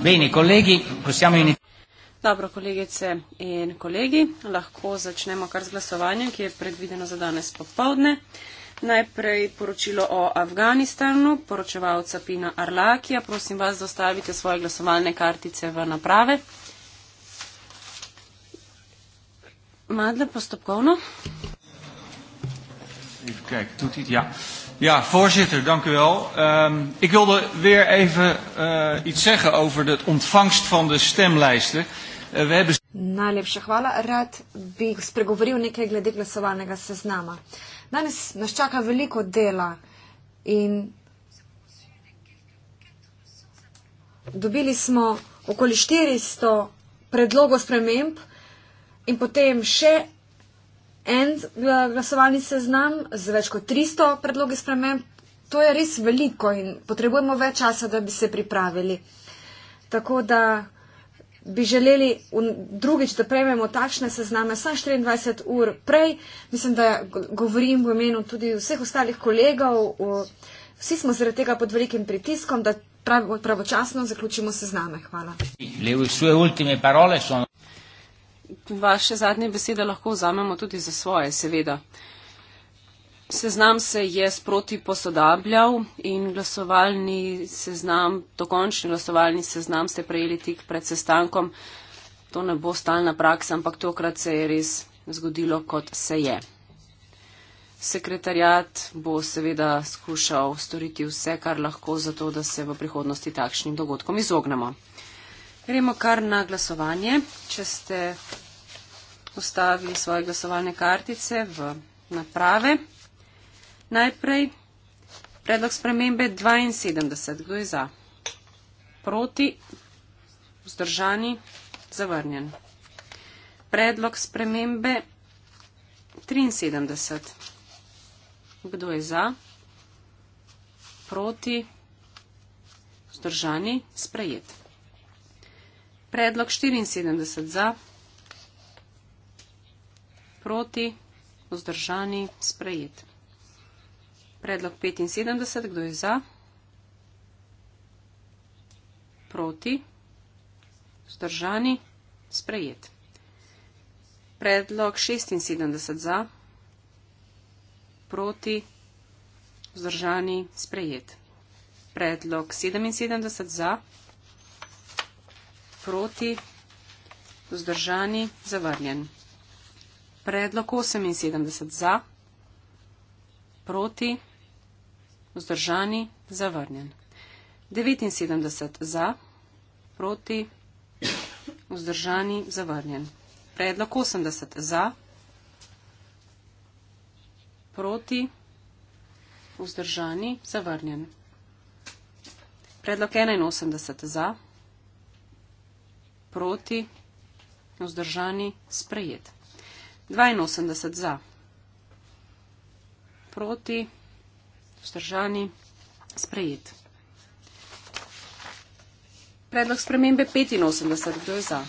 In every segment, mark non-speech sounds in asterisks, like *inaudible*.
Bene, kolegi, possiamo iniziare. Dobro, kolegice in kolegi, lahko začnemo kar z glasovanjem, ki je predvideno za danes popovdne. Najprej poročilo o Afganistanu, poročevalca Pina Arlakija. Prosim vas, dostavite svoje glasovalne kartice v naprave. Madle, postopkovno. Okay, tudi, ja. Ja, voorzitter, dank u wel. Um, ik wilde weer even uh, iets zeggen over de ontvangst van de stemlijsten. Uh, we hebben... Najlepša hvala. Rad bi spregovoril nekaj glede glasovalnega seznama. Danes nas čaka veliko dela in dobili smo okoli 400 predlogov sprememb in potem še en eh, glasovalni seznam z več kot 300 predlogi sprememb. To je res veliko in potrebujemo več časa, da bi se pripravili. Tako da bi želeli drugič, da prejmemo takšne sezname, saj 24 ur prej. Mislim, da govorim v imenu tudi vseh ostalih kolegov. Vsi smo zaradi tega pod velikim pritiskom, da prav, pravočasno zaključimo sezname. Hvala. Le, vaše zadnje besede lahko vzamemo tudi za svoje, seveda. Seznam se je sproti posodabljal in glasovalni seznam, dokončni glasovalni seznam ste prejeli tik pred sestankom. To ne bo stalna praksa, ampak tokrat se je res zgodilo, kot se je. Sekretarjat bo seveda skušal storiti vse, kar lahko, zato da se v prihodnosti takšnim dogodkom izognemo. Gremo kar na glasovanje. Če ste postavili svoje glasovalne kartice v naprave. Najprej predlog spremembe 72. Kdo je za? Proti? Vzdržani? Zavrnjen. Predlog spremembe 73. Kdo je za? Proti? Vzdržani? Sprejet. Predlog 74 za, proti, vzdržani, sprejet. Predlog 75, kdo je za? Proti, vzdržani, sprejet. Predlog 76 za, proti, vzdržani, sprejet. Predlog 77 za, proti, vzdržani, zavrnjen. Predlog 78 za, proti, vzdržani, zavrnjen. 79 za, proti, vzdržani, zavrnjen. Predlog 80 za, proti, vzdržani, zavrnjen. Predlog 81 za, proti, vzdržani, sprejet. 82 za, proti, vzdržani, sprejet. Predlog spremembe 85, kdo je za?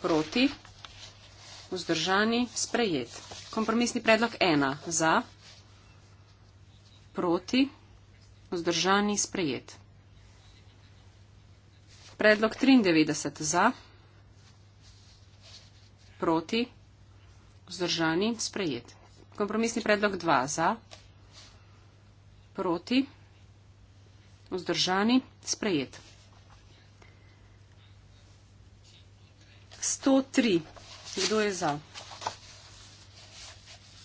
Proti, vzdržani, sprejet. Kompromisni predlog 1 za, proti, vzdržani, sprejet. Predlog 93 za proti, vzdržani, sprejet. Kompromisni predlog 2 za, proti, vzdržani, sprejet. 103. Kdo je za?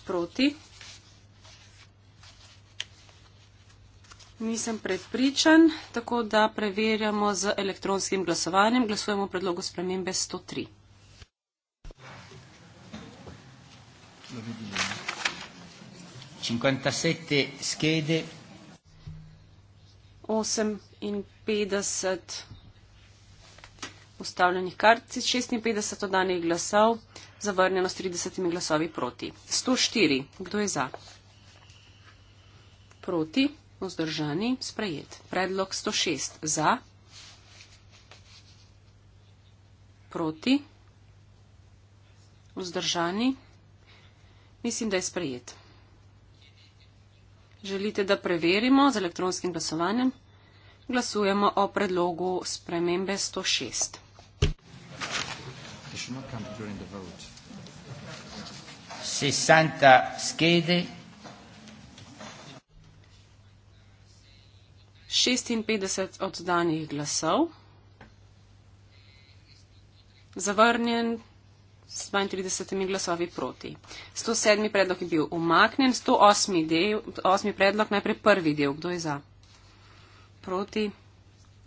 Proti. Nisem predpričan, tako da preverjamo z elektronskim glasovanjem. Glasujemo predlogu spremembe 103. lo vedremo. 57 schede. 58 ustavljenih kart, 56 oddanih glasov, zavrnjeno s 30 glasovi proti. 104. Kdo je za? Proti, vzdržani, sprejet. Predlog 106. Za. Proti, vzdržani, Mislim, da je sprejet. Želite, da preverimo z elektronskim glasovanjem? Glasujemo o predlogu spremembe 106. Schede. 56 oddanih glasov. Zavrnjen s 32 glasovi proti. 107. predlog je bil umaknen, 108. Del, 8. predlog najprej prvi del, kdo je za? Proti,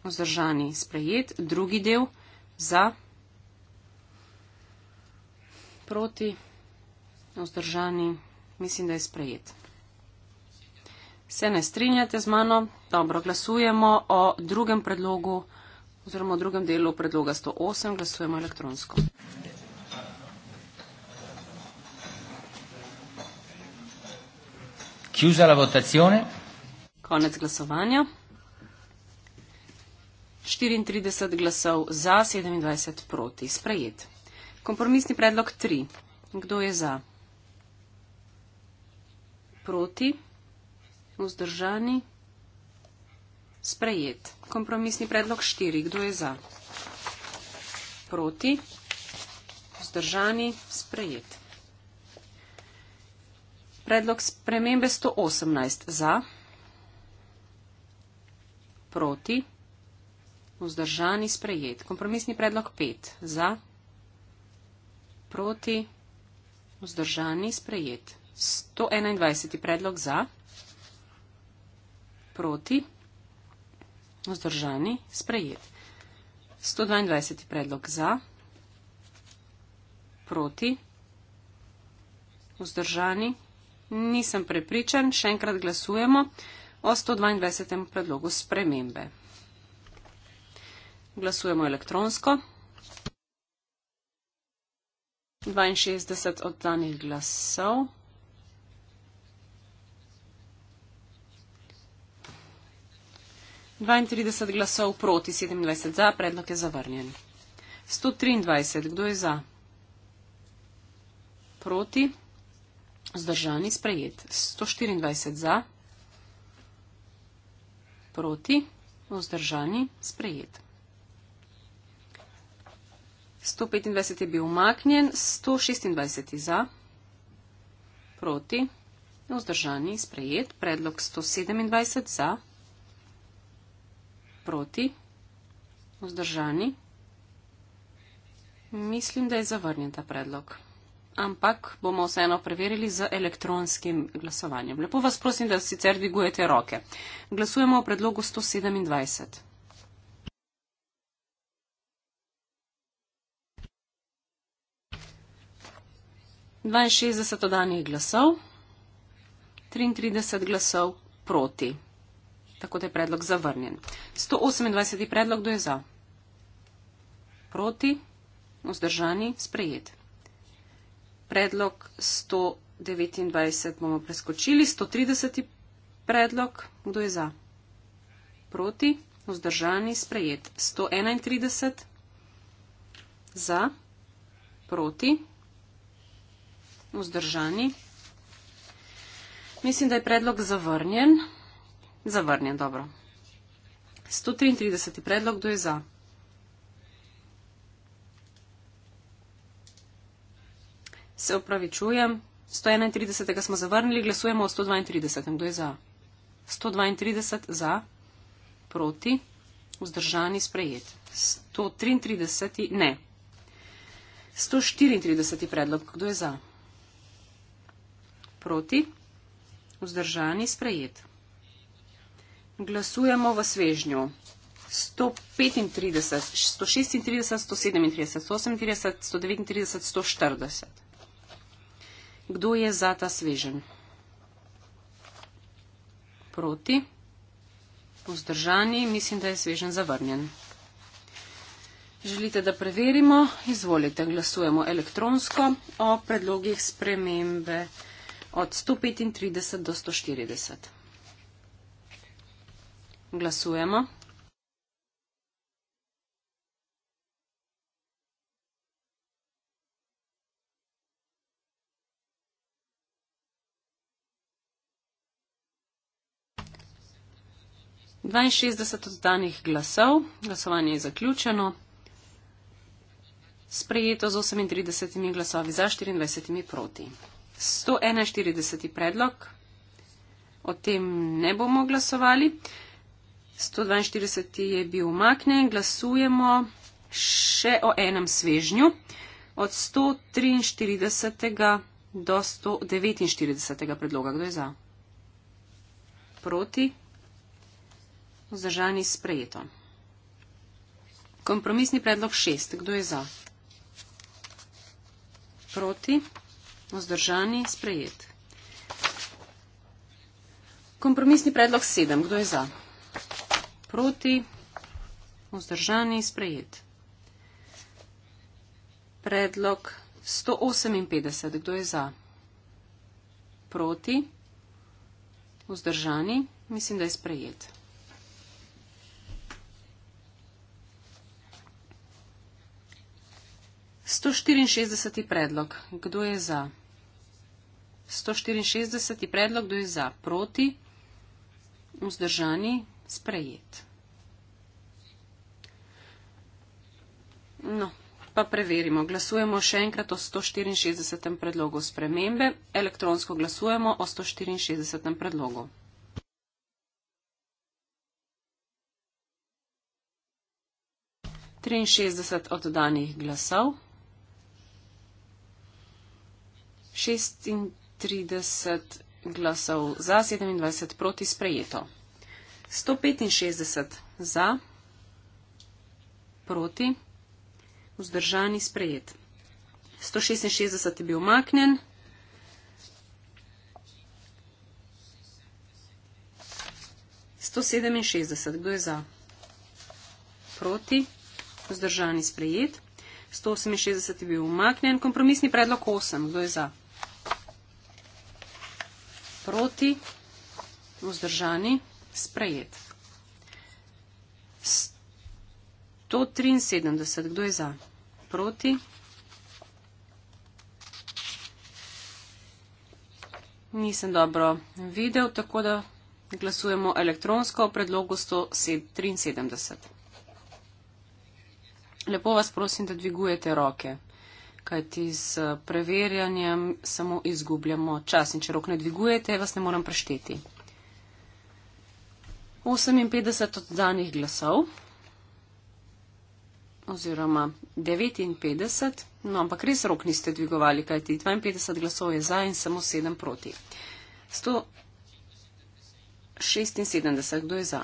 vzdržani, sprejet, drugi del, za, proti, vzdržani, mislim, da je sprejet. Se ne strinjate z mano? Dobro, glasujemo o drugem predlogu oziroma o drugem delu predloga 108, glasujemo elektronsko. Chiusa la votazione. Konec glasovanja. 34 glasov za, 27 proti. Sprejet. Kompromisni predlog 3. Kdo je za? Proti. Vzdržani. Sprejet. Kompromisni predlog 4. Kdo je za? Proti. Vzdržani. Sprejet. Predlog spremembe 118 za, proti, vzdržani sprejet. Kompromisni predlog 5 za, proti, vzdržani sprejet. 121. predlog za, proti, vzdržani sprejet. 122. predlog za, proti, vzdržani sprejet nisem prepričan, še enkrat glasujemo o 122. predlogu spremembe. Glasujemo elektronsko. 62 oddanih glasov. dvaintrideset glasov proti sedemindvajset za predlog je zavrnjen sto triindvajset kdo je za proti Vzdržani sprejet. 124 za, proti, vzdržani sprejet. 125 je bil umaknjen, 126 za, proti, vzdržani sprejet. Predlog 127 za, proti, vzdržani. Mislim, da je zavrnjen ta predlog. 128 ampak bomo vseeno preverili z elektronskim glasovanjem. Lepo vas prosim, da sicer dvigujete roke. Glasujemo o predlogu 127. Dvainšestdeset odanih glasov, triintrideset glasov proti, tako da je predlog zavrnjen. Sto osemindvajseti predlog, kdo je za? Proti, vzdržani, sprejet predlog 129 bomo preskočili. 130. predlog, kdo je za? Proti, vzdržani, sprejet. 131 za, proti, vzdržani. Mislim, da je predlog zavrnjen. Zavrnjen, dobro. 133. predlog, kdo je za? Se upravičujem. 131. smo zavrnili, glasujemo o 132. Kdo je za? 132 za, proti, vzdržani sprejet. 133 ne. 134. predlog. Kdo je za? Proti, vzdržani sprejet. Glasujemo v svežnju. 135, 136, 137, 138, 139, 140. Kdo je za ta svežen? Proti. Vzdržani. Mislim, da je svežen zavrnjen. Želite, da preverimo? Izvolite, glasujemo elektronsko o predlogih spremembe od 135 do 140. Glasujemo. 62 oddanih glasov, glasovanje je zaključeno. Sprejeto z 38 glasovi za, 24 proti. 141 predlog, o tem ne bomo glasovali. 142 je bil umaknjen, glasujemo še o enem svežnju od 143. do 149. predloga. Kdo je za? Proti. Vzdržani sprejeto. Kompromisni predlog šest. Kdo je za? Proti. Vzdržani sprejet. Kompromisni predlog sedem. Kdo je za? Proti. Vzdržani sprejet. Predlog 158. Kdo je za? Proti. Vzdržani. Mislim, da je sprejet. 164. predlog. Kdo je za? 164. predlog. Kdo je za? Proti? Vzdržani? Sprejet. No, pa preverimo. Glasujemo še enkrat o 164. predlogu spremembe. Elektronsko glasujemo o 164. predlogu. Triinšestdeset oddanih glasov. 36 glasov za, 27 proti sprejeto. 165 za, proti, vzdržani sprejet. 166 je bil umaknen. Sto sedeminšestdeset, kdo je za? Proti, vzdržani sprejet. Sto oseminšestdeset je bil umaknjen. Kompromisni predlog osem, kdo je za? proti, vzdržani, sprejet. 173, kdo je za? Proti. Nisem dobro videl, tako da glasujemo elektronsko o predlogu 173. Lepo vas prosim, da dvigujete roke kajti z preverjanjem samo izgubljamo čas in če rok ne dvigujete, vas ne moram prešteti. 58 oddanih glasov oziroma 59, no ampak res rok niste dvigovali, kajti 52 glasov je za in samo 7 proti. 176, kdo je za?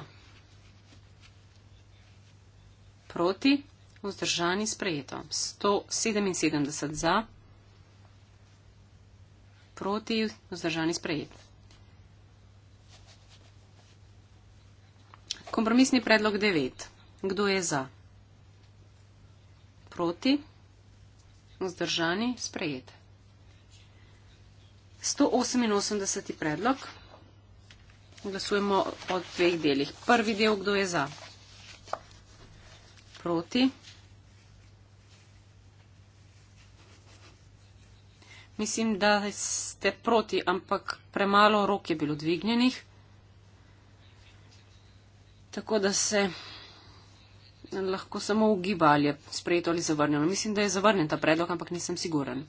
Proti Vzdržani sprejeto. 177 za. Proti. Vzdržani sprejet. Kompromisni predlog 9. Kdo je za? Proti. Vzdržani sprejet. 188. predlog. Glasujemo o dveh delih. Prvi del, kdo je za? Proti. mislim, da ste proti, ampak premalo rok je bilo dvignjenih. Tako da se lahko samo ugibali, je sprejeto ali zavrnjeno. Mislim, da je zavrnjen ta predlog, ampak nisem siguren.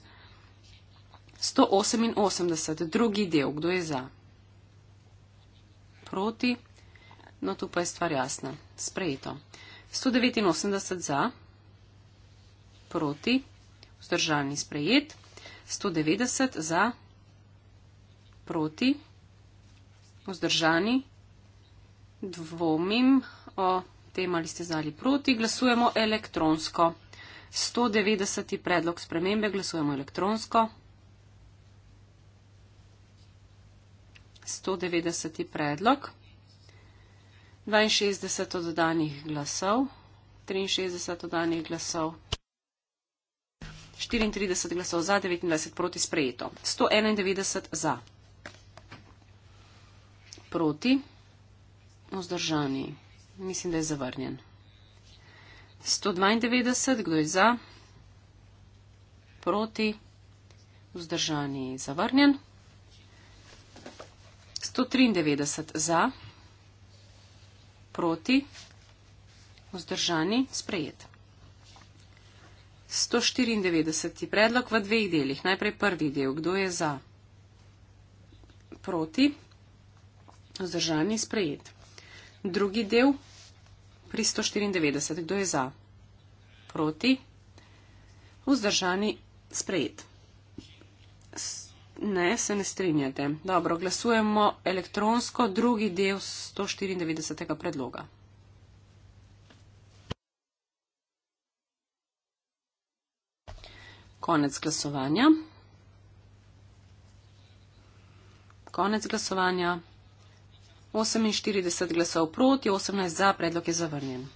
188, drugi del, kdo je za? Proti? No, tu pa je stvar jasna. Sprejeto. 189 za? Proti? Vzdržani sprejet? 190 za, proti, vzdržani, dvomim o tem, ali ste zali proti, glasujemo elektronsko. 190. predlog spremembe, glasujemo elektronsko. 190. predlog, 62 oddanih glasov, 63 oddanih glasov. 34 glasov za, 29 proti sprejeto. 191 za. Proti. Vzdržani. Mislim, da je zavrnjen. 192, kdo je za? Proti. Vzdržani. Zavrnjen. 193 za. Proti. Vzdržani. Sprejet. 194. predlog v dveh delih. Najprej prvi del. Kdo je za? Proti. Vzdržani sprejet. Drugi del. Pri 194. Kdo je za? Proti. Vzdržani sprejet. Ne, se ne strinjate. Dobro, glasujemo elektronsko drugi del 194. predloga. Konec glasovanja. Konec glasovanja. 48 glasov proti, 18 za, predlog je zavrnjen.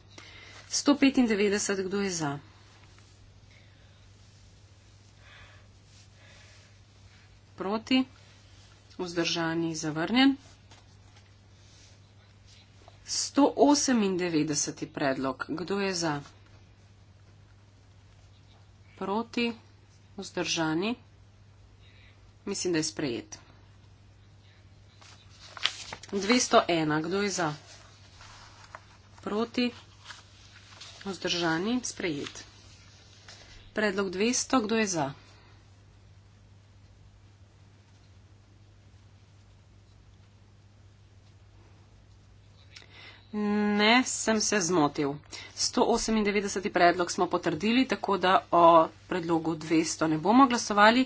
195, kdo je za? Proti, vzdržani, zavrnjen. 198 predlog, kdo je za? Proti vzdržani. Mislim, da je sprejet. 201. Kdo je za? Proti. Vzdržani. Sprejet. Predlog 200. Kdo je za? Proti. Ne, sem se zmotil. 198. predlog smo potrdili, tako da o predlogu 200 ne bomo glasovali.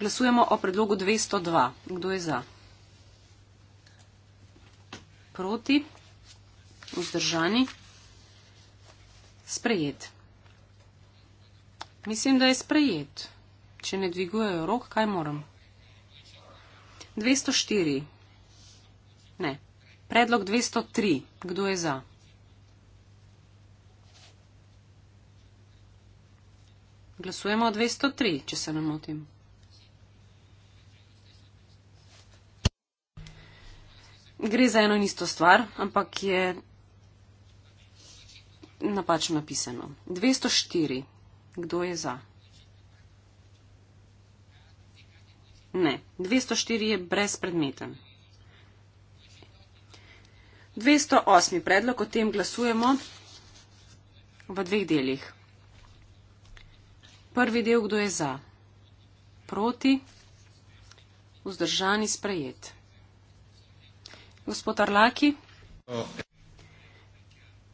Glasujemo o predlogu 202. Kdo je za? Proti? Vzdržani? Sprejet. Mislim, da je sprejet. Če ne dvigujejo rok, kaj moram? 204. Ne. Predlog 203. Kdo je za? Glasujemo o 203, če se ne motim. Gre za eno in isto stvar, ampak je napačno napisano. 204. Kdo je za? Ne. 204 je brezpredmeten. 208. predlog, o tem glasujemo v dveh delih. Prvi del, kdo je za, proti, vzdržani, sprejet. Gospod Arlaki,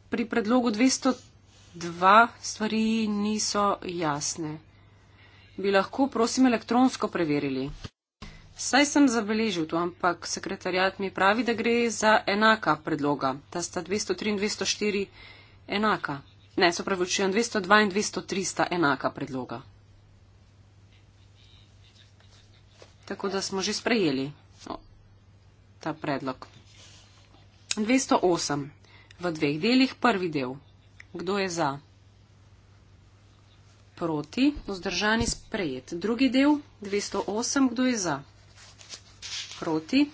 pri predlogu 202 stvari niso jasne. Bi lahko, prosim, elektronsko preverili. Saj sem zabeležil to, ampak sekretarjat mi pravi, da gre za enaka predloga. Ta sta 203 in 204 enaka. Ne, so pravi, učijo 202 in 203 sta enaka predloga. Tako da smo že sprejeli o, no, ta predlog. 208. V dveh delih prvi del. Kdo je za? Proti, vzdržani sprejet. Drugi del, 208, kdo je za? proti,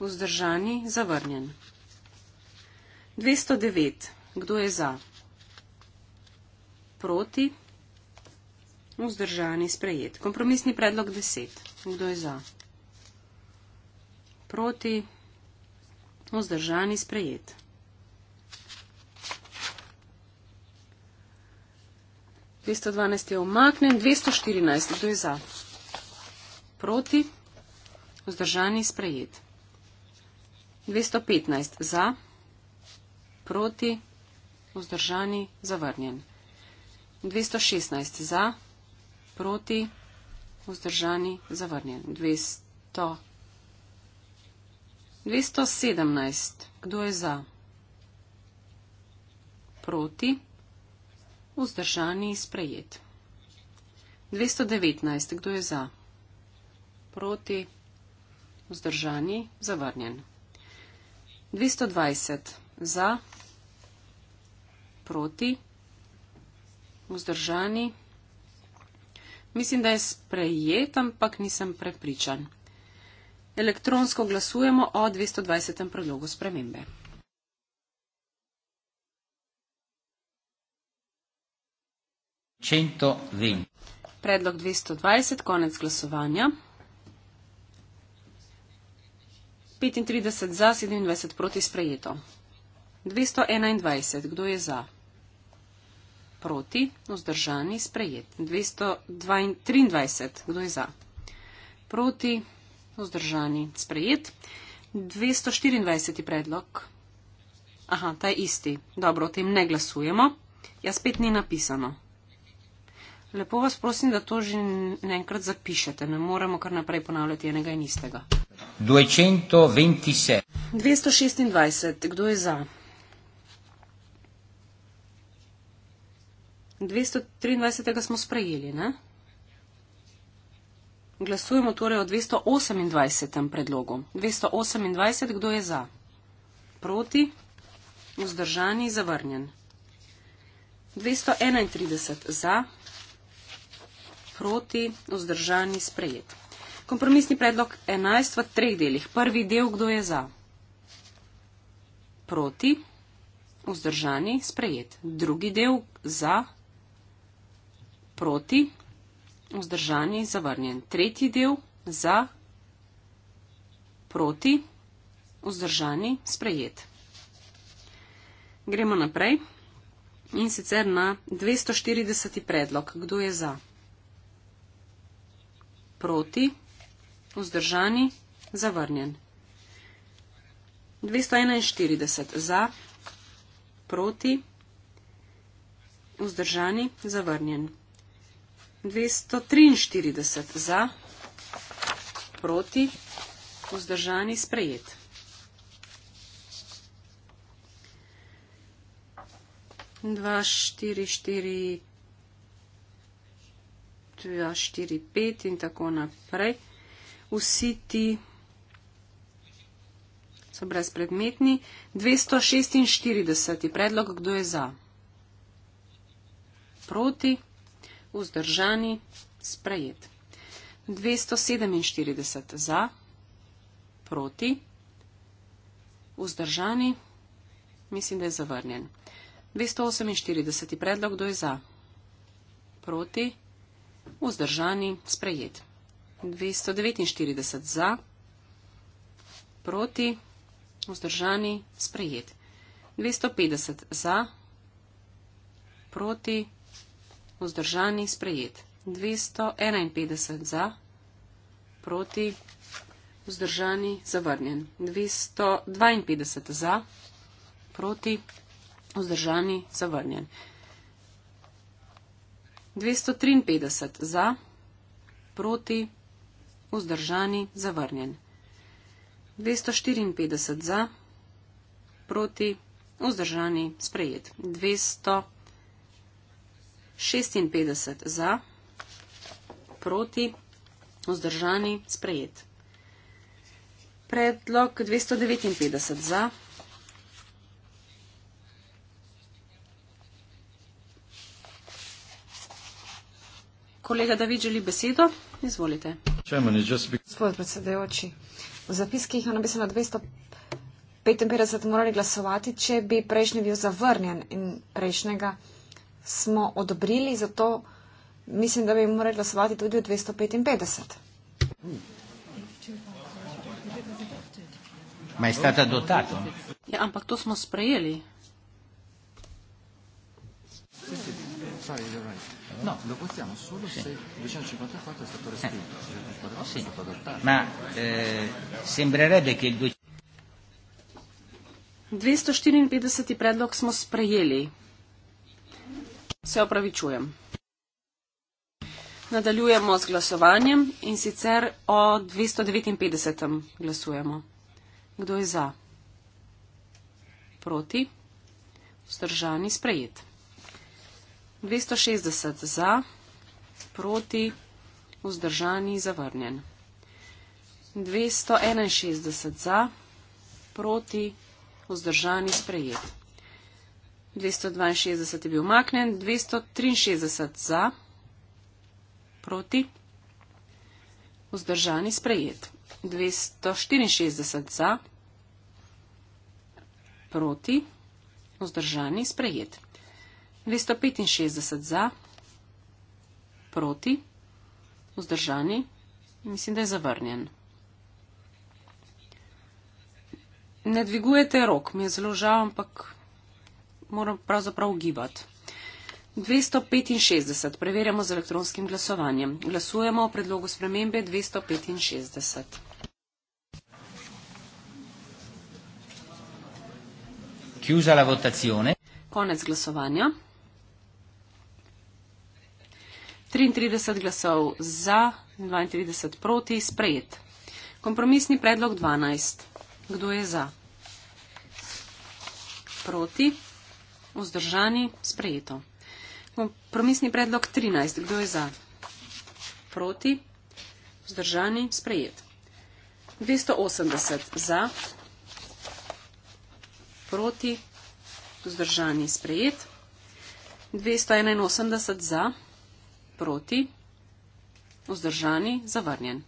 vzdržani, zavrnjen. 209. Kdo je za? Proti, vzdržani, sprejet. Kompromisni predlog 10. Kdo je za? Proti, vzdržani, sprejet. Dvesto dvanajst je omaknjen, dvesto štirinajst, kdo je za? Proti, Vzdržani sprejet. 215 za, proti, vzdržani, zavrnjen. 216 za, proti, vzdržani, zavrnjen. 200. 217, kdo je za, proti, vzdržani, sprejet. 219, kdo je za, proti, vzdržani, zavrnjen vzdržani, zavrnjen. 220 za, proti, vzdržani. Mislim, da je sprejet, ampak nisem prepričan. Elektronsko glasujemo o 220. predlogu spremembe. Predlog 220, konec glasovanja. 35 za, 27 proti sprejeto. 221, kdo je za? Proti, vzdržani, sprejet. 223, kdo je za? Proti, vzdržani, sprejet. 224 je predlog. Aha, ta je isti. Dobro, o tem ne glasujemo. Ja, spet ni napisano. Lepo vas prosim, da to že enkrat zapišete. Ne moremo kar naprej ponavljati enega in istega. 226. Kdo je za? 223. smo sprejeli, ne? Glasujemo torej o 228. predlogu. 228. Kdo je za? Proti? Vzdržani? Zavrnjen. 231. Za? Proti? Vzdržani? Sprejet. Kompromisni predlog 11 v treh delih. Prvi del, kdo je za? Proti, vzdržani, sprejet. Drugi del, za, proti, vzdržani, zavrnjen. Tretji del, za, proti, vzdržani, sprejet. Gremo naprej in sicer na 240. predlog. Kdo je za? Proti, vzdržani, sprejet vzdržani, zavrnjen. 241 za, proti, vzdržani, zavrnjen. 243 za, proti, vzdržani, sprejet. Dva, štiri, štiri, dva, štiri, pet in tako naprej vsi ti so brezpredmetni. 246. predlog, kdo je za? Proti, vzdržani, sprejet. 247 za, proti, vzdržani, mislim, da je zavrnjen. 248. predlog, kdo je za? Proti, vzdržani, sprejet. 249 za, proti, vzdržani, sprejet. 250 za, proti, vzdržani, sprejet. 251 za, proti, vzdržani, zavrnjen. 252 za, proti, vzdržani, zavrnjen. 253 za, proti, vzdržani, zavrnjen. 253 za, proti, vzdržani, zavrnjen. 254 za, proti, vzdržani, sprejet. 256 za, proti, vzdržani, sprejet. Predlog 259 za, kolega David želi besedo. Izvolite. Gospod predsedujoči, v zapiskih je napisano 255 morali glasovati, če bi prejšnji bil zavrnjen in prejšnjega smo odobrili, zato mislim, da bi morali glasovati tudi v 255. Majstata dotato. Ja, ampak to smo sprejeli. Sorry, you're right. No, dopo siamo solo sì. se 254 è stato respinto. Eh. 254 sì. è stato adottato. Ma eh, sembrerebbe che il 254 predlog smo sprejeli. Se opravičujem. Nadaljujemo z glasovanjem in sicer o 259. glasujemo. Kdo je za? Proti? Vzdržani sprejet. 260 za, proti, vzdržani, zavrnjen. 261 za, proti, vzdržani, sprejet. 262 je bil umaknen, 263 za, proti, vzdržani, sprejet. 264 za, proti, vzdržani, sprejet. 265 za, proti, vzdržani, mislim, da je zavrnjen. Ne dvigujete rok, mi je zelo žal, ampak moram pravzaprav ugibati. 265, preverjamo z elektronskim glasovanjem. Glasujemo o predlogu spremembe 265. Chiusa la votazione. Konec glasovanja. 33 glasov za, 32 proti, sprejet. Kompromisni predlog 12. Kdo je za? Proti, vzdržani, sprejeto. Kompromisni predlog 13. Kdo je za? Proti, vzdržani, sprejet. 280 za, proti, vzdržani, sprejet. 281 za proti, vzdržani, zavrnjen.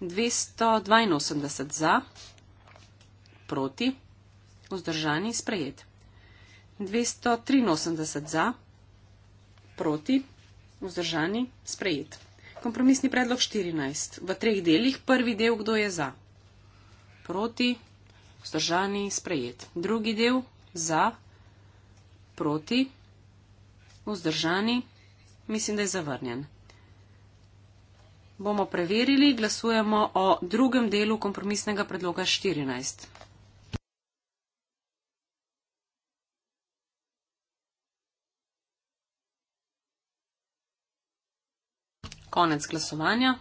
282 za, proti, vzdržani, sprejet. 283 za, proti, vzdržani, sprejet. Kompromisni predlog 14. V treh delih prvi del, kdo je za. Proti, vzdržani, sprejet. Drugi del, za, proti, vzdržani, sprejet. Mislim, da je zavrnjen. Bomo preverili, glasujemo o drugem delu kompromisnega predloga 14. Konec glasovanja.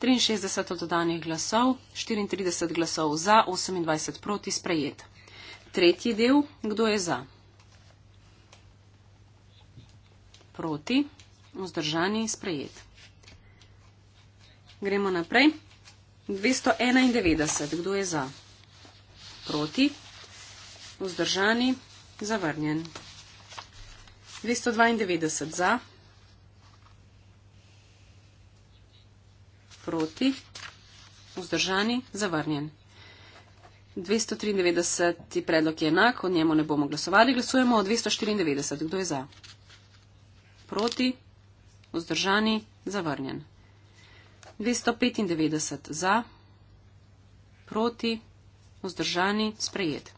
63 dodanih glasov, 34 glasov za, 28 proti sprejet. Tretji del, kdo je za? proti, vzdržani in sprejet. Gremo naprej. 291. Kdo je za? Proti, vzdržani, zavrnjen. 292. Za, proti, vzdržani, zavrnjen. 293. predlog je enak, o njemu ne bomo glasovali. Glasujemo o 294. Kdo je za? proti, vzdržani, zavrnjen. 295 za, proti, vzdržani, sprejet.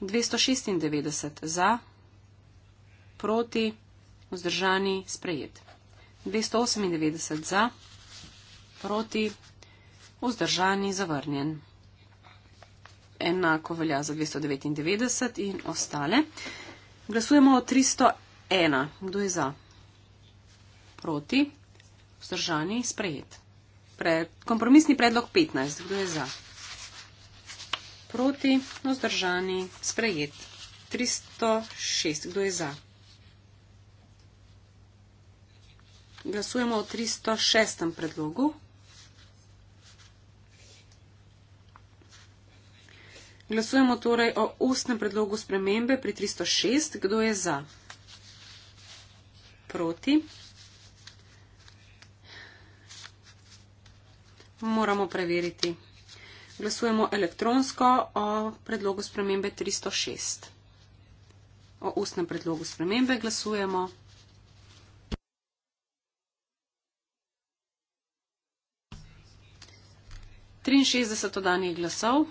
296 za, proti, vzdržani, sprejet. 298 za, proti, vzdržani, zavrnjen. Enako velja za 299 in ostale. Glasujemo o 301. Ena. Kdo je za? Proti. Vzdržani. Sprejet. Pred, kompromisni predlog 15. Kdo je za? Proti. Vzdržani. Sprejet. 306. Kdo je za? Glasujemo o 306. predlogu. Glasujemo torej o ustnem predlogu spremembe pri 306. Kdo je za? proti. Moramo preveriti. Glasujemo elektronsko o predlogu spremembe 306. O ustnem predlogu spremembe glasujemo. Trinšestdeset odanih glasov,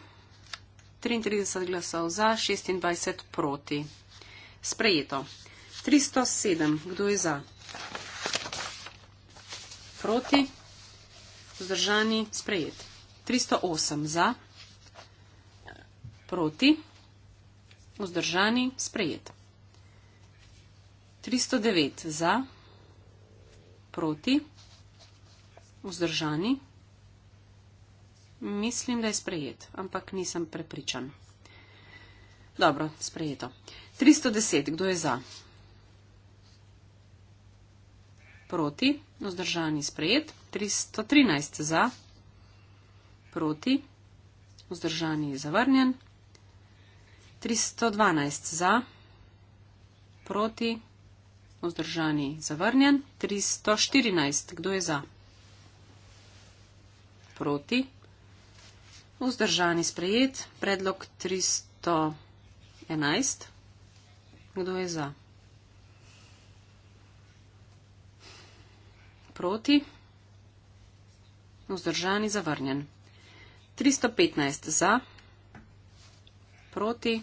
trinšestdeset glasov za, šestindvajset proti. Sprejeto. 307. Kdo je za? Proti? Vzdržani? Sprejet. 308. Za? Proti? Vzdržani? Sprejet. 309. Za? Proti? Vzdržani? Mislim, da je sprejet, ampak nisem prepričan. Dobro, sprejeto. 310. Kdo je za? proti, vzdržani sprejet, 313 za, proti, vzdržani zavrnjen, 312 za, proti, vzdržani zavrnjen, 314, kdo je za, proti, vzdržani sprejet, predlog 311, kdo je za. proti. Vzdržani zavrnjen. 315 za, proti,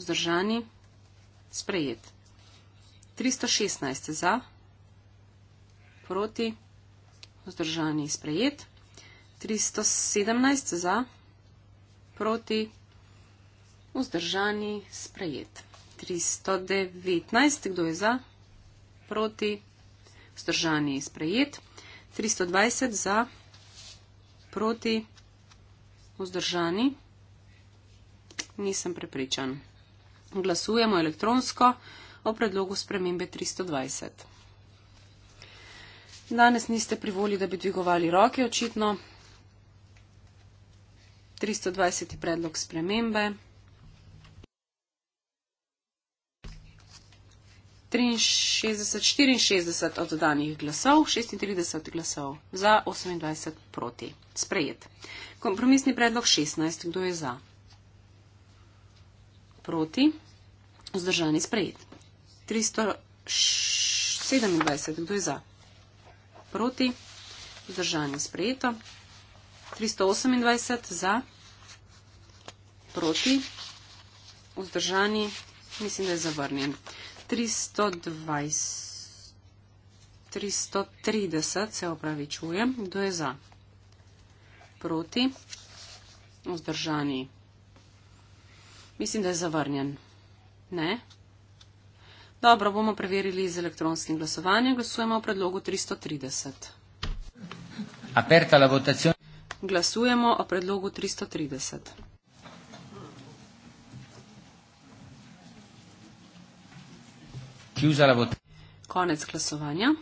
vzdržani, sprejet. 316 za, proti, vzdržani, sprejet. 317 za, proti, vzdržani, sprejet. 319, kdo je za, proti, vzdržani vzdržani in sprejet, 320 za proti vzdržani. Nisem prepričan. Glasujemo elektronsko o predlogu spremembe 320. Danes niste pri voli, da bi dvigovali roke, očitno. 320 je predlog spremembe. 63, 64 oddanih glasov, 36 glasov za, 28 proti. Sprejet. Kompromisni predlog 16. Kdo je za? Proti. Vzdržani sprejet. 327. Kdo je za? Proti. Vzdržani sprejeto. 328 za. Proti. Vzdržani. Mislim, da je zavrnjen. 330, se opravičujem, kdo je za? Proti, vzdržani. Mislim, da je zavrnjen. Ne? Dobro, bomo preverili z elektronskim glasovanjem. Glasujemo o predlogu 330. Aperta la votacija. Glasujemo o predlogu 330. Kjužala bo. Konec glasovanja.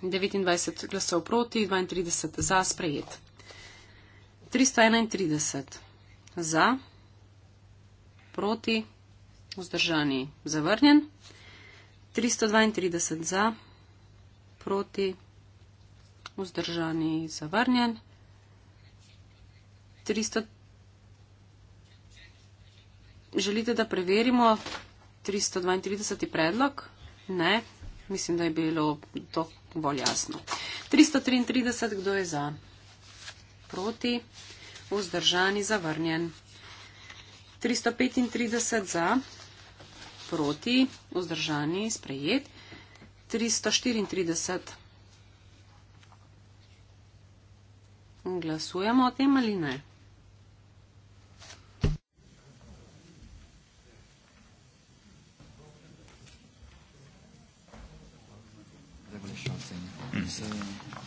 29 glasov proti, 32 za sprejet. 331 za, proti, vzdržani, zavrnjen. 332 za, proti, vzdržani, zavrnjen. 300... Želite, da preverimo? 332. predlog? Ne. Mislim, da je bilo to bolj jasno. 333. Kdo je za? Proti. Vzdržani. Zavrnjen. 335. Za. Proti. Vzdržani. Sprejet. 334. Glasujemo o tem ali ne?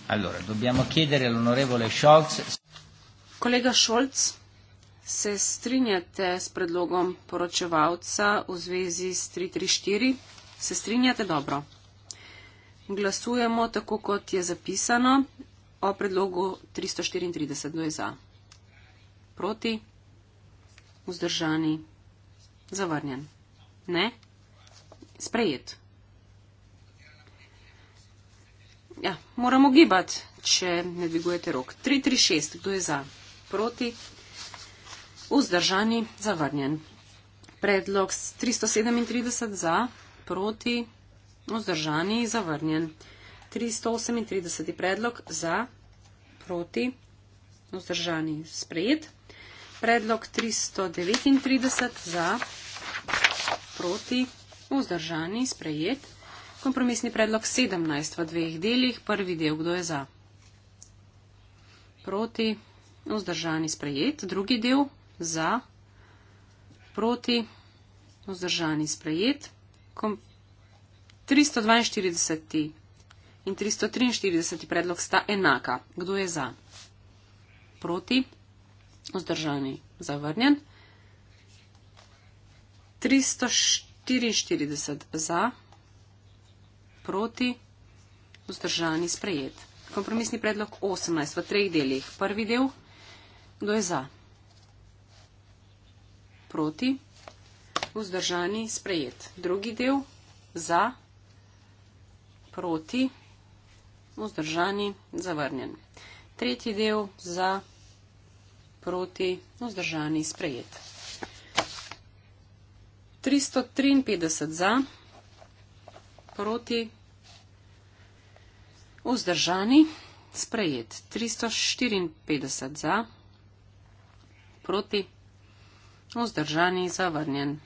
Allora, dobbiamo chiedere all'onorevole Scholz. Kolega Scholz, se strinjate s predlogom poročevalca v zvezi s 334? Se strinjate dobro. Glasujemo tako, kot je zapisano o predlogu 334. Kdo je za? Proti? Vzdržani? Zavrnjen? Ne? Sprejet? ja, moramo gibati, če ne dvigujete rok. 336, kdo je za? Proti? Vzdržani, zavrnjen. Predlog 337 za, proti, vzdržani, zavrnjen. 338 predlog za, proti, vzdržani, sprejet. Predlog 339 za, proti, vzdržani, sprejet. Kompromisni predlog 17 v dveh delih. Prvi del, kdo je za? Proti. Vzdržani sprejet. Drugi del. Za. Proti. Vzdržani sprejet. Kom 342. In 343. predlog sta enaka. Kdo je za? Proti. Vzdržani. Zavrnjen. 344. Za proti, vzdržani sprejet. Kompromisni predlog 18 v treh delih. Prvi del, kdo je za? Proti, vzdržani sprejet. Drugi del, za, proti, vzdržani zavrnjen. Tretji del, za, proti, vzdržani sprejet. 353 za proti, vzdržani, sprejet 354 za, proti, vzdržani, zavrnjen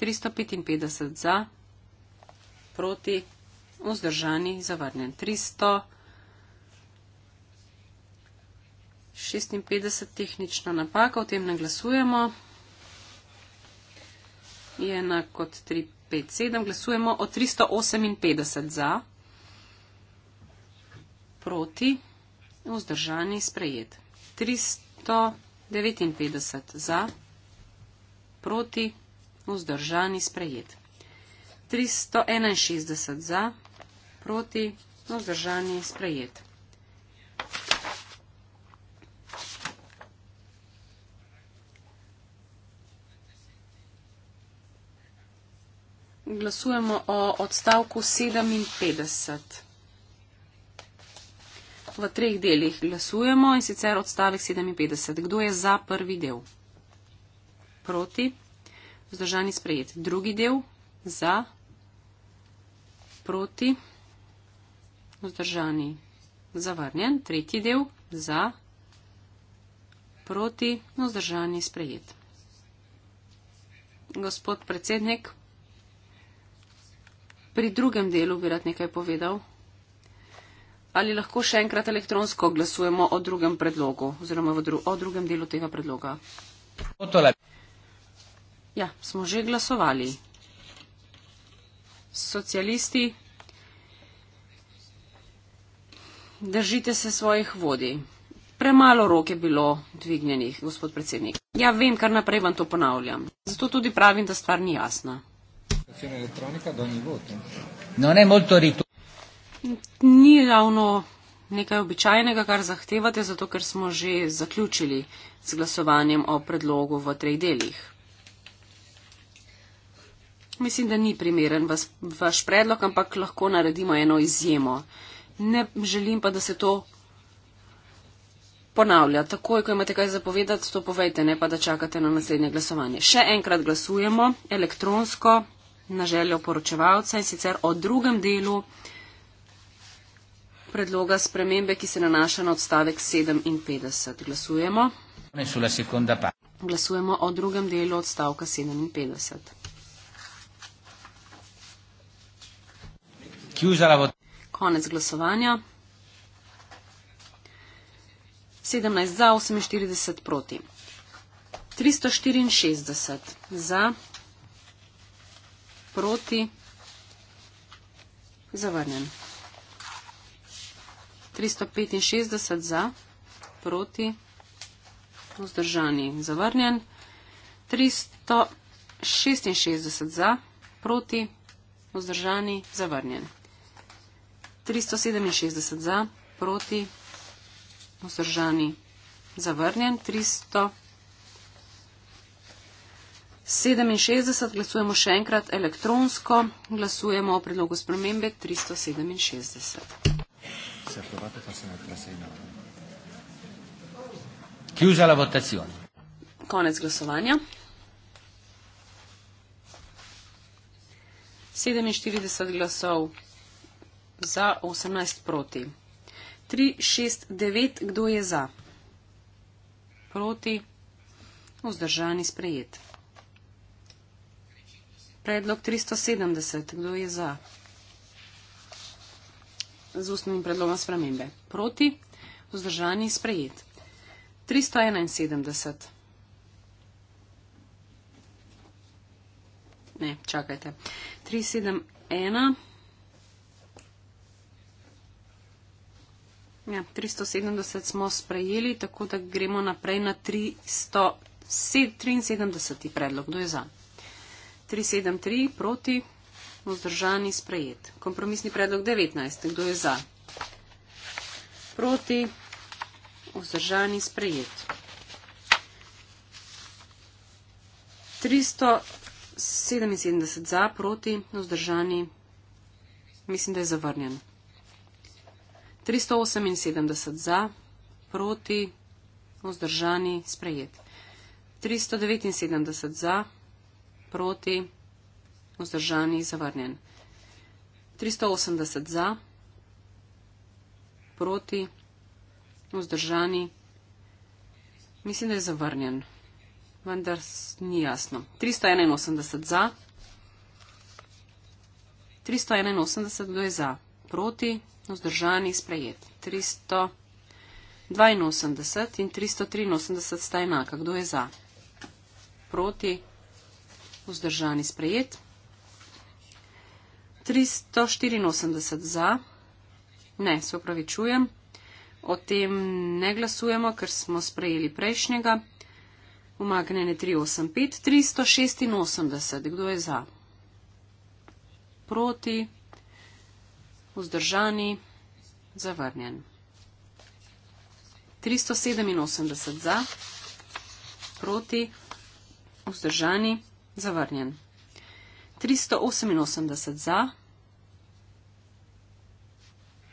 355 za, proti, vzdržani, zavrnjen 300. 56 tehnična napaka, o tem ne glasujemo. Je enako kot 3. 5, 7, glasujemo o 358 za, proti, vzdržani, sprejet. 359 za, proti, vzdržani, sprejet. 361 za, proti, vzdržani, sprejet. glasujemo o odstavku 57. V treh delih glasujemo in sicer odstavek 57. Kdo je za prvi del? Proti. Vzdržani sprejet. Drugi del. Za. Proti. Vzdržani. Zavrnjen. Tretji del. Za. Proti. Vzdržani sprejet. Gospod predsednik, Pri drugem delu bi rad nekaj povedal. Ali lahko še enkrat elektronsko glasujemo o drugem predlogu oziroma dru o drugem delu tega predloga? Ja, smo že glasovali. Socialisti, držite se svojih vodij. Premalo rok je bilo dvignjenih, gospod predsednik. Ja, vem, kar naprej vam to ponavljam. Zato tudi pravim, da stvar ni jasna votazione elettronica ad ogni voto. Non è molto rituale. Ni ravno nekaj običajnega, kar zahtevate, zato ker smo že zaključili z glasovanjem o predlogu v treh delih. Mislim, da ni primeren vas, vaš predlog, ampak lahko naredimo eno izjemo. Ne želim pa, da se to ponavlja. Takoj, ko imate kaj zapovedati, to povejte, ne pa, da čakate na naslednje glasovanje. Še enkrat glasujemo elektronsko na željo poročevalca in sicer o drugem delu predloga spremembe, ki se nanaša na odstavek 57. Glasujemo. Glasujemo o drugem delu odstavka 57. Konec glasovanja. 17 za, 48 proti. 364 za, proti, zavrnjen. 365 za, proti, vzdržani, zavrnjen. 366 za, proti, vzdržani, zavrnjen. 367 za, proti, vzdržani, zavrnjen. 300 67, glasujemo še enkrat elektronsko, glasujemo o predlogu spremembe 367. Konec glasovanja. 47 glasov za, 18 proti. 369, kdo je za? Proti, vzdržani sprejet. Predlog 370. Kdo je za? Z ustnim predlogom spremembe. Proti. Vzdržani. Sprejet. 371. Ne, čakajte. 371. Ja, 370 smo sprejeli, tako da gremo naprej na 373. predlog. Kdo je za? 373 proti, vzdržani sprejet. Kompromisni predlog 19. Kdo je za? Proti, vzdržani sprejet. 377 za, proti, vzdržani. Mislim, da je zavrnjen. 378 za, proti, vzdržani, sprejet. 379 za, proti, vzdržani, zavrnjen. 380 za, proti, vzdržani, mislim, da je zavrnjen, vendar ni jasno. 381 za, 381, kdo je za, proti, vzdržani, sprejet. 382 in 383 sta enaka, kdo je za, proti, vzdržani vzdržani sprejet. 384 za, ne, se upravičujem, o tem ne glasujemo, ker smo sprejeli prejšnjega. Umaknjene 385, 386, kdo je za? Proti, vzdržani, zavrnjen. 387 za, proti, vzdržani, zavrnjen. Zavrnjen. 388 za,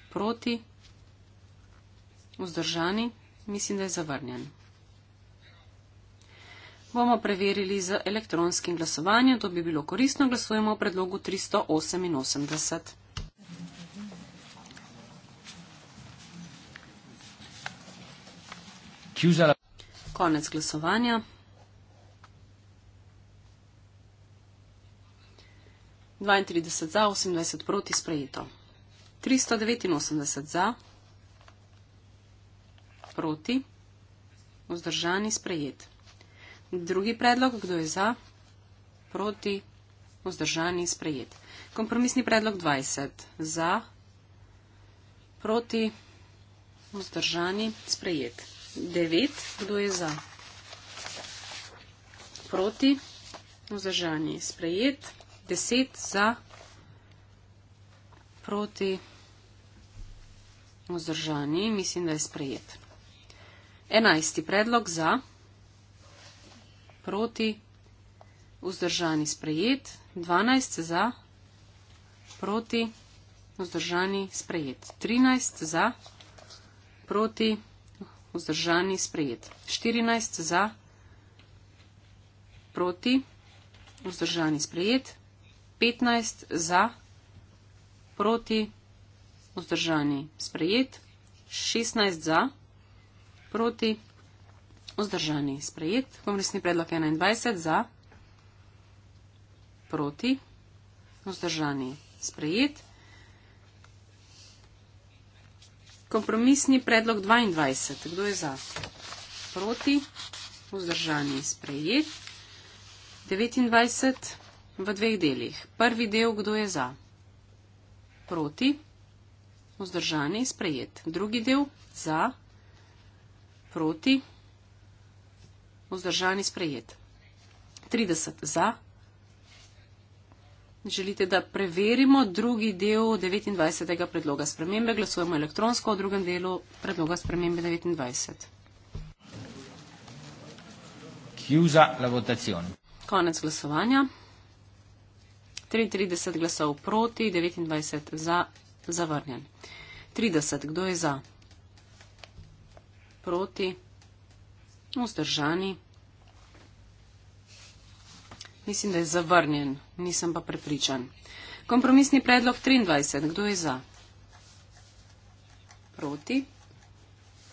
proti, vzdržani, mislim, da je zavrnjen. Bomo preverili z elektronskim glasovanjem, to bi bilo koristno, glasujemo o predlogu 388. Konec glasovanja. 32 za, 28 proti sprejeto. 389 za, proti, vzdržani sprejet. Drugi predlog, kdo je za, proti, vzdržani sprejet. Kompromisni predlog 20 za, proti, vzdržani sprejet. 9, kdo je za, proti, vzdržani sprejet. 10 za, proti vzdržani, mislim, da je sprejet. 11. predlog za, proti vzdržani, sprejet. 12 za, proti vzdržani, sprejet. 13 za, proti vzdržani, sprejet. 14 za, proti vzdržani, sprejet. 15 za, proti, vzdržani, sprejet, 16 za, proti, vzdržani, sprejet, kongresni predlog 21 za, proti, vzdržani, sprejet. Kompromisni predlog 22. Kdo je za? Proti, vzdržani, sprejet. 29 v dveh delih. Prvi del, kdo je za, proti, vzdržani, sprejet. Drugi del, za, proti, vzdržani, sprejet. 30 za. Želite, da preverimo drugi del 29. predloga spremembe? Glasujemo elektronsko o drugem delu predloga spremembe 29. Chiusa la votazione. Konec glasovanja. 33 glasov proti, 29 za, zavrnjen. 30, kdo je za? Proti, vzdržani. Mislim, da je zavrnjen, nisem pa prepričan. Kompromisni predlog 23, kdo je za? Proti,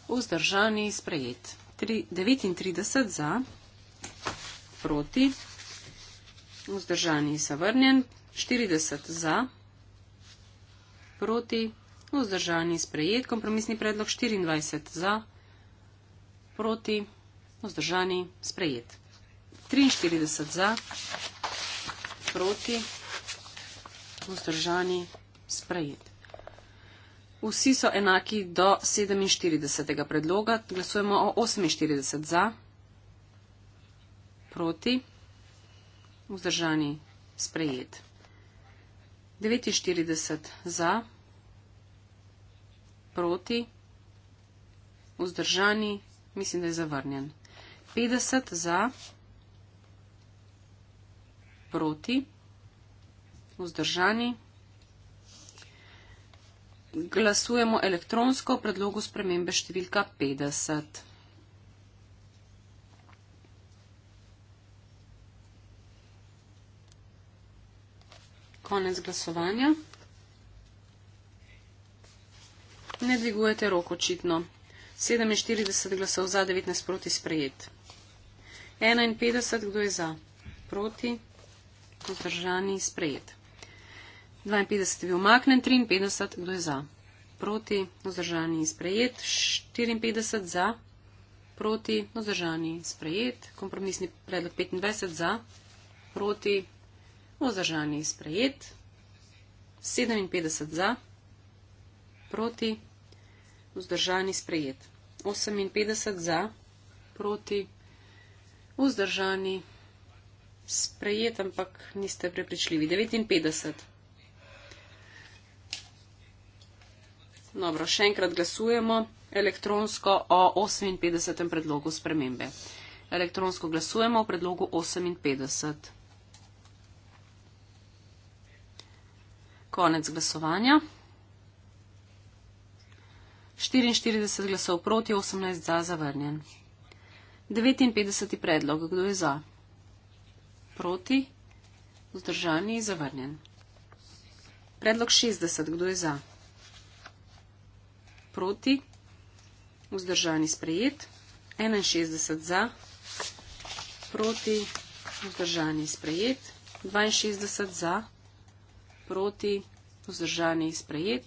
vzdržani, sprejet. 39 za, proti, vzdržani zavrnjen, 40 za, proti, vzdržani sprejet, kompromisni predlog 24 za, proti, vzdržani sprejet. 43 za, proti, vzdržani sprejet. Vsi so enaki do 47. predloga. Glasujemo o 48 za, proti, vzdržani, sprejet. 49 za, proti, vzdržani, mislim, da je zavrnjen. 50 za, proti, vzdržani. Glasujemo elektronsko predlogu spremembe številka 50. Konec glasovanja. Ne dvigujete roko, očitno. 47 glasov za, 19 proti sprejet. 51, kdo je za? Proti, vzdržani, sprejet. 52 je bil omaknen, 53, kdo je za? Proti, vzdržani, sprejet. 54 za, proti, vzdržani, sprejet. Kompromisni predlog 25 za, proti, Vzdržan je sprejet, 57 za, proti, vzdržan je sprejet, 58 za, proti, vzdržan je sprejet, ampak niste prepričljivi, 59. Dobro, še enkrat glasujemo elektronsko o 58. predlogu spremembe. Elektronsko glasujemo o predlogu 58. konec glasovanja. 44 glasov proti, 18 za zavrnjen. 59. predlog. Kdo je za? Proti, vzdržani, zavrnjen. Predlog 60. Kdo je za? Proti, vzdržani, sprejet. 61 za, proti, vzdržani, sprejet. 62 za proti, vzdržani sprejet.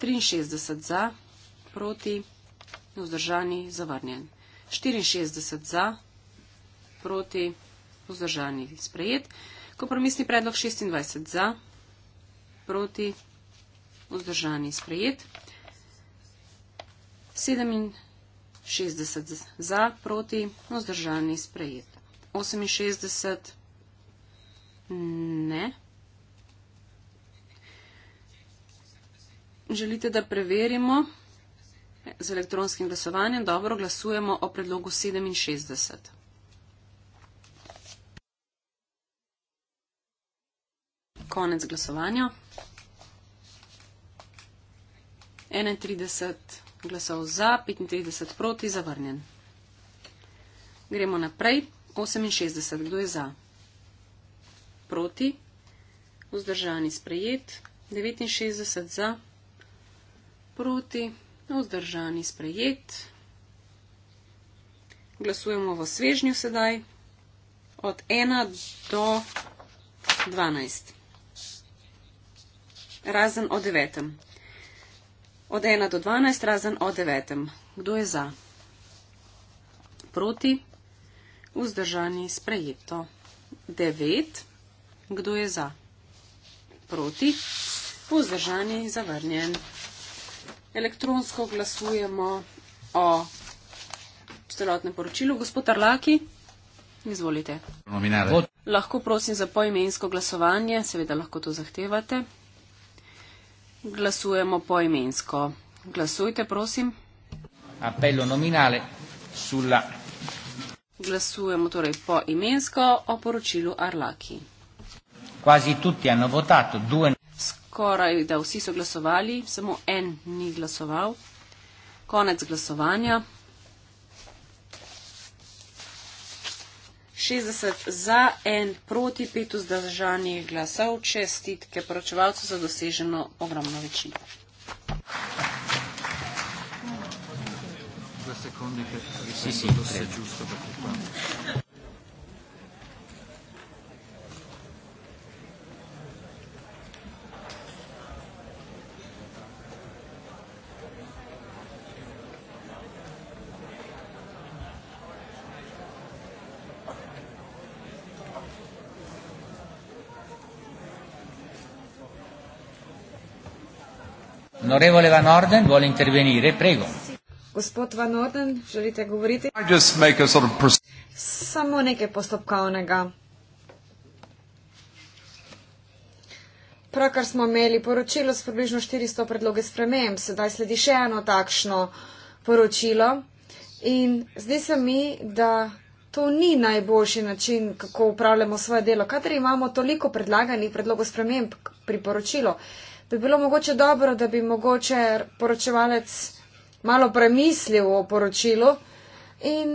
63 za, proti, vzdržani zavrnjen. 64 za, proti, vzdržani sprejet. Kompromisni predlog 26 za, proti, vzdržani sprejet. 67 za, proti, vzdržani sprejet. 68 ne. Želite, da preverimo z elektronskim glasovanjem? Dobro, glasujemo o predlogu 67. Konec glasovanja. 31 glasov za, 35 proti, zavrnjen. Gremo naprej. 68, kdo je za? Proti, vzdržani sprejet, 69 za, proti, vzdržani sprejet. Glasujemo v svežnju sedaj od 1 do 12. Razen o 9. Od 1 do 12, razen o 9. Kdo je za? Proti, vzdržani sprejeto. 9. Kdo je za? Proti, vzdržani zavrnjen elektronsko glasujemo o celotnem poročilu. Gospod Arlaki, izvolite. Lahko prosim za poimensko glasovanje, seveda lahko to zahtevate. Glasujemo poimensko. Glasujte, prosim. Apello nominale sulla. Glasujemo torej poimensko o poročilu Arlaki. Quasi tutti hanno votato due skoraj, da vsi so glasovali, samo en ni glasoval. Konec glasovanja. 60 za, en proti, pet vzdržanih glasov. Čestitke poročevalcu za doseženo ogromno večino. Sekundi, ker si si to sečustvo. Onorevole Van Orden vuole intervenire, prego. Gospod Van Orden, želite govoriti? Sort of pres- Samo nekaj postopkovnega. Prav, kar smo imeli poročilo s približno 400 predloge sprememb, sedaj sledi še eno takšno poročilo. In zdi se mi, da to ni najboljši način, kako upravljamo svoje delo, kadar imamo toliko predlaganih predlogov sprememb pri poročilu bi bilo mogoče dobro, da bi mogoče poročevalec malo premislil o poročilu in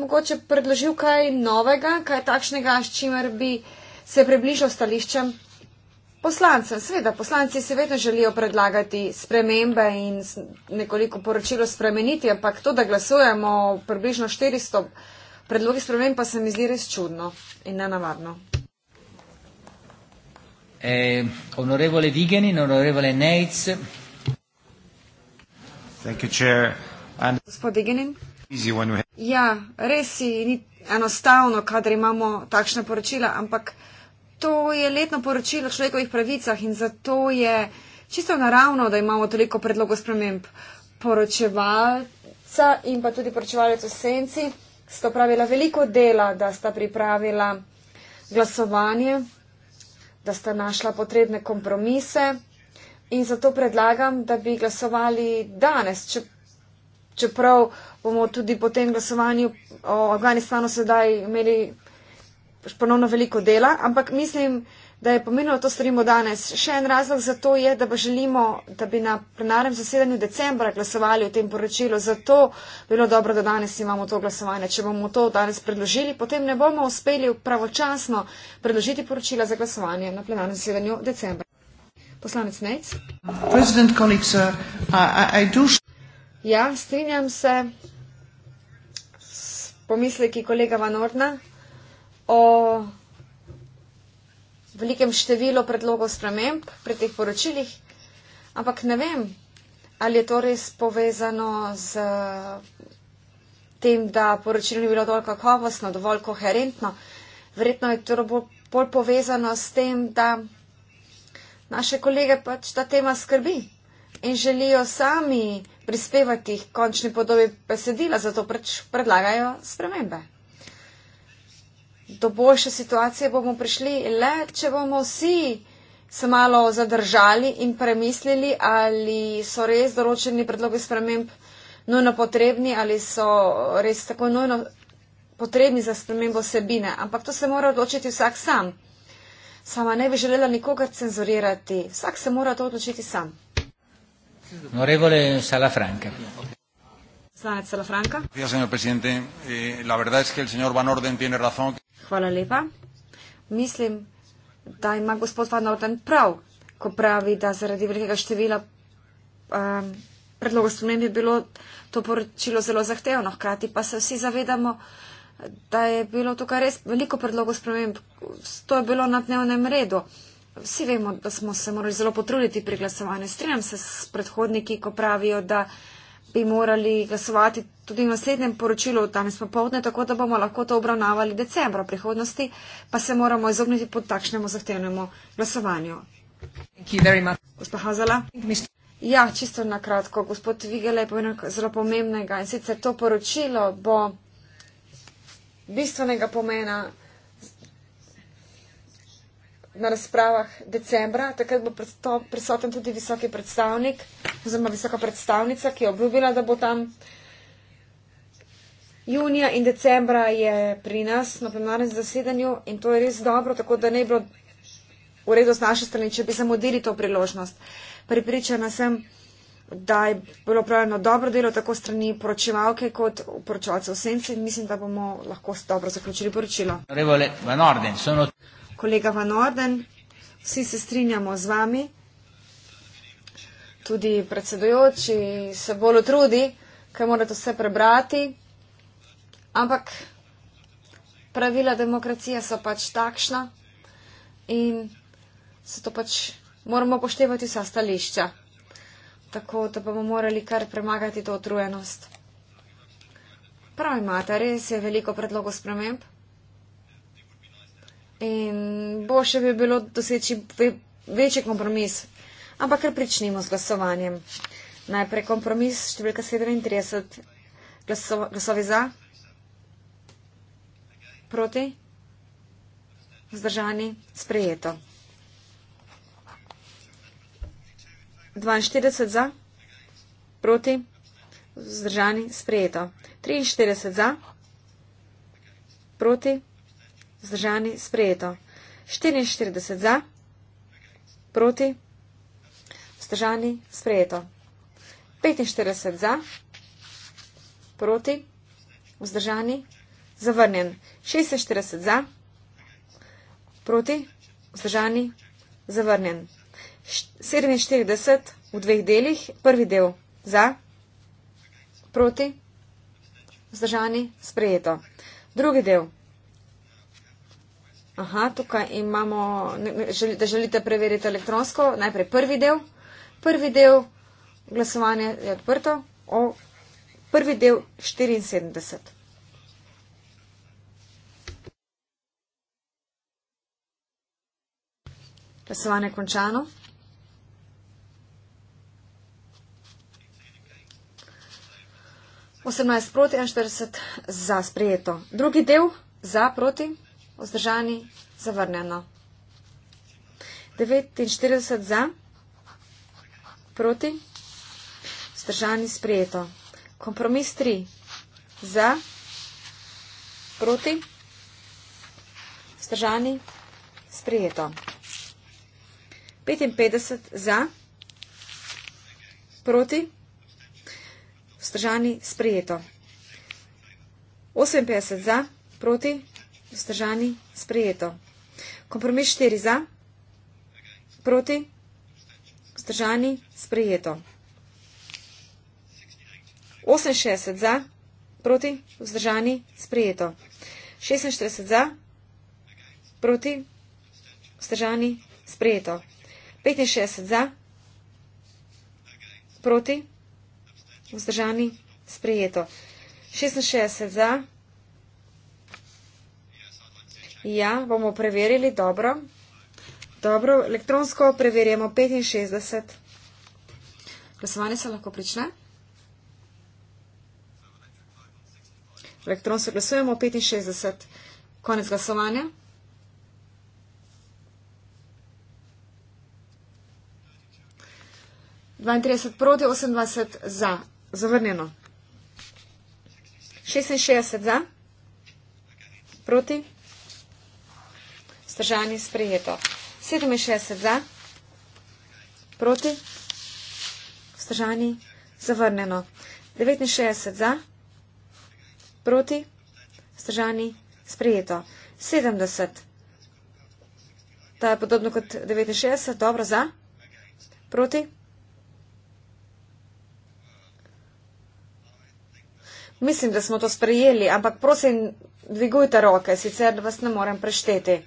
mogoče predložil kaj novega, kaj takšnega, s čimer bi se približal stališčem poslancem. Sveda, poslanci se vedno želijo predlagati spremembe in nekoliko poročilo spremeniti, ampak to, da glasujemo približno 400 predlogi sprememb, pa se mi zdi res čudno in nenavadno. Eh, onorevole Vigenin, onorevole Neitz. Thank you, chair. And Gospod Vigenin. Ja, res je enostavno, kadar imamo takšne poročila, ampak to je letno poročilo o človekovih pravicah in zato je čisto naravno, da imamo toliko predlogov sprememb. Poročevalca in pa tudi poročevalec v senci sta pravila veliko dela, da sta pripravila glasovanje da sta našla potrebne kompromise in zato predlagam, da bi glasovali danes, če, čeprav bomo tudi po tem glasovanju o Afganistanu sedaj imeli ponovno veliko dela, ampak mislim, da je pomembno, da to storimo danes. Še en razlog za to je, da pa želimo, da bi na plenarnem zasedanju decembra glasovali o tem poročilu. Zato bi bilo dobro, da danes imamo to glasovanje. Če bomo to danes predložili, potem ne bomo uspeli pravočasno predložiti poročila za glasovanje na plenarnem zasedanju decembra. Poslanec Nec. Uh, ja, strinjam se s pomisleki kolega Van Ordna o velikem številu predlogov sprememb pri teh poročilih, ampak ne vem, ali je to res povezano z eh, tem, da poročilo ni bilo dovolj kakovostno, dovolj koherentno. Verjetno je to bolj povezano s tem, da naše kolege pač ta tema skrbi in želijo sami prispevati končni podobi besedila, zato pač predlagajo spremembe do boljše situacije bomo prišli le, če bomo vsi se malo zadržali in premislili, ali so res določeni predlogi sprememb nujno potrebni, ali so res tako nujno potrebni za spremembo sebine. Ampak to se mora odločiti vsak sam. Sama ne bi želela nikogar cenzurirati. Vsak se mora to odločiti sam. Onorevole Salafranca. Poslanec Salafranka. Ja, senor presidente, eh, la verdad es que el señor Van Orden tiene razón. Hvala lepa. Mislim, da ima gospod Van Orden prav, ko pravi, da zaradi velikega števila um, predlogov sprememb je bilo to poročilo zelo zahtevno. Hkrati pa se vsi zavedamo, da je bilo tukaj res veliko predlogov sprememb. To je bilo na dnevnem redu. Vsi vemo, da smo se morali zelo potruditi pri glasovanju. Strenjam se s predhodniki, ko pravijo, da bi morali glasovati tudi v naslednjem poročilu danes popovdne, tako da bomo lahko to obravnavali decembra prihodnosti, pa se moramo izogniti pod takšnemu zahtevnemu glasovanju. Gospa Hazala. Ja, čisto na kratko. Gospod Vigele je povedal zelo pomembnega in sicer to poročilo bo bistvenega pomena na razpravah decembra, takrat bo prisoten tudi visoki predstavnik oziroma visoka predstavnica, ki je obljubila, da bo tam. Junija in decembra je pri nas na plenarnem zasedanju in to je res dobro, tako da ne bi bilo v redu z naše strani, če bi zamudili to priložnost. Pripričana sem, da je bilo pravljeno dobro delo tako strani poročevalke kot poročevalcev senci in mislim, da bomo lahko dobro zaključili poročilo. Revole, kolega Van Orden, vsi se strinjamo z vami, tudi predsedujoči se bolj utrudi, ker mora to vse prebrati, ampak pravila demokracije so pač takšna in se to pač moramo poštevati vsa stališča. Tako da bomo morali kar premagati to utrujenost. Prav imate, res je veliko predlogov sprememb. In bo še bi bilo doseči večji kompromis. Ampak kar pričnimo z glasovanjem. Najprej kompromis številka 37. Glasov, glasovi za? Proti? Zdržani? Sprejeto. 42 za? Proti? Zdržani? Sprejeto. 43 za? Proti? vzdržani, sprejeto. 44 za, proti, vzdržani, sprejeto. 45 za, proti, vzdržani, zavrnjen. 46 za, proti, vzdržani, zavrnjen. 47 v dveh delih, prvi del za, proti, vzdržani, sprejeto. Drugi del. Aha, tukaj imamo, da želite preveriti elektronsko, najprej prvi del. Prvi del glasovanja je odprto, o, prvi del 74. Glasovanje je končano. Osemnajst proti, enajst za sprejeto. Drugi del za proti vzdržani, zavrnjeno. 49 za, proti, vzdržani, sprejeto. Kompromis 3 za, proti, vzdržani, sprejeto. 55 za, proti, vzdržani, sprejeto. 58 za, proti, vzdržani, sprejeto. Vzdržani, sprejeto. Kompromis 4 za, proti, vzdržani, sprejeto. 68 za, proti, vzdržani, sprejeto. 46 za, proti, vzdržani, sprejeto. 65 za, proti, vzdržani, sprejeto. 66 za, proti, vzdržani, sprejeto. Ja, bomo preverili dobro. Dobro, elektronsko preverjamo 65. Glasovanje se lahko prične. Elektronsko glasujemo 65. Konec glasovanja. dvaintrideset proti osemindvajset za zavrnjeno šestinšestdeset za proti Vzdržanje je sprejeto. 67 za, proti, vzdržanje zavrnjeno. 69 za, proti, vzdržanje sprejeto. 70, ta je podobno kot 69, dobro za, proti. Mislim, da smo to sprejeli, ampak prosim, dvigujte roke, sicer vas ne morem prešteti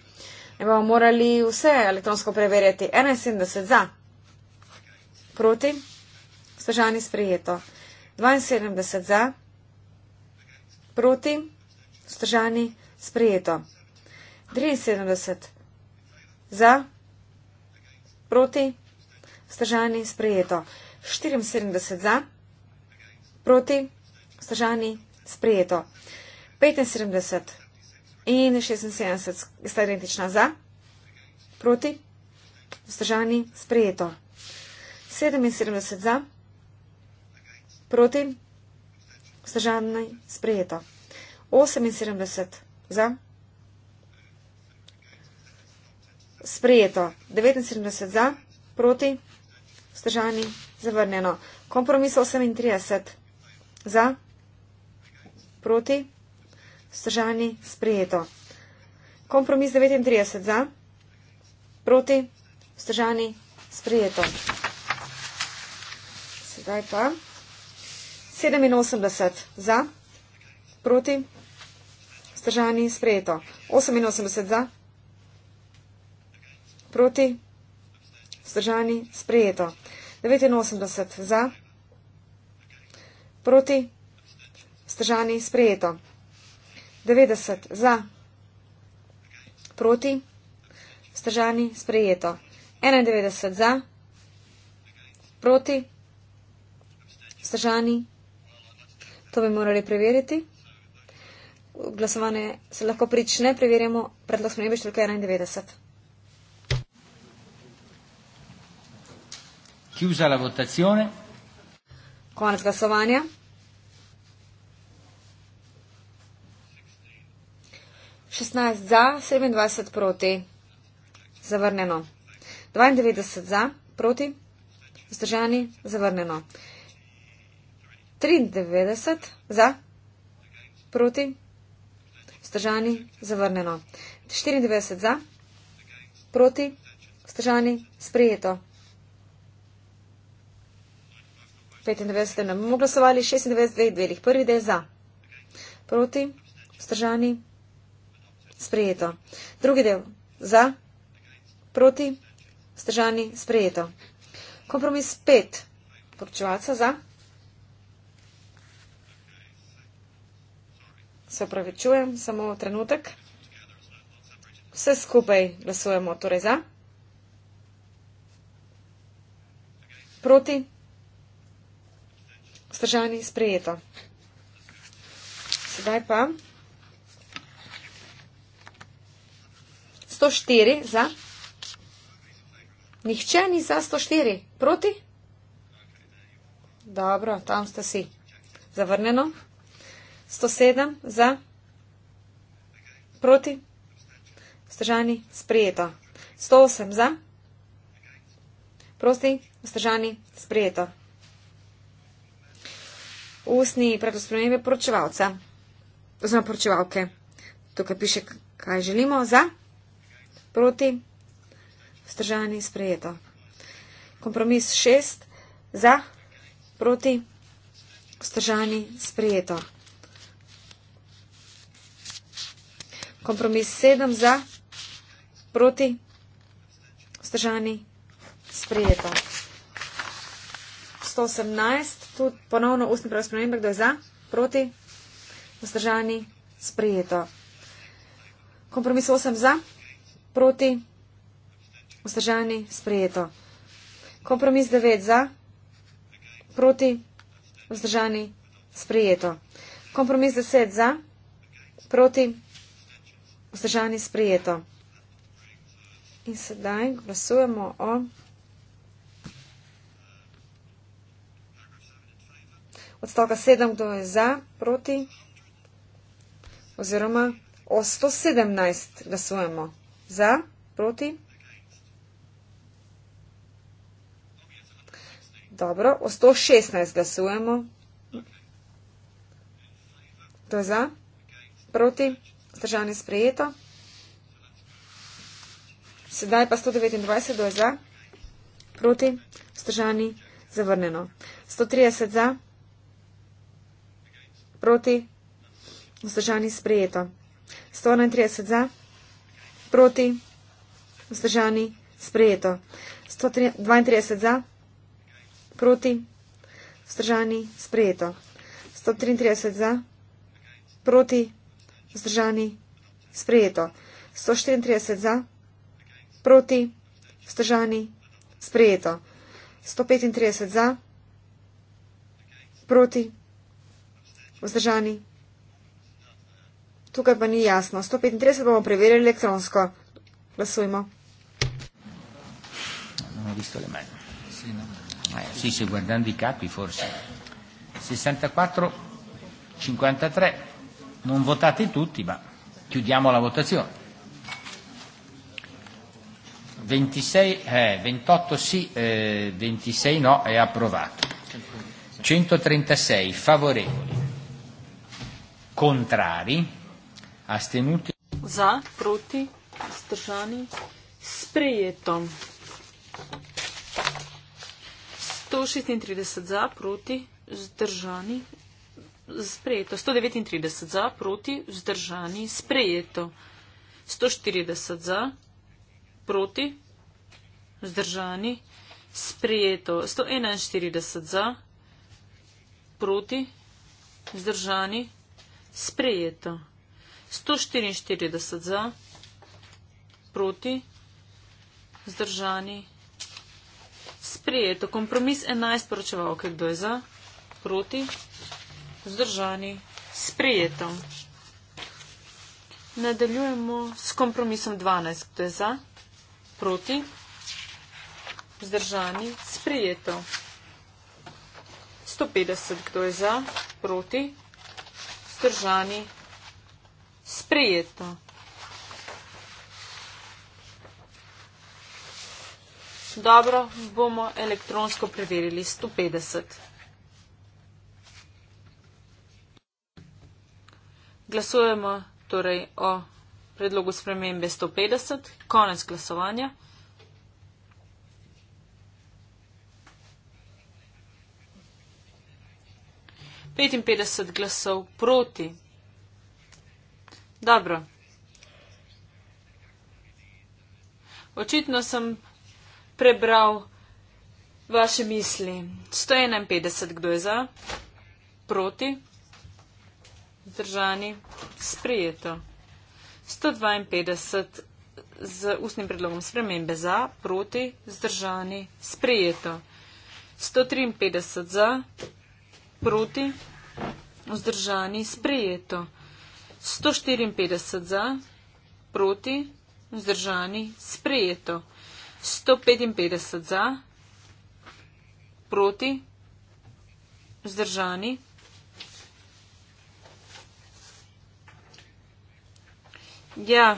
in bomo morali vse elektronsko preverjati. 71 za, proti, stržani sprejeto. 72 za, proti, stržani sprejeto. 73 za, proti, stržani sprejeto. 74 za, proti, stržani sprejeto. 75 za in 76 sta identična za, proti, vzdržani, sprejeto. 77 za, proti, vzdržani, sprejeto. 78 za, sprejeto. 79 za, proti, vzdržani, zavrnjeno. Kompromis 38 za, proti, vzdržani, sprejeto. Stržani sprejeto. Kompromis 39 za, proti, stržani sprejeto. Sedaj pa 87 za, proti, stržani sprejeto. 88 za, proti, stržani sprejeto. 89 za, proti, stržani sprejeto. 90 za, proti, vzdržani, sprejeto. 91 za, proti, vzdržani, to bi morali preveriti. Glasovanje se lahko prične, preverjamo predlog spremembe številke 91. Chiusa la votazione. Con la scassovania. 16 za, 27 proti, zavrnjeno. 92 za, proti, vzdržani, zavrnjeno. 93 za, proti, vzdržani, zavrnjeno. 94 za, proti, vzdržani, sprejeto. 95 ne bomo glasovali, 96 dveh dveh, prvi del za, proti, vzdržani, sprejeto sprejeto. Drugi del za, proti, stržani, sprejeto. Kompromis pet poročevalca za. Se opravičujem, samo trenutek. Vse skupaj glasujemo torej za. Proti. Vzdržani sprejeto. Sedaj pa. 104 za. Nihče ni za 104. Proti? Dobro, tam ste si. Zavrneno. 107 za. Proti? Vstržani, sprijeto. 108 za. Prosti, vstržani, sprijeto. Ustni predospremenje poročevalca. Oziroma poročevalke. Tukaj piše, kaj želimo za proti, vzdržani sprejeto. Kompromis šest, za, proti, vzdržani sprejeto. Kompromis sedem, za, proti, vzdržani sprejeto. 118, tudi ponovno ustni prav spremembe, kdo je za, proti, vzdržani sprejeto. Kompromis 8 za, proti, vzdržani, sprejeto. Kompromis 9 za, proti, vzdržani, sprejeto. Kompromis 10 za, proti, vzdržani, sprejeto. In sedaj glasujemo o. Odstavka 7, kdo je za, proti oziroma o 117 glasujemo. Za? Proti? Dobro, o 116 glasujemo. To je za? Proti? Zdržanje sprejeto. Sedaj pa 129, to je za? Proti? Zdržanje zavrneno. 130 za? Proti? Zdržanje sprejeto. 131 za? Proti? proti, vzdržani, sprejeto. 132 za, proti, vzdržani, sprejeto. 133 za, proti, vzdržani, sprejeto. 134 za, proti, vzdržani, sprejeto. 135 za, proti, vzdržani, sprejeto. Tukaj pa ni jasno. 135 bomo preverili elektronsko. Glasujmo. Non ho visto le mani. Sì, no. ah, sì, sì, guardando i capi forse. 64, 53. Non votate tutti, ma chiudiamo la votazione. 26, eh, 28 sì, eh, 26 no, è approvato. 136 favorevoli, contrari. A ste nuti? Za, proti, stržani, sprejeto. 136 za, proti, zdržani, sprejeto. 139 za, proti, zdržani, sprejeto. 140 za, proti, zdržani, sprejeto. 141 za, proti, zdržani, sprejeto. 144 za, proti, zdržani, sprijeto. Kompromis 11 poročevalke, kdo je za, proti, zdržani, sprijeto. Nadaljujemo s kompromisom 12, kdo je za, proti, zdržani, sprijeto. 150, kdo je za, proti, zdržani, sprijeto. Sprijeto. Dobro, bomo elektronsko preverili 150. Glasujemo torej o predlogu spremembe 150, konec glasovanja. Petinpetdeset glasov proti. Dobro. Očitno sem prebral vaše misli. 151, kdo je za? Proti? Zdržani? Sprijeto. 152 z ustnim predlogom spremembe za, proti, zdržani, sprijeto. 153 za, proti, vzdržani, sprijeto. 154 za, proti, vzdržani, sprejeto. 155 za, proti, vzdržani. 155 za, proti, vzdržani. Ja,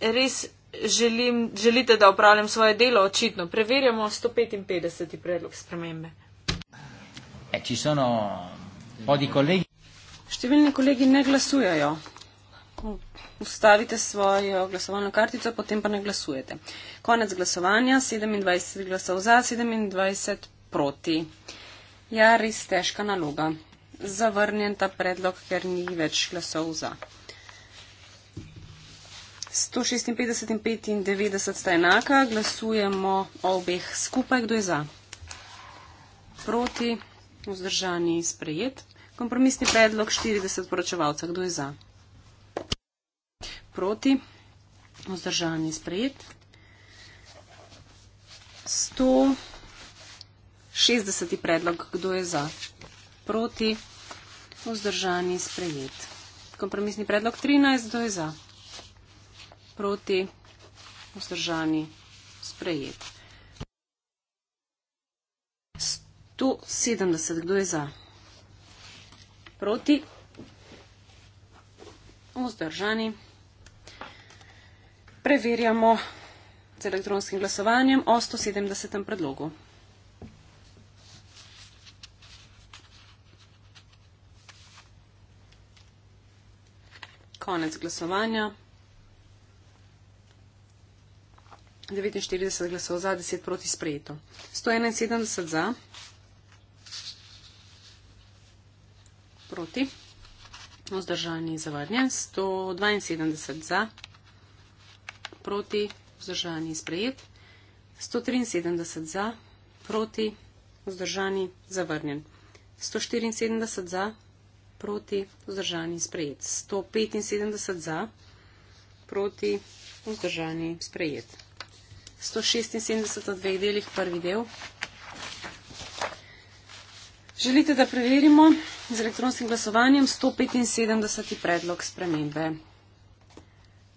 res. Želim, želite, da upravljam svoje delo? Očitno. Preverjamo 155. predlog spremembe. E, ci sono un po' di colleghi. Številni kolegi ne glasujajo. Ustavite svojo glasovalno kartico, potem pa ne glasujete. Konec glasovanja, 27 glasov za, 27 proti. Ja, res težka naloga. Zavrnjen ta predlog, ker ni več glasov za. 156 in 95 sta enaka, glasujemo o obeh skupaj, kdo je za. Proti, vzdržani, sprejet. Kompromisni predlog 40 poročevalcev. Kdo je za? Proti. Vzdržan je sprejet. 160. predlog. Kdo je za? Proti. Vzdržan je sprejet. Kompromisni predlog 13. Kdo je za? Proti. Vzdržan je sprejet. 170. Kdo je za? proti, vzdržani. Preverjamo z elektronskim glasovanjem o 170. predlogu. Konec glasovanja. 49 glasov za, 10 proti sprejeto. 171 za. proti, vzdržani zavrnjen, 172 za, proti, vzdržani sprejet, 173 za, proti, vzdržani zavrnjen, 174 za, proti, vzdržani sprejet, 175 za, proti, vzdržani sprejet. 176 od dveh delih, prvi del, Želite, da preverimo z elektronskim glasovanjem 175. predlog spremembe.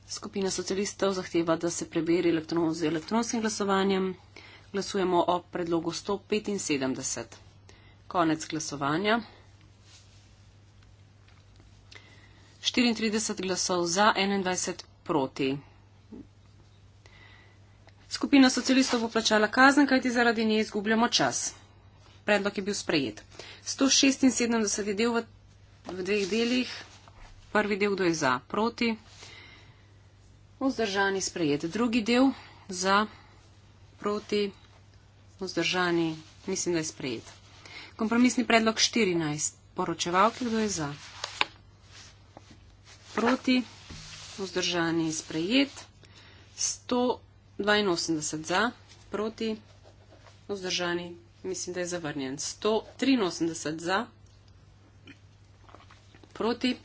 Skupina socialistov zahteva, da se preveri elektron z elektronskim glasovanjem. Glasujemo o predlogu 175. Konec glasovanja. 34 glasov za, 21 proti. Skupina socialistov bo plačala kazen, kajti zaradi nje izgubljamo čas predlog je bil sprejet. 176 je del v, v dveh delih, prvi del, kdo je za, proti, vzdržani sprejet. Drugi del za, proti, vzdržani, mislim, da je sprejet. Kompromisni predlog 14, poročevalke, kdo je za, proti, vzdržani sprejet, 182 za, proti, vzdržani mislim, da je zavrnjen. 183 za, proti,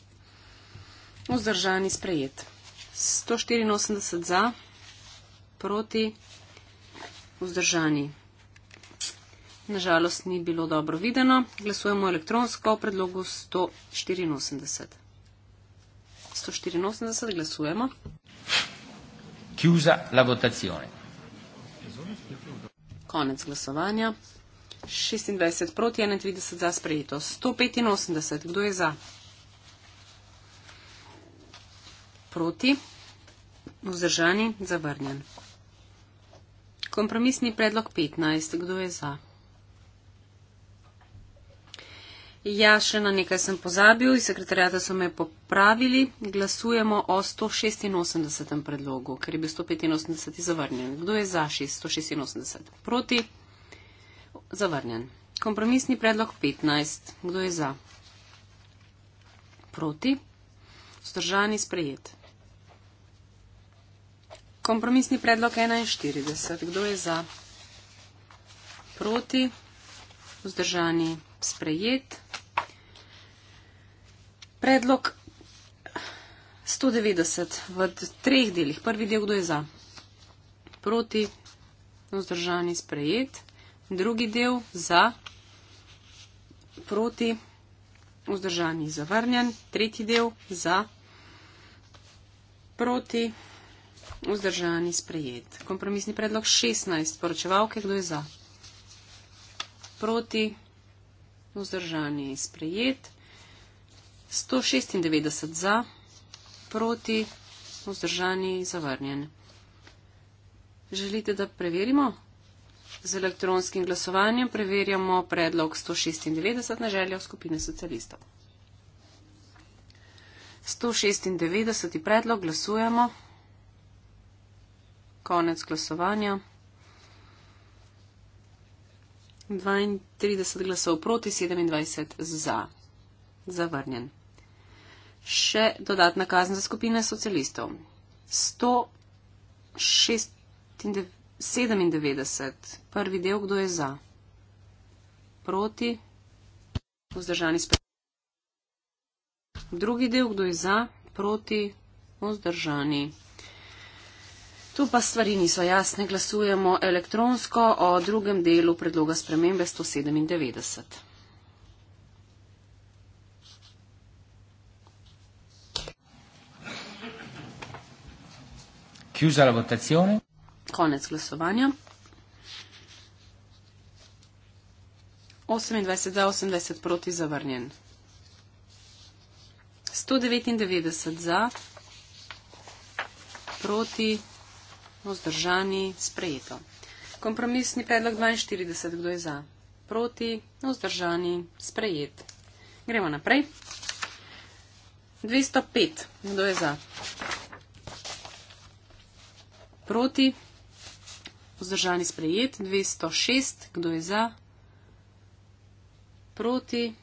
vzdržani sprejet. 184 za, proti, vzdržani. Nažalost ni bilo dobro videno. Glasujemo elektronsko o predlogu 184. 184 glasujemo. Chiusa la votazione. Konec glasovanja. 26 proti 31 za sprejeto. 185. Kdo je za? Proti. Vzdržani. Zavrnjen. Kompromisni predlog 15. Kdo je za? Ja, še na nekaj sem pozabil. Iz sekretarjata so me popravili. Glasujemo o 186. predlogu, ker je bil 185. zavrnjen. Kdo je za 186? Proti zavrnjen. Kompromisni predlog 15. Kdo je za? Proti? Zdržani sprejet. Kompromisni predlog 41. Kdo je za? Proti? Vzdržani sprejet. Predlog 190 v treh delih. Prvi del, kdo je za? Proti? Vzdržani sprejet drugi del za, proti, vzdržani zavrnjen, tretji del za, proti, vzdržani sprejet. Kompromisni predlog 16, poročevalke, kdo je za, proti, vzdržani sprejet, 196 za, proti, vzdržani zavrnjen. Želite, da preverimo? Z elektronskim glasovanjem preverjamo predlog 196 na željo skupine socialistov. 196. predlog glasujemo. Konec glasovanja. 32 glasov proti, 27 za. Zavrnjen. Še dodatna kazen za skupine socialistov. 196. 97. Prvi del, kdo je za? Proti? Vzdržani spet. Drugi del, kdo je za? Proti? Vzdržani. Tu pa stvari niso jasne. Glasujemo elektronsko o drugem delu predloga spremembe 197. Chiusa la votazione konec glasovanja. 28 za, 80 proti zavrnjen. 199 za, proti, vzdržani, sprejeto. Kompromisni predlog 42, kdo je za? Proti, vzdržani, sprejet. Gremo naprej. 205, kdo je za? Proti, vzdržani sprejet, 206, kdo je za, proti,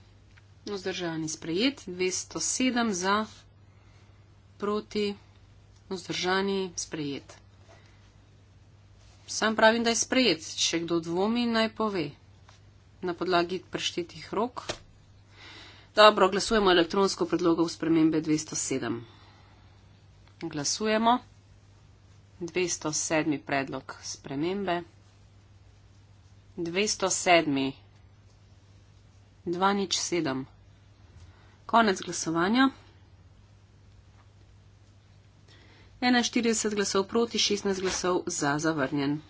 vzdržani sprejet, 207 za, proti, vzdržani sprejet. Sam pravim, da je sprejet, če kdo dvomi, naj pove na podlagi preštetih rok. Dobro, glasujemo elektronsko predlogov spremembe 207. Glasujemo. 207. predlog spremembe. 207. 2 nič 7. Konec glasovanja. 41 glasov proti, 16 glasov za zavrnjen.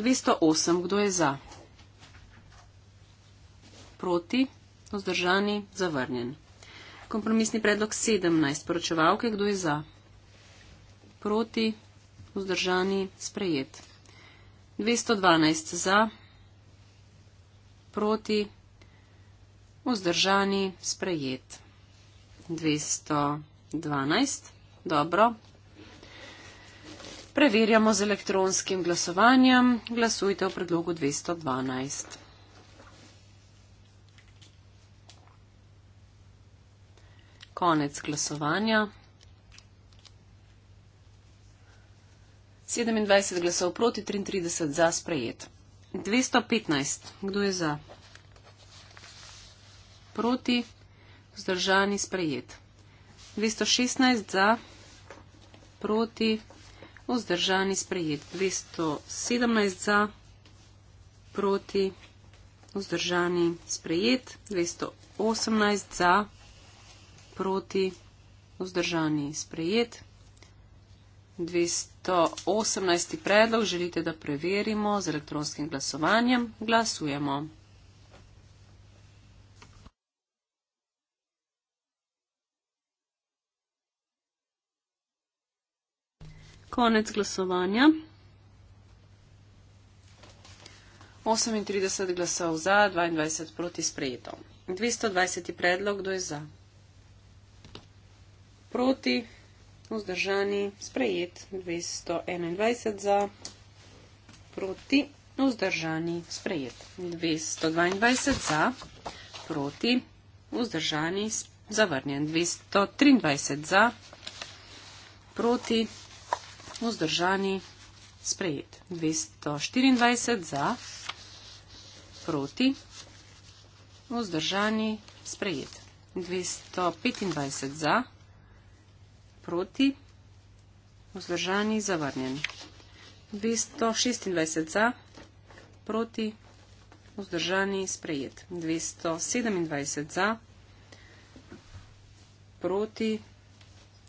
208. Kdo je za? Proti, vzdržani, zavrnjen. Kompromisni predlog 17. Poročevalke, kdo je za? Proti, vzdržani, sprejet. 212 za, proti, vzdržani, sprejet. 212, dobro. Preverjamo z elektronskim glasovanjem. Glasujte v predlogu 212. Konec glasovanja. 27 glasov proti 33 za sprejet. 215. Kdo je za? Proti. Vzdržani sprejet. 216 za. Proti. Vzdržani sprejet. 217 za. Proti. Vzdržani sprejet. 218 za. Proti. Vzdržani sprejet. 200 leto. 18. predlog želite, da preverimo z elektronskim glasovanjem. Glasujemo. Konec glasovanja. 38 glasov za, 22 proti sprejeto. 220. predlog, kdo je za? Proti vzdržani, sprejet 221 za, proti, vzdržani, sprejet 222 za, proti, vzdržani, zavrnjen 223 za, proti, vzdržani, sprejet 224 za, proti, vzdržani, sprejet 225 za, proti, vzdržani, zavrnjen. 226 za, proti, vzdržani, sprejet. 227 za, proti,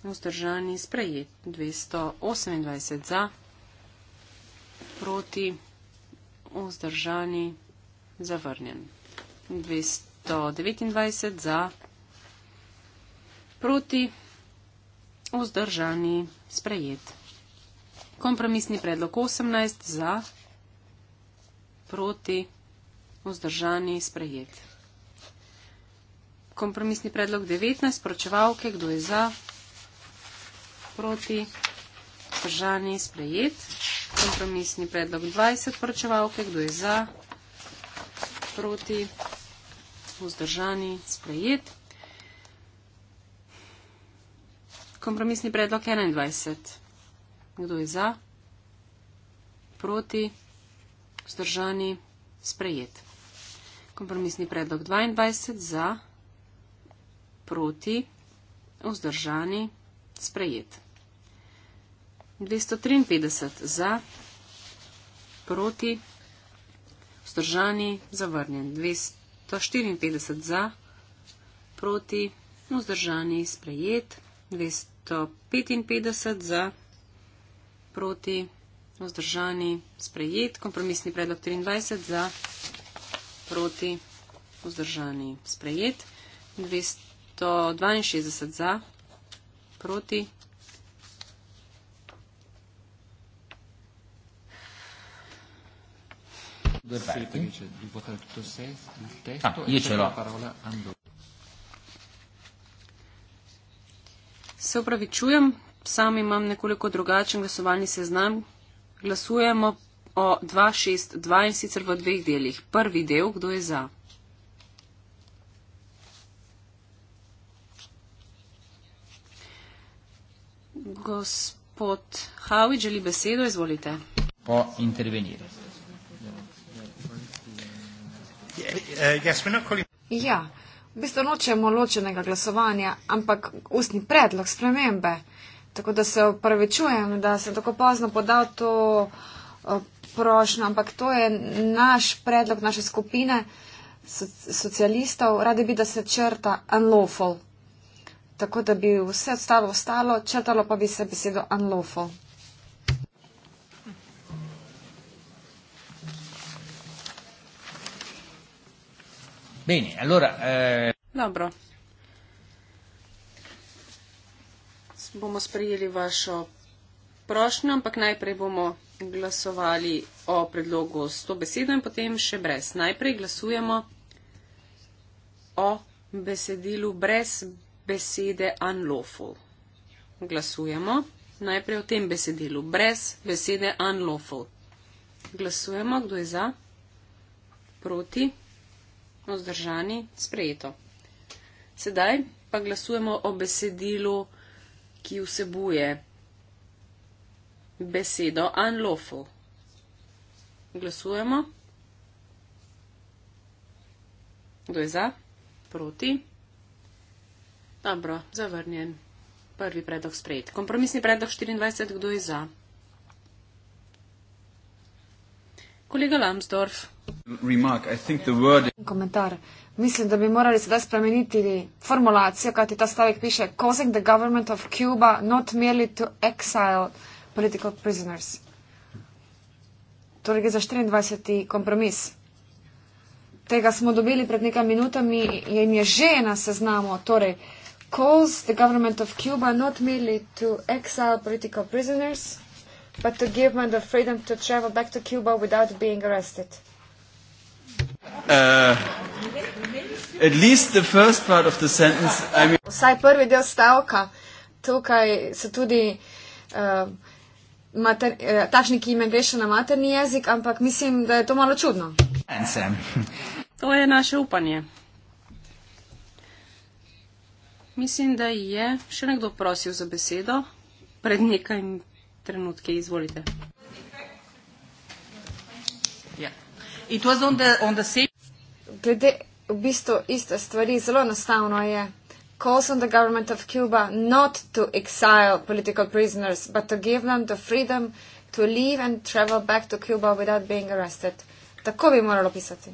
vzdržani, sprejet. 228 za, proti, vzdržani, zavrnjen. 229 za, proti, vzdržani, sprejet. 229 za, proti, vzdržani, zavrnjen. 229 za, proti, vzdržani, sprejet. Kompromisni predlog 18 za, proti, vzdržani, sprejet. Kompromisni predlog 19, poročevalke, kdo je za, proti, vzdržani, sprejet. Kompromisni predlog 20, poročevalke, kdo je za, proti, vzdržani, sprejet. kompromisni predlog 21. Kdo je za? Proti? Zdržani? Sprejet. Kompromisni predlog 22. Za? Proti? Vzdržani? Sprejet. 253. Za? Proti? Vzdržani? Zavrnjen. 254. Za? Proti? Vzdržani? Sprejet. 200. 55 za, proti, vzdržani, sprejet, kompromisni predlog 23 za, proti, vzdržani, sprejet, 262 za, proti. Perfetto, di poter tutto sé, il testo e ah, e io ce l'ho. la parola Andor. Se upravičujem, sam imam nekoliko drugačen glasovalni seznam. Glasujemo o 262 in sicer v dveh delih. Prvi del, kdo je za. Gospod Havi, želi besedo, izvolite. Po interveniranju. Ja, v bistvu nočemo ločenega glasovanja, ampak ustni predlog spremembe. Tako da se upravičujem, da sem tako pozno podal to eh, prošnjo, ampak to je naš predlog, naše skupine socialistov. Radi bi, da se črta unlawful. Tako da bi vse ostalo ostalo, črtalo pa bi se besedo unlawful. Bene, allora. Eh... Dobro. Bomo sprejeli vašo prošnjo, ampak najprej bomo glasovali o predlogu s to besedo in potem še brez. Najprej glasujemo o besedilu brez besede unlawful. Glasujemo najprej o tem besedilu brez besede unlawful. Glasujemo, kdo je za? Proti? no zdržani, sprejeto. Sedaj pa glasujemo o besedilu, ki vsebuje besedo unlawful. Glasujemo. Kdo je za? Proti? Dobro, zavrnjen. Prvi predlog sprejet. Kompromisni predlog 24. Kdo je za? Kolega Lambsdorff. Komentar. Mislim, da bi morali sedaj spremeniti formulacijo, kajti ta stavek piše causing the government of Cuba not merely to exile political prisoners. Torej, za 24. kompromis. Tega smo dobili pred nekaj minutami in je že na seznamu. Torej, calls the government of Cuba not merely to exile political prisoners, but to give them the freedom to travel back to Cuba without being arrested. Uh, Vsaj prvi del stavka, tukaj se tudi uh, eh, tašni, ki ime greš na materni jezik, ampak mislim, da je to malo čudno. *laughs* To je naše upanje. Mislim, da je še nekdo prosil za besedo. Pred nekaj trenutki izvolite. It was on the, on the same. Glede, v bistvu iste stvari, zelo enostavno je. Calls on the government of Cuba not to exile political prisoners, but to give them the freedom to leave and travel back to Cuba without being arrested. Tako bi moralo pisati.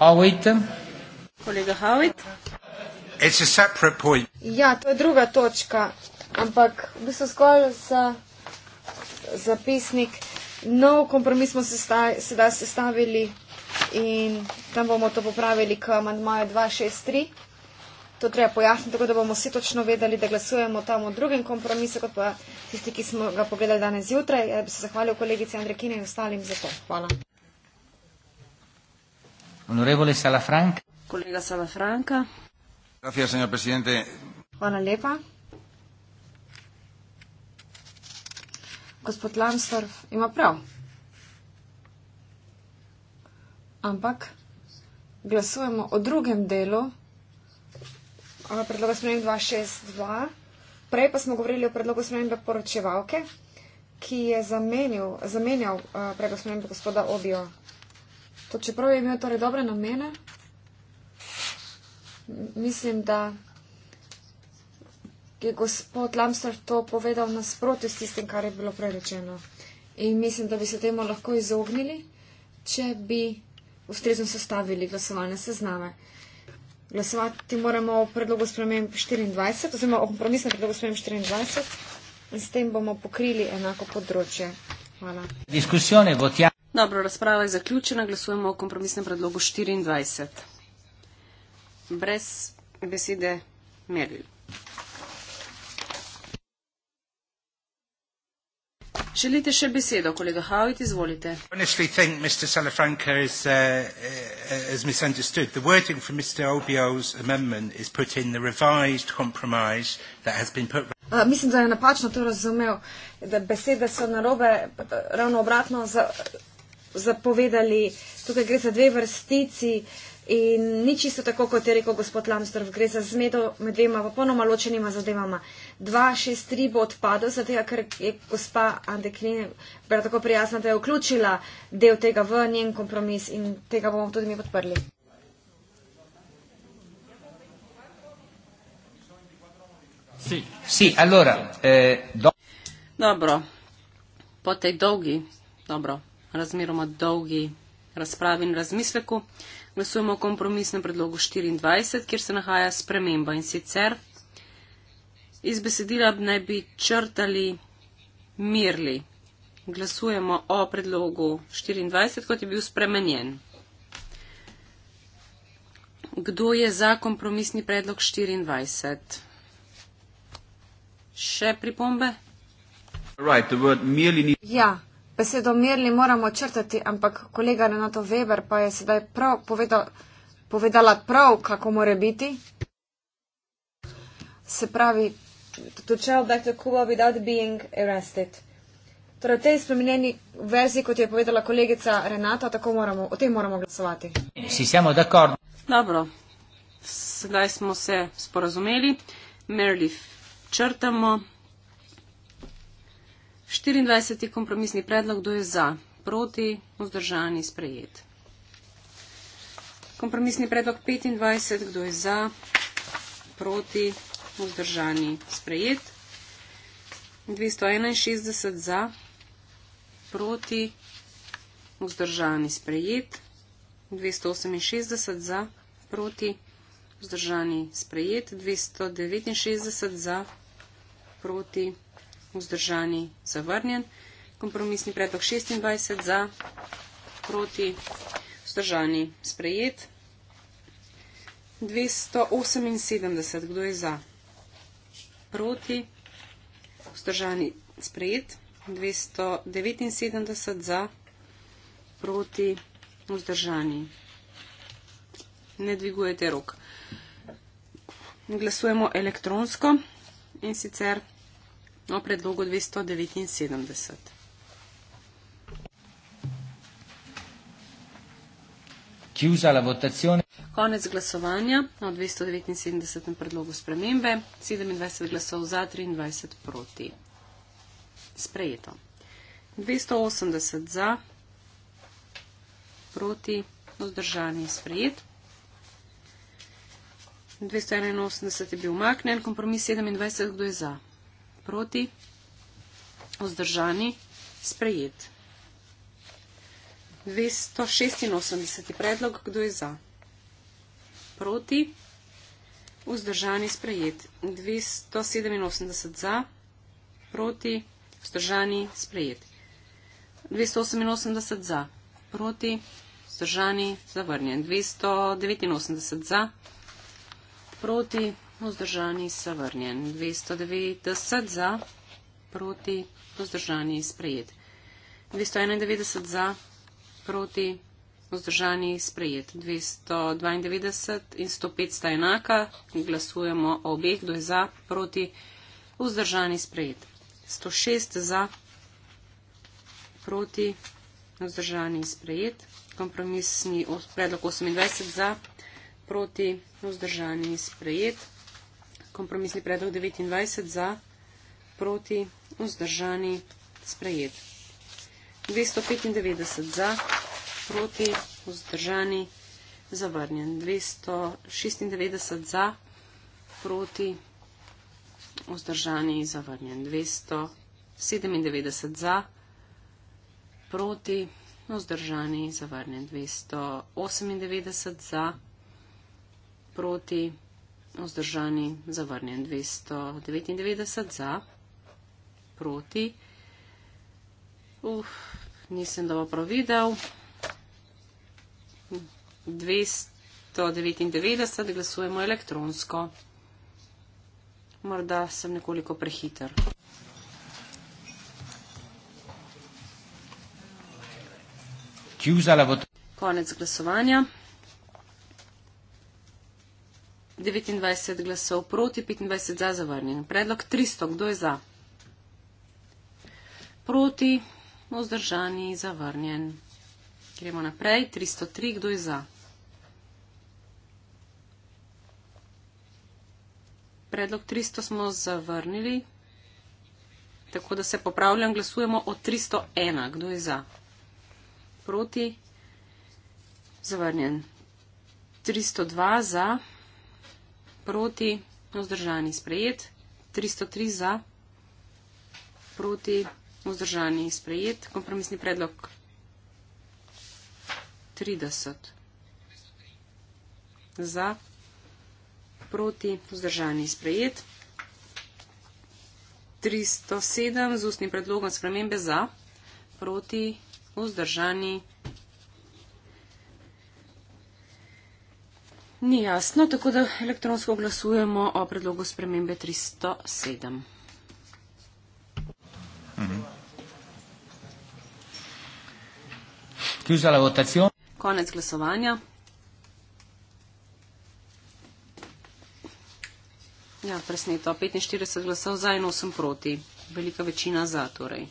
Howitt. Kolega Howitt. Ja, to je druga točka ampak v bistvu skoraj za zapisnik. Nov kompromis smo se sedaj sestavili in tam bomo to popravili k amandmaju 263. To treba pojasniti, tako da bomo vsi točno vedeli, da glasujemo tam o drugem kompromisu, kot pa tisti, ki smo ga pogledali danes zjutraj. Jaz bi se zahvalil kolegici Andrekini in ostalim za to. Hvala. Honorevole Salafranca. Kolega Salafranca. Hvala lepa. gospod Lansdorf ima prav. Ampak glasujemo o drugem delu eh, predloga spremenja 262. Prej pa smo govorili o predlogu spremenja poročevalke, ki je zamenil, zamenjal eh, predlog spremenja gospoda Obijo. To čeprav je imel torej dobre namene, mislim, da je gospod Lamstrov to povedal nasprotju s tistim, kar je bilo prerečeno. In mislim, da bi se temu lahko izognili, če bi ustrezno sestavili glasovalne sezname. Glasovati moramo o predlogu spremem 24, oziroma o kompromisnem predlogu spremem 24 in s tem bomo pokrili enako področje. Hvala. Dobro, razprava je zaključena. Glasujemo o kompromisnem predlogu 24. Brez besede Meril. Želite še besedo, kolega Howitt, izvolite. Uh, uh, mislim, da je napačno to razumel, da besede so narobe ravno obratno zapovedali. Tukaj gre za dve vrstici in ni čisto tako, kot je rekel gospod Lamstrov, gre za zmedo med dvema popolnoma ločenima zadevama. 263 bo odpadel, zato ker je gospa Andeklin prav tako prijazna, da je vključila del tega v njen kompromis in tega bomo tudi mi podprli. Si, allora, eh, do... Dobro, po tej dolgi, dobro, razmeroma dolgi razpravi in razmisleku glasujemo o kompromisnem predlogu 24, kjer se nahaja sprememba in sicer iz besedila naj bi črtali mirli. Glasujemo o predlogu 24, kot je bil spremenjen. Kdo je za kompromisni predlog 24? Še pripombe? Right, need... Ja, besedo merli moramo črtati, ampak kolega Renato Weber pa je sedaj prav povedal, povedala prav, kako more biti. Se pravi, to, to travel back to Cuba without being arrested. Torej, v tej spremenjeni verziji, kot je povedala kolegica Renata, tako moramo, o tem moramo glasovati. Vsi smo dakord. Dobro, sedaj smo se sporazumeli. Merlif črtamo. 24. kompromisni predlog, kdo je za, proti, vzdržani, sprejet. Kompromisni predlog 25, kdo je za, proti, vzdržani vzdržani. Sprejet. 261 za, proti, vzdržani. Sprejet. 268 za, proti, vzdržani. Sprejet. 269 za, proti, vzdržani. Zavrnjen. Kompromisni predlog 26 za, proti, vzdržani. Sprejet. 278, kdo je za? proti, vzdržani sprejet, 279 za, proti, vzdržani. Ne dvigujete rok. Glasujemo elektronsko in sicer o predlogu 279. chiusa votazione. Konec glasovanja o 279. predlogu spremembe, 27 glasov za, 23 proti. Sprejeto. 280 za, proti, vzdržani sprejet. 281 je bil umaknen, kompromis 27, kdo je za? Proti, vzdržani, sprejet. 286. predlog, kdo je za? Proti? Vzdržani sprejet. 287 za, proti, vzdržani sprejet. 288 za, proti, vzdržani zavrnjen. 289 za, proti, vzdržani zavrnjen. 290 za, proti, vzdržani sprejet. 291 za, proti, vzdržani sprejet. 292 in 105 sta enaka, glasujemo o obeh, kdo je za, proti, vzdržani sprejet. 106 za, proti, vzdržani sprejet. Kompromisni predlog 28 za, proti, vzdržani sprejet. Kompromisni predlog 29 za, proti, vzdržani sprejet. 295 za, proti, vzdržani, zavrnjen. 296 za, proti, vzdržani, zavrnjen. 297 za, proti, vzdržani, zavrnjen. 298 za, proti, vzdržani, zavrnjen. 299 za, proti. Uf, nisem dobro videl. 299 glasujemo elektronsko. Morda sem nekoliko prehiter. Konec glasovanja. 29 glasov proti, 25 za zavrnjen. Predlog 300. Kdo je za? Proti vzdržani, zavrnjen. Gremo naprej. 303, kdo je za? Predlog 300 smo zavrnili, tako da se popravljam, glasujemo o 301. Kdo je za? Proti? Zavrnjen. 302 za, proti, vzdržani sprejet. 303 za, proti. Vzdržani in sprejet. Kompromisni predlog 30. Za. Proti. Vzdržani in sprejet. 307. Z ustnim predlogom spremembe za. Proti. Vzdržani. Ni jasno, tako da elektronsko glasujemo o predlogu spremembe 307. Chiusa la votazione. Konec glasovanja. Ja, presneto. 45 glasov za in 8 proti. Velika večina za torej.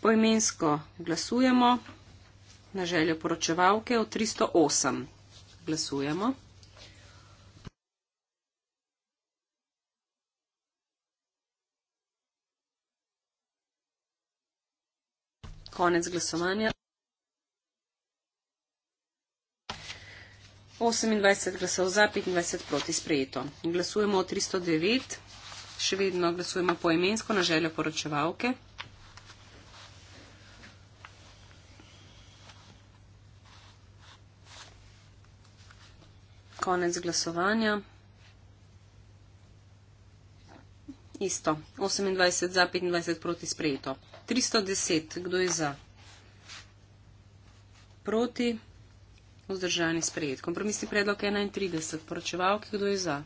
Poimensko glasujemo na željo poročevalke o 308. Glasujemo. Konec glasovanja. 28 glasov za, 25 proti sprejeto. Glasujemo o 309, še vedno glasujemo poemensko na željo poročevalke. Konec glasovanja. Isto. 28 za, 25 proti sprejeto. 310. Kdo je za? Proti. Vzdržani sprejet. Kompromisni predlog 31. Poročevalki, kdo je za?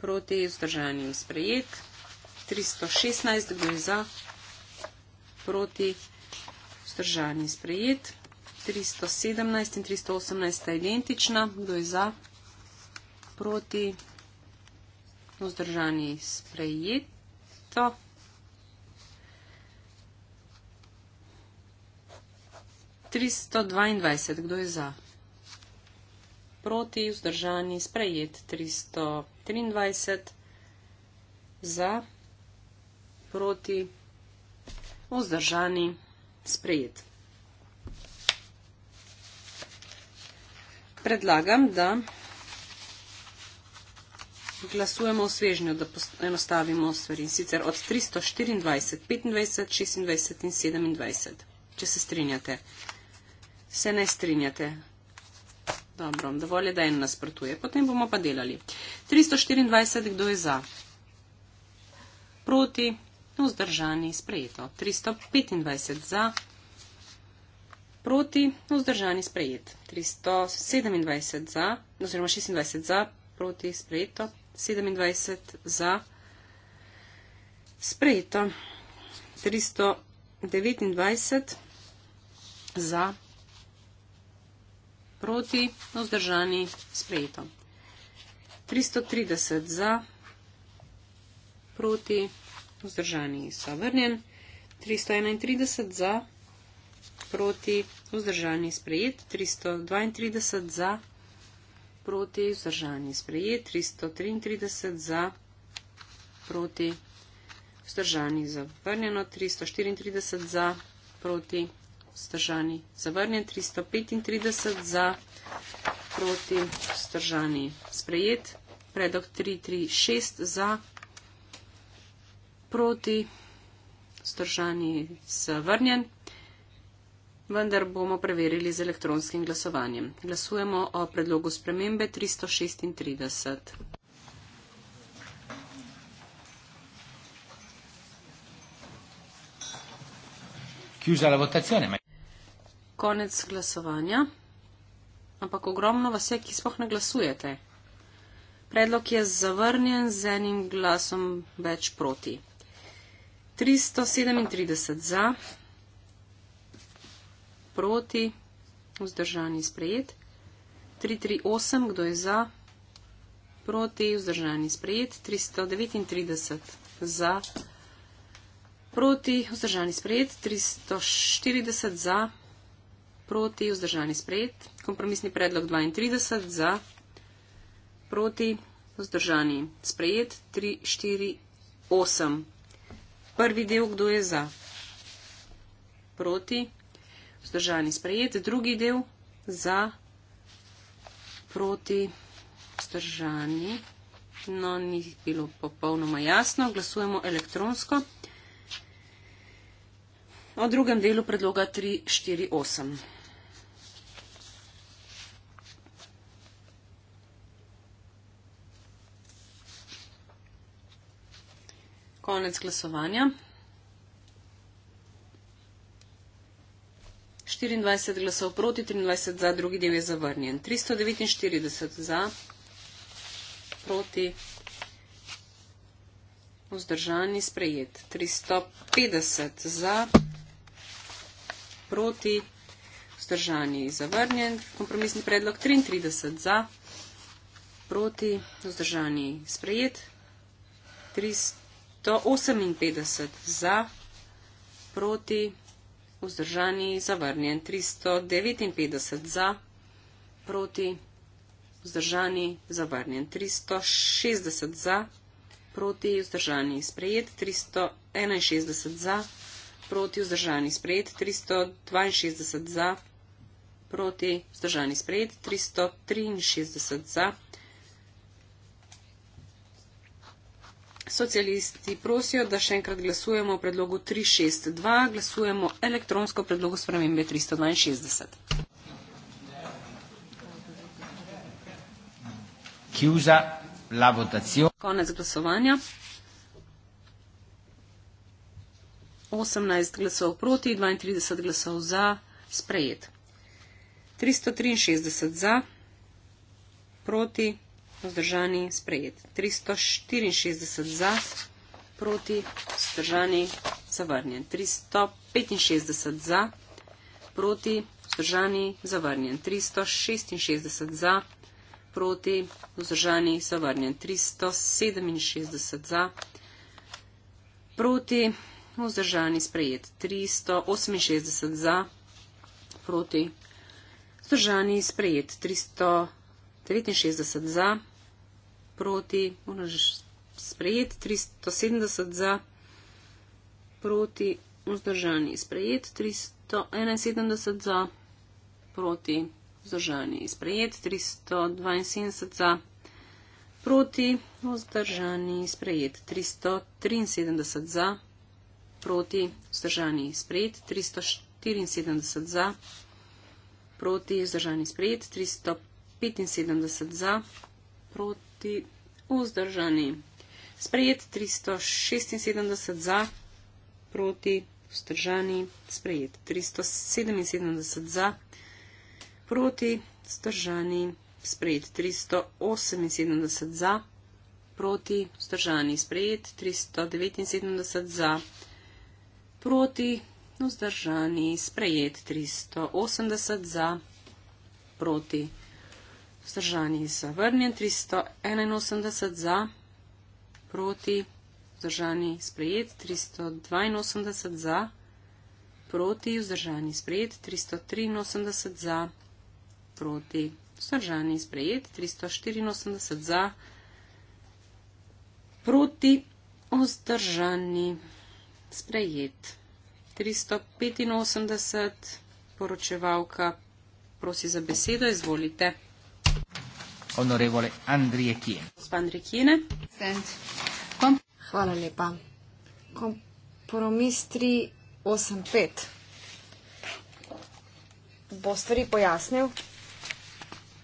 Proti vzdržani sprejet. 316. Kdo je za? Proti vzdržani sprejet. 317 in 318 sta identična. Kdo je za? Proti vzdržani sprejeto. Tristo dvaindvajset, kdo je za? proti, vzdržani, sprejet 323, za, proti, vzdržani, sprejet. Predlagam, da glasujemo o svežnju, da enostavimo stvari. Sicer od 324, 25, 26 in 27, če se strinjate. Se ne strinjate. Dobro, dovolj je, da en nasprotuje, potem bomo pa delali. 324, kdo je za? Proti, vzdržani, sprejeto. 325 za, proti, vzdržani, sprejeto. 327 za, oziroma 26 za, proti, sprejeto. 27 za, sprejeto. 329 za, proti, no vzdržani sprejeto. 330 za, proti, no vzdržani zavrnjen. 331 za, proti, no vzdržani sprejet. 332 za, proti, no vzdržani sprejet. 333 za, proti, no vzdržani zavrnjeno. 334 za, proti, no vzdržani sprejet vzdržani. Zavrnjen 335 za proti vzdržani. Sprejet predlog 336 za proti vzdržani. Zavrnjen. Vendar bomo preverili z elektronskim glasovanjem. Glasujemo o predlogu spremembe 336. Chiusa la votazione konec glasovanja, ampak ogromno vas je, ki spoh ne glasujete. Predlog je zavrnjen z enim glasom več proti. 337 za, proti, vzdržani sprejet. 338, kdo je za, proti, vzdržani sprejet. 339 za, proti, vzdržani sprejet. 340 za proti, vzdržani sprejet. Kompromisni predlog 32 za, proti, vzdržani sprejet. 3, 4, 8. Prvi del, kdo je za? Proti, vzdržani sprejet. Drugi del, za, proti, vzdržani. No, ni bilo popolnoma jasno. Glasujemo elektronsko. O drugem delu predloga 348. Konec glasovanja. 24 glasov proti, 23 za, drugi del je zavrnjen. 349 za, proti, vzdržani, sprejet. 350 za, proti, vzdržani, zavrnjen. Kompromisni predlog 33 za, proti, vzdržani, sprejet. 300 To 58 za, proti, vzdržani, zavrnjen. 359 za, proti, vzdržani, zavrnjen. 360 za, proti, vzdržani, sprejet. 361 za, proti, vzdržani, sprejet. 362 za, proti, vzdržani, sprejet. 363 za, proti. socialisti prosijo, da še enkrat glasujemo o predlogu 362, glasujemo elektronsko predlogu spremembe 362. Chiusa la votazione. Konec glasovanja. 18 glasov proti, 32 glasov za, sprejet. 363 za, proti vzdržani, sprejet. 364 za, proti, vzdržani, zavrnjen. 365 za, proti, vzdržani, zavrnjen. 366 za, proti, vzdržani, zavrnjen. 367 za, proti, vzdržani, sprejet. 368 za, proti, vzdržani, sprejet. 369 za, proti, proti, moraš sprejeti 370 za, proti vzdržani, sprejeti 371 za, proti vzdržani, sprejeti 372 za, proti vzdržani, sprejeti 373 za, proti vzdržani, sprejeti 374 za, proti vzdržani, sprejeti 375 za, proti proti vzdržani. Sprejet 376 za proti vzdržani. Sprejet 377 za proti vzdržani. Sprejet 378 za proti vzdržani. Sprejet 379 za proti vzdržani. Sprejet 380 za proti vzdržani vzdržani zavrnjen, 381 za, proti, vzdržani sprejet, 382 za, proti, vzdržani sprejet, 383 za, proti, vzdržani sprejet, 384 za, proti, vzdržani sprejet, 385 poročevalka prosi za besedo, izvolite onorevole Andrije Kijen. Gospod Andrije Kijen. Kom... Hvala lepa. Kompromis 385. Bo stvari pojasnil.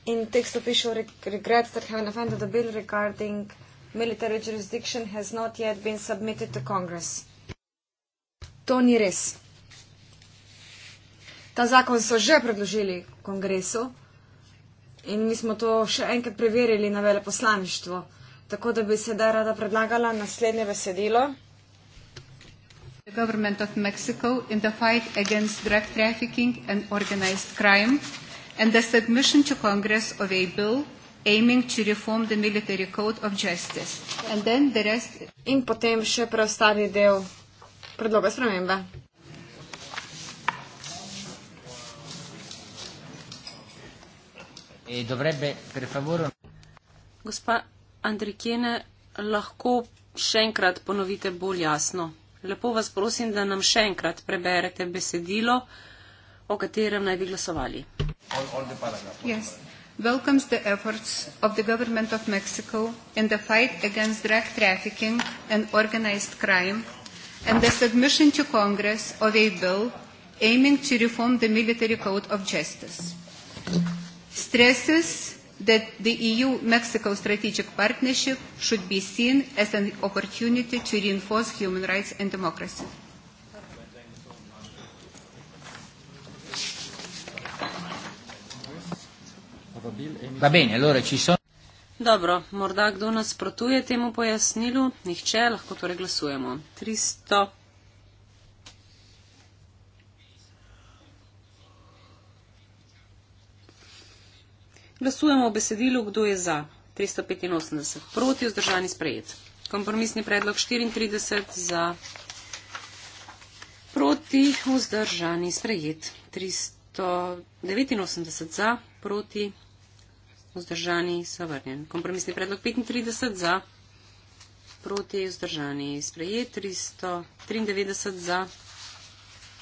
In tekst opišel regret, that have defended the bill regarding military jurisdiction has not yet been submitted to Congress. To ni res. Ta zakon so že predložili kongresu, In mi smo to še enkrat preverili na veleposlaništvo. Tako da bi sedaj rada predlagala naslednje besedilo. The government of Mexico in the fight against drug trafficking and organized crime and the submission to Congress of a bill aiming to reform the military code of justice. And then the rest. In potem še preostali del predloga spremembe. E dovrebbe, per favore. Gospa Andrikene, lahko še enkrat ponovite bolj jasno. Lepo vas prosim, da nam še enkrat preberete besedilo, o katerem naj bi glasovali. Yes. Welcomes the efforts of the government of Mexico in the fight against drug trafficking and organized crime and the submission to Congress of a bill aiming to reform the military code of justice stresses that the EU-Mexico strategic partnership should be seen as an opportunity to reinforce human rights and democracy. Va bene, allora ci sono... Dobro, morda kdo nasprotuje temu pojasnilu? Nihče, lahko torej glasujemo. 300... Glasujemo o besedilu, kdo je za. 385 proti, vzdržani sprejet. Kompromisni predlog 34 za. Proti, vzdržani sprejet. 389 za, proti, vzdržani zavrnjen. Kompromisni predlog 35 za. Proti, vzdržani sprejet. 393 za,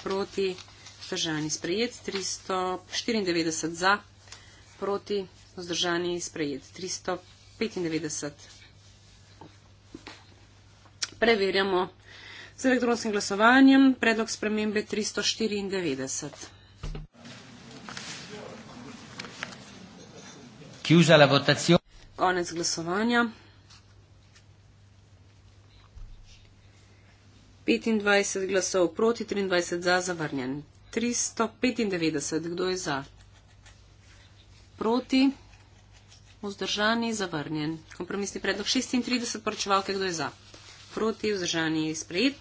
proti, vzdržani sprejet. 394 za proti, vzdržani sprejet 395. Preverjamo z elektronskim glasovanjem predlog spremembe 394. Chiusa la votazione. Konec glasovanja. 25 glasov proti, 23 za, zavrnjen. 395, kdo je za? proti, vzdržani, zavrnjen. Kompromisni predlog 36, poročevalke, kdo je za? Proti, vzdržani, sprejet.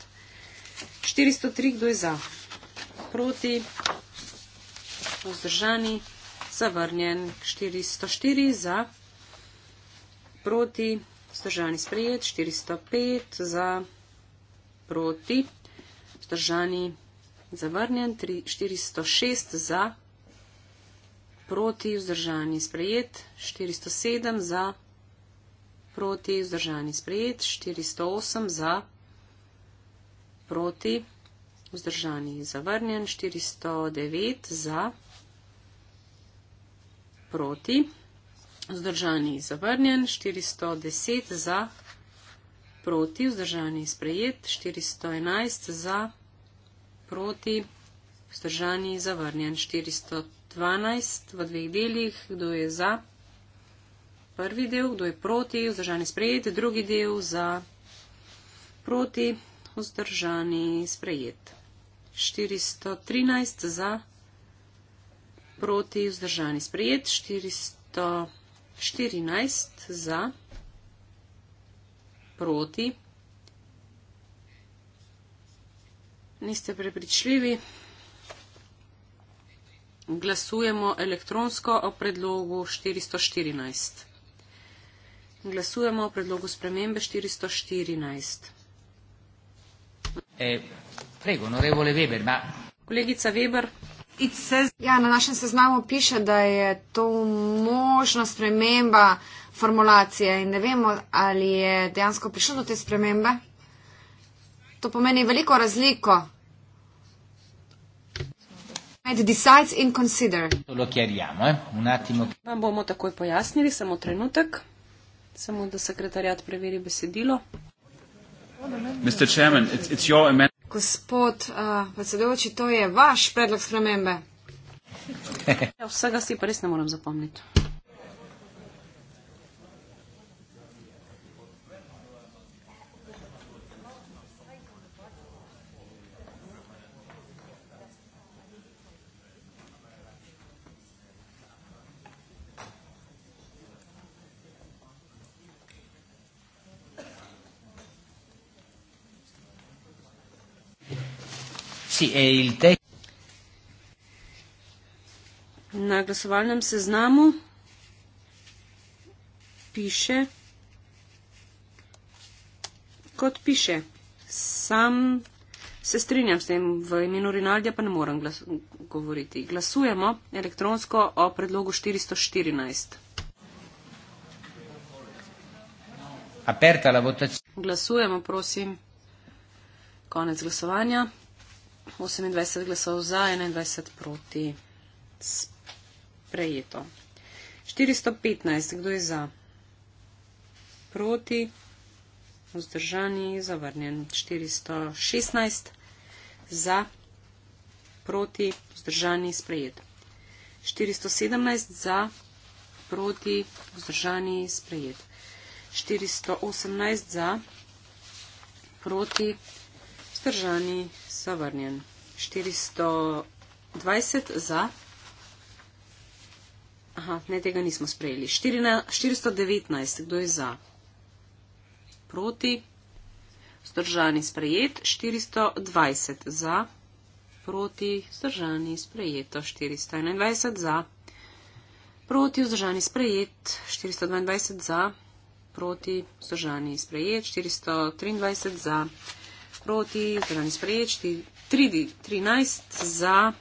403, kdo je za? Proti, vzdržani, zavrnjen. 404 za, proti, vzdržani, sprejet. 405 za, proti, vzdržani, zavrnjen. 406 za, proti proti, vzdržani, sprejet, 407 za, proti, vzdržani, sprejet, 408 za, proti, vzdržani, zavrnjen, 409 za, proti, vzdržani, zavrnjen, 410 za, proti, vzdržani, sprejet, 411 za, proti, vzdržani, sprejet, 411 za, proti, vzdržani, zavrnjen 412 v dveh delih, kdo je za prvi del, kdo je proti, vzdržani sprejet, drugi del za proti, vzdržani sprejet. 413 za proti, vzdržani sprejet, 414 za proti. Niste prepričljivi. Glasujemo elektronsko o predlogu 414. Glasujemo o predlogu spremembe 414. Eh, prego, onorevole Weber, ma. Kolegica Weber. Says, ja, na našem seznamu piše, da je to možna sprememba formulacije in ne vemo, ali je dejansko prišlo do te spremembe. To pomeni veliko razliko mind decides and consider. Lo chiariamo, eh? Un attimo. Vam bomo takoj pojasnili, samo trenutek. Samo da sekretarjat preveri besedilo. Mr. Chairman, it's, it's your amendment. Gospod uh, predsedujoči, to je vaš predlog spremembe. Ja, vsega si pa res ne morem zapomniti. Sì, è il te- Na glasovalnem seznamu piše, kot piše, sam se strinjam s tem, v imenu Rinaldija pa ne moram glas- govoriti. Glasujemo elektronsko o predlogu 414. Glasujemo, prosim. Konec glasovanja. 28 glasov za, 21 proti. Sprejeto. 415, kdo je za? Proti, vzdržani, zavrnjen. 416, za, proti, vzdržani, sprejet. 417, za, proti, vzdržani, sprejet. 418, za, proti, vzdržani, sprejet zavrnjen. 420 za. Aha, ne, tega nismo sprejeli. 419, kdo je za? Proti. Zdržani sprejet. 420 za. Proti. Zdržani sprejeto. 421 za. Proti. Zdržani sprejet. 422 za. Proti. Zdržani sprejet. 423 za proti, vzdržani sprejeti, 3D, 13 za,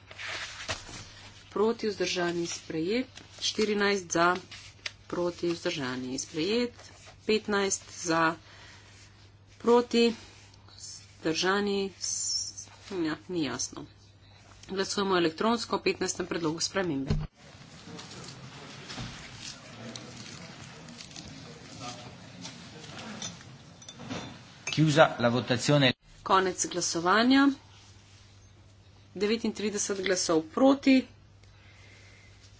proti, vzdržani sprejeti, 14 za, proti, vzdržani sprejeti, 15 za, proti, vzdržani, ja, ni jasno. Glasujemo elektronsko o 15. predlogu spremembe. Chiusa la votazione. Konec glasovanja. 39 glasov proti,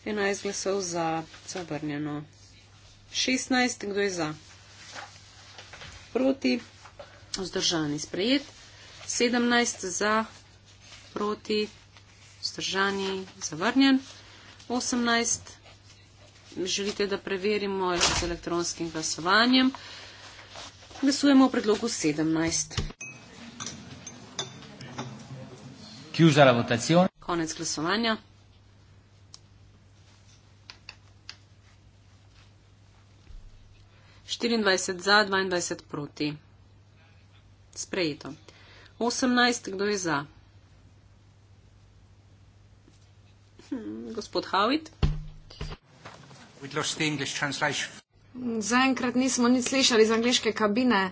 11 glasov za, zavrnjeno. 16, kdo je za? Proti, vzdržani sprejet. 17 za, proti, vzdržani, zavrnjen. 18, želite, da preverimo z elektronskim glasovanjem. Glasujemo o predlogu 17. Chiusa la votazione. Konec glasovanja. Štiriindvajset za, dvaindvajset proti. Sprejeto. Osemnajst, kdo je za? Hm, gospod Hawit. Zaenkrat nismo nič slišali iz angliške kabine. Uh,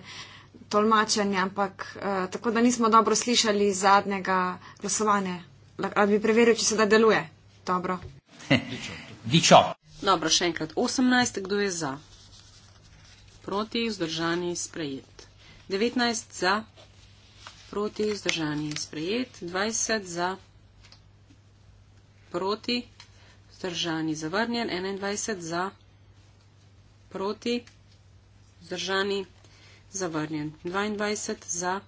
tolmačenje, ampak uh, tako da nismo dobro slišali zadnjega glasovanja. Rad bi preveril, če se da deluje. Dobro. *laughs* Dičo. Dobro, še enkrat. 18, kdo je za? Proti, vzdržani, sprejet. 19 za, proti, vzdržani, sprejet. 20 za, proti, vzdržani, zavrnjen. 21 za, proti, vzdržani, sprejet zavrnjen. 22 za,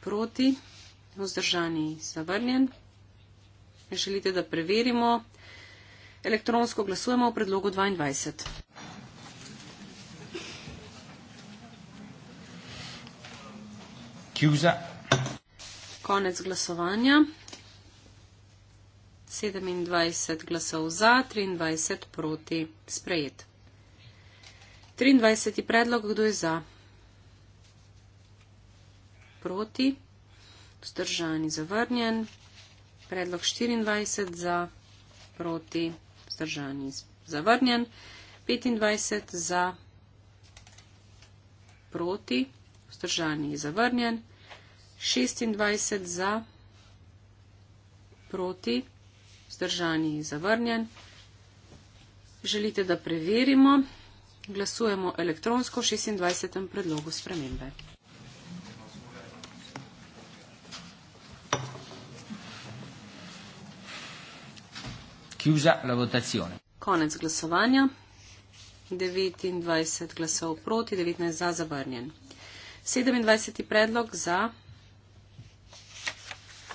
proti, vzdržani, zavrnjen. Želite, da preverimo? Elektronsko glasujemo o predlogu 22. Kjuza. Konec glasovanja. 27 glasov za, 23 proti. Sprejet. 23. predlog, kdo je za? Proti, vzdržani, zavrnjen. Predlog 24 za, proti, vzdržani, zavrnjen. 25 za, proti, vzdržani, zavrnjen. 26 za, proti, vzdržani, zavrnjen. Želite, da preverimo? Glasujemo elektronsko o 26. predlogu spremembe. Konec glasovanja. 29 glasov proti, 19 za zavrnjen. 27. predlog za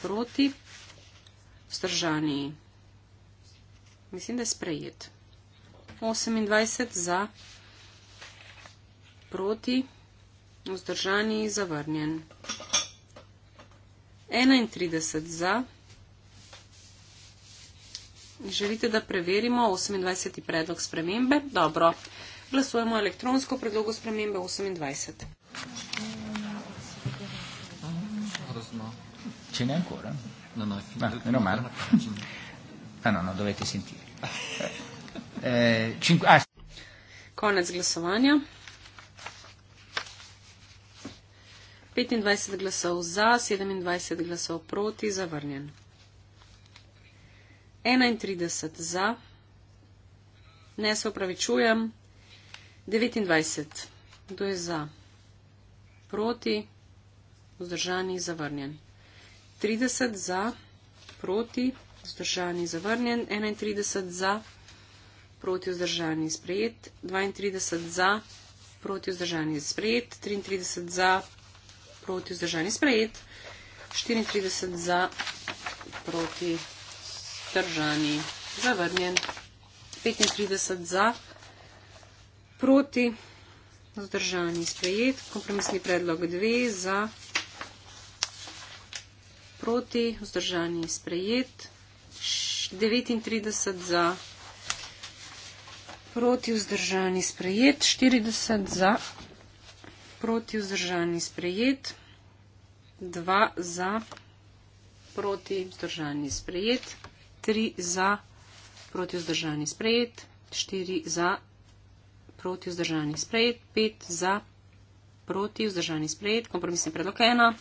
proti vzdržani. Mislim, da je sprejet. 28 za proti, vzdržani, zavrnjen. 31 za. Želite, da preverimo 28. predlog spremembe? Dobro. Glasujemo elektronsko predlogo spremembe 28. Če ne ancora? No, no, ah, no meno male. No, no, ah, no, no, dovete sentire. *laughs* Eh, cinque, ah. Konec glasovanja. 25 glasov za, 27 glasov proti, zavrnjen. 31 za, ne se opravičujem. 29, kdo je za, proti, vzdržani, zavrnjen. 30 za, proti, vzdržani, zavrnjen. 31 za, proti, vzdržani, sprejet. 32 za, proti, vzdržani, sprejet. 33 za, proti vzdržanje sprejet, 34 za proti vzdržanje zavrnjen, 35 za proti vzdržanje sprejet, kompromisni predlog 2 za proti vzdržanje sprejet, 39 za proti vzdržanje sprejet, 40 za proti proti vzdržani sprejet, 2 za proti vzdržani sprejet, 3 za proti vzdržani sprejet, 4 za proti vzdržani sprejet, 5 za proti vzdržani sprejet, kompromisni predlog 1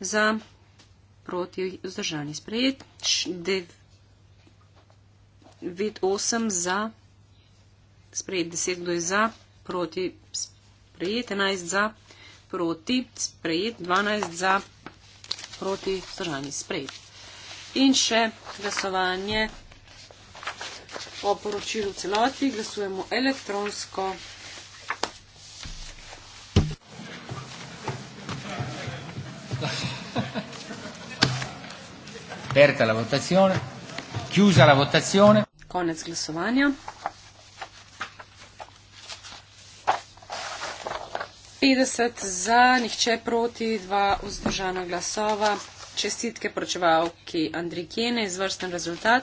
za proti vzdržani sprejet, 9, 8 za sprejet, 10 kdo je za proti sprejet sprejet, 11 za, proti, sprejet, 12 za, proti, vzdržani, sprejet. In še glasovanje o poročilu celoti, glasujemo elektronsko. Aperta la votazione, chiusa la votazione. Konec glasovanja. 50 za, nihče proti, dva vzdržana glasova. Čestitke pročevalki Andri Kene, izvrsten rezultat.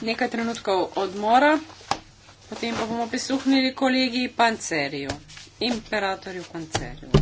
Nekaj trenutkov odmora, potem pa bomo prisluhnili kolegi Pancerju, imperatorju Pancerju.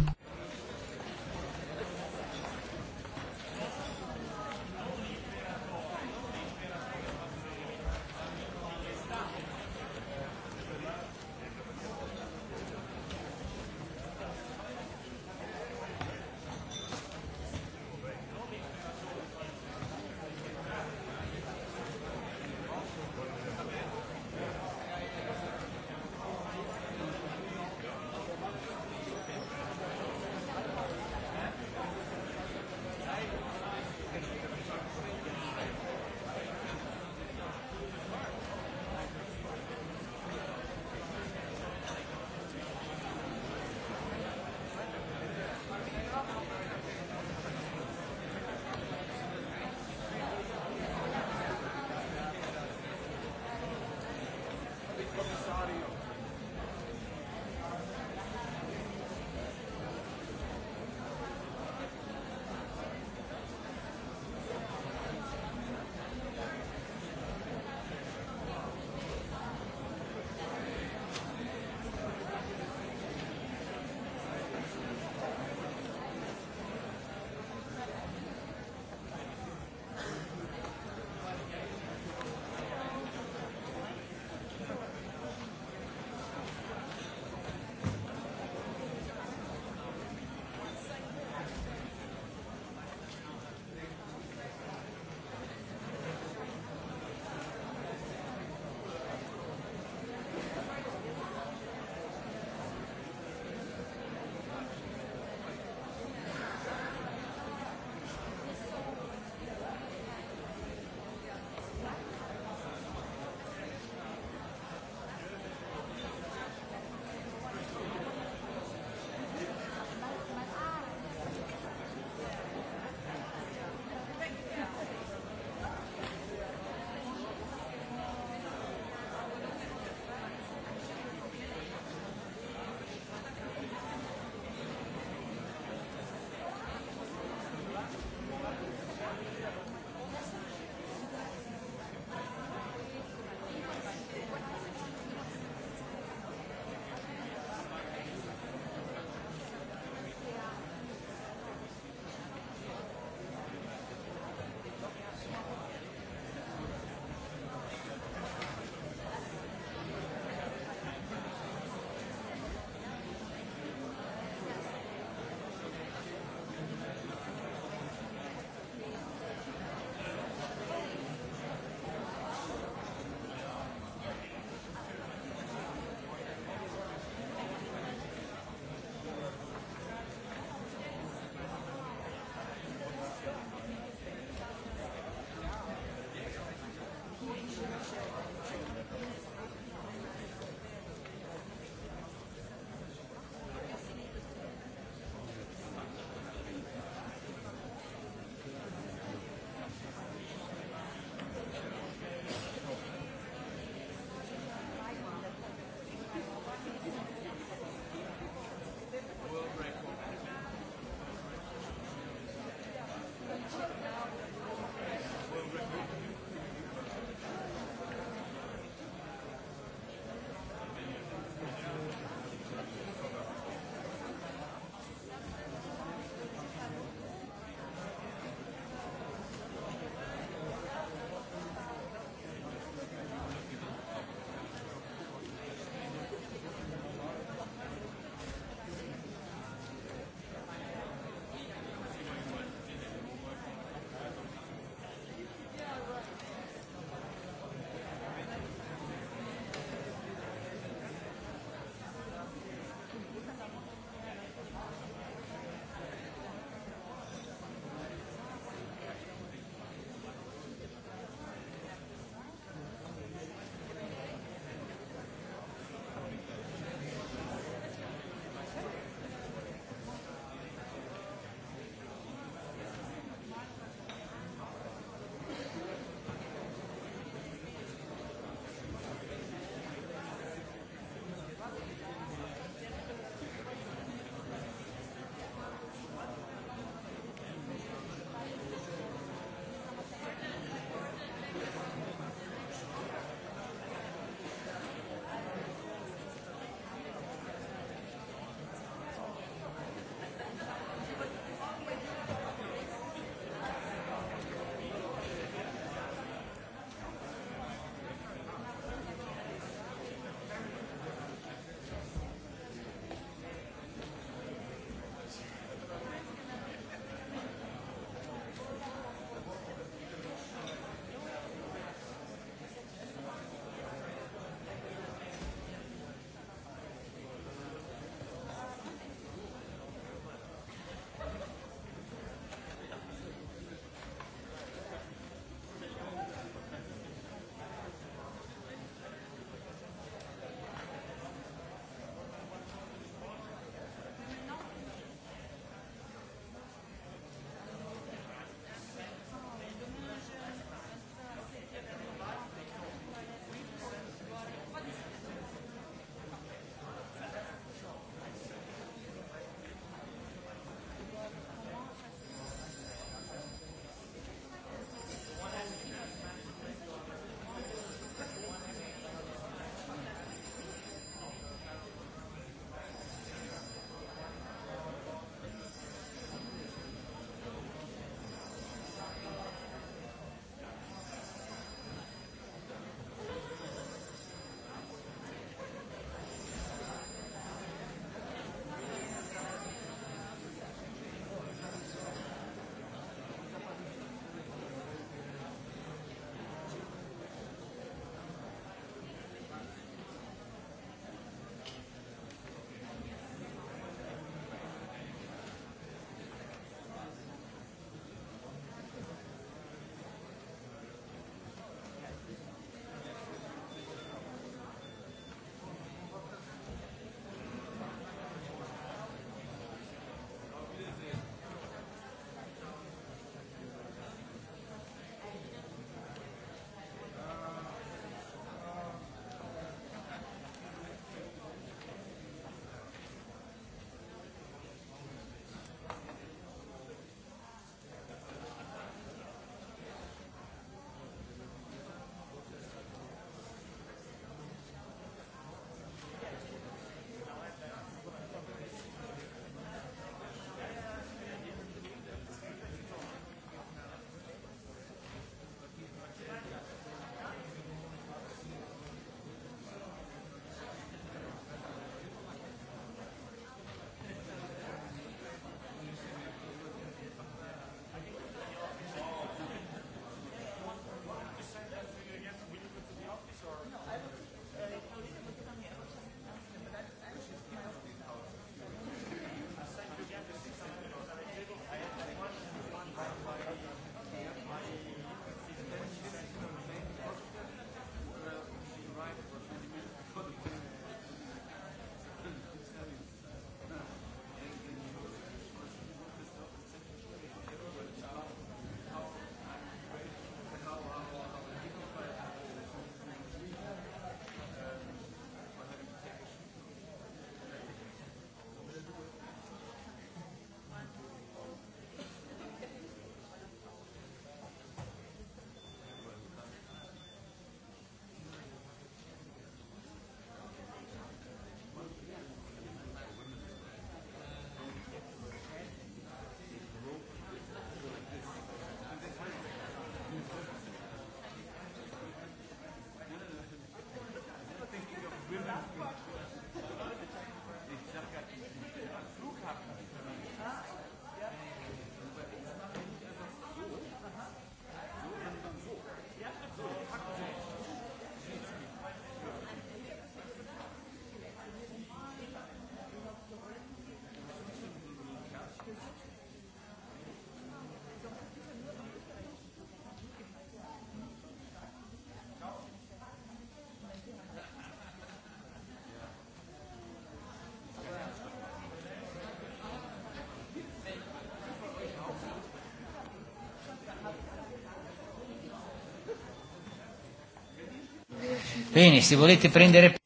Vini, si volite prendere.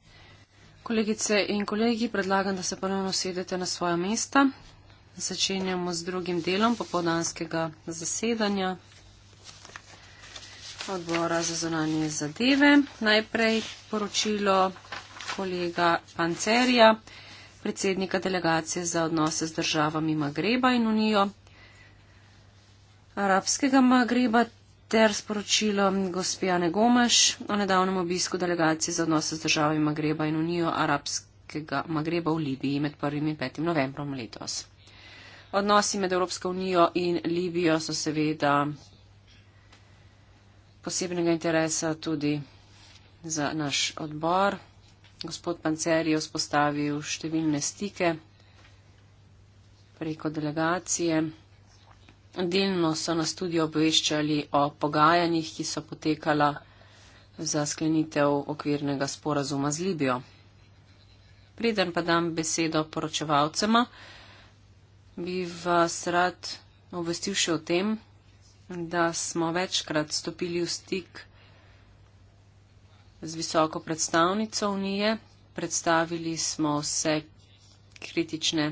Kolegice in kolegi, predlagam, da se ponovno sedete na svoje mesta. Začenjamo z drugim delom popodanskega zasedanja odbora za zonanje zadeve. Najprej poročilo kolega Pancerja, predsednika delegacije za odnose z državami Magreba in Unijo. Arabskega Magreba ter sporočilo gospe Ane Gomeš o nedavnem obisku delegacije za odnose z državami Magreba in Unijo arabskega Magreba v Libiji med 1. in 5. novembrom letos. Odnosi med Evropsko unijo in Libijo so seveda posebnega interesa tudi za naš odbor. Gospod Pancer je vzpostavil številne stike preko delegacije. Delno so nas tudi obveščali o pogajanjih, ki so potekala za sklenitev okvirnega sporazuma z Libijo. Preden pa dam besedo poročevalcema, bi vas rad obvestil še o tem, da smo večkrat stopili v stik z visoko predstavnico Unije, predstavili smo vse kritične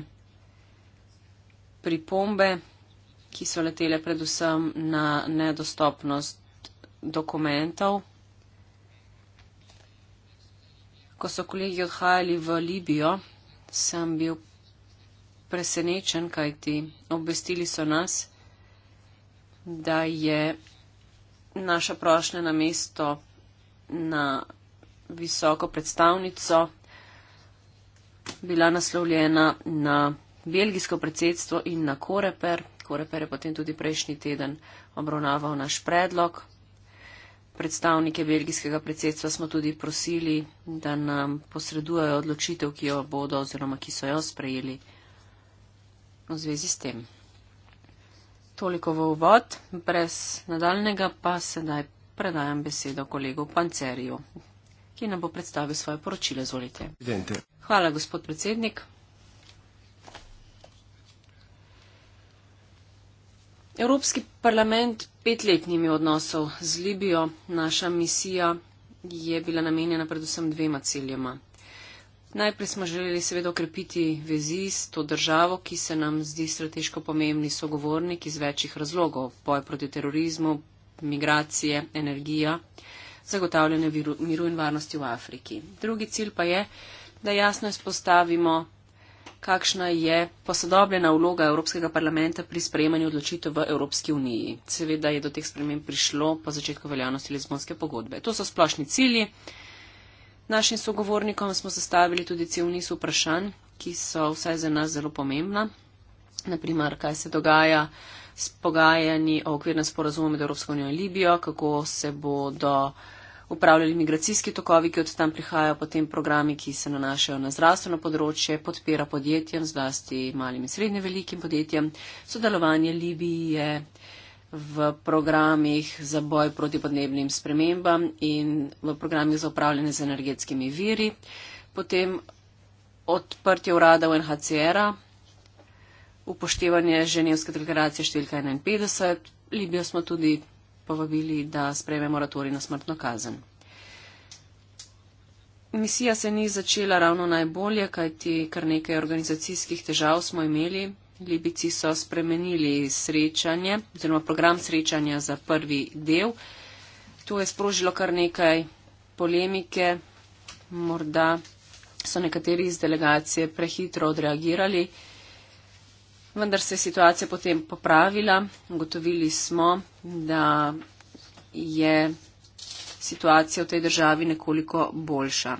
pripombe, ki so letele predvsem na nedostopnost dokumentov. Ko so kolegi odhajali v Libijo, sem bil presenečen, kajti obvestili so nas, da je naša prošnja na mesto na visoko predstavnico bila naslovljena na belgijsko predsedstvo in na Koreper. Koreper je potem tudi prejšnji teden obravnaval naš predlog. Predstavnike belgijskega predsedstva smo tudi prosili, da nam posredujejo odločitev, ki jo bodo oziroma ki so jo sprejeli v zvezi s tem. Toliko v uvod, brez nadaljnega pa sedaj predajam besedo kolegu Panceriju, ki nam bo predstavil svoje poročile. Zvolite. Hvala, gospod predsednik. Evropski parlament petletnimi odnosov z Libijo, naša misija je bila namenjena predvsem dvema ciljema. Najprej smo želeli seveda okrepiti vezi s to državo, ki se nam zdi strateško pomembni sogovornik iz večjih razlogov - boj proti terorizmu, migracije, energija, zagotavljanje miru in varnosti v Afriki. Drugi cilj pa je, da jasno izpostavimo kakšna je posodobljena vloga Evropskega parlamenta pri sprejemanju odločitev v Evropski uniji. Seveda je do teh sprememb prišlo po začetku veljavnosti Lizbonske pogodbe. To so splošni cilji. Našim sogovornikom smo zastavili tudi cel niz vprašanj, ki so vsaj za nas zelo pomembna. Naprimer, kaj se dogaja s pogajanji o okvirnem sporazumu med Evropsko unijo in Libijo, kako se bodo. Uh, upravljali migracijski tokovi, ki od tam prihajajo, potem programi, ki se nanašajo na zdravstveno področje, podpira podjetjem, zlasti malim in srednje velikim podjetjem. Sodelovanje Libije v programih za boj proti podnebnim spremembam in v programih za upravljanje z energetskimi viri. Potem odprtje urada UNHCR-a, upoštevanje Ženevske deklaracije številka 51. Libijo smo tudi povabili, da sprejme moratorij na smrtno kazen. Misija se ni začela ravno najbolje, kajti kar nekaj organizacijskih težav smo imeli. Libici so spremenili srečanje oziroma program srečanja za prvi del. To je sprožilo kar nekaj polemike, morda so nekateri iz delegacije prehitro odreagirali vendar se je situacija potem popravila. Ugotovili smo, da je situacija v tej državi nekoliko boljša.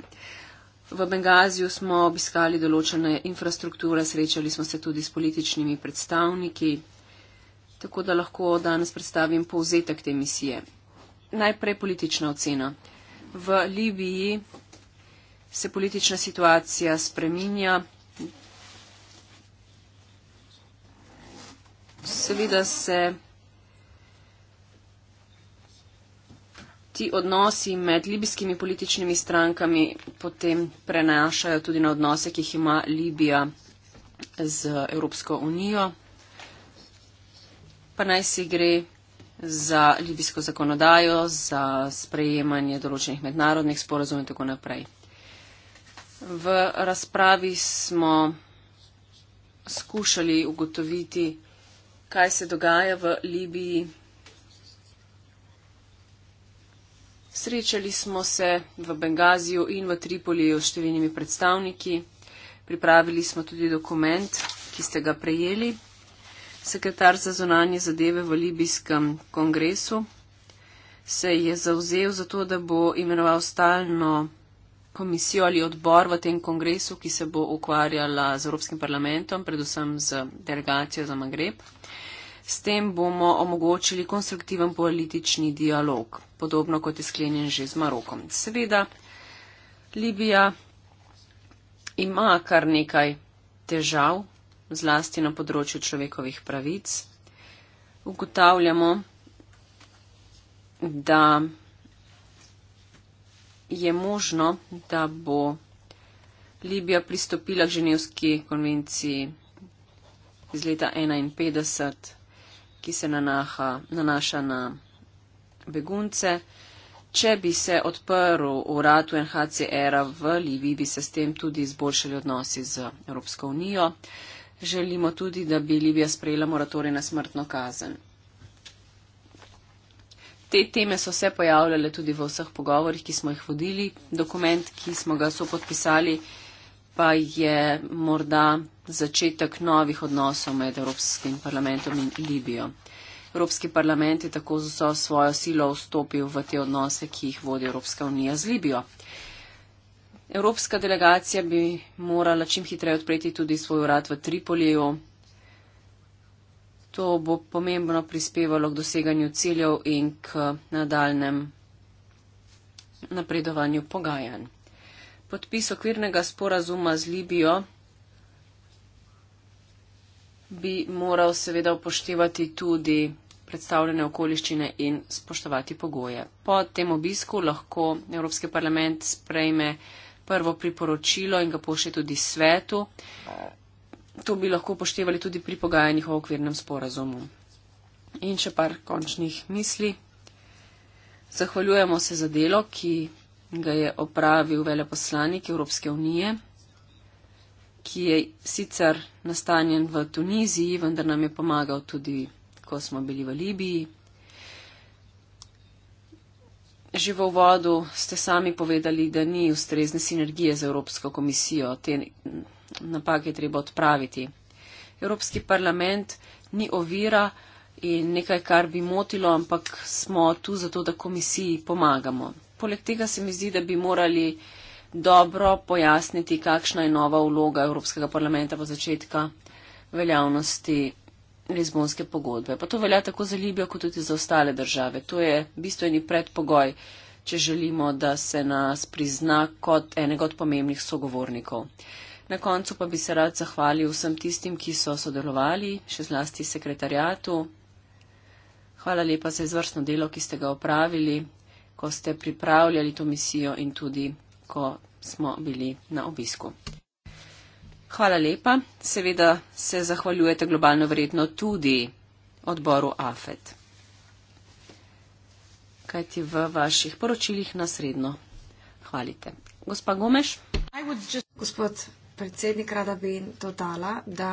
V Bengaziju smo obiskali določene infrastrukture, srečali smo se tudi s političnimi predstavniki, tako da lahko danes predstavim povzetek te misije. Najprej politična ocena. V Libiji se politična situacija spreminja, seveda se ti odnosi med libijskimi političnimi strankami potem prenašajo tudi na odnose, ki jih ima Libija z Evropsko unijo. Pa naj si gre za libijsko zakonodajo, za sprejemanje določenih mednarodnih sporozumov in tako naprej. V razpravi smo skušali ugotoviti, kaj se dogaja v Libiji. Srečali smo se v Bengaziju in v Tripoliju s številnimi predstavniki. Pripravili smo tudi dokument, ki ste ga prejeli. Sekretar za zonanje zadeve v Libijskem kongresu se je zauzel za to, da bo imenoval stalno komisijo ali odbor v tem kongresu, ki se bo ukvarjala z Evropskim parlamentom, predvsem z delegacijo za Magreb. S tem bomo omogočili konstruktiven politični dialog, podobno kot je sklenjen že z Marokom. Seveda, Libija ima kar nekaj težav, zlasti na področju človekovih pravic. Ugotavljamo, da je možno, da bo Libija pristopila k ženevski konvenciji iz leta 1951 ki se nanaha, nanaša na begunce. Če bi se odprl urad UNHCR v Libiji, bi se s tem tudi izboljšali odnosi z Evropsko unijo. Želimo tudi, da bi Libija sprejela moratorij na smrtno kazen. Te teme so se pojavljale tudi v vseh pogovorih, ki smo jih vodili. Dokument, ki smo ga so podpisali pa je morda začetek novih odnosov med Evropskim parlamentom in Libijo. Evropski parlament je tako z vso svojo silo vstopil v te odnose, ki jih vodi Evropska unija z Libijo. Evropska delegacija bi morala čim hitreje odpreti tudi svoj urad v Tripoliju. To bo pomembno prispevalo k doseganju ciljev in k nadaljem napredovanju pogajanj podpis okvirnega sporazuma z Libijo bi moral seveda upoštevati tudi predstavljene okoliščine in spoštovati pogoje. Po tem obisku lahko Evropski parlament sprejme prvo priporočilo in ga pošlje tudi svetu. To bi lahko upoštevali tudi pri pogajanjih o okvirnem sporazumu. In še par končnih misli. Zahvaljujemo se za delo, ki ga je opravil veleposlanik Evropske unije, ki je sicer nastanjen v Tuniziji, vendar nam je pomagal tudi, ko smo bili v Libiji. Že v uvodu ste sami povedali, da ni ustrezne sinergije z Evropsko komisijo. Te napake je treba odpraviti. Evropski parlament ni ovira in nekaj, kar bi motilo, ampak smo tu zato, da komisiji pomagamo poleg tega se mi zdi, da bi morali dobro pojasniti, kakšna je nova vloga Evropskega parlamenta po začetka veljavnosti Lizbonske pogodbe. Pa to velja tako za Libijo, kot tudi za ostale države. To je bistveni predpogoj, če želimo, da se nas prizna kot enega od pomembnih sogovornikov. Na koncu pa bi se rad zahvalil vsem tistim, ki so sodelovali, še zlasti sekretarjatu. Hvala lepa za izvrstno delo, ki ste ga opravili ko ste pripravljali to misijo in tudi, ko smo bili na obisku. Hvala lepa. Seveda se zahvaljujete globalno vredno tudi odboru AFET, kajti v vaših poročilih nasredno hvalite. Gospa Gomeš. Just... Gospod predsednik, rada bi dodala, da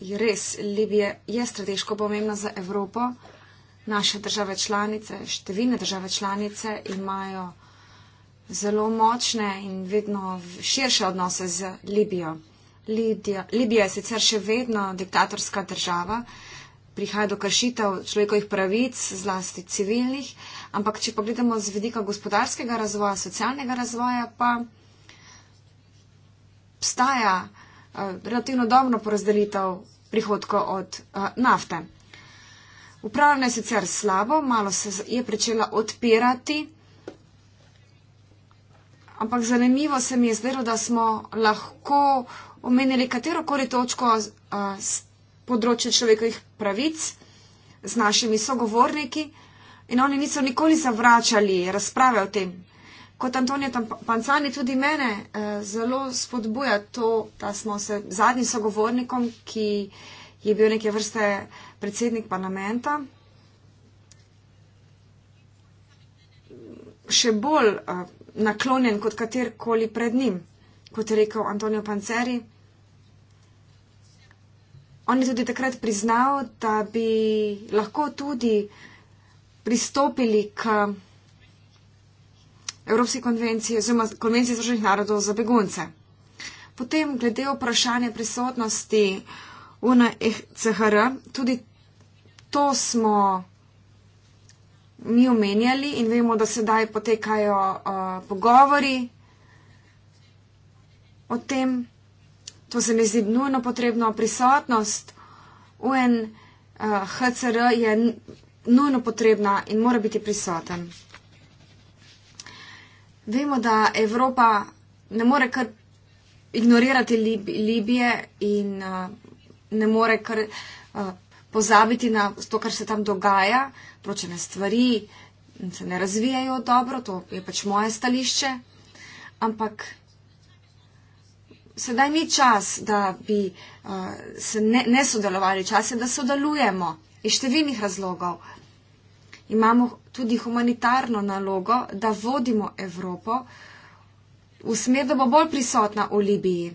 je res Libija je strateško pomembna za Evropo naše države članice, številne države članice imajo zelo močne in vedno širše odnose z Libijo. Lidija, Libija je sicer še vedno diktatorska država, prihaja do kršitev človekovih pravic, zlasti civilnih, ampak če pogledamo z vedika gospodarskega razvoja, socialnega razvoja, pa obstaja eh, relativno dobro porazdelitev prihodkov od eh, nafte. Upravljanje je sicer slabo, malo se je začela odpirati, ampak zanimivo se mi je zdelo, da smo lahko omenili katerokoli točko z področja človekovih pravic z našimi sogovorniki in oni niso nikoli zavračali razprave o tem. Kot Antonija Pancani tudi mene e, zelo spodbuja to, da smo se zadnjim sogovornikom, ki je bil neke vrste predsednik parlamenta, še bolj uh, naklonjen kot katerkoli pred njim, kot je rekel Antonijo Panceri. On je tudi takrat priznal, da bi lahko tudi pristopili k Evropski konvenciji oziroma konvenciji Združenih narodov za begunce. Potem glede vprašanja prisotnosti UNHCR, tudi to smo mi omenjali in vemo, da sedaj potekajo uh, pogovori o tem. To se mi zdi nujno potrebno. Prisotnost UNHCR uh, je nujno potrebna in mora biti prisoten. Vemo, da Evropa ne more kar ignorirati Lib Libije in uh, ne more kar. Uh, pozabiti na to, kar se tam dogaja, pročene stvari se ne razvijajo dobro, to je pač moje stališče, ampak sedaj ni čas, da bi uh, se ne, ne sodelovali, čas je, da sodelujemo iz številnih razlogov. Imamo tudi humanitarno nalogo, da vodimo Evropo v smer, da bo bolj prisotna v Libiji.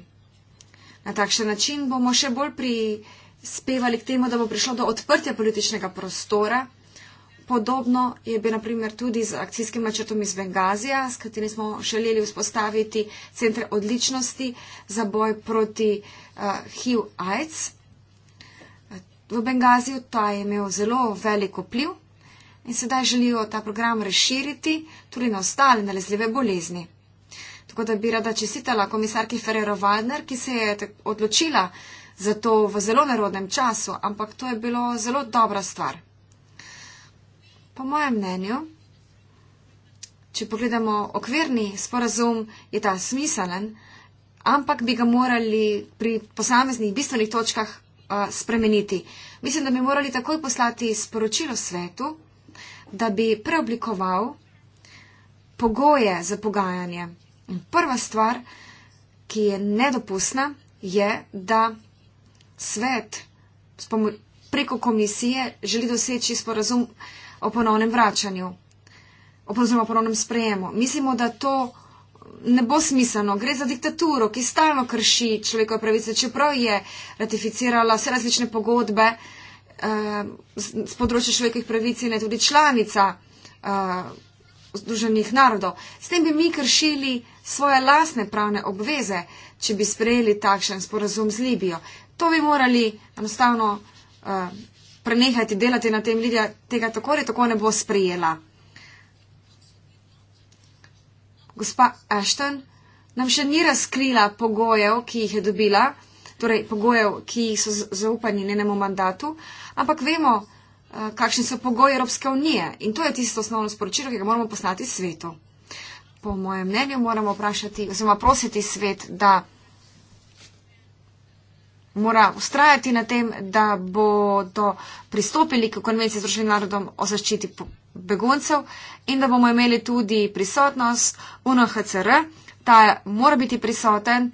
Na takšen način bomo še bolj pri. Uh, spevali k temu, da bo prišlo do odprtja političnega prostora. Podobno je bilo naprimer tudi z akcijskim načrtom iz Bengazija, s katerim smo želeli vzpostaviti centre odličnosti za boj proti uh, eh, HIV-AIDS. V Bengaziju ta je imel zelo velik vpliv in sedaj želijo ta program razširiti tudi na ostale nalezljive bolezni. Tako da bi rada čestitala komisarki Ferrero Wagner, ki se je odločila, zato v zelo nerodnem času, ampak to je bilo zelo dobra stvar. Po mojem mnenju, če pogledamo okvirni sporazum, je ta smiselen, ampak bi ga morali pri posameznih bistvenih točkah uh, spremeniti. Mislim, da bi morali takoj poslati sporočilo svetu, da bi preoblikoval pogoje za pogajanje. Prva stvar, ki je nedopustna, je, da svet preko komisije želi doseči sporazum o ponovnem vračanju, oziroma ponovnem sprejemu. Mislimo, da to ne bo smiselno. Gre za diktaturo, ki stalno krši človekove pravice, čeprav je ratificirala vse različne pogodbe eh, z področja človekovih pravic in je tudi članica eh, Združenih narodov. S tem bi mi kršili svoje lasne pravne obveze, če bi sprejeli takšen sporazum z Libijo. To bi morali enostavno uh, prenehati delati na tem, Lidija tega tako ali tako ne bo sprejela. Gospa Ashton nam še ni razkrila pogojev, ki jih je dobila, torej pogojev, ki so zaupani njenemu mandatu, ampak vemo, uh, kakšni so pogoji Evropske unije in to je tisto osnovno sporočilo, ki ga moramo poslati svetu. Po mojem mnenju moramo vprašati oziroma prositi svet, da mora ustrajati na tem, da bodo pristopili k konvenciji z rušenim narodom o zaščiti beguncev in da bomo imeli tudi prisotnost UNHCR, ta mora biti prisoten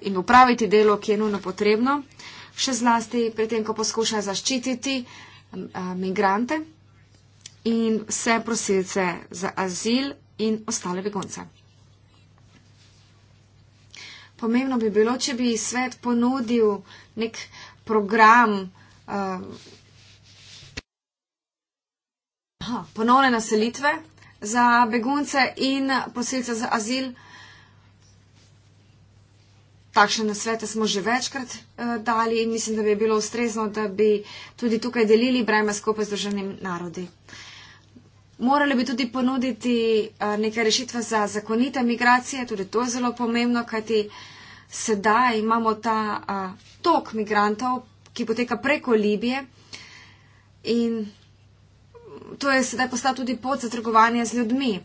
in upraviti delo, ki je nujno potrebno, še zlasti pri tem, ko poskuša zaščititi migrante in vse prosilce za azil in ostale begunce. Pomembno bi bilo, če bi svet ponudil nek program um, ponovne naselitve za begunce in posilce za azil. Takšne svete smo že večkrat uh, dali in mislim, da bi bilo ustrezno, da bi tudi tukaj delili breme skupaj z državnimi narodi. Morali bi tudi ponuditi neke rešitve za zakonite migracije, tudi to je zelo pomembno, kajti sedaj imamo ta tok migrantov, ki poteka preko Libije in to je sedaj postal tudi pot za trgovanje z ljudmi.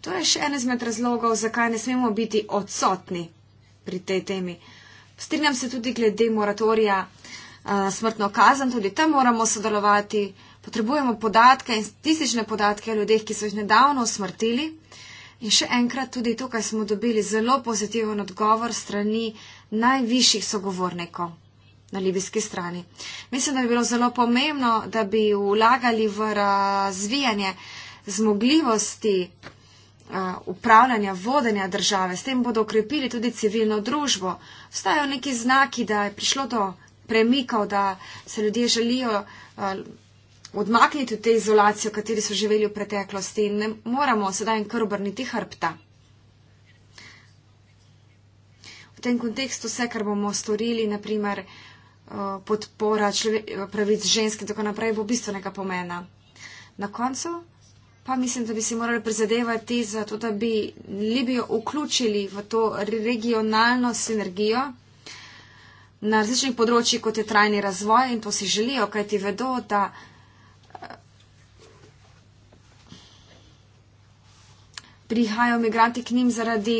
To je še en izmed razlogov, zakaj ne smemo biti odsotni pri tej temi. Strinjam se tudi glede moratorija smrtno kazen, tudi tam moramo sodelovati potrebujemo podatke in statistične podatke o ljudeh, ki so jih nedavno usmrtili. In še enkrat, tudi tukaj smo dobili zelo pozitiven odgovor strani najvišjih sogovornikov na libijski strani. Mislim, da bi bilo zelo pomembno, da bi vlagali v razvijanje zmogljivosti eh, upravljanja, vodenja države. S tem bodo okrepili tudi civilno družbo. Vstajajo neki znaki, da je prišlo do premikov, da se ljudje želijo eh, odmakniti v te izolacije, v kateri so živeli v preteklosti in ne moramo sedaj in kar obrniti hrbta. V tem kontekstu vse, kar bomo storili, naprimer eh, podpora pravic žensk in tako naprej, bo bistvenega pomena. Na koncu pa mislim, da bi si morali prizadevati za to, da bi Libijo vključili v to regionalno sinergijo na različnih področjih, kot je trajni razvoj in to si želijo, kajti vedo, da prihajajo imigranti k njim zaradi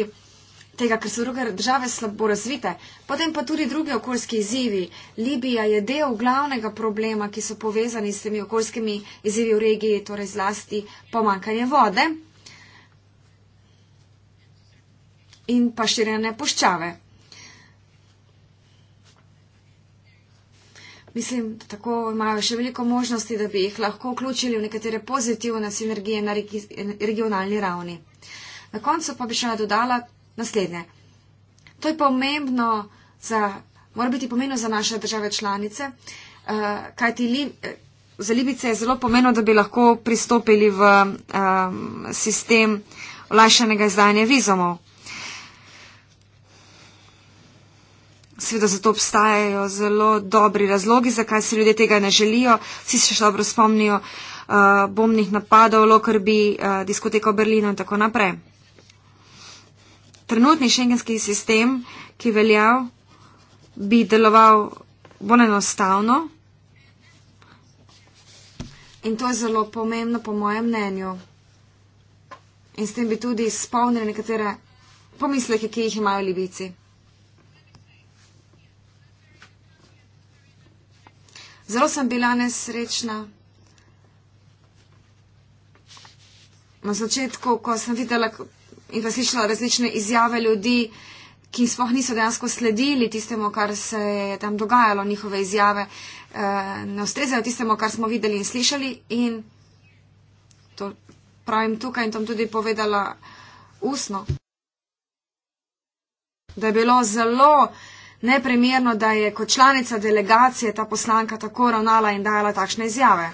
tega, ker so druge države slabo razvite. Potem pa tudi drugi okoljski izzivi. Libija je del glavnega problema, ki so povezani s temi okoljskimi izzivi v regiji, torej zlasti pomankanje vode in pa širjene puščave. mislim, da tako imajo še veliko možnosti, da bi jih lahko vključili v nekatere pozitivne sinergije na regionalni ravni. Na koncu pa bi še dodala naslednje. To je pomembno za, mora biti pomembno za naše države članice, eh, kajti li, eh, za Libice je zelo pomembno, da bi lahko pristopili v um, sistem olajšanega izdanja vizumov. Seveda za to obstajajo zelo dobri razlogi, zakaj se ljudje tega ne želijo. Vsi se še dobro spomnijo uh, bombnih napadov, lokrbi, uh, eh, diskoteko Berlino in tako naprej. Trenutni šengenski sistem, ki veljav, bi deloval bolj enostavno. In to je zelo pomembno, po mojem mnenju. In s tem bi tudi spomnili nekatere pomisleke, ki jih imajo libici. Zelo sem bila nesrečna. Na začetku, ko sem videla in slišala različne izjave ljudi, ki sploh niso dejansko sledili tistemu, kar se je tam dogajalo, njihove izjave eh, ne ustrezajo tistemu, kar smo videli in slišali. In to pravim tukaj in tam tudi povedala usno, da je bilo zelo nepremerno, da je kot članica delegacije ta poslanka tako ravnala in dajala takšne izjave.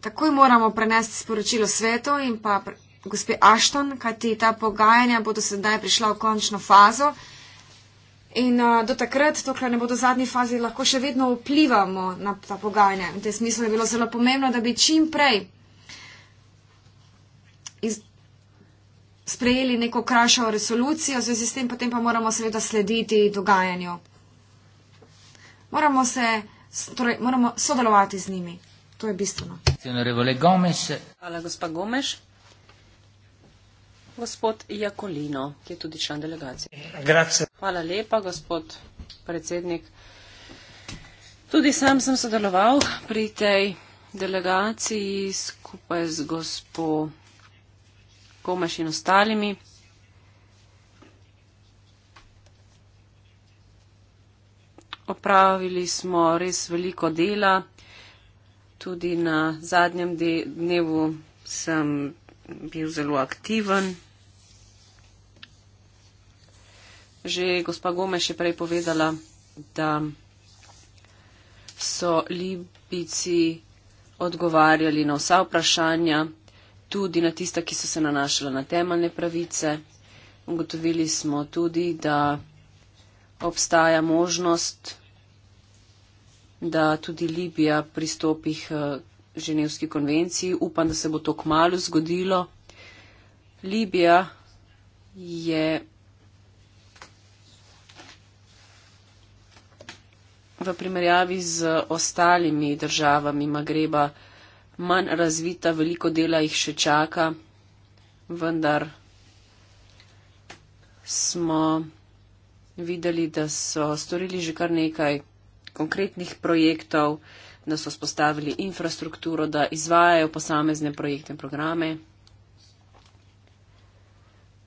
Takoj moramo prenesti sporočilo svetu in pa gospe Ashton, kajti ta pogajanja bodo sedaj prišla v končno fazo. In uh, do takrat, dokler ne bodo v zadnji fazi, lahko še vedno vplivamo na ta pogajanja. V tem smislu je bilo zelo pomembno, da bi čim prej iz, sprejeli neko krašo resolucijo, v zvezi s tem potem pa moramo seveda slediti dogajanju. Moramo, se, torej, moramo sodelovati z njimi. To je bistveno. Hvala, gospa Gomeš. Gospod Jakolino, ki je tudi član delegacije. Grazie. Hvala lepa, gospod predsednik. Tudi sam sem sodeloval pri tej delegaciji skupaj z gospod Komaš in ostalimi. Opravili smo res veliko dela. Tudi na zadnjem dnevu sem bil zelo aktiven. Že gospa Gomeš je prej povedala, da so Libici odgovarjali na vsa vprašanja tudi na tista, ki so se nanašala na temeljne pravice. Ugotovili smo tudi, da obstaja možnost, da tudi Libija pristopi k eh, Ženevski konvenciji. Upam, da se bo to kmalo zgodilo. Libija je. V primerjavi z ostalimi državami Magreba manj razvita, veliko dela jih še čaka, vendar smo videli, da so storili že kar nekaj konkretnih projektov, da so spostavili infrastrukturo, da izvajajo posamezne projekte in programe.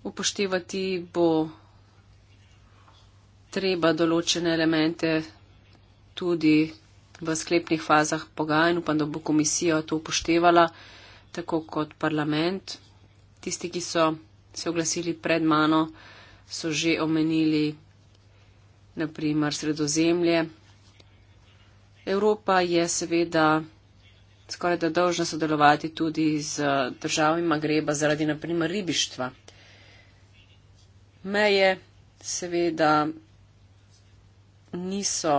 Upoštevati bo treba določene elemente tudi v sklepnih fazah pogajanj. Upam, da bo komisija to upoštevala, tako kot parlament. Tisti, ki so se oglasili pred mano, so že omenili naprimer sredozemlje. Evropa je seveda skoraj da dolžna sodelovati tudi z državami Magreba zaradi naprimer ribištva. Meje seveda niso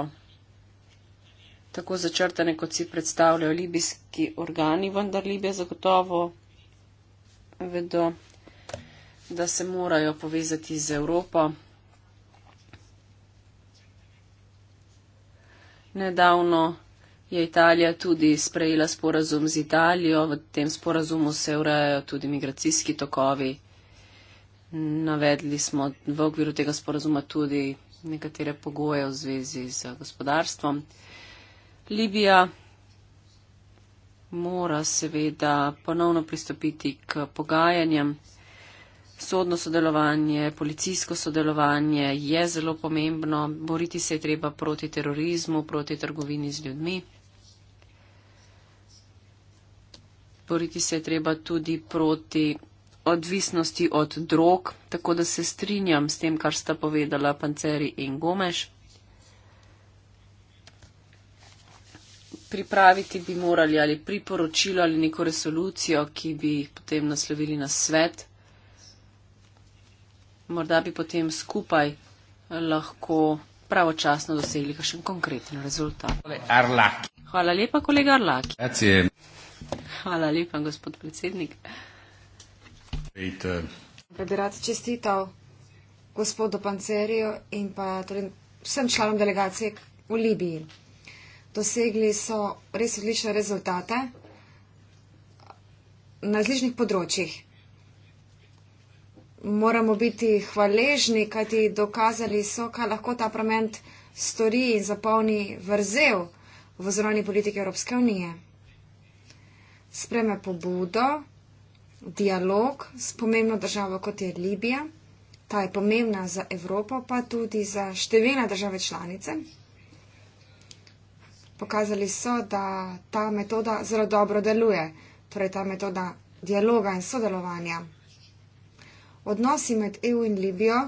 tako začrtane, kot si predstavljajo libijski organi, vendar Libija zagotovo vedo, da se morajo povezati z Evropo. Nedavno je Italija tudi sprejela sporazum z Italijo, v tem sporazumu se urejajo tudi migracijski tokovi. Navedli smo v okviru tega sporazuma tudi nekatere pogoje v zvezi z gospodarstvom. Libija mora seveda ponovno pristopiti k pogajanjem. Sodno sodelovanje, policijsko sodelovanje je zelo pomembno. Boriti se je treba proti terorizmu, proti trgovini z ljudmi. Boriti se je treba tudi proti odvisnosti od drog, tako da se strinjam s tem, kar sta povedala Panceri in Gomeš. pripraviti bi morali ali priporočilo ali neko resolucijo, ki bi jih potem naslovili na svet. Morda bi potem skupaj eh, lahko pravočasno dosegli kakšen konkreten rezultat. Arlaki. Hvala lepa, kolega Arlak. Hvala lepa, gospod predsednik. Eh. Bi rad čestital gospodu Pancerju in pa torej vsem članom delegacije v Libiji dosegli so res odlične rezultate na različnih področjih. Moramo biti hvaležni, kajti dokazali so, kaj lahko ta parlament stori in zapolni vrzel v zunanji politiki Evropske unije. Spreme pobudo, dialog s pomembno državo, kot je Libija. Ta je pomembna za Evropo, pa tudi za številne države članice pokazali so, da ta metoda zelo dobro deluje, torej ta metoda dialoga in sodelovanja. Odnosi med EU in Libijo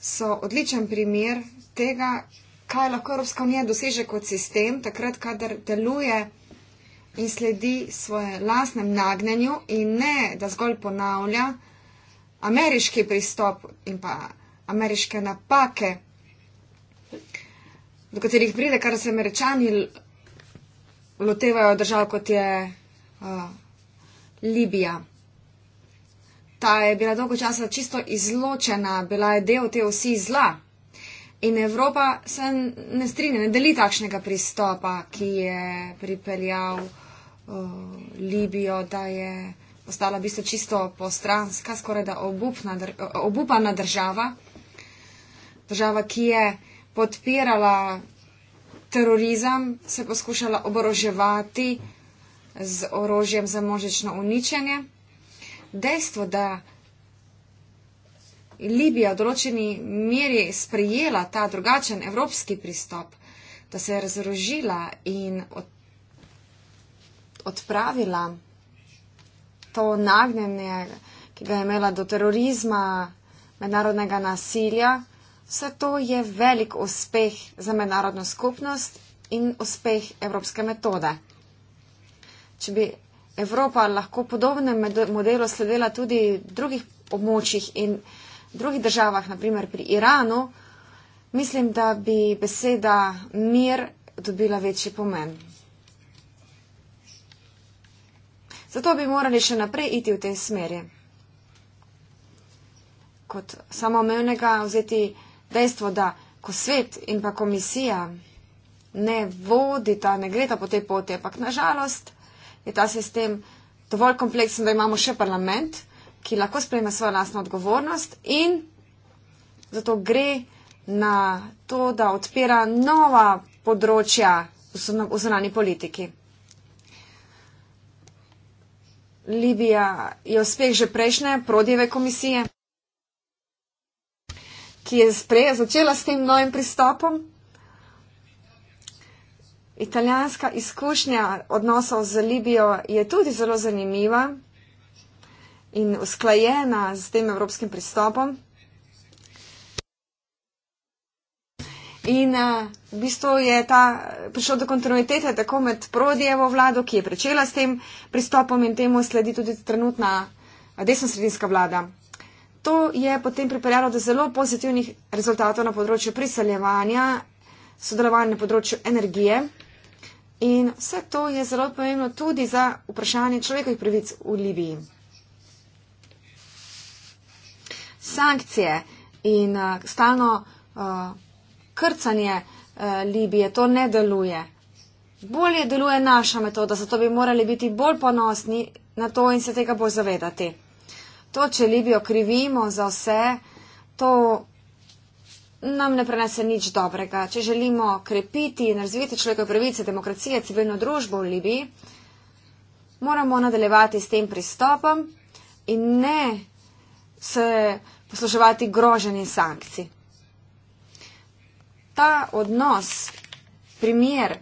so odličen primer tega, kaj lahko Evropska unija doseže kot sistem, takrat, kadar deluje in sledi svoje lasnem nagnenju in ne, da zgolj ponavlja ameriški pristop in pa ameriške napake do katerih pride, kar se američani lotevajo držav, kot je uh, Libija. Ta je bila dolgo časa čisto izločena, bila je del te vsi zla. In Evropa se ne strinja, ne deli takšnega pristopa, ki je pripeljal uh, Libijo, da je postala v bistvu čisto postranska, skoraj da obupna, obupana država. Država, ki je podpirala terorizem, se poskušala oboroževati z orožjem za možečno uničenje. Dejstvo, da Libija v določeni meri sprejela ta drugačen evropski pristop, da se je razorožila in odpravila to nagnjenje, ki ga je imela do terorizma, mednarodnega nasilja, Vse to je velik uspeh za mednarodno skupnost in uspeh evropske metode. Če bi Evropa lahko podobne modelo sledila tudi v drugih območjih in drugih državah, naprimer pri Iranu, mislim, da bi beseda mir dobila večji pomen. Zato bi morali še naprej iti v tej smeri. Kot samoomevnega vzeti dejstvo, da ko svet in pa komisija ne vodita, ne greta po tej poti, ampak nažalost je ta sistem dovolj kompleksen, da imamo še parlament, ki lahko sprejme svojo lastno odgovornost in zato gre na to, da odpira nova področja v zunani politiki. Libija je uspeh že prejšnje prodjeve komisije ki je spreja, začela s tem novim pristopom. Italijanska izkušnja odnosov z Libijo je tudi zelo zanimiva in usklajena z tem evropskim pristopom. In eh, v bistvu je ta, prišlo do kontinuitete tako med Prodijevo vlado, ki je pričela s tem pristopom in temu sledi tudi trenutna desno-sredinska vlada to je potem pripeljalo do zelo pozitivnih rezultatov na področju priseljevanja, sodelovanja na področju energije. In vse to je zelo pomembno tudi za vprašanje človekovih pravic v Libiji. Sankcije in uh, stalno uh, krcanje uh, Libije, to ne deluje. Bolje deluje naša metoda, zato bi morali biti bolj ponosni na to in se tega bolj zavedati. To, če Libijo krivimo za vse, to nam ne prenese nič dobrega. Če želimo krepiti in razviti človekove pravice, demokracije, civilno družbo v Libiji, moramo nadaljevati s tem pristopom in ne se posluževati groženje sankcij. Ta odnos, primer,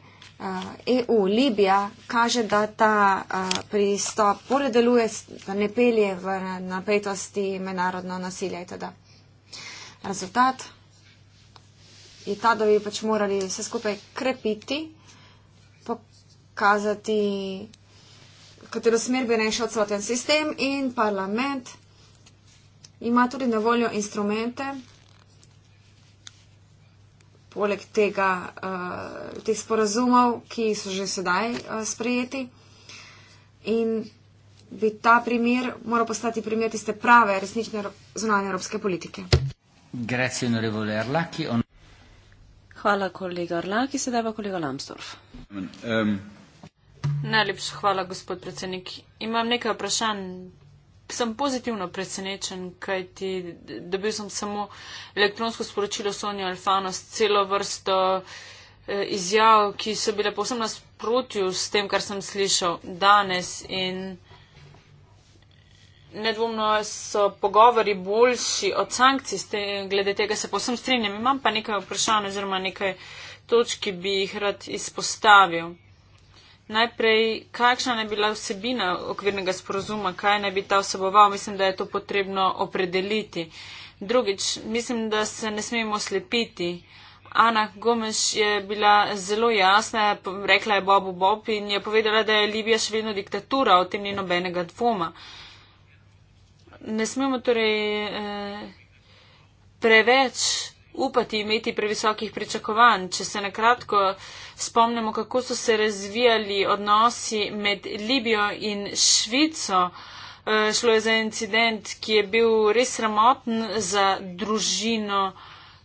EU, eh, e Libija, kaže, da ta eh, pristop bolje deluje, da ne pelje v napetosti mednarodno nasilje. Teda. Rezultat je ta, da bi pač morali vse skupaj krepiti, pokazati, katero smer bi naj šel celoten sistem in parlament ima tudi na voljo instrumente poleg tega, uh, teh sporazumov, ki so že sedaj uh, sprejeti. In bi ta primer moral postati primer tiste prave, resnične zunanje evropske politike. Hvala, kolega Arlak, in sedaj pa kolega Lambsdorff. Um. Najlepša hvala, gospod predsednik. Imam nekaj vprašanj sem pozitivno presenečen, kaj ti dobil sem samo elektronsko sporočilo Sonja Alfano s celo vrsto eh, izjav, ki so bile posebno nasprotju s tem, kar sem slišal danes in nedvomno so pogovori boljši od sankcij, te, glede tega se posebno strinjam. Imam pa nekaj vprašanj oziroma nekaj točk, ki bi jih rad izpostavil. Najprej, kakšna naj bila vsebina okvirnega sporozuma, kaj naj bi ta vseboval, mislim, da je to potrebno opredeliti. Drugič, mislim, da se ne smemo slepiti. Ana Gomes je bila zelo jasna, rekla je Bobu Bob in je povedala, da je Libija še vedno diktatura, o tem ni nobenega dvoma. Ne smemo torej eh, preveč upati imeti previsokih pričakovanj, če se nakratko. kratko spomnimo, kako so se razvijali odnosi med Libijo in Švico. Eh, šlo je za incident, ki je bil res sramoten za družino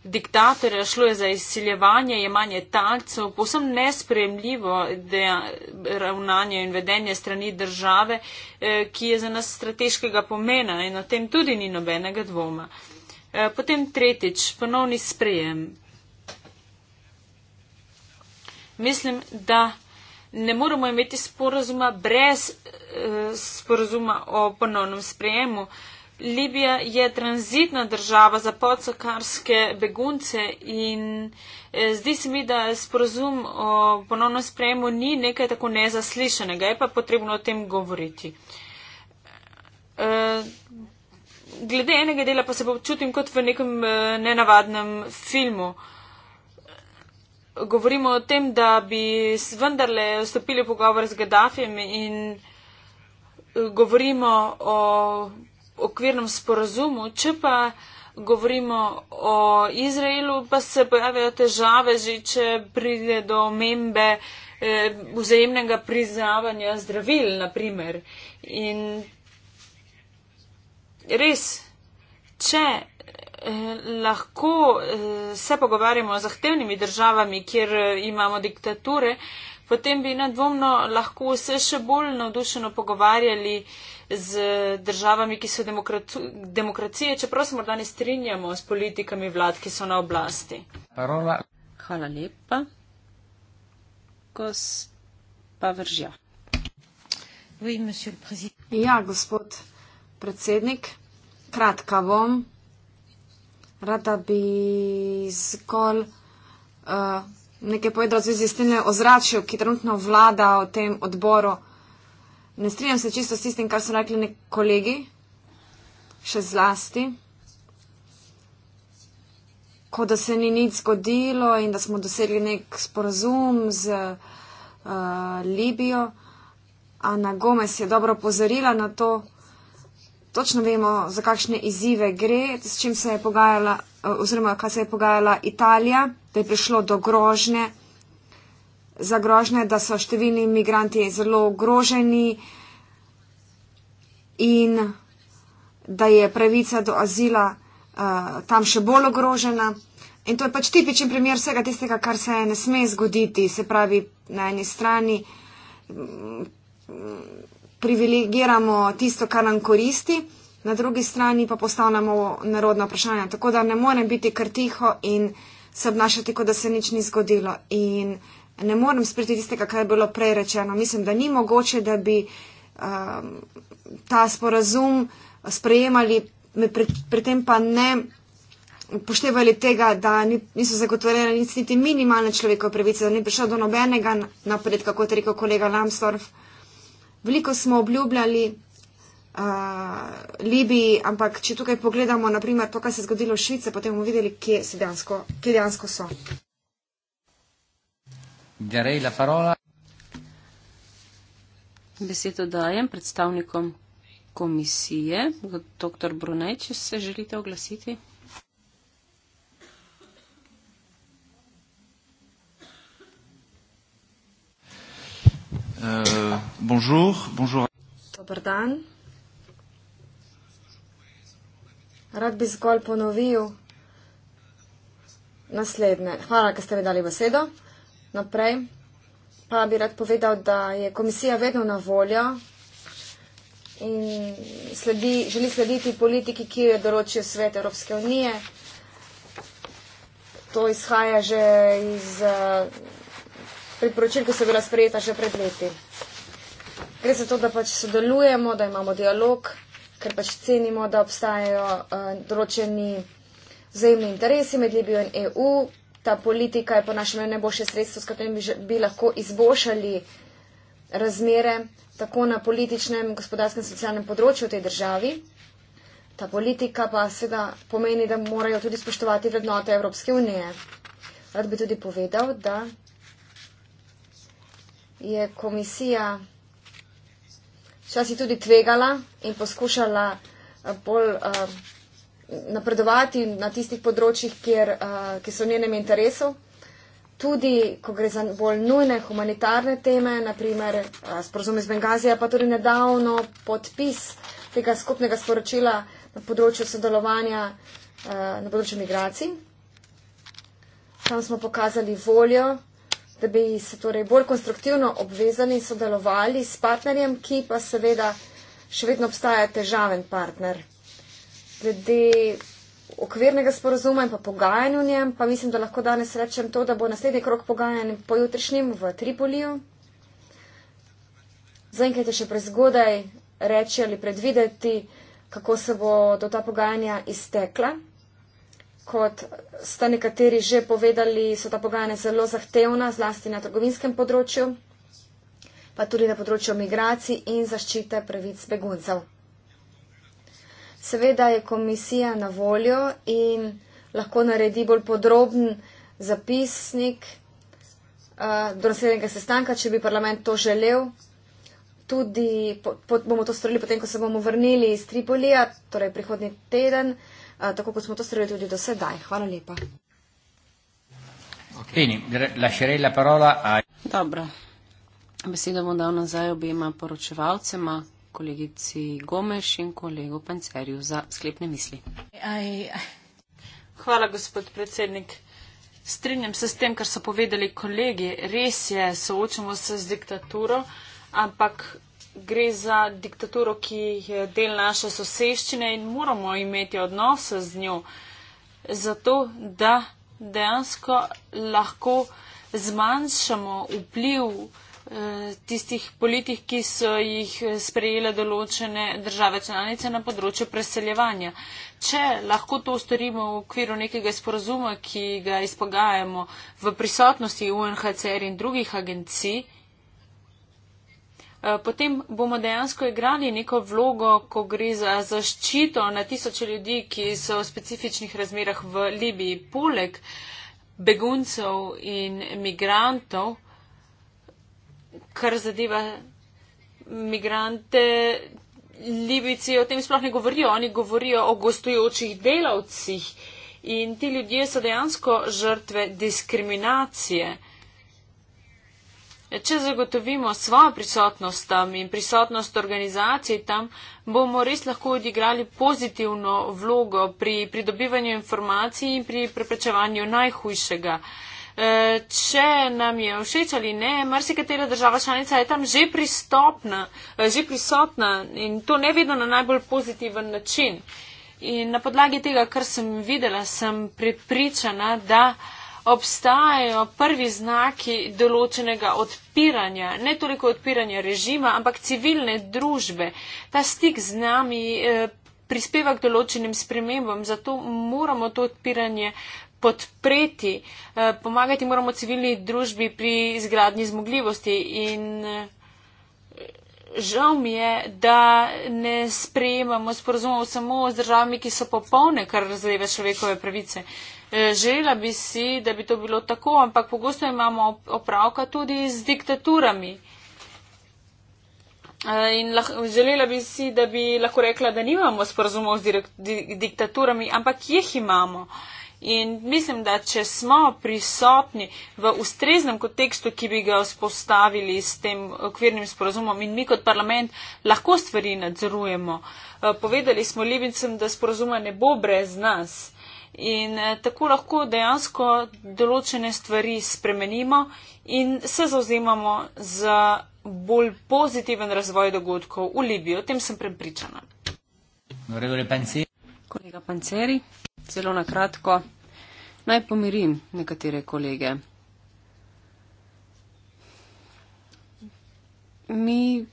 diktatorja, šlo je za izsiljevanje, jemanje talcev, posem nesprejemljivo ravnanje in vedenje strani države, eh, ki je za nas strateškega pomena in o tem tudi ni nobenega dvoma. Eh, potem tretjič, ponovni sprejem, mislim, da ne moramo imeti sporozuma brez eh, sporozuma o ponovnem sprejemu. Libija je tranzitna država za podsakarske begunce in eh, zdi se mi, da sporozum o ponovnem sprejemu ni nekaj tako nezaslišanega, je pa potrebno o tem govoriti. Eh, glede enega dela pa se počutim kot v nekem eh, nenavadnem filmu govorimo o tem, da bi vendarle stopili pogovor z Gaddafim in eh, govorimo o okvirnem sporazumu, če pa govorimo o Izraelu, pa se pojavijo težave, že če pride do omembe eh, vzajemnega priznavanja zdravil, na primer. In res, če Eh, lahko eh, se pogovarjamo z zahtevnimi državami, kjer eh, imamo diktature, potem bi nadvomno lahko vse še bolj navdušeno pogovarjali z državami, ki so demokrati, demokracije, čeprav se morda ne strinjamo s politikami vlad, ki so na oblasti. Parola. Hvala lepa. Kos pa vržja. Ja, gospod predsednik, kratka bom. Rada bi zgolj uh, nekaj povedala v zvezi s tem ozračju, ki trenutno vlada v tem odboru. Ne strinjam se čisto s tistim, kar so rekli neki kolegi, še zlasti, kot da se ni nič zgodilo in da smo dosegli nek sporazum z uh, Libijo. Ana Gomez je dobro pozorila na to, točno vemo, za kakšne izzive gre, s čim se je pogajala eh, oziroma kaj se je pogajala Italija, da je prišlo do grožne, za grožne, da so številni imigranti zelo ogroženi in da je pravica do azila uh, tam še bolj ogrožena. In to je pač tipičen primer vsega tistega, kar se ne sme zgoditi, se pravi na eni strani privilegiramo tisto, kar nam koristi, na drugi strani pa postavljamo nerodna vprašanja. Tako da ne morem biti kar tiho in se obnašati, kot da se nič ni zgodilo. In ne morem spriti tistega, kar je bilo prej rečeno. Mislim, da ni mogoče, da bi um, ta sporazum sprejemali, pri, pri tem pa ne upoštevali tega, da ni, niso zagotovljene niti minimalne človekove pravice, da ni prišlo do nobenega napredka, kot je rekel kolega Lambsdorff. Veliko smo obljubljali uh, Libiji, ampak če tukaj pogledamo, naprimer, to, kar se je zgodilo v Švici, potem bomo videli, kje, dejansko, kje dejansko so. Besedo dajem predstavnikom komisije. Dr. Brunej, če se želite oglasiti. Uh, bonjour, bonjour. Dobar dan. Rad bi zgolj ponovil naslednje. Hvala, ker ste mi dali besedo. Naprej pa bi rad povedal, da je komisija vedno na voljo in sledi, želi slediti politiki, ki jo je določil svet Evropske unije. To izhaja že iz. Uh, priporočil, ki so bila sprejeta že pred leti. Gre za to, da pač sodelujemo, da imamo dialog, ker pač cenimo, da obstajajo uh, določeni vzajemni interesi med Libijo in EU. Ta politika je po našem mnenju najboljše sredstvo, s katerim bi, bi lahko izboljšali razmere tako na političnem, gospodarskem in socialnem področju v tej državi. Ta politika pa seveda pomeni, da morajo tudi spoštovati vrednote Evropske unije. Rad bi tudi povedal, da je komisija včasih tudi tvegala in poskušala eh, bolj uh, napredovati na tistih področjih, kjer, uh, ki so v njenem interesu. Tudi, ko gre za bolj nujne humanitarne teme, naprimer sporozum iz Bengazija, pa tudi nedavno podpis tega skupnega sporočila na področju sodelovanja na področju migracij. Tam smo pokazali voljo da bi se torej bolj konstruktivno obvezali in sodelovali s partnerjem, ki pa seveda še vedno obstaja težaven partner. Glede okvirnega sporozuma in pa pogajanj v njem, pa mislim, da lahko danes rečem to, da bo naslednji krok pogajanj pojutrišnjim v Tripoliju. Zaenkrat je še prezgodaj reči ali predvideti, kako se bo do ta pogajanja iztekla kot ste nekateri že povedali, so ta pogajanja zelo zahtevna, zlasti na trgovinskem področju, pa tudi na področju migracij in zaščite pravic beguncev. Seveda je komisija na voljo in lahko naredi bolj podroben zapisnik uh, do naslednjega sestanka, če bi parlament to želel. Tudi po, po, bomo to storili potem, ko se bomo vrnili iz Tripolija, torej prihodni teden. Eh, tako kot smo to storili tudi do sedaj. Hvala lepa. Dobro. Besedo bom dal nazaj obema poročevalcema, kolegici Gomeš in kolegu Pancerju za sklepne misli. Hvala, gospod predsednik. Strinjam se s tem, kar so povedali kolegi. Res je, soočamo se z diktaturo, ampak gre za diktaturo, ki je del naše soseščine in moramo imeti odnose z njo, zato da dejansko lahko zmanjšamo vpliv eh, tistih politik, ki so jih eh, sprejele določene države članice na področju preseljevanja. Če lahko to storimo v okviru nekega sporazuma, ki ga izpogajamo v prisotnosti UNHCR in drugih agencij, Eh, potem bomo dejansko igrali neko vlogo, ko gre za zaščito na tisoče ljudi, ki so v specifičnih razmerah v Libiji. Poleg beguncev in migrantov, kar zadeva migrante, Libijci o tem sploh ne govorijo. Oni govorijo o gostujočih delavcih. In ti ljudje so dejansko žrtve diskriminacije. Če zagotovimo svojo prisotnost tam in prisotnost organizacij tam, bomo res lahko odigrali pozitivno vlogo pri pridobivanju informacij in pri preprečevanju najhujšega. E, če nam je všeč ali ne, marsikatera država članica je tam že, e, že prisotna in to ne vedno na najbolj pozitiven način. In na podlagi tega, kar sem videla, sem prepričana, da obstajajo prvi znaki določenega odpiranja, ne toliko odpiranja režima, ampak civilne družbe. Ta stik z nami eh, prispeva k določenim spremembam, zato moramo to odpiranje podpreti, eh, pomagati moramo civilni družbi pri izgradnji zmogljivosti in eh, žal mi je, da ne sprejemamo sporozumov samo z državami, ki so popolne, kar razreve človekove pravice. E, želela bi si, da bi to bilo tako, ampak pogosto imamo opravka tudi z diktaturami. E, in želela bi si, da bi lahko rekla, da nimamo sporozumov z diktaturami, ampak jih imamo. In mislim, da če smo prisotni v ustreznem kontekstu, ki bi ga vzpostavili s tem okvirnim sporozumom in mi kot parlament lahko stvari nadzorujemo. E, povedali smo Libincem, da sporozuma ne bo brez nas. In eh, tako lahko dejansko določene stvari spremenimo in se zauzemamo za bolj pozitiven razvoj dogodkov v Libiji. O tem sem prepričana. Kolega Panceri, zelo na kratko. Naj pomirim nekatere kolege. Mi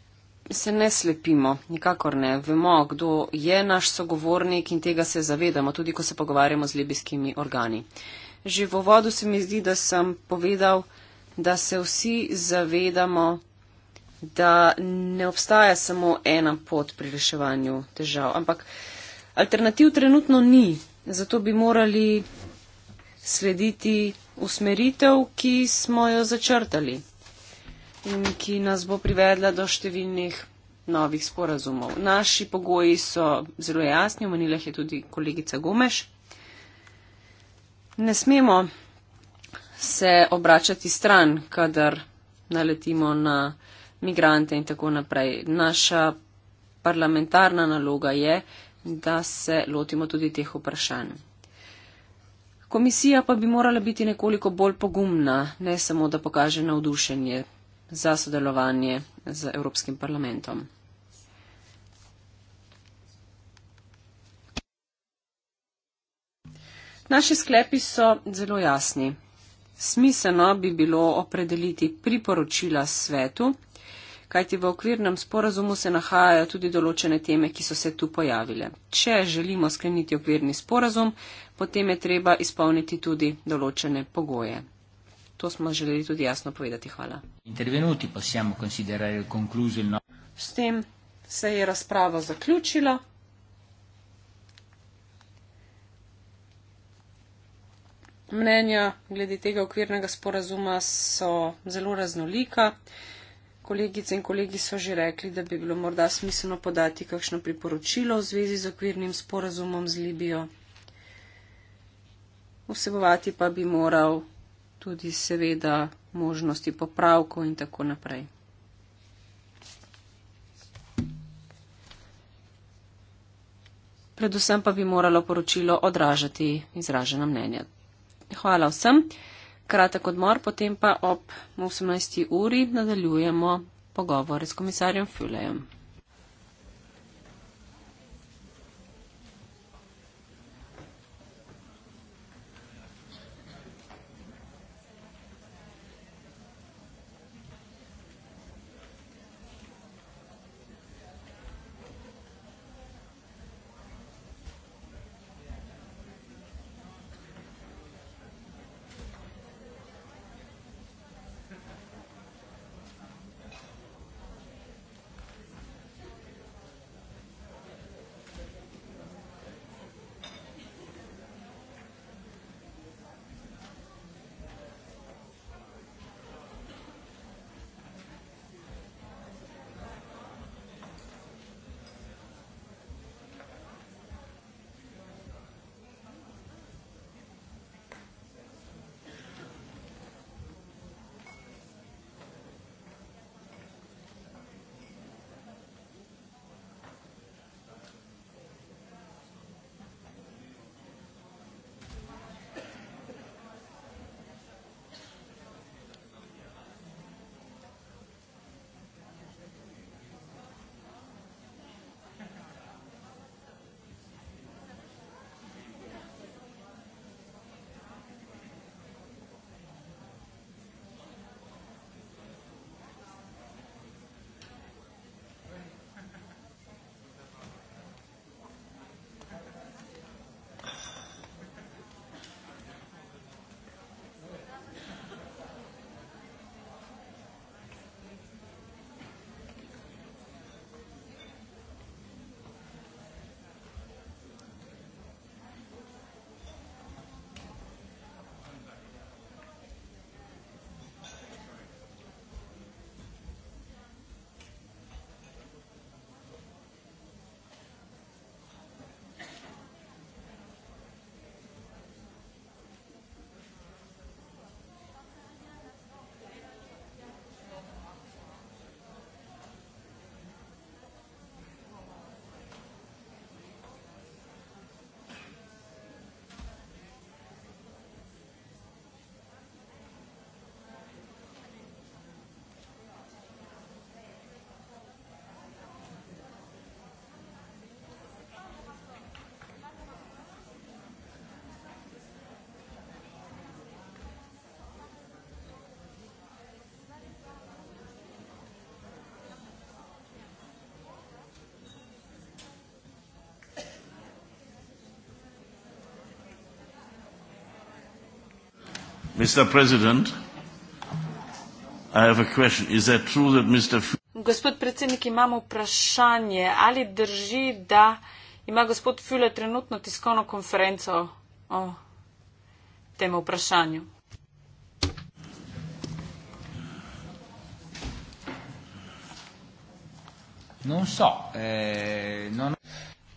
se ne slepimo, nikakor ne. Vemo, kdo je naš sogovornik in tega se zavedamo, tudi ko se pogovarjamo z libijskimi organi. Že v vodu se mi zdi, da sem povedal, da se vsi zavedamo, da ne obstaja samo ena pot pri reševanju težav, ampak alternativ trenutno ni. Zato bi morali slediti usmeritev, ki smo jo začrtali in ki nas bo privedla do številnih novih sporazumov. Naši pogoji so zelo jasni, omenila je tudi kolegica Gomeš. Ne smemo se obračati stran, kadar naletimo na migrante in tako naprej. Naša parlamentarna naloga je, da se lotimo tudi teh vprašanj. Komisija pa bi morala biti nekoliko bolj pogumna, ne samo, da pokaže navdušenje za sodelovanje z Evropskim parlamentom. Naši sklepi so zelo jasni. Smiselno bi bilo opredeliti priporočila svetu, kajti v okvirnem sporazumu se nahajajo tudi določene teme, ki so se tu pojavile. Če želimo skleniti okvirni sporazum, potem je treba izpolniti tudi določene pogoje. To smo želeli tudi jasno povedati. Hvala. Intervenuti possiamo considerare concluso il no. S tem se je razprava zaključila. Mnenja glede tega okvirnega sporazuma so zelo raznolika. Kolegice in kolegi so že rekli, da bi bilo morda smiselno podati kakšno priporočilo v zvezi z okvirnim sporazumom z Libijo. Vsebovati pa bi moral tudi seveda možnosti popravkov in tako naprej. Predvsem pa bi moralo poročilo odražati izražena mnenja. Hvala vsem. Kratek odmor, potem pa ob 18. uri nadaljujemo pogovore s komisarjem Fulejem. Mr. President, I have a question. Is that true that Mr. Gospod predsednik, imamo vprašanje. Ali drži, da ima gospod Fule trenutno tiskovno konferenco o tem vprašanju? Non so. Eh, non... No.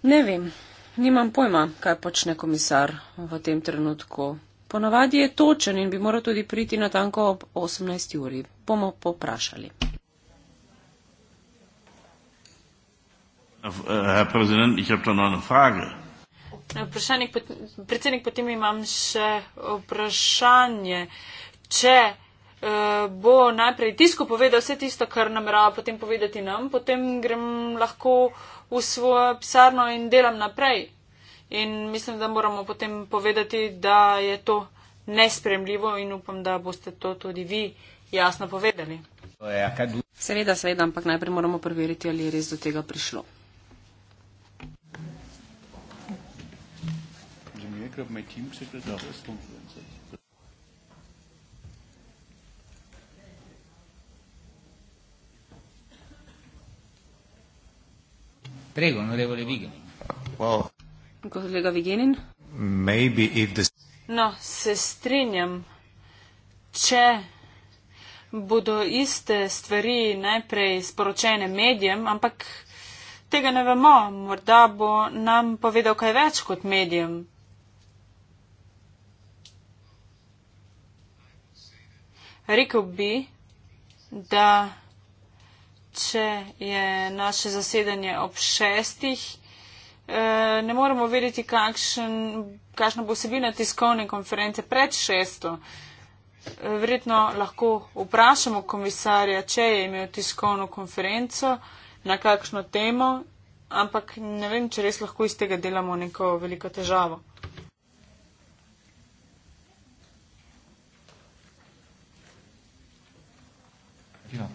Ne vem, nimam pojma, kaj počne komisar v tem trenutku. Ponavadi je točen in bi moral tudi priti na tanko ob 18. uri. Bomo poprašali. Äh, predsednik, predsednik, potem imam še vprašanje. Če äh, bo najprej tisko povedal vse tisto, kar namerava potem povedati nam, potem grem lahko v svojo pisarno in delam naprej. In mislim, da moramo potem povedati, da je to nespremljivo in upam, da boste to tudi vi jasno povedali. Seveda, seveda, ampak najprej moramo preveriti, ali je res do tega prišlo. Prego, onorevole Vigel. Hvala. Wow kolega Vigenin? This... No, se strinjam. Če bodo iste stvari najprej sporočene medijem, ampak tega ne vemo, morda bo nam povedal kaj več kot medijem. Rekel bi, da če je naše zasedanje ob šestih Eh, ne moremo vedeti, kakšen, kakšna bo sebina tiskovne konference pred šesto. Eh, verjetno lahko vprašamo komisarja, če je imel tiskovno konferenco, na kakšno temo, ampak ne vem, če res lahko iz tega delamo neko veliko težavo. Ja,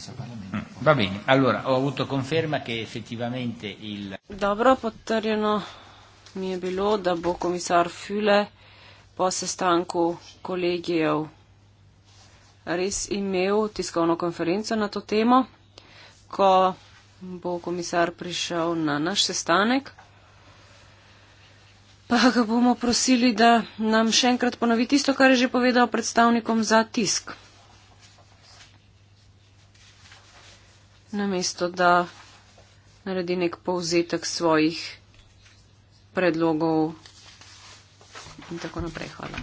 stesso Parlamento. Mm, va bene, allora ho avuto conferma che effettivamente il. Dobro potrebbero mie bilo da bo komisar Füle po sestanku kolegijev res imel tiskovno konferenco na to temo, ko bo komisar prišel na naš sestanek. Pa ga bomo prosili, da nam še enkrat ponovi tisto, kar je že povedal predstavnikom za tisk. namesto da naredi nek povzetek svojih predlogov in tako naprej. Hvala.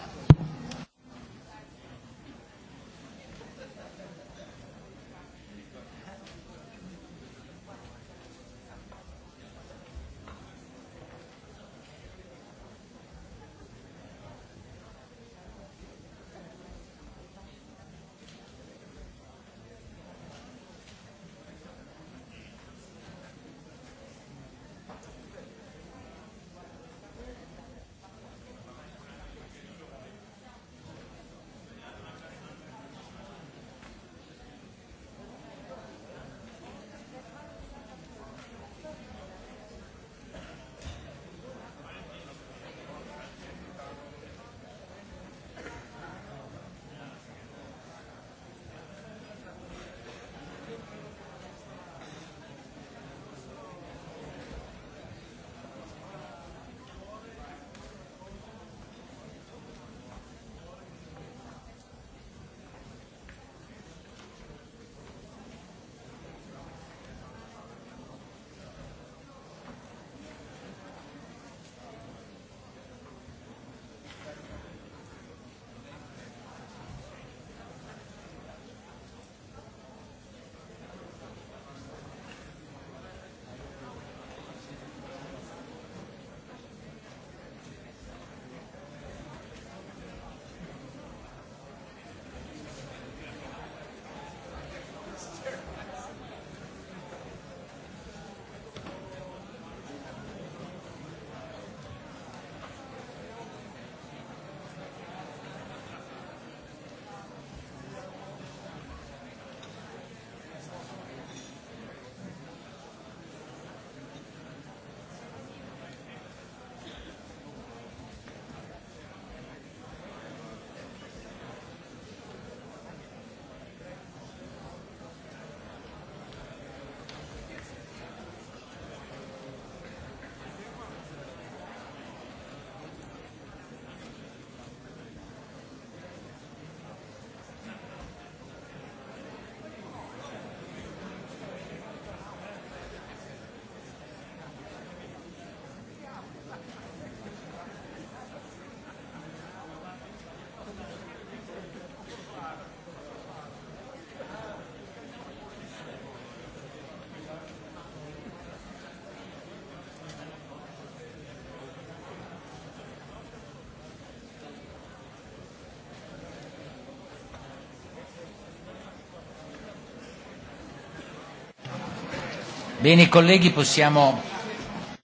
Bene, kolegi, possiamo.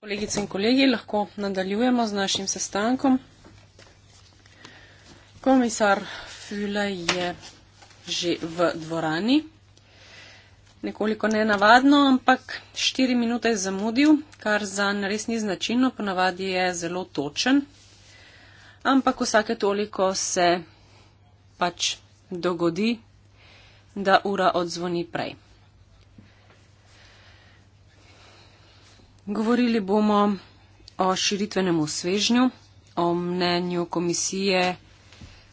Kolegice in kolegi, lahko nadaljujemo z našim sestankom. Komisar Füle je že v dvorani. Nekoliko nenavadno, ampak štiri minute je zamudil, kar za naresni značilno ponavadi je zelo točen. Ampak vsake toliko se pač dogodi, da ura odzvoni prej. Govorili bomo o širitvenem osvežnju, o mnenju komisije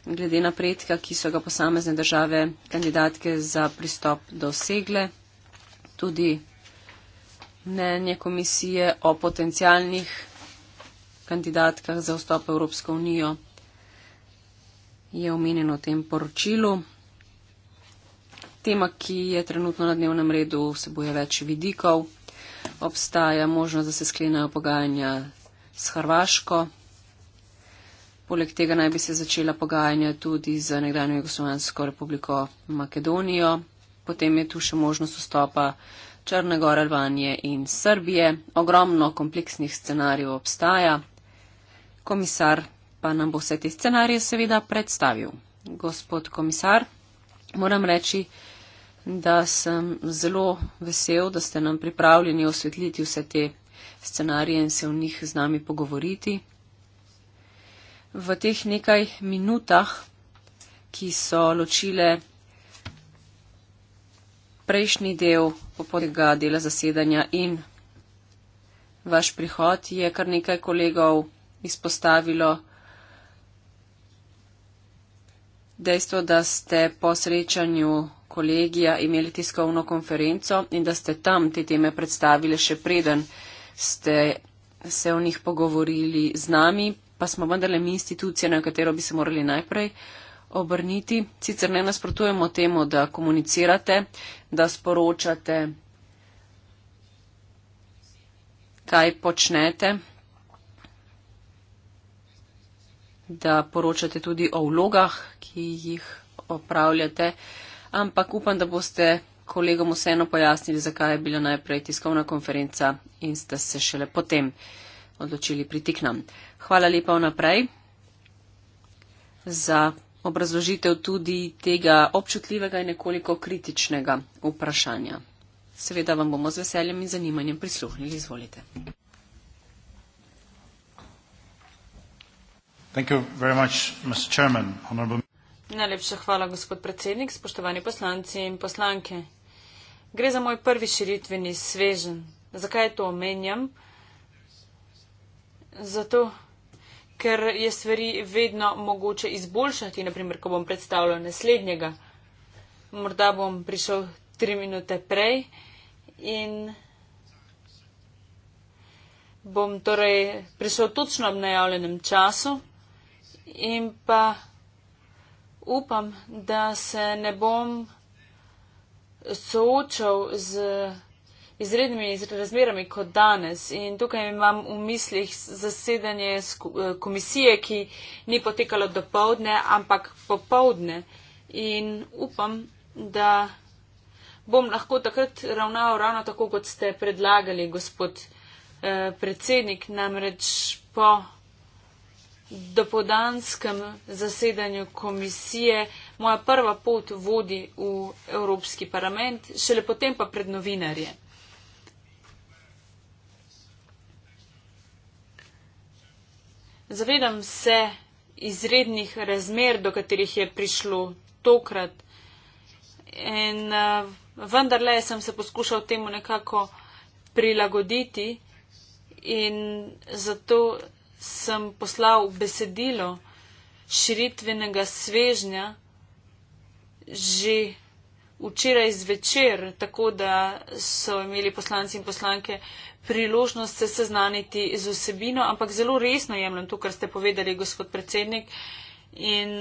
glede napredka, ki so ga posamezne države kandidatke za pristop dosegle, tudi mnenje komisije o potencijalnih kandidatkah za vstop v Evropsko unijo je omenjeno v tem poročilu. Tema, ki je trenutno na dnevnem redu, vsebuje več vidikov obstaja možnost, da se sklenajo pogajanja s Hrvaško. Poleg tega naj bi se začela pogajanja tudi z nekdanjo Jugoslovansko republiko Makedonijo. Potem je tu še možnost vstopa Črne gore, Albanije in Srbije. Ogromno kompleksnih scenarijev obstaja. Komisar pa nam bo vse te scenarije seveda predstavil. Gospod komisar, moram reči, da sem zelo vesel, da ste nam pripravljeni osvetliti vse te scenarije in se v njih z nami pogovoriti. V teh nekaj minutah, ki so ločile prejšnji del popodnega dela zasedanja in vaš prihod, je kar nekaj kolegov izpostavilo dejstvo, da ste po srečanju kolegija imeli tiskovno konferenco in da ste tam te teme predstavili še preden ste se o njih pogovorili z nami, pa smo vendarle mi institucije, na katero bi se morali najprej obrniti. Sicer ne nasprotujemo temu, da komunicirate, da sporočate, kaj počnete, da poročate tudi o vlogah, ki jih opravljate. Uh, ampak upam, da boste kolegom vseeno pojasnili, zakaj je bila najprej tiskovna konferenca in ste se šele potem odločili priti k nam. Hvala lepa vnaprej za obrazložitev tudi tega občutljivega in nekoliko kritičnega vprašanja. Seveda vam bomo z veseljem in zanimanjem prisluhnili. Izvolite. Thank you very much, Mr. Chairman. Honorable... Najlepša hvala, gospod predsednik, spoštovani poslanci in poslanke. Gre za moj prvi širitveni svežen. Zakaj to omenjam? Zato, ker je stvari vedno mogoče izboljšati, naprimer, ko bom predstavljal naslednjega. Morda bom prišel tri minute prej in bom torej prišel točno ob najavljenem času in pa upam, da se ne bom soočal z izrednimi razmerami kot danes. In tukaj imam v mislih zasedanje eh, komisije, ki ni potekalo do povdne, ampak popovdne. In upam, da bom lahko takrat ravnal ravno tako, kot ste predlagali, gospod eh, predsednik, namreč po dopodanskem zasedanju komisije moja prva pot vodi v Evropski parlament, šele potem pa pred novinarje. Zavedam se izrednih razmer, do katerih je prišlo tokrat. In eh, vendarle sem se poskušal temu nekako prilagoditi in zato sem poslal besedilo širitvenega svežnja že včeraj zvečer, tako da so imeli poslanci in poslanke priložnost se seznaniti z vsebino, ampak zelo resno jemljem to, kar ste povedali, gospod predsednik, in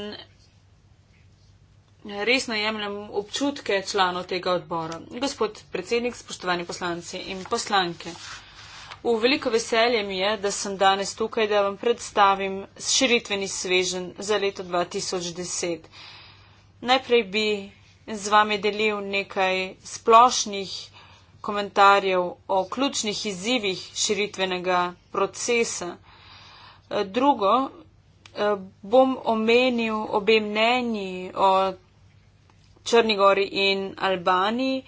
resno jemljem občutke članov tega odbora. Gospod predsednik, spoštovani poslanci in poslanke. V veliko veselje mi je, da sem danes tukaj, da vam predstavim širitveni svežen za leto 2010. Najprej bi z vami delil nekaj splošnih komentarjev o ključnih izzivih širitvenega procesa. Drugo, eh, bom omenil obe mnenji o Črnigori in Albaniji.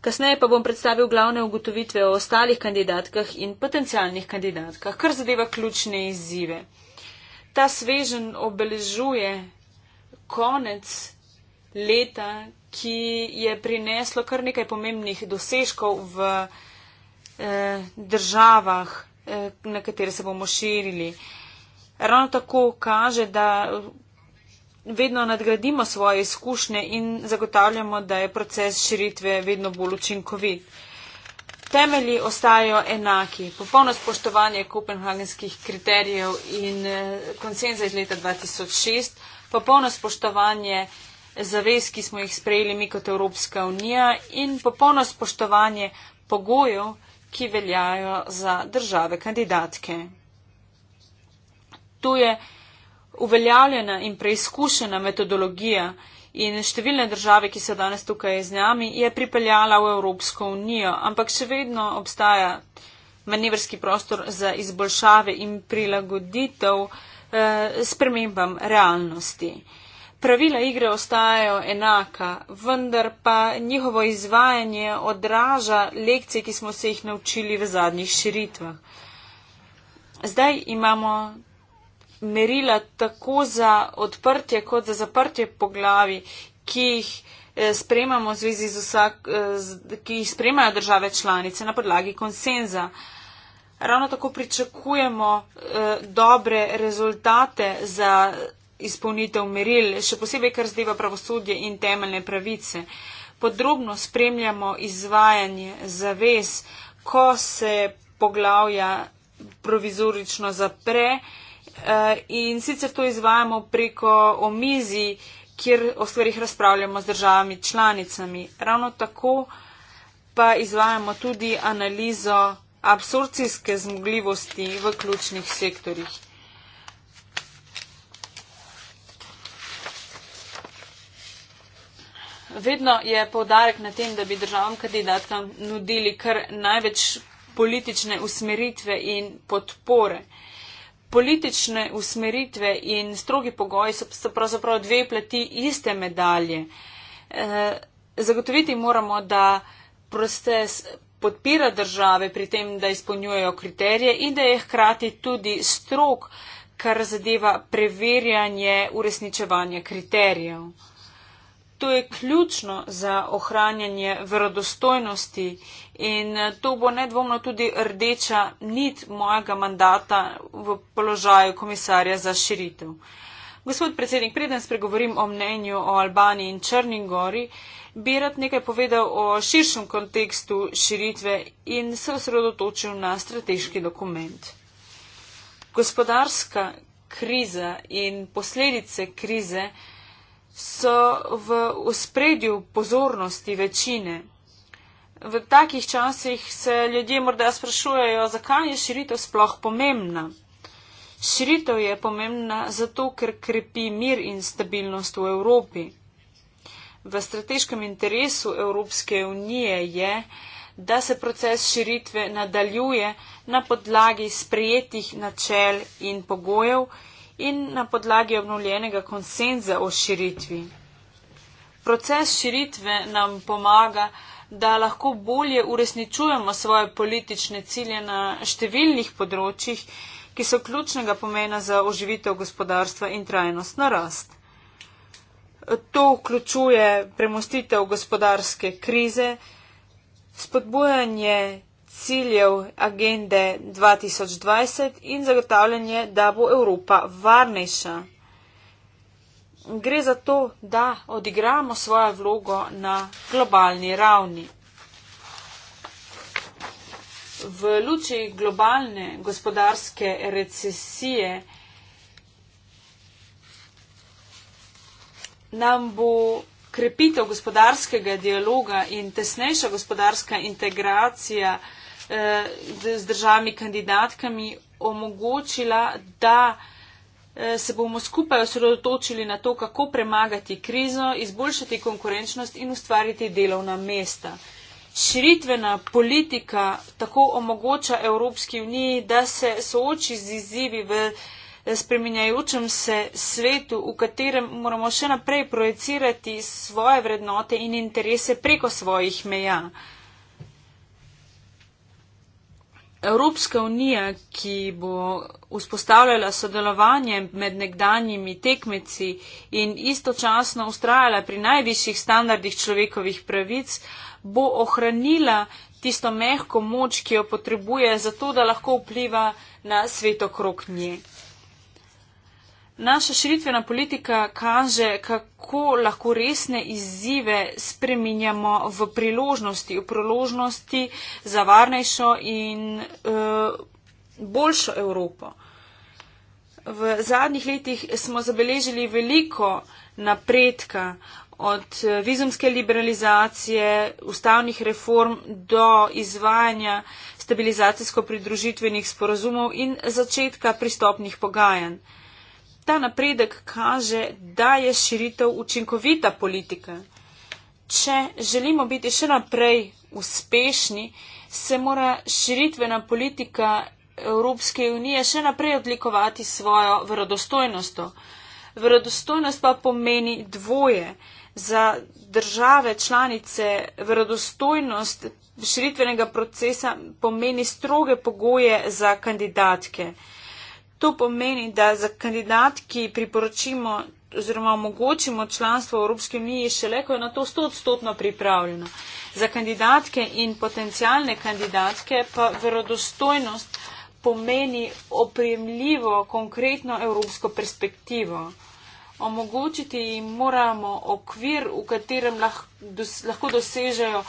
Kasneje pa bom predstavil glavne ugotovitve o ostalih kandidatkah in potencialnih kandidatkah, kar zadeva ključne izzive. Ta svežen obeležuje konec leta, ki je prineslo kar nekaj pomembnih dosežkov v eh, državah, eh, na katere se bomo širili. Ravno tako kaže, da vedno nadgradimo svoje izkušnje in zagotavljamo, da je proces širitve vedno bolj učinkovit. Temelji ostajajo enaki. Popolno spoštovanje kopenhagenskih kriterijev in eh, konsenza iz leta 2006, popolno spoštovanje zavez, ki smo jih sprejeli mi kot Evropska unija in popolno spoštovanje pogojev, ki veljajo za države kandidatke. Tu je uh, uveljavljena in preizkušena metodologija in številne države, ki so danes tukaj z nami, je pripeljala v Evropsko unijo, ampak še vedno obstaja manevrski prostor za izboljšave in prilagoditev eh, spremembam realnosti. Pravila igre ostajajo enaka, vendar pa njihovo izvajanje odraža lekcije, ki smo se jih naučili v zadnjih širitvah. Zdaj imamo merila tako za odprtje kot za zaprtje poglavi, ki jih eh, spremamo v zvezi z vsak, eh, ki jih spremajo države članice na podlagi konsenza. Ravno tako pričakujemo eh, dobre rezultate za izpolnitev meril, še posebej, kar zdeva pravosodje in temeljne pravice. Podrobno spremljamo izvajanje zavez, ko se poglavja provizorično zapre, Eh, in sicer to izvajamo preko omizij, kjer o stvarih razpravljamo z državami članicami. Ravno tako pa izvajamo tudi analizo absorpcijske zmogljivosti v ključnih sektorjih. Vedno je povdarek na tem, da bi državam kandidatkam nudili kar največ politične usmeritve in podpore politične usmeritve in strogi pogoji so, so pravzaprav dve plati iste medalje. Eh, zagotoviti moramo, da proces podpira države pri tem, da izpolnjujejo kriterije in da je hkrati tudi strok, kar zadeva preverjanje uresničevanja kriterijev. To je ključno za ohranjanje verodostojnosti In eh, to bo nedvomno tudi rdeča nit mojega mandata v položaju komisarja za širitev. Gospod predsednik, preden spregovorim o mnenju o Albaniji in Črnjegori, bi rad nekaj povedal o širšem kontekstu širitve in se osredotočil na strateški dokument. Gospodarska kriza in posledice krize so v uspredju pozornosti večine V takih časih se ljudje morda sprašujejo, zakaj je širitev sploh pomembna. Širitev je pomembna zato, ker krepi mir in stabilnost v Evropi. V strateškem interesu Evropske unije je, da se proces širitve nadaljuje na podlagi sprejetih načel in pogojev in na podlagi obnovljenega konsenza o širitvi. Proces širitve nam pomaga, da lahko bolje uresničujemo svoje politične cilje na številnih področjih, ki so ključnega pomena za oživitev gospodarstva in trajnostno rast. To vključuje premustitev gospodarske krize, spodbujanje ciljev agende 2020 in zagotavljanje, da bo Evropa varnejša gre za to, da odigramo svojo vlogo na globalni ravni. V luči globalne gospodarske recesije nam bo krepitev gospodarskega dialoga in tesnejša gospodarska integracija eh, z državami kandidatkami omogočila, da Eh, se bomo skupaj osredotočili na to, kako premagati krizo, izboljšati konkurenčnost in ustvariti delovna mesta. Širitvena politika tako omogoča Evropski uniji, da se sooči z izzivi v eh, spreminjajočem se svetu, v katerem moramo še naprej projecirati svoje vrednote in interese preko svojih meja. Evropska unija, ki bo vzpostavljala sodelovanje med nekdanjimi tekmeci in istočasno ustrajala pri najvišjih standardih človekovih pravic, bo ohranila tisto mehko moč, ki jo potrebuje za to, da lahko vpliva na svet okrog nje. Naša širitvena politika kaže, kako lahko resne izzive spreminjamo v priložnosti, v priložnosti za varnejšo in uh, boljšo Evropo. V zadnjih letih smo zabeležili veliko napredka od eh, vizumske liberalizacije, ustavnih reform do izvajanja stabilizacijsko-pridružitvenih sporazumov in začetka pristopnih pogajanj ta napredek kaže, da je širitev učinkovita politika. Če želimo biti še naprej uspešni, se mora širitvena politika Evropske unije še naprej odlikovati svojo verodostojnostjo. Verodostojnost pa pomeni dvoje. Za države članice verodostojnost širitvenega procesa pomeni stroge pogoje za kandidatke. To pomeni, da za kandidatki priporočimo oziroma omogočimo članstvo v Evropski uniji šele, ko je na to stotstotno pripravljeno. Za kandidatke in potencijalne kandidatke pa verodostojnost pomeni opremljivo, konkretno evropsko perspektivo. Omogočiti jim moramo okvir, v katerem lahko dosežejo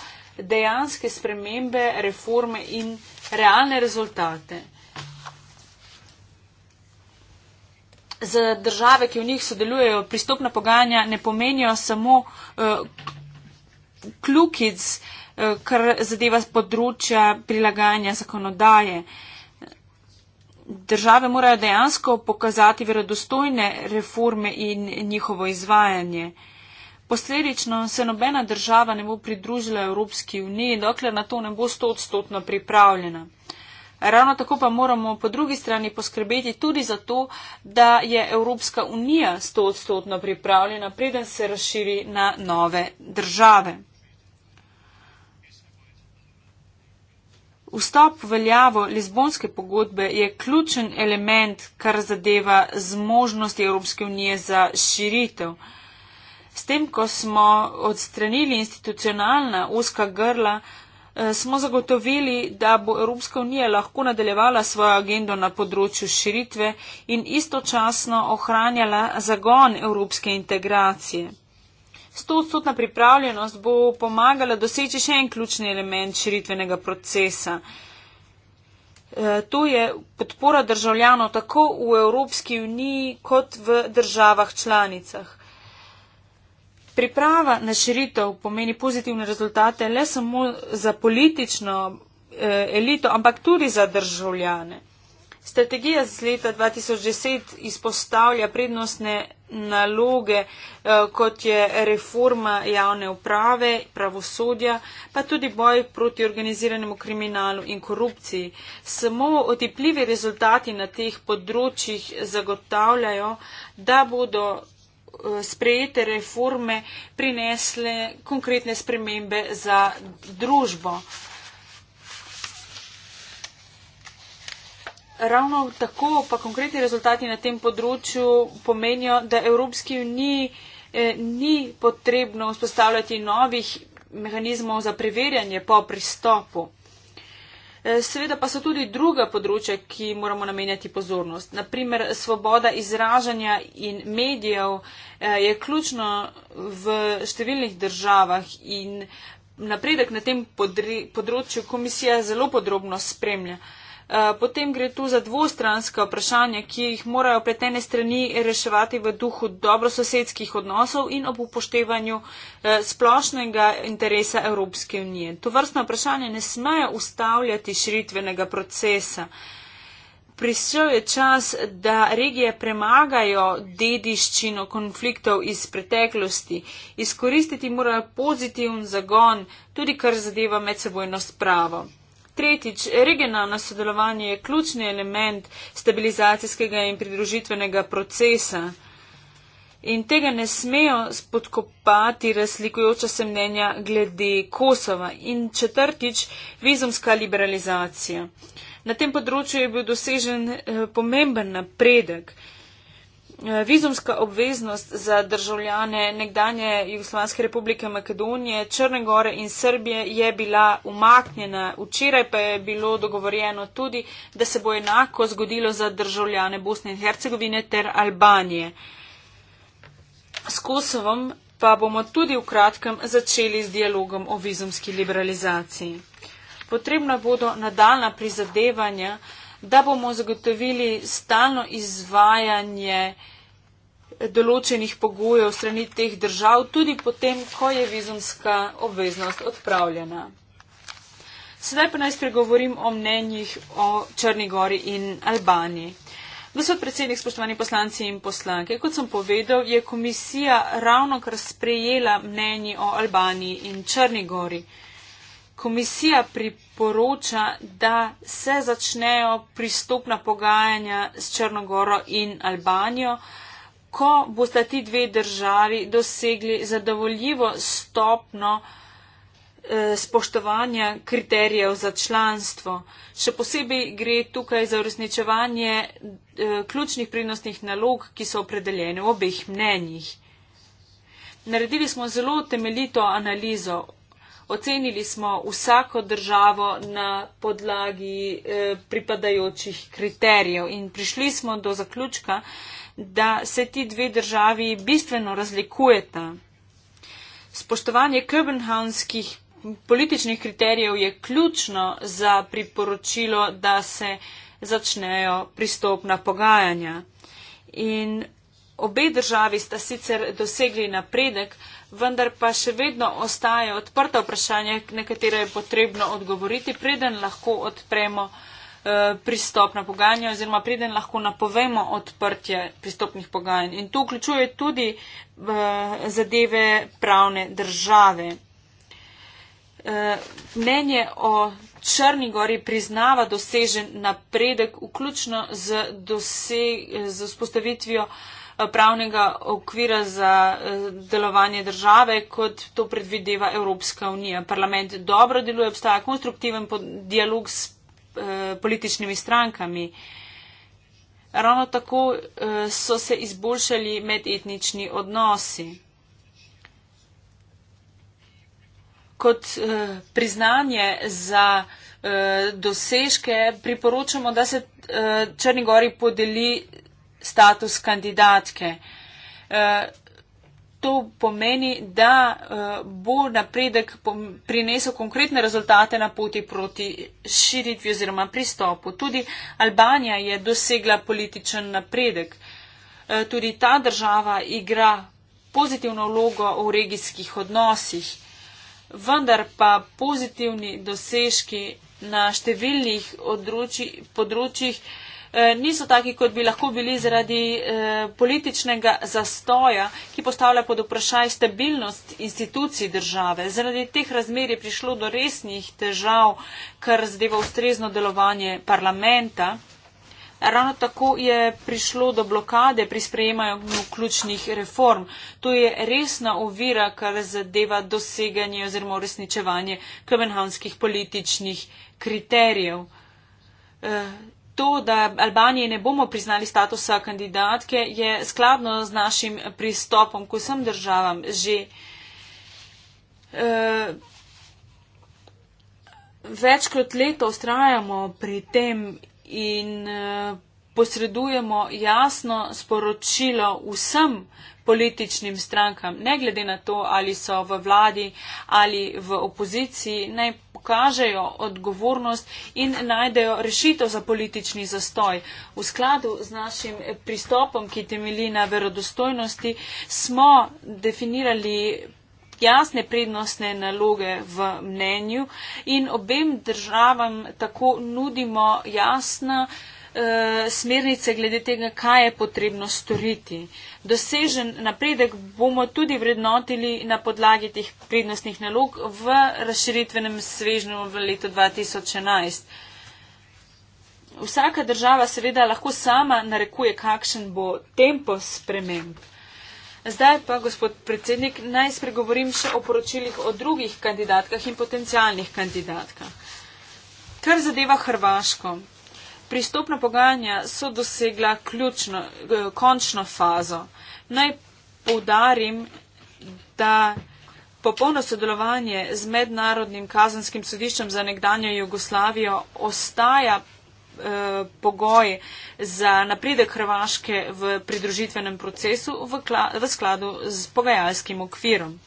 dejanske spremembe, reforme in realne rezultate. za države, ki v njih sodelujejo, pristopna pogajanja ne pomenijo samo uh, kljukic, uh, kar zadeva področja prilagajanja zakonodaje. Države morajo dejansko pokazati verodostojne reforme in njihovo izvajanje. Posledično se nobena država ne bo pridružila Evropski uniji, dokler na to ne bo stotstotno pripravljena. Ravno tako pa moramo po drugi strani poskrbeti tudi za to, da je Evropska unija stotstotno pripravljena, preden se razširi na nove države. Vstop v veljavo Lizbonske pogodbe je ključen element, kar zadeva zmožnosti Evropske unije za širitev. S tem, ko smo odstranili institucionalna oska grla, Eh, smo zagotovili, da bo Evropska unija lahko nadaljevala svojo agendo na področju širitve in istočasno ohranjala zagon evropske integracije. Stotstotna pripravljenost bo pomagala doseči še en ključni element širitvenega procesa. Eh, to je podpora državljanov tako v Evropski uniji kot v državah članicah priprava na širitev pomeni pozitivne rezultate le samo za politično eh, elito, ampak tudi za državljane. Strategija z leta 2010 izpostavlja prednostne naloge, eh, kot je reforma javne uprave, pravosodja, pa tudi boj proti organiziranemu kriminalu in korupciji. Samo otipljivi rezultati na teh področjih zagotavljajo, da bodo sprejete reforme prinesle konkretne spremembe za družbo. Ravno tako pa konkretni rezultati na tem področju pomenijo, da Evropski uniji eh, ni potrebno vzpostavljati novih mehanizmov za preverjanje po pristopu. Eh, seveda pa so tudi druga področja, ki moramo namenjati pozornost. Naprimer, svoboda izražanja in medijev eh, je ključno v številnih državah in napredek na tem področju komisija zelo podrobno spremlja. Eh, potem gre tu za dvostranska vprašanja, ki jih morajo pletene strani reševati v duhu dobrososedskih odnosov in ob upoštevanju eh, splošnega interesa Evropske unije. To vrstno vprašanje ne smejo ustavljati širitvenega procesa. Prišel je čas, da regije premagajo dediščino konfliktov iz preteklosti. Izkoristiti morajo pozitiven zagon, tudi kar zadeva medsebojno spravo. Tretjič, regionalno sodelovanje je ključni element stabilizacijskega in pridružitvenega procesa in tega ne smejo spodkopati razlikujoča se mnenja glede Kosova. In četrtič, vizumska liberalizacija. Na tem področju je bil dosežen eh, pomemben napredek vizumska obveznost za državljane nekdanje Jugoslovanske republike Makedonije, Črne gore in Srbije je bila umaknjena. Včeraj pa je bilo dogovorjeno tudi, da se bo enako zgodilo za državljane Bosne in Hercegovine ter Albanije. S Kosovom pa bomo tudi v kratkem začeli z dialogom o vizumski liberalizaciji. Potrebna bodo nadaljna prizadevanja, da bomo zagotovili stalno izvajanje določenih pogojev strani teh držav, tudi potem, ko je vizumska obveznost odpravljena. Sedaj pa naj spregovorim o mnenjih o Črni Gori in Albaniji. Gospod predsednik, spoštovani poslanci in poslanke, kot sem povedal, je komisija ravno kar sprejela mnenji o Albaniji in Črni Gori komisija priporoča, da se začnejo pristopna pogajanja s Črnogoro in Albanijo, ko bosta ti dve državi dosegli zadovoljivo stopno eh, spoštovanja kriterijev za članstvo. Še posebej gre tukaj za uresničevanje eh, ključnih prednostnih nalog, ki so opredeljene v obeh mnenjih. Naredili smo zelo temeljito analizo ocenili smo vsako državo na podlagi eh, pripadajočih kriterijev in prišli smo do zaključka, da se ti dve državi bistveno razlikujeta. Spoštovanje kobenhavnskih političnih kriterijev je ključno za priporočilo, da se začnejo pristopna pogajanja. In Obe državi sta sicer dosegli napredek, vendar pa še vedno ostaje odprta vprašanja, na katera je potrebno odgovoriti, preden lahko odpremo eh, pristop na pogajanje oziroma preden lahko napovemo odprtje pristopnih pogajanj. In to vključuje tudi eh, zadeve pravne države. Eh, mnenje o Črni gori priznava dosežen napredek, vključno z, doseg, z vzpostavitvijo uh, pravnega okvira za eh, delovanje države, kot to predvideva Evropska unija. Parlament dobro deluje, obstaja konstruktiven dialog s eh, političnimi strankami. Ravno tako eh, so se izboljšali medetnični odnosi. Kot priznanje za dosežke priporočamo, da se Črnigori podeli status kandidatke. Eh, to pomeni, da eh, bo napredek prinesel konkretne rezultate na poti proti širitvi oziroma pristopu. Tudi Albanija je dosegla političen napredek. Eh, tudi ta država igra pozitivno vlogo v regijskih odnosih. Vendar pa pozitivni dosežki na številnih področjih področji Eh, niso taki, kot bi lahko bili zaradi eh, političnega zastoja, ki postavlja pod vprašaj stabilnost institucij države. Zaradi teh razmer je prišlo do resnih težav, kar zadeva ustrezno delovanje parlamenta. Ravno tako je prišlo do blokade pri sprejemanju ključnih reform. To je resna ovira, kar zadeva doseganje oziroma uresničevanje kopenhanskih političnih kriterijev. Eh, to, da Albanije ne bomo priznali statusa kandidatke, je skladno z našim pristopom k vsem državam že uh, več kot leto ustrajamo pri tem in uh, posredujemo jasno sporočilo vsem političnim strankam, ne glede na to, ali so v vladi ali v opoziciji. Naj pokažejo odgovornost in najdejo rešitev za politični zastoj. V skladu z našim pristopom, ki temeli na verodostojnosti, smo definirali jasne prednostne naloge v mnenju in obem državam tako nudimo jasna Eh, smernice glede tega, kaj je potrebno storiti. Dosežen napredek bomo tudi vrednotili na podlagi teh prednostnih nalog v razširitvenem svežnju v letu 2011. Vsaka država seveda lahko sama narekuje, kakšen bo tempo sprememb. Zdaj pa, gospod predsednik, naj spregovorim še o poročilih o drugih kandidatkah in potencialnih kandidatkah. Kar zadeva Hrvaško, pristopna pogajanja so dosegla ključno, eh, končno fazo. Naj poudarim, da popolno sodelovanje z mednarodnim kazanskim sodiščem za nekdanjo Jugoslavijo ostaja eh, pogoj za napredek Hrvaške v pridružitvenem procesu v, v skladu z pogajalskim okvirom.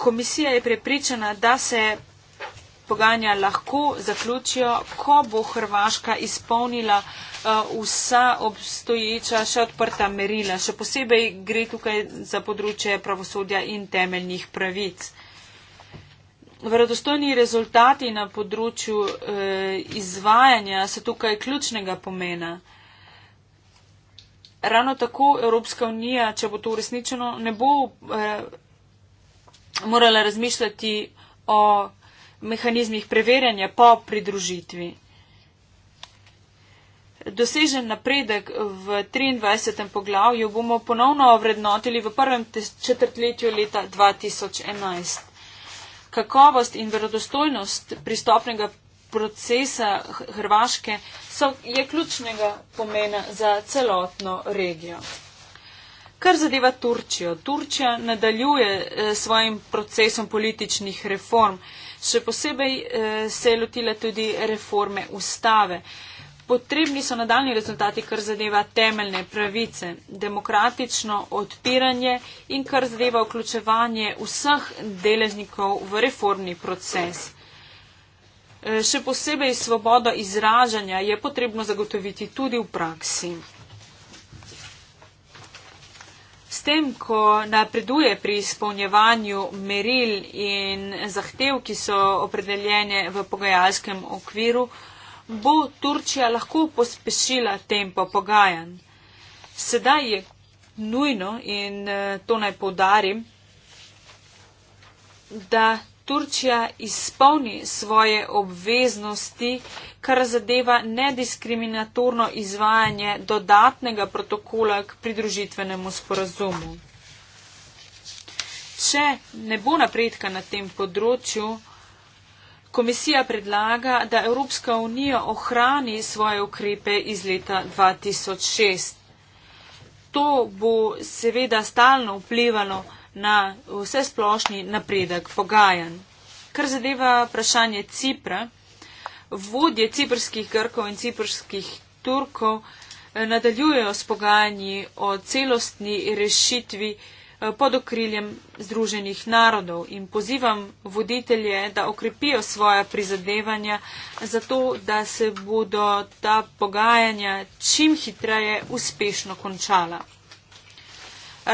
Komisija je prepričana, da se pogajanja lahko zaključijo, ko bo Hrvaška izpolnila eh, vsa obstoječa še odprta merila. Še posebej gre tukaj za področje pravosodja in temeljnih pravic. Vredostojni rezultati na področju eh, izvajanja so tukaj ključnega pomena. Ravno tako Evropska unija, če bo to uresničeno, ne bo eh, morala razmišljati o mehanizmih preverjanja po pridružitvi. Dosežen napredek v 23. poglavju bomo ponovno ovrednotili v prvem četrtletju leta 2011. Kakovost in verodostojnost pristopnega procesa Hrvaške so, je ključnega pomena za celotno regijo. Kar zadeva Turčijo. Turčija nadaljuje eh, s svojim procesom političnih reform. Še posebej eh, se je lotila tudi reforme ustave. Potrebni so nadaljni rezultati, kar zadeva temeljne pravice, demokratično odpiranje in kar zadeva vključevanje vseh deležnikov v reformni proces. Eh, še posebej svobodo izražanja je potrebno zagotoviti tudi v praksi. S tem, ko napreduje pri izpolnjevanju meril in zahtev, ki so opredeljene v pogajalskem okviru, bo Turčija lahko pospešila tempo pogajanj. Sedaj je nujno in eh, to naj povdarim, da Turčija izpolni svoje obveznosti, kar zadeva nediskriminatorno izvajanje dodatnega protokola k pridružitvenemu sporazumu. Če ne bo napredka na tem področju, komisija predlaga, da Evropska unija ohrani svoje ukrepe iz leta 2006. To bo seveda stalno vplivalo na na vse splošni napredek pogajanj. Kar zadeva vprašanje Cipra, vodje ciprskih Grkov in ciprskih Turkov eh, nadaljujejo s pogajanji o celostni rešitvi eh, pod okriljem Združenih narodov in pozivam voditelje, da okrepijo svoja prizadevanja zato, da se bodo ta pogajanja čim hitreje uspešno končala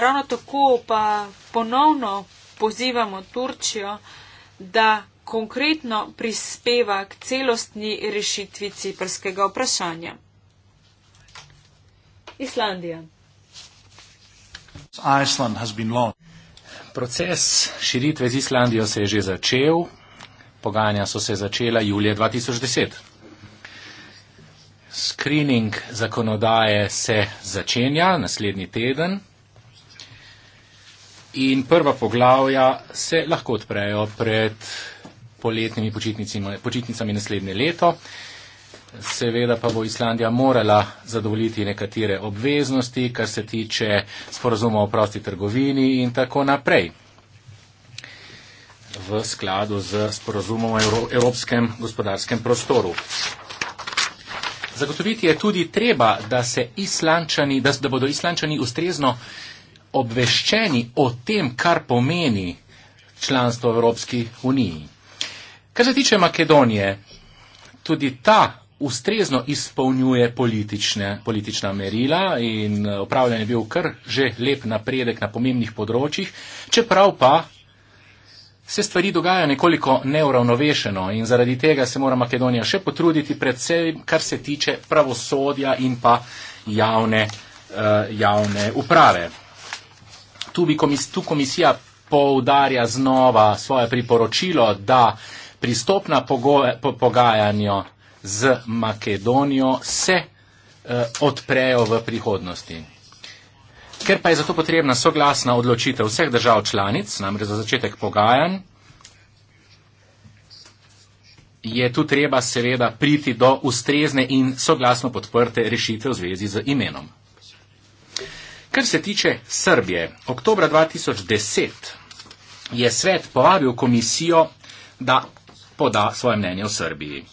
ravno tako pa ponovno pozivamo Turčijo, da konkretno prispeva k celostni rešitvi ciprskega vprašanja. Islandija. Iceland has been long. Proces širitve z Islandijo se je že začel. Pogajanja so se začela julija 2010. Screening zakonodaje se začenja naslednji teden in prva poglavja se lahko odprejo pred poletnimi počitnicami naslednje leto. Seveda pa bo Islandija morala zadovoljiti nekatere obveznosti, kar se tiče sporozuma o prosti trgovini in tako naprej v skladu z sporozumom o evropskem gospodarskem prostoru. Zagotoviti je tudi treba, da, da, da bodo islančani ustrezno obveščeni o tem, kar pomeni članstvo v Evropski uniji. Kar se tiče Makedonije, tudi ta ustrezno izpolnjuje politična merila in upravljanje eh, je bil kar že lep napredek na pomembnih področjih, čeprav pa se stvari dogajajo nekoliko neuravnovešeno in zaradi tega se mora Makedonija še potruditi predvsem, kar se tiče pravosodja in pa javne, eh, javne uprave tu, komis, tu komisija poudarja znova svoje priporočilo, da pristopna pogoje, po, pogajanja z Makedonijo se eh, odprejo v prihodnosti. Ker pa je zato potrebna soglasna odločitev vseh držav članic, namreč za začetek pogajanj, je tu treba seveda priti do ustrezne in soglasno podprte rešitev v zvezi z imenom. Kar se tiče Srbije, oktober 2010 je svet povabil komisijo, da poda svoje mnenje o Srbiji.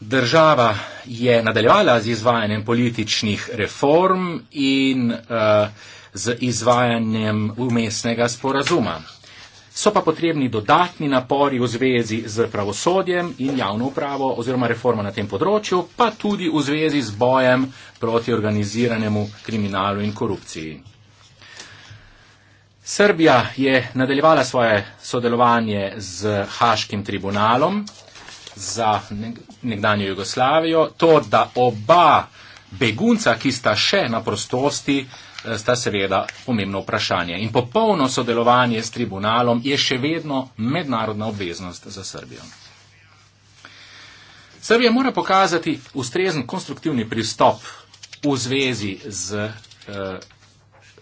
Država je nadaljevala z izvajanjem političnih reform in uh, z izvajanjem umestnega sporazuma so pa potrebni dodatni napori v zvezi z pravosodjem in javno upravo oziroma reforma na tem področju, pa tudi v zvezi z bojem proti organiziranemu kriminalu in korupciji. Srbija je nadaljevala svoje sodelovanje z Haškim tribunalom za nekdanjo Jugoslavijo. To, da oba begunca, ki sta še na prostosti, sta seveda pomembno vprašanje. In popolno sodelovanje s tribunalom je še vedno mednarodna obveznost za Srbijo. Srbija mora pokazati ustrezen konstruktivni pristop v zvezi z eh,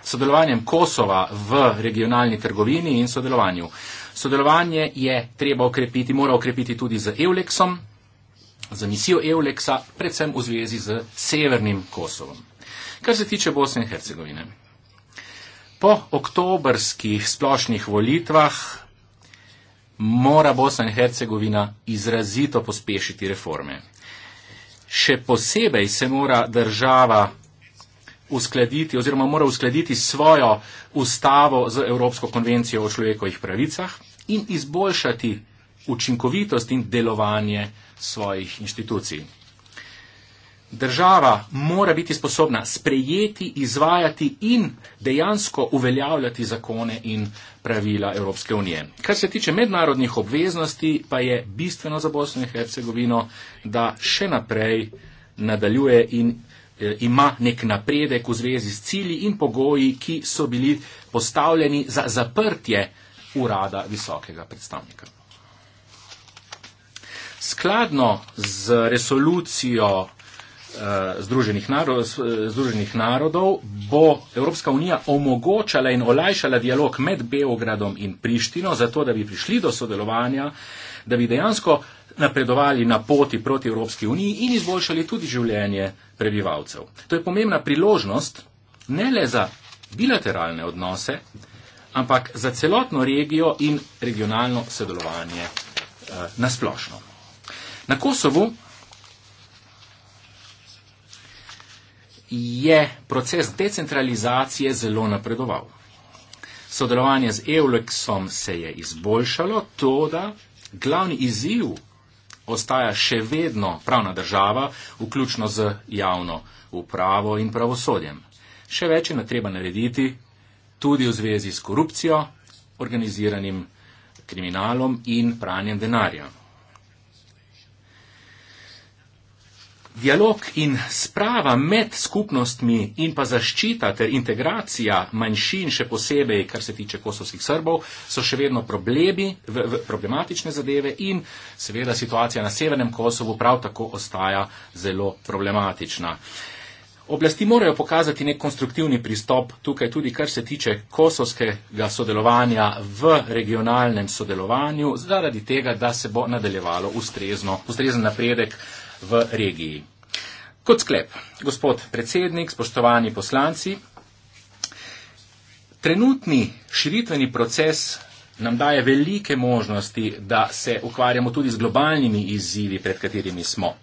sodelovanjem Kosova v regionalni trgovini in sodelovanju. Sodelovanje je treba okrepiti, mora okrepiti tudi z Euleksom, z misijo Euleksa, predvsem v zvezi z severnim Kosovom. Kar se tiče Bosne in Hercegovine. Po oktobrskih splošnih volitvah mora Bosna in Hercegovina izrazito pospešiti reforme. Še posebej se mora država uskladiti oziroma mora uskladiti svojo ustavo z Evropsko konvencijo o človekovih pravicah in izboljšati učinkovitost in delovanje svojih inštitucij. Država mora biti sposobna sprejeti, izvajati in dejansko uveljavljati zakone in pravila Evropske unije. Kar se tiče mednarodnih obveznosti, pa je bistveno za Bosno in Hercegovino, da še naprej nadaljuje in eh, ima nek napredek v zvezi s cilji in pogoji, ki so bili postavljeni za zaprtje urada visokega predstavnika. Skladno z resolucijo Eh, združenih, narod, eh, združenih narodov bo Evropska unija omogočala in olajšala dialog med Beogradom in Prištino, zato da bi prišli do sodelovanja, da bi dejansko napredovali na poti proti Evropski uniji in izboljšali tudi življenje prebivalcev. To je pomembna priložnost ne le za bilateralne odnose, ampak za celotno regijo in regionalno sodelovanje eh, nasplošno. Na Kosovu je proces decentralizacije zelo napredoval. Sodelovanje z Euleksom se je izboljšalo, to da glavni izziv ostaja še vedno pravna država, vključno z javno upravo in pravosodjem. Še več je na treba narediti tudi v zvezi s korupcijo, organiziranim kriminalom in pranjem denarja. Dialog in sprava med skupnostmi in pa zaščita ter integracija manjšin, še posebej, kar se tiče kosovskih srbov, so še vedno problemi, v, v problematične zadeve in seveda situacija na severnem Kosovu prav tako ostaja zelo problematična. Oblasti morajo pokazati nek konstruktivni pristop tukaj tudi, kar se tiče kosovskega sodelovanja v regionalnem sodelovanju, zaradi tega, da se bo nadaljevalo ustrezno, ustrezen napredek v regiji. Kot sklep, gospod predsednik, spoštovani poslanci, trenutni širitveni proces nam daje velike možnosti, da se ukvarjamo tudi z globalnimi izzivi, pred katerimi smo.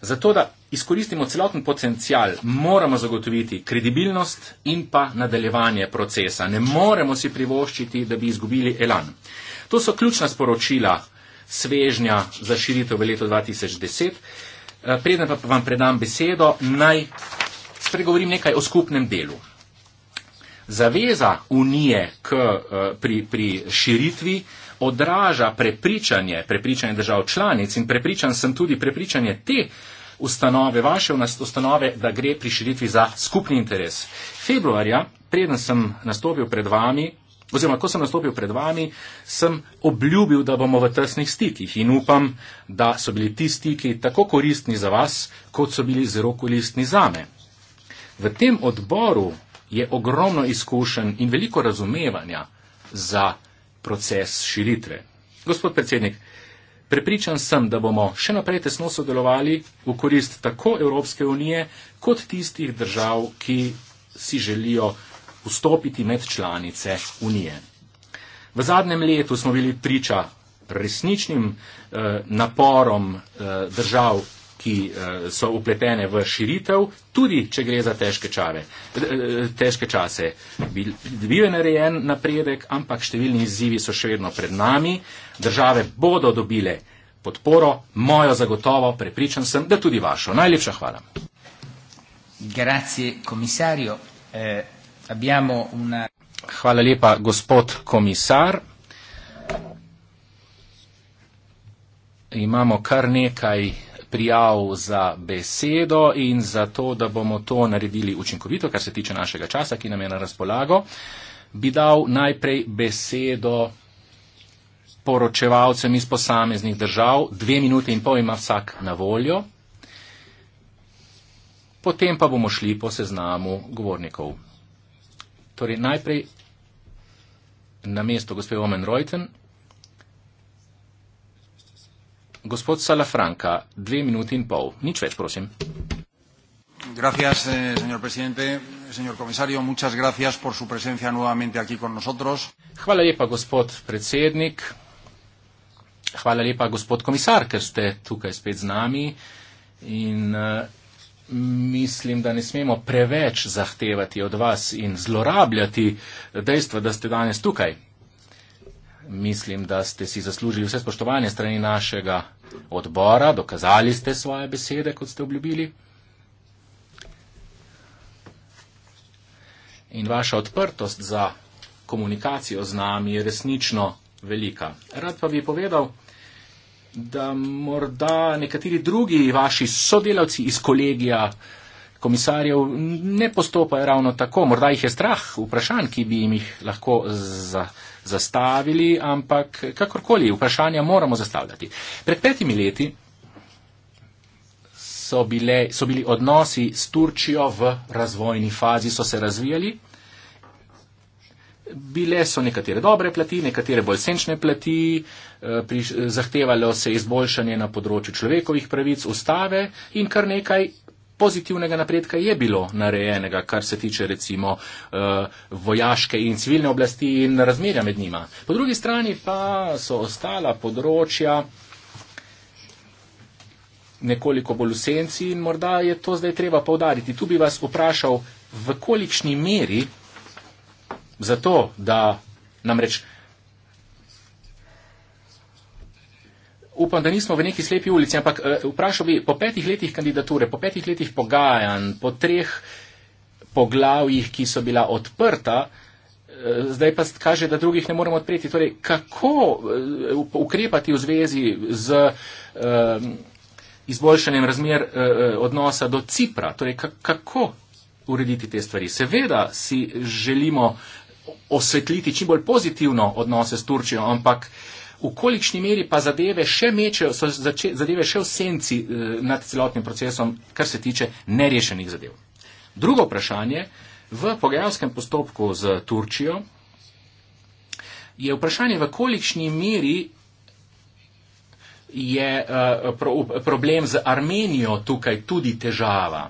Zato, da izkoristimo celoten potencial, moramo zagotoviti kredibilnost in pa nadaljevanje procesa. Ne moremo si privoščiti, da bi izgubili elan. To so ključna sporočila svežnja za širitev v letu 2010. Eh, preden pa vam predam besedo, naj spregovorim nekaj o skupnem delu. Zaveza Unije k, eh, pri, pri širitvi odraža prepričanje, prepričanje držav članic in prepričan sem tudi prepričanje te ustanove, vaše ustanove, da gre pri širitvi za skupni interes. Februarja, preden sem nastopil pred vami, oziroma ko sem nastopil pred vami, sem obljubil, da bomo v tesnih stikih in upam, da so bili ti stiki tako koristni za vas, kot so bili zelo koristni za me. V tem odboru je ogromno izkušenj in veliko razumevanja za proces širitve. Gospod predsednik, prepričan sem, da bomo še naprej tesno sodelovali v korist tako Evropske unije, kot tistih držav, ki si želijo vstopiti med članice Unije. V zadnjem letu smo bili priča resničnim eh, naporom eh, držav, ki eh, so upletene v širitev, tudi če gre za težke, čave, eh, težke čase. Bil, bil je narejen napredek, ampak številni izzivi so še vedno pred nami. Države bodo dobile podporo, mojo zagotovo, prepričan sem, da tudi vašo. Najlepša hvala. Grazie, komisarjo. Eh... Abbiamo una... Hvala lepa, gospod komisar. Imamo kar nekaj prijav za besedo in za to, da bomo to naredili učinkovito, kar se tiče našega časa, ki nam je na razpolago, bi dal najprej besedo poročevalcem iz posameznih držav, dve minute in pol ima vsak na voljo, potem pa bomo šli po seznamu govornikov. Torej, najprej na mesto gospe Omen Reuten. Gospod Salafranka, dve minuti in pol. Nič več, prosim. Gracias, eh, señor presidente. Señor comisario, muchas gracias por su presencia nuevamente aquí con nosotros. Hvala lepa, gospod predsednik. Hvala lepa, gospod komisar, ker ste tukaj spet z nami. In, eh, mislim, da ne smemo preveč zahtevati od vas in zlorabljati dejstva, da ste danes tukaj. Mislim, da ste si zaslužili vse spoštovanje strani našega odbora, dokazali ste svoje besede, kot ste obljubili. In vaša odprtost za komunikacijo z nami je resnično velika. Rad pa bi povedal, da morda nekateri drugi vaši sodelavci iz kolegija komisarjev ne postopajo ravno tako. Morda jih je strah vprašanj, ki bi jim jih lahko za, zastavili, ampak kakorkoli vprašanja moramo zastavljati. Pred petimi leti so, bile, so bili odnosi s Turčijo v razvojni fazi, so se razvijali. Bile so nekatere dobre plati, nekatere bolj senčne plati, eh, zahtevalo se je izboljšanje na področju človekovih pravic, ustave in kar nekaj pozitivnega napredka je bilo narejenega, kar se tiče recimo eh, vojaške in civilne oblasti in razmerja med njima. Po drugi strani pa so ostala področja nekoliko bolj v senci in morda je to zdaj treba povdariti. Tu bi vas vprašal, v kolikšni meri Zato, da namreč upam, da nismo v neki slepi ulici, ampak eh, vprašal bi po petih letih kandidature, po petih letih pogajanj, po treh poglavjih, ki so bila odprta, eh, zdaj pa kaže, da drugih ne moremo odpreti. Torej, kako eh, ukrepati v zvezi z izboljšanjem razmer odnosa do Cipra? Torej, kako urediti te stvari? Seveda si želimo osvetliti čim bolj pozitivno odnose s Turčijo, ampak v kolikšni meri pa zadeve še mečejo, so zače, zadeve še v senci eh, nad celotnim procesom, kar se tiče nerešenih zadev. Drugo vprašanje. V pogajalskem postopku z Turčijo je vprašanje, v kolikšni meri je uh, pro, problem z Armenijo tukaj tudi težava.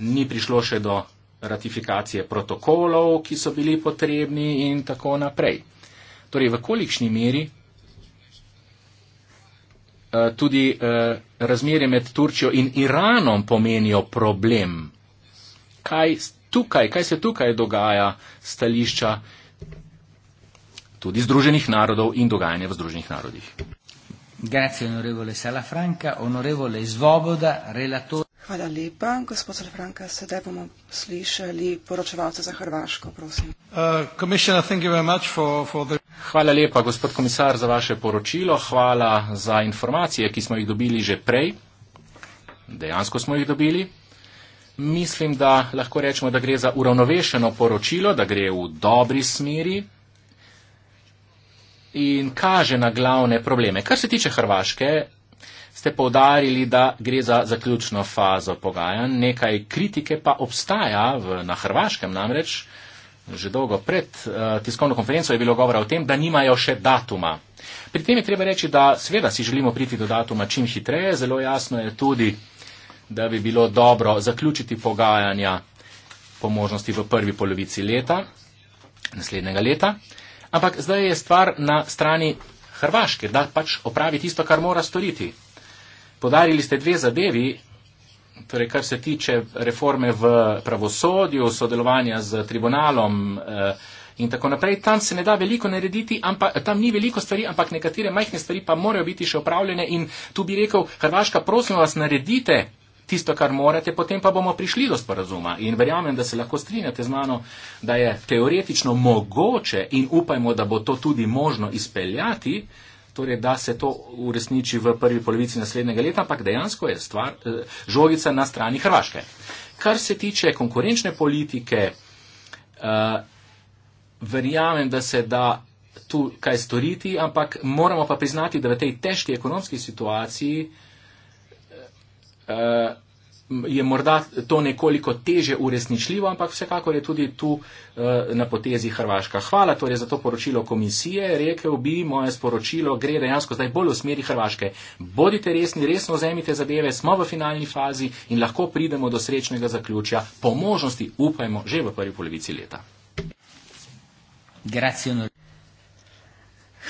Ni prišlo še do ratifikacije protokolov, ki so bili potrebni in tako naprej. Torej, v kolikšni meri eh, tudi eh, razmere med Turčjo in Iranom pomenijo problem? Kaj, tukaj, kaj se tukaj dogaja stališča tudi Združenih narodov in dogajanje v Združenih narodih? Grazie onorevole Salafranca, onorevole Svoboda, relator. Hvala lepa. Gospod Zalfranka, sedaj bomo slišali poročevalce za Hrvaško, prosim. Uh, Hvala lepa, gospod komisar, za vaše poročilo. Hvala za informacije, ki smo jih dobili že prej. Dejansko smo jih dobili. Mislim, da lahko rečemo, da gre za uravnovešeno poročilo, da gre v dobri smeri in kaže na glavne probleme. Kar se tiče Hrvaške, ste povdarili, da gre za zaključno fazo pogajanj. Nekaj kritike pa obstaja v, na Hrvaškem namreč. Že dolgo pred uh, tiskovno konferenco je bilo govora o tem, da nimajo še datuma. Pri tem je treba reči, da seveda si želimo priti do datuma čim hitreje. Zelo jasno je tudi, da bi bilo dobro zaključiti pogajanja po možnosti v prvi polovici leta, naslednjega leta. Ampak zdaj je stvar na strani Hrvaške, da pač opravi tisto, kar mora storiti. Podarili ste dve zadevi, torej kar se tiče reforme v pravosodju, sodelovanja z tribunalom eh, in tako naprej. Tam se ne da veliko narediti, ampak tam ni veliko stvari, ampak nekatere majhne stvari pa morajo biti še opravljene in tu bi rekel, Hrvaška, prosim vas, naredite tisto, kar morate, potem pa bomo prišli do sporazuma. In verjamem, da se lahko strinjate z mano, da je teoretično mogoče in upajmo, da bo to tudi možno izpeljati, torej, da se to uresniči v prvi polovici naslednjega leta, ampak dejansko je stvar, eh, žogica na strani Hrvaške. Kar se tiče konkurenčne politike, eh, verjamem, da se da tu kaj storiti, ampak moramo pa priznati, da v tej težki ekonomski situaciji. Uh, je morda to nekoliko teže uresničljivo, ampak vsekakor je tudi tu uh, na potezi Hrvaška. Hvala torej za to poročilo komisije. Rekel bi, moje sporočilo gre dejansko zdaj bolj v smeri Hrvaške. Bodite resni, resno vzemite zadeve, smo v finalni fazi in lahko pridemo do srečnega zaključja. Po možnosti upajmo že v prvi polovici leta.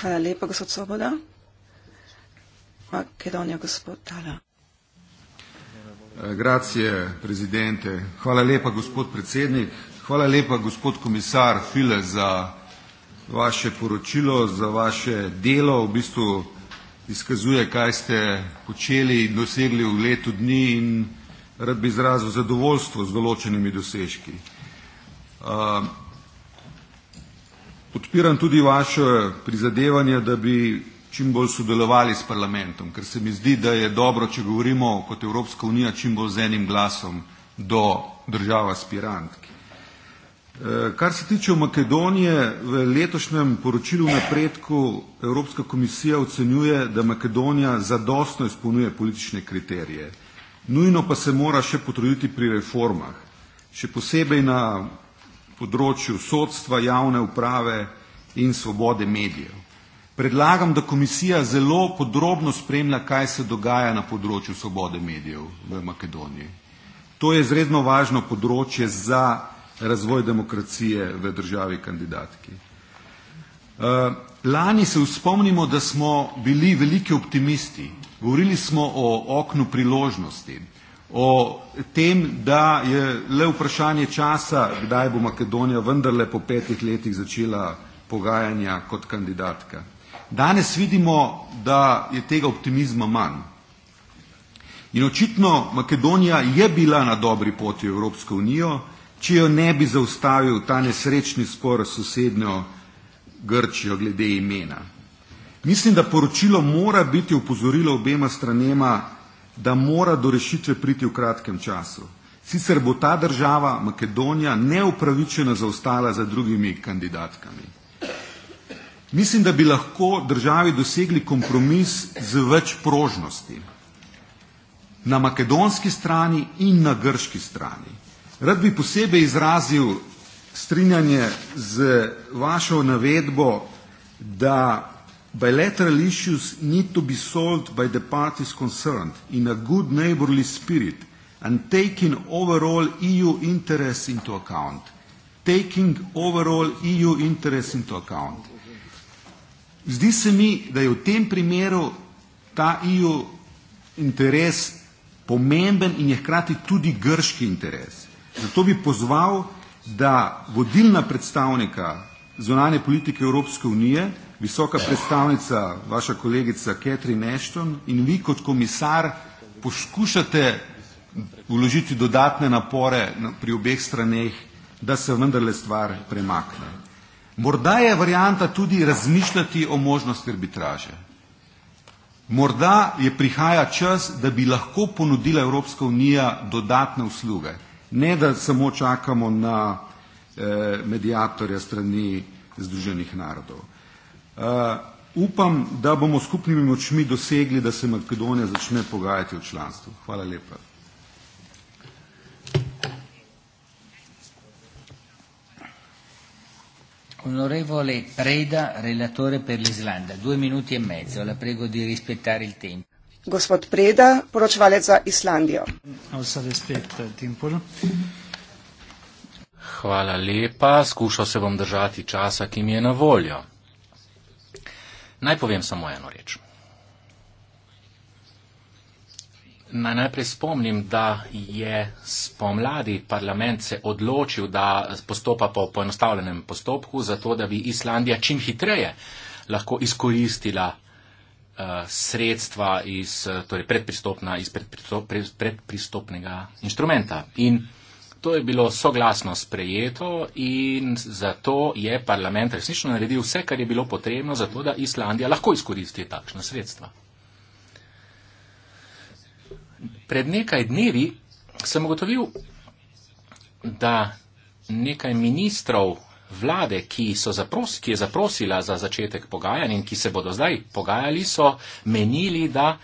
Hvala lepa, gospod Svoboda. Makedonija, gospod Tala. Eh, grazie, presidente. Hvala lepa, gospod predsednik. Hvala lepa, gospod komisar File, za vaše poročilo, za vaše delo. V bistvu izkazuje, kaj ste počeli in dosegli v letu dni in rad bi izrazil zadovoljstvo z določenimi dosežki. Eh, podpiram tudi vaše prizadevanje, da bi čim bolj sodelovali s parlamentom, ker se mi zdi, da je dobro, če govorimo kot Evropska unija, čim bolj z enim glasom do država aspirantki. E, kar se tiče Makedonije, v letošnjem poročilu napredku Evropska komisija ocenjuje, da Makedonija zadostno izpolnjuje politične kriterije. Nujno pa se mora še potruditi pri reformah, še posebej na področju sodstva, javne uprave in svobode medijev predlagam, da komisija zelo podrobno spremlja, kaj se dogaja na področju svobode medijev v Makedoniji. To je izredno važno področje za razvoj demokracije v državi kandidatki. Eh, lani se uspomnimo, da smo bili veliki optimisti. Govorili smo o oknu priložnosti, o tem, da je le vprašanje časa, kdaj bo Makedonija vendarle po petih letih začela pogajanja kot kandidatka. Danes vidimo, da je tega optimizma manj. In očitno Makedonija je bila na dobri poti v Evropsko unijo, če jo ne bi zaustavil ta nesrečni spor s sosednjo Grčijo glede imena. Mislim, da poročilo mora biti upozorilo obema stranema, da mora do rešitve priti v kratkem času. Sicer bo ta država, Makedonija, neupravičeno zaostala za drugimi kandidatkami. Mislim, da bi lahko državi dosegli kompromis z več prožnosti na makedonski strani in na grški strani. Rad bi posebej izrazil strinjanje z vašo navedbo, da bilateral issues need to be solved by the parties concerned in a good neighborly spirit and taking overall EU interests into account. Taking overall EU interests into account. Zdi se mi, da je v tem primeru ta EU interes pomemben in je hkrati tudi grški interes. Zato bi pozval, da vodilna predstavnika zunanje politike Evropske unije, visoka predstavnica, vaša kolegica Catherine Ashton in vi kot komisar poskušate vložiti dodatne napore pri obeh straneh, da se vendarle stvar premakne. Morda je varijanta tudi razmišljati o možnosti arbitraže. Morda je prihaja čas, da bi lahko ponudila Evropska unija dodatne usluge, ne da samo čakamo na eh, medijatorja strani Združenih narodov. Eh, upam, da bomo skupnimi močmi dosegli, da se Makedonija začne pogajati o članstvu. Hvala lepa. Onorevole Preda, relatore per l'Islanda, due minuti e mezzo, la prego di rispettare il tempo. Gospod Preda, poročevalec za Islandijo. Hvala lepa, skušal se bom držati časa, ki mi je na voljo. Naj povem samo eno reč. Naj najprej spomnim, da je spomladi parlament se odločil, da postopa po poenostavljenem postopku, zato da bi Islandija čim hitreje lahko izkoristila eh, sredstva iz, torej predpristopna, iz predpristopnega inštrumenta. In to je bilo soglasno sprejeto in zato je parlament resnično naredil vse, kar je bilo potrebno, zato da Islandija lahko izkoristi takšna sredstva. Pred nekaj dnevi sem ugotovil, da nekaj ministrov vlade, ki, zapros, ki je zaprosila za začetek pogajanj in ki se bodo zdaj pogajali, so menili, da,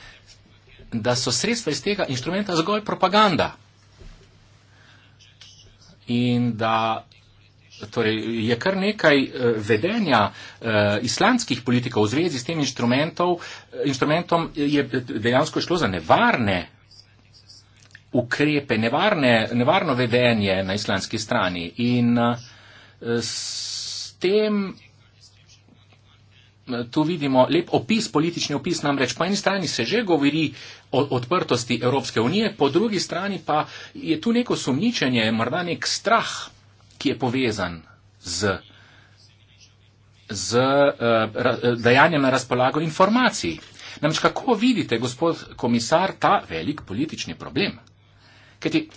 da so sredstva iz tega inštrumenta zgolj propaganda. In da torej, je kar nekaj eh, vedenja eh, islandskih politikov v zvezi s tem eh, inštrumentom, je dejansko šlo za nevarne ukrepe, nevarne, nevarno vedenje na islamski strani. In eh, s tem eh, tu vidimo lep opis, politični opis namreč. Po eni strani se že govori o odprtosti Evropske unije, po drugi strani pa je tu neko sumničenje, morda nek strah, ki je povezan z z uh, dajanjem na razpolago informacij. Namreč kako vidite, gospod komisar, ta velik politični problem? Kajti,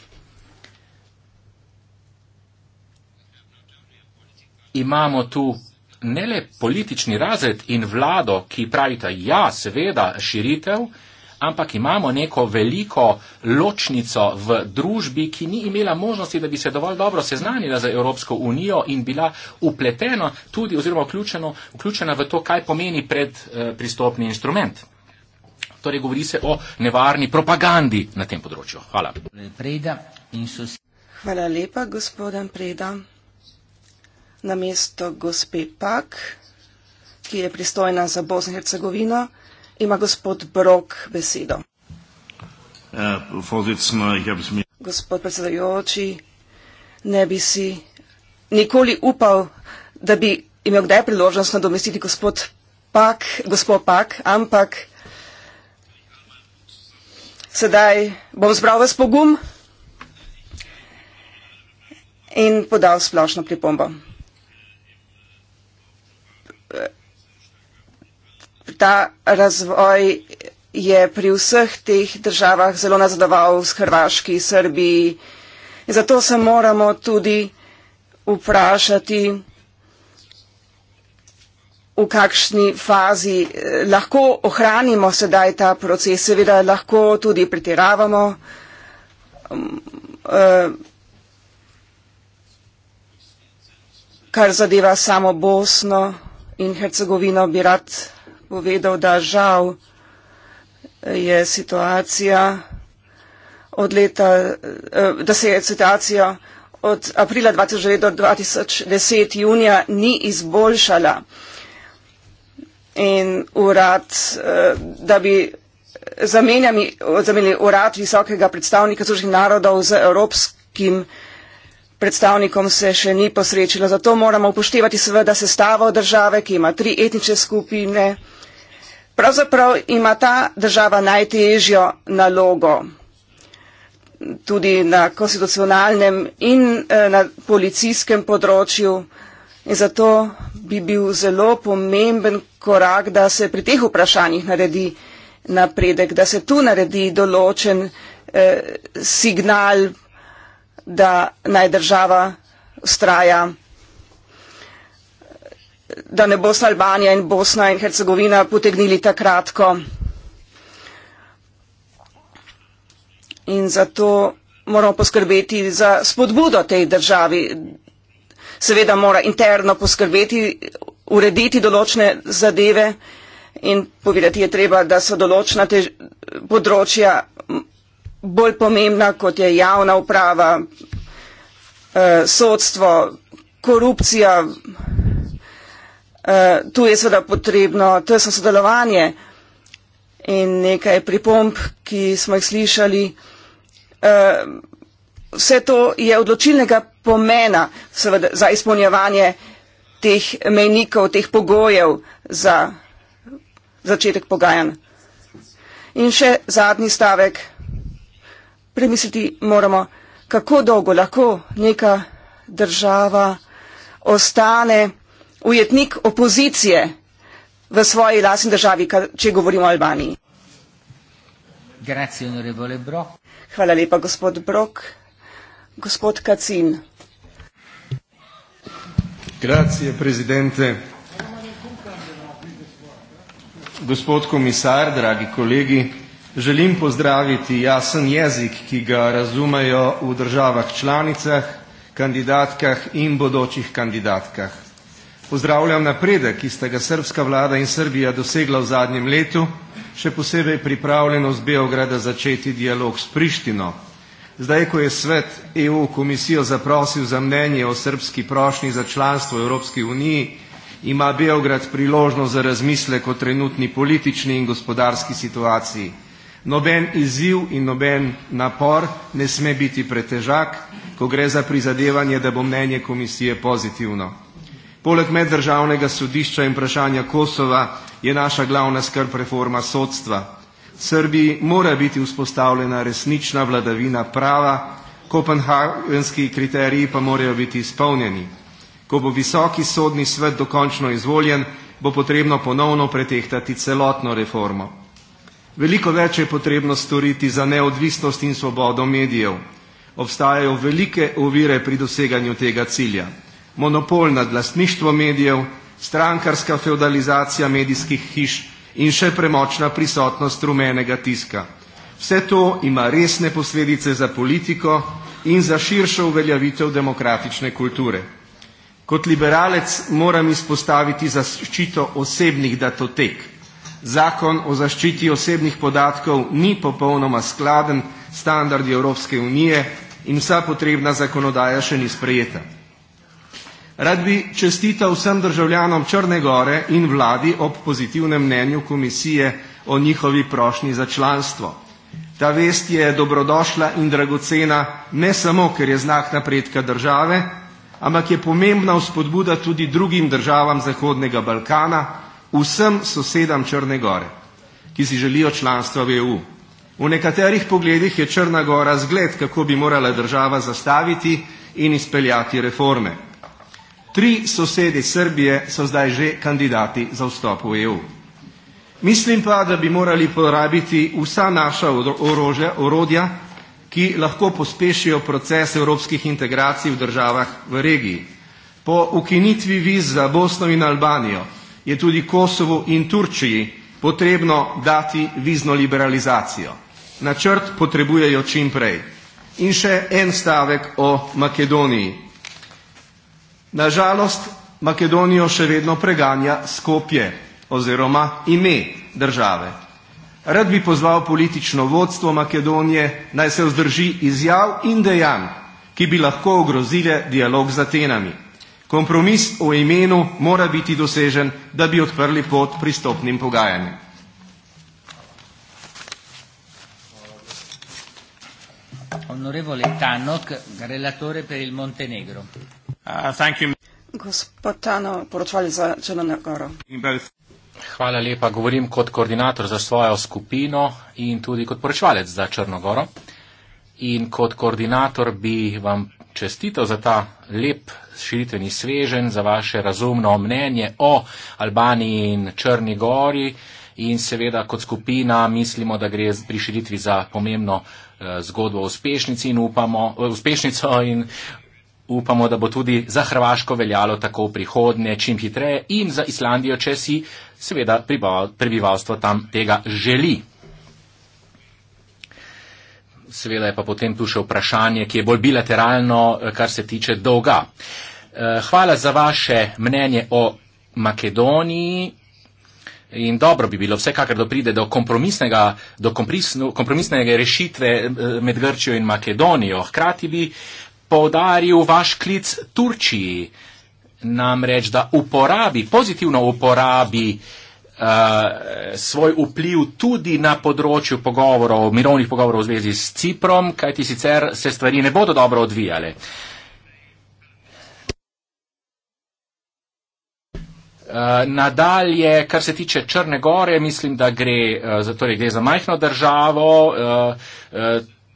imamo tu ne le politični razred in vlado, ki pravita, ja, seveda, širitev, ampak imamo neko veliko ločnico v družbi, ki ni imela možnosti, da bi se dovolj dobro seznanila z Evropsko unijo in bila upletena tudi oziroma vključena v to, kaj pomeni predpristopni eh, instrument. Torej, govori se o nevarni propagandi na tem področju. Hvala. Hvala lepa, gospodin Preda. Na mesto gospe Pak, ki je pristojna za Bosno in Hercegovino, ima gospod Brok besedo. Gospod predsedajoči, ne bi si nikoli upal, da bi imel kdaj priložnost nadomestiti gospod Pak, gospod Pak ampak Sedaj bom zbral vas pogum in podal splošno pripombo. Ta razvoj je pri vseh teh državah zelo nazadoval s Hrvaški, Srbiji. Zato se moramo tudi vprašati, v kakšni fazi eh, lahko ohranimo sedaj ta proces. Seveda lahko tudi pretiravamo. Mm, eh, kar zadeva samo Bosno in Hercegovino, bi rad povedal, da žal eh, je situacija od leta, da se je situacija od aprila 2009 do 2010 junija ni izboljšala in urad, eh, da bi zamenjali urad visokega predstavnika Združenih narodov z evropskim predstavnikom se še ni posrečilo. Zato moramo upoštevati seveda sestavo države, ki ima tri etnične skupine. Pravzaprav ima ta država najtežjo nalogo tudi na konstitucionalnem in eh, na policijskem področju in zato bi bil zelo pomemben korak, da se pri teh vprašanjih naredi napredek, da se tu naredi določen eh, signal, da naj država ustraja, da ne bo Albanija in Bosna in Hercegovina potegnili takratko. In zato moramo poskrbeti za spodbudo tej državi. Seveda mora interno poskrbeti urediti določene zadeve in povedati je treba, da so določena področja bolj pomembna, kot je javna uprava, eh, sodstvo, korupcija. Eh, tu je seveda potrebno tesno sodelovanje in nekaj pripomb, ki smo jih slišali. Eh, vse to je odločilnega pomena seveda, za izpolnjevanje teh mejnikov, teh pogojev za začetek pogajanj. In še zadnji stavek. Premisliti moramo, kako dolgo lahko neka država ostane ujetnik opozicije v svoji lasni državi, če govorimo o Albaniji. Grazie, Hvala lepa, gospod Brok. Gospod Kacin. Grazie, presidente. Gospod komisar, dragi kolegi, želim pozdraviti jasen jezik, ki ga razumejo v državah članicah, kandidatkah in bodočih kandidatkah. Pozdravljam napredek, ki sta ga srpska vlada in Srbija dosegla v zadnjem letu, še posebej pripravljenost Beograda začeti dialog s Prištino – Zdaj, ko je svet EU komisijo zaprosil za mnenje o srbski prošnji za članstvo v Evropski uniji, ima Beograd priložnost za razmislek o trenutni politični in gospodarski situaciji. Noben izziv in noben napor ne sme biti pretežak, ko gre za prizadevanje, da bo mnenje komisije pozitivno. Poleg meddržavnega sodišča in vprašanja Kosova je naša glavna skrb reforma sodstva. Srbiji mora biti vzpostavljena resnična vladavina prava, kopenhagenski kriteriji pa morajo biti izpolnjeni. Ko bo visoki sodni svet dokončno izvoljen, bo potrebno ponovno pretehtati celotno reformo. Veliko več je potrebno storiti za neodvisnost in svobodo medijev. Obstajajo velike ovire pri doseganju tega cilja. Monopol nad lastništvo medijev, strankarska feudalizacija medijskih hiš, in še premočna prisotnost rumenega tiska. Vse to ima resne posledice za politiko in za širšo uveljavitev demokratične kulture. Kot liberalec moram izpostaviti zaščito osebnih datotek. Zakon o zaščiti osebnih podatkov ni popolnoma skladen s standardi Evropske unije in vsa potrebna zakonodaja še ni sprejeta. Rad bi čestital vsem državljanom Črne Gore in vladi ob pozitivnem mnenju komisije o njihovi prošnji za članstvo. Ta vest je dobrodošla in dragocena ne samo, ker je znak napredka države, ampak je pomembna vzpodbuda tudi drugim državam Zahodnega Balkana, vsem sosedam Črne Gore, ki si želijo članstva v EU. V nekaterih pogledih je Črna Gora zgled, kako bi morala država zastaviti in izpeljati reforme. Tri sosedi Srbije so zdaj že kandidati za vstop v EU. Mislim pa, da bi morali porabiti vsa naša orožja, orodja, ki lahko pospešijo proces evropskih integracij v državah v regiji. Po ukinitvi viz za Bosno in Albanijo je tudi Kosovo in Turčiji potrebno dati vizno liberalizacijo. Načrt potrebujejo čim prej. In še en stavek o Makedoniji. Nažalost, Makedonijo še vedno preganja Skopje oziroma ime države. Rad bi pozval politično vodstvo Makedonije, naj se vzdrži izjav in dejanj, ki bi lahko ogrozile dialog z Atenami. Kompromis o imenu mora biti dosežen, da bi odprli pot pristopnim pogajanjem. Onorevole Tanok, relatore per il Montenegro. Uh, Gospod Tano, poročvali za Črno Goro. Hvala lepa, govorim kot koordinator za svojo skupino in tudi kot poročvalec za Črno Goro. In kot koordinator bi vam čestitev za ta lep širitveni svežen, za vaše razumno mnenje o Albaniji in Črni Gori. In seveda kot skupina mislimo, da gre pri širitvi za pomembno eh, zgodbo uspešnici in upamo, eh, uspešnico in upamo, da bo tudi za Hrvaško veljalo tako v prihodnje, čim hitreje in za Islandijo, če si seveda prebivalstvo tam tega želi. Seveda je pa potem tu še vprašanje, ki je bolj bilateralno, eh, kar se tiče dolga. Eh, hvala za vaše mnenje o Makedoniji. In dobro bi bilo vsekakor, da pride do, kompromisnega, do kompromisnega rešitve eh, med Grčijo in Makedonijo. Hkrati bi eh, poudaril vaš klic Turčiji, namreč da uporabi, pozitivno uporabi uh, svoj vpliv tudi na področju pogovorov, mirovnih pogovorov v zvezi s Ciprom, kajti sicer se stvari ne bodo dobro odvijale. Eh, nadalje, kar se tiče Črne gore, mislim, da gre, eh, torej gre za majhno državo,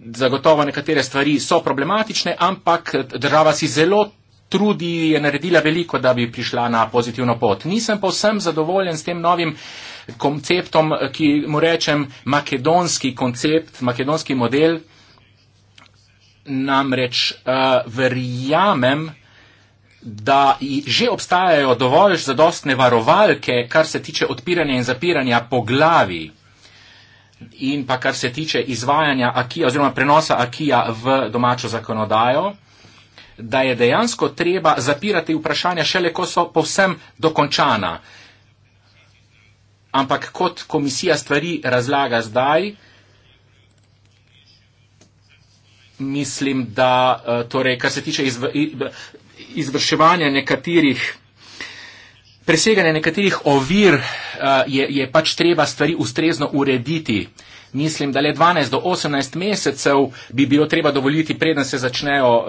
zagotovo nekatere stvari so problematične, ampak država si zelo trudi, je naredila veliko, da bi prišla na pozitivno pot. Nisem pa vsem zadovoljen s tem novim konceptom, ki mu rečem makedonski koncept, makedonski model. Namreč uh, verjamem, da že obstajajo dovolj zadostne varovalke, kar se tiče odpiranja in zapiranja po glavi in pa kar se tiče izvajanja akija oziroma prenosa akija v domačo zakonodajo, da je dejansko treba zapirati vprašanja šele, ko so povsem dokončana. Ampak kot komisija stvari razlaga zdaj, mislim, da eh, torej, kar se tiče izv izvrševanja nekaterih preseganje nekaterih ovir eh, je, je pač treba stvari ustrezno urediti. Mislim, da le 12 do 18 mesecev bi bilo treba dovoliti, preden se začnejo uh,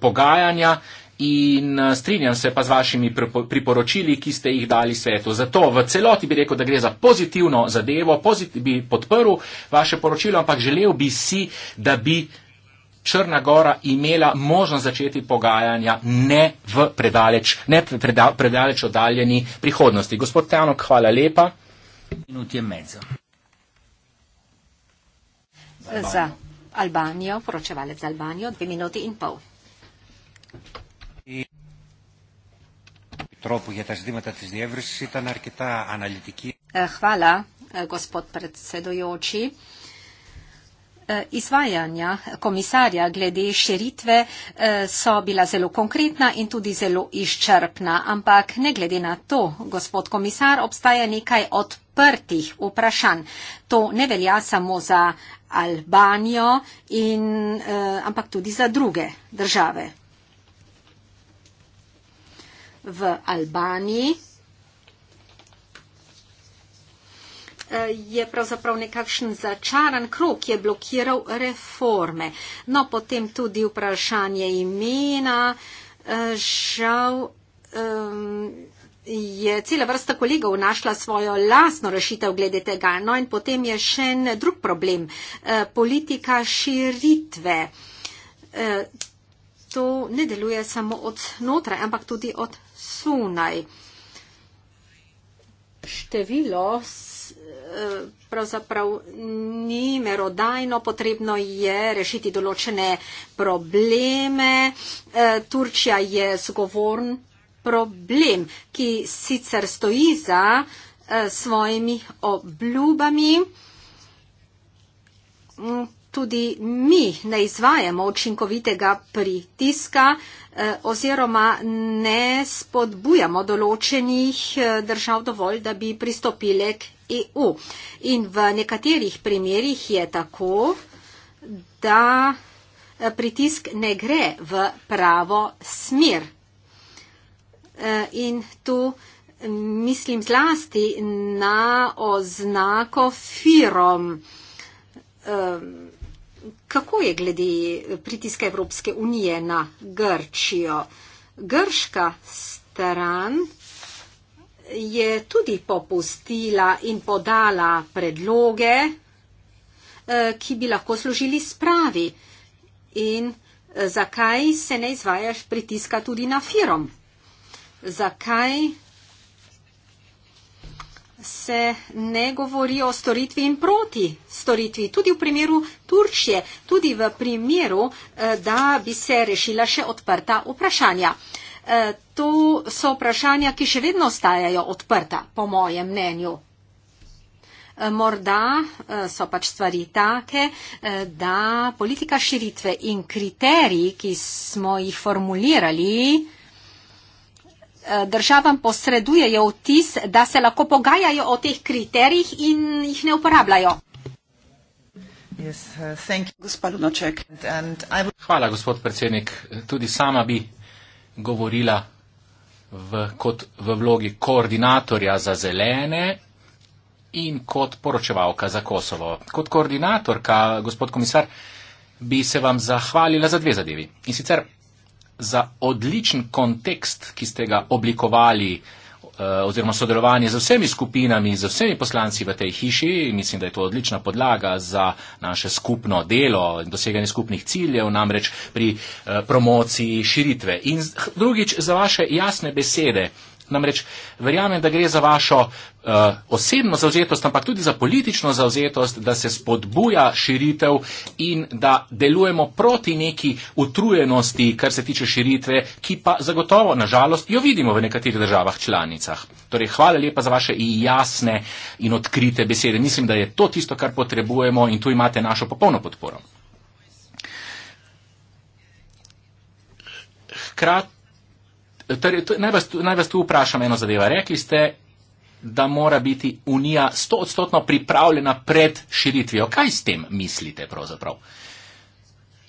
pogajanja in strinjam se pa z vašimi priporočili, ki ste jih dali svetu. Zato v celoti bi rekel, da gre za pozitivno zadevo, pozit bi podprl vaše poročilo, ampak želel bi si, da bi Črna Gora imela možnost začeti pogajanja ne v predaleč, ne preda, predaleč oddaljeni prihodnosti. Gospod Tejanok, hvala lepa. Za Albanijo, poročevalec za Albanijo, dve minuti in pol. Eh, hvala, eh, gospod predsedujoči. Eh, izvajanja komisarja glede širitve eh, so bila zelo konkretna in tudi zelo izčrpna. Ampak ne glede na to, gospod komisar, obstaja nekaj odprtih vprašanj. To ne velja samo za Albanijo, in, eh, ampak tudi za druge države. V Albaniji je pravzaprav nekakšen začaran krok, ki je blokiral reforme. No, potem tudi vprašanje imena. Eh, žal je cela vrsta kolegov našla svojo lasno rešitev glede tega. No in potem je še en drug problem. Eh, politika širitve. Eh, to ne deluje samo od znotraj, ampak tudi od sunaj. Število pravzaprav ni merodajno, potrebno je rešiti določene probleme. E, Turčija je zgovorn problem, ki sicer stoji za e, svojimi obljubami. Tudi mi ne izvajamo učinkovitega pritiska e, oziroma ne spodbujamo določenih držav dovolj, da bi pristopile k EU. In v nekaterih primerjih je tako, da eh, pritisk ne gre v pravo smer. Eh, in tu mm, mislim zlasti na oznako firom. Ehm, kako je glede pritiska Evropske unije na Grčijo? Grška stran je tudi popustila in podala predloge, eh, ki bi lahko služili spravi in eh, zakaj se ne izvajaš pritiska tudi na firom. Zakaj se ne govori o storitvi in proti storitvi, tudi v primeru Turčije, tudi v primeru, eh, da bi se rešila še odprta vprašanja. Eh, to so vprašanja, ki še vedno ostajajo odprta, po mojem mnenju. Eh, morda eh, so pač stvari take, da politika širitve in kriteriji, ki smo jih formulirali, državam posredujejo vtis, da se lahko pogajajo o teh kriterijih in jih ne uporabljajo. Uh, Hvala, gospod predsednik. Tudi sama bi govorila v, kot v vlogi koordinatorja za zelene in kot poročevalka za Kosovo. Kot koordinatorka, gospod komisar, bi se vam zahvalila za dve zadevi. In sicer za odličen kontekst, ki ste ga oblikovali Eh, oziroma sodelovanje z vsemi skupinami, z vsemi poslanci v tej hiši. Mislim, da je to odlična podlaga za naše skupno delo in doseganje skupnih ciljev, namreč pri eh, promociji širitve. In drugič, za vaše jasne besede. Namreč verjamem, da gre za vašo uh, osebno zauzetost, ampak tudi za politično zauzetost, da se spodbuja širitev in da delujemo proti neki utrujenosti, kar se tiče širitve, ki pa zagotovo, nažalost, jo vidimo v nekaterih državah članicah. Torej, hvala lepa za vaše jasne in odkrite besede. Mislim, da je to tisto, kar potrebujemo in tu imate našo popolno podporo. Hkrati Tar, torej, to, naj, vas, naj vas tu vprašam eno zadevo. Rekli ste, da mora biti Unija stotstotno pripravljena pred širitvijo. Kaj s tem mislite pravzaprav?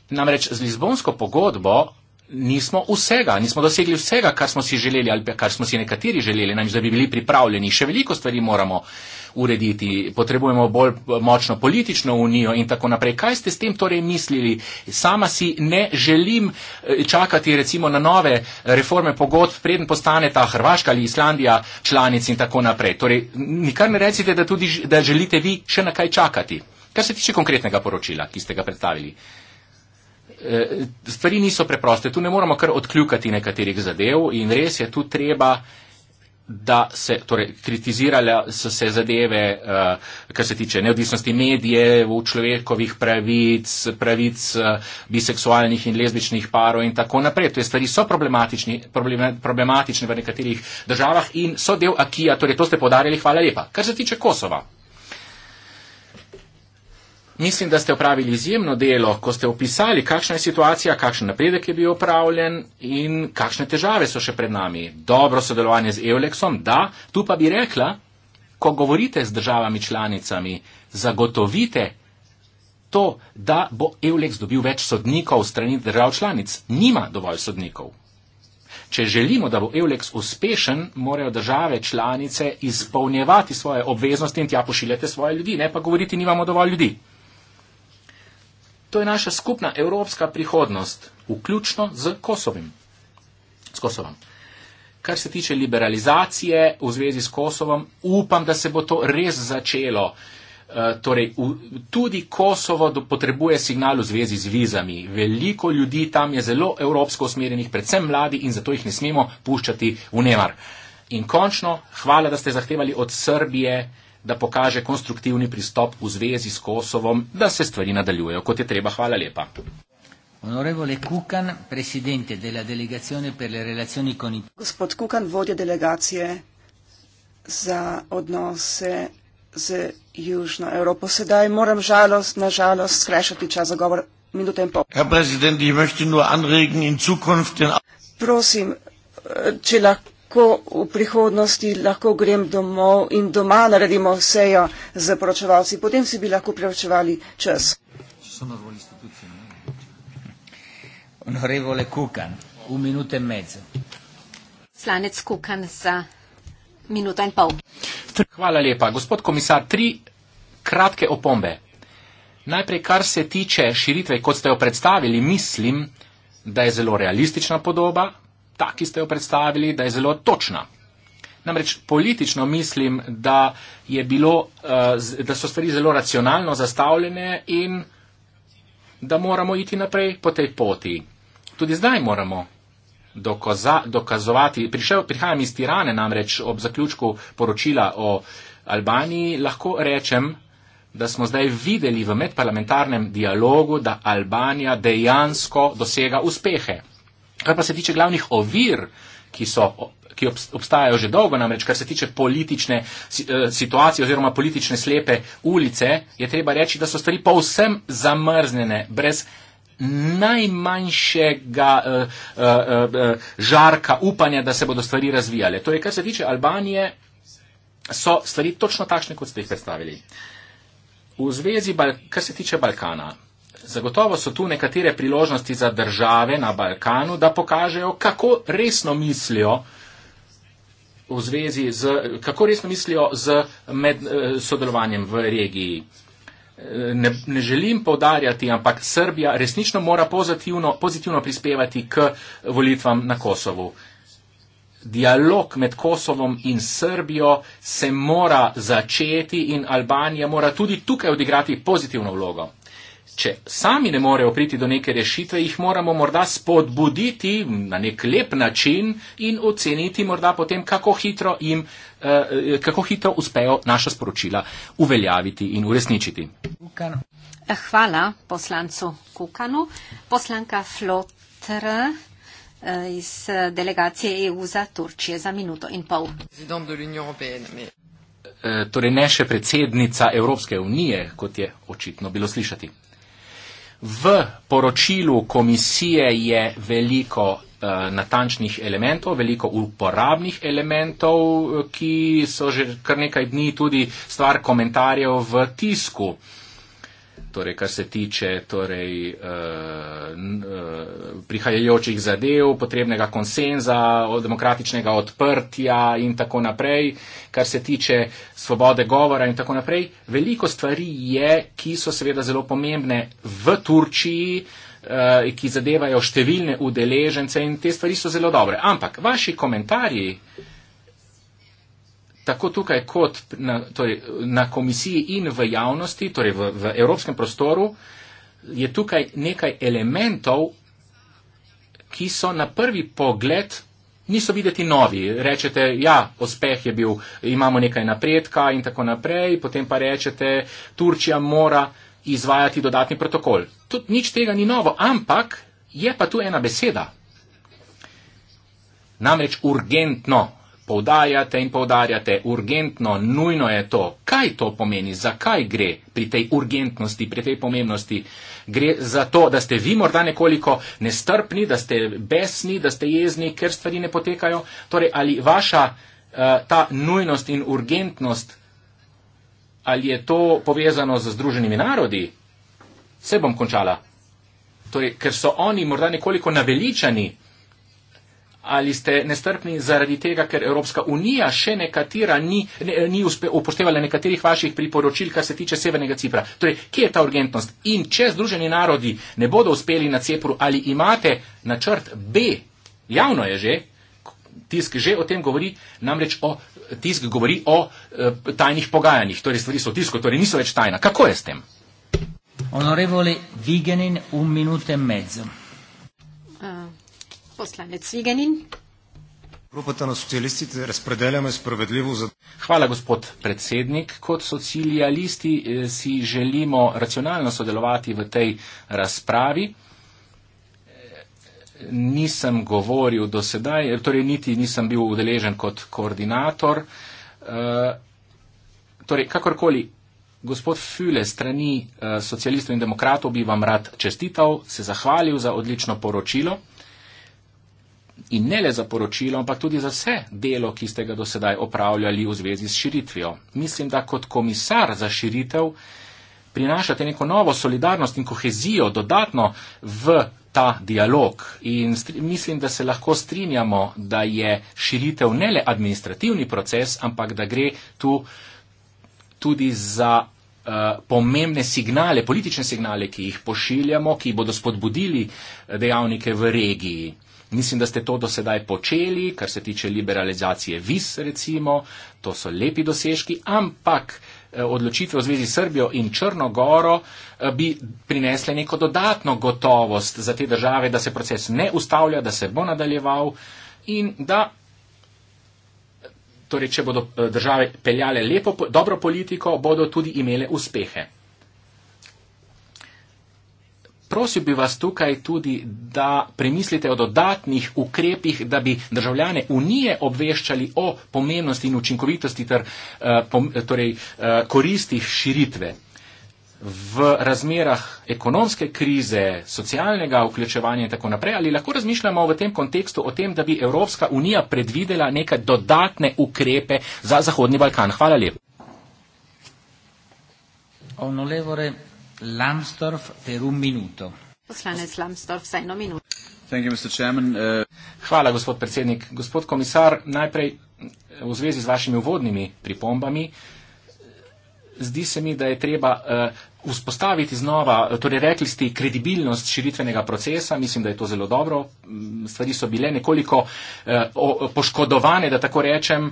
Namreč z Lizbonsko pogodbo nismo vsega, nismo dosegli vsega, kar smo si želeli ali kar smo si nekateri želeli, namreč da bi bili pripravljeni. Še veliko stvari moramo urediti, potrebujemo bolj močno politično unijo in tako naprej. Kaj ste s tem torej mislili? Sama si ne želim eh, čakati recimo na nove reforme pogodb, preden postane ta Hrvaška ali Islandija članic in tako naprej. Torej, nikar ne recite, da, tudi, da želite vi še na kaj čakati. Kar se tiče konkretnega poročila, ki ste ga predstavili. Eh, stvari niso preproste. Tu ne moramo kar odkljukati nekaterih zadev in res je tu treba da se torej, kritizirala so se zadeve, uh, kar se tiče neodvisnosti medijev, človekovih pravic, pravic uh, biseksualnih in lezbičnih parov in tako naprej. To je stvari so problematične v nekaterih državah in so del Akija, torej to ste podarili, hvala lepa. Kar se tiče Kosova. Mislim, da ste upravili izjemno delo, ko ste opisali, kakšna je situacija, kakšen napredek je bil upravljen in kakšne težave so še pred nami. Dobro sodelovanje z Eulexom, da, tu pa bi rekla, ko govorite z državami članicami, zagotovite to, da bo Eulex dobil več sodnikov strani držav članic. Nima dovolj sodnikov. Če želimo, da bo Eulex uspešen, morajo države članice izpolnjevati svoje obveznosti in tja pošiljate svoje ljudi, ne pa govoriti, nimamo dovolj ljudi. To je naša skupna evropska prihodnost, vključno z, Kosovim, z Kosovom. Kar se tiče liberalizacije v zvezi s Kosovom, upam, da se bo to res začelo. Eh, torej, tudi Kosovo potrebuje signal v zvezi z vizami. Veliko ljudi tam je zelo evropsko usmerjenih, predvsem mladi in zato jih ne smemo puščati v nemar. In končno, hvala, da ste zahtevali od Srbije, da pokaže konstruktivni pristop v zvezi s Kosovom, da se stvari nadaljujejo, kot je treba. Hvala lepa. Onorevole Kukan, presidente della delegazione per le relazioni con i... Gospod Kukan, vodja delegacije za odnose z Južno Evropo. Sedaj moram žalost, na žalost skrajšati čas za govor minuto in pol. Herr Präsident, ich möchte nur anregen in Zukunft den... Prosim, eh, če lahko lahko v prihodnosti lahko grem domov in doma naredimo sejo z poročevalci. Potem si bi lahko preučevali čas. Onorevole Kukan, v minute medze. Slanec Kukan za minuto in pol. Hvala lepa. Gospod komisar, tri kratke opombe. Najprej, kar se tiče širitve, kot ste jo predstavili, mislim, da je zelo realistična podoba, ta, ki ste jo predstavili, da je zelo točna. Namreč politično mislim, da, bilo, eh, da so stvari zelo racionalno zastavljene in da moramo iti naprej po tej poti. Tudi zdaj moramo dokoza, dokazovati. Prišel, prihajam iz Tirane, namreč ob zaključku poročila o Albaniji lahko rečem, da smo zdaj videli v medparlamentarnem dialogu, da Albanija dejansko dosega uspehe. Kar pa se tiče glavnih ovir, ki, so, ki obstajajo že dolgo, namreč kar se tiče politične eh, situacije oziroma politične slepe ulice, je treba reči, da so stvari povsem zamrznjene, brez najmanjšega uh, uh, uh, žarka upanja, da se bodo stvari razvijale. To torej, je, kar se tiče Albanije, so stvari točno takšne, kot ste jih predstavili. V zvezi, kar se tiče Balkana, Zagotovo so tu nekatere priložnosti za države na Balkanu, da pokažejo, kako resno mislijo v zvezi z, kako resno mislijo z med, eh, sodelovanjem v regiji. Eh, ne, ne želim povdarjati, ampak Srbija resnično mora pozitivno, pozitivno prispevati k volitvam na Kosovu. Dialog med Kosovom in Srbijo se mora začeti in Albanija mora tudi tukaj odigrati pozitivno vlogo. Če sami ne morejo priti do neke rešitve, jih moramo morda spodbuditi na nek lep način in oceniti morda potem, kako hitro, jim, eh, kako hitro uspejo naša sporočila uveljaviti in uresničiti. Eh, hvala poslancu Kukanu. Poslanka Flotr eh, iz delegacije EU za Turčijo za minuto in pol. Torej ne še predsednica Evropske unije, kot je očitno bilo slišati. V poročilu komisije je veliko uh, natančnih elementov, veliko uporabnih elementov, eh, ki so že kar nekaj dni tudi stvar komentarjev v tisku. Uh, torej, kar se tiče torej, uh, prihajajočih zadev, potrebnega konsenza, demokratičnega odprtja in tako naprej, kar se tiče svobode govora in tako naprej. Veliko stvari je, ki so seveda zelo pomembne v Turčiji, uh, ki zadevajo številne udeležence in te stvari so zelo dobre. Ampak vaši komentarji. Uh, tako tukaj kot na, torej, na komisiji in v javnosti, torej v, v evropskem prostoru, je tukaj nekaj elementov, ki so na prvi pogled niso videti novi. Rečete, ja, uspeh je bil, imamo nekaj napredka in tako naprej, potem pa rečete, Turčija mora izvajati dodatni protokol. Tudi nič tega ni novo, ampak je pa tu ena beseda. Namreč urgentno, poudarjate in poudarjate, urgentno, nujno je to. Kaj to pomeni, zakaj gre pri tej urgentnosti, pri tej pomembnosti? Gre za to, da ste vi morda nekoliko nestrpni, da ste besni, da ste jezni, ker stvari ne potekajo. Torej, ali vaša eh, ta nujnost in urgentnost, ali je to povezano z Združenimi narodi? Se bom končala. Torej, ker so oni morda nekoliko naveličani ali ste nestrpni zaradi tega, ker Evropska unija še nekatera ni, ne, ni uspe, upoštevala nekaterih vaših priporočil, kar se tiče Severnega Cipra. Torej, kje je ta urgentnost? In če Združeni narodi ne bodo uspeli na Cipru, ali imate načrt B, javno je že, tisk že o tem govori, namreč o, tisk govori o e, tajnih pogajanjih, torej stvari so v tisku, torej niso več tajna. Kako je s tem? Onorevole Vigenin, un minute mezzo. Uh. Poslanec Sviganin. Grupata na socialistite razpredeljamo spravedljivo za. Hvala, gospod predsednik. Kot socialisti eh, si želimo racionalno sodelovati v tej razpravi. Eh, nisem govoril do sedaj, eh, torej niti nisem bil udeležen kot koordinator. Torej, kakorkoli, gospod Füle, strani socialistov in demokratov bi vam rad čestital, se zahvalil za odlično poročilo in ne le za poročilo, ampak tudi za vse delo, ki ste ga dosedaj opravljali v zvezi s širitvijo. Mislim, da kot komisar za širitev prinašate neko novo solidarnost in kohezijo dodatno v ta dialog. In mislim, da se lahko strinjamo, da je širitev ne le administrativni proces, ampak da gre tu tudi za uh, pomembne signale, politične signale, ki jih pošiljamo, ki bodo spodbudili eh, dejavnike v regiji. Mislim, da ste to do sedaj počeli, kar se tiče liberalizacije viz, recimo, to so lepi dosežki, ampak eh, odločitve v zvezi s Srbijo in Črnogoro eh, bi prinesle neko dodatno gotovost za te države, da se proces ne ustavlja, da se bo nadaljeval in da. Torej, če bodo eh, države peljale lepo, dobro politiko, bodo tudi imele uspehe prosil bi vas tukaj tudi, da premislite o dodatnih ukrepih, da bi državljane Unije obveščali o pomembnosti in učinkovitosti ter eh, torej, eh, koristih širitve. V razmerah ekonomske krize, socialnega vključevanja in tako naprej, ali lahko razmišljamo v tem kontekstu o tem, da bi Evropska unija predvidela neke dodatne ukrepe za Zahodni Balkan? Hvala lepa. Lambsdorff per un minuto. Poslanec Lambsdorff za eno minuto. Thank you, Chairman, uh... Hvala, gospod predsednik. Gospod komisar, najprej eh, v zvezi z vašimi uvodnimi pripombami. Zdi se mi, da je treba uh, vzpostaviti znova, torej rekli ste, kredibilnost širitvenega procesa. Mislim, da je to zelo dobro. Mm, stvari so bile nekoliko uh, poškodovane, da tako rečem.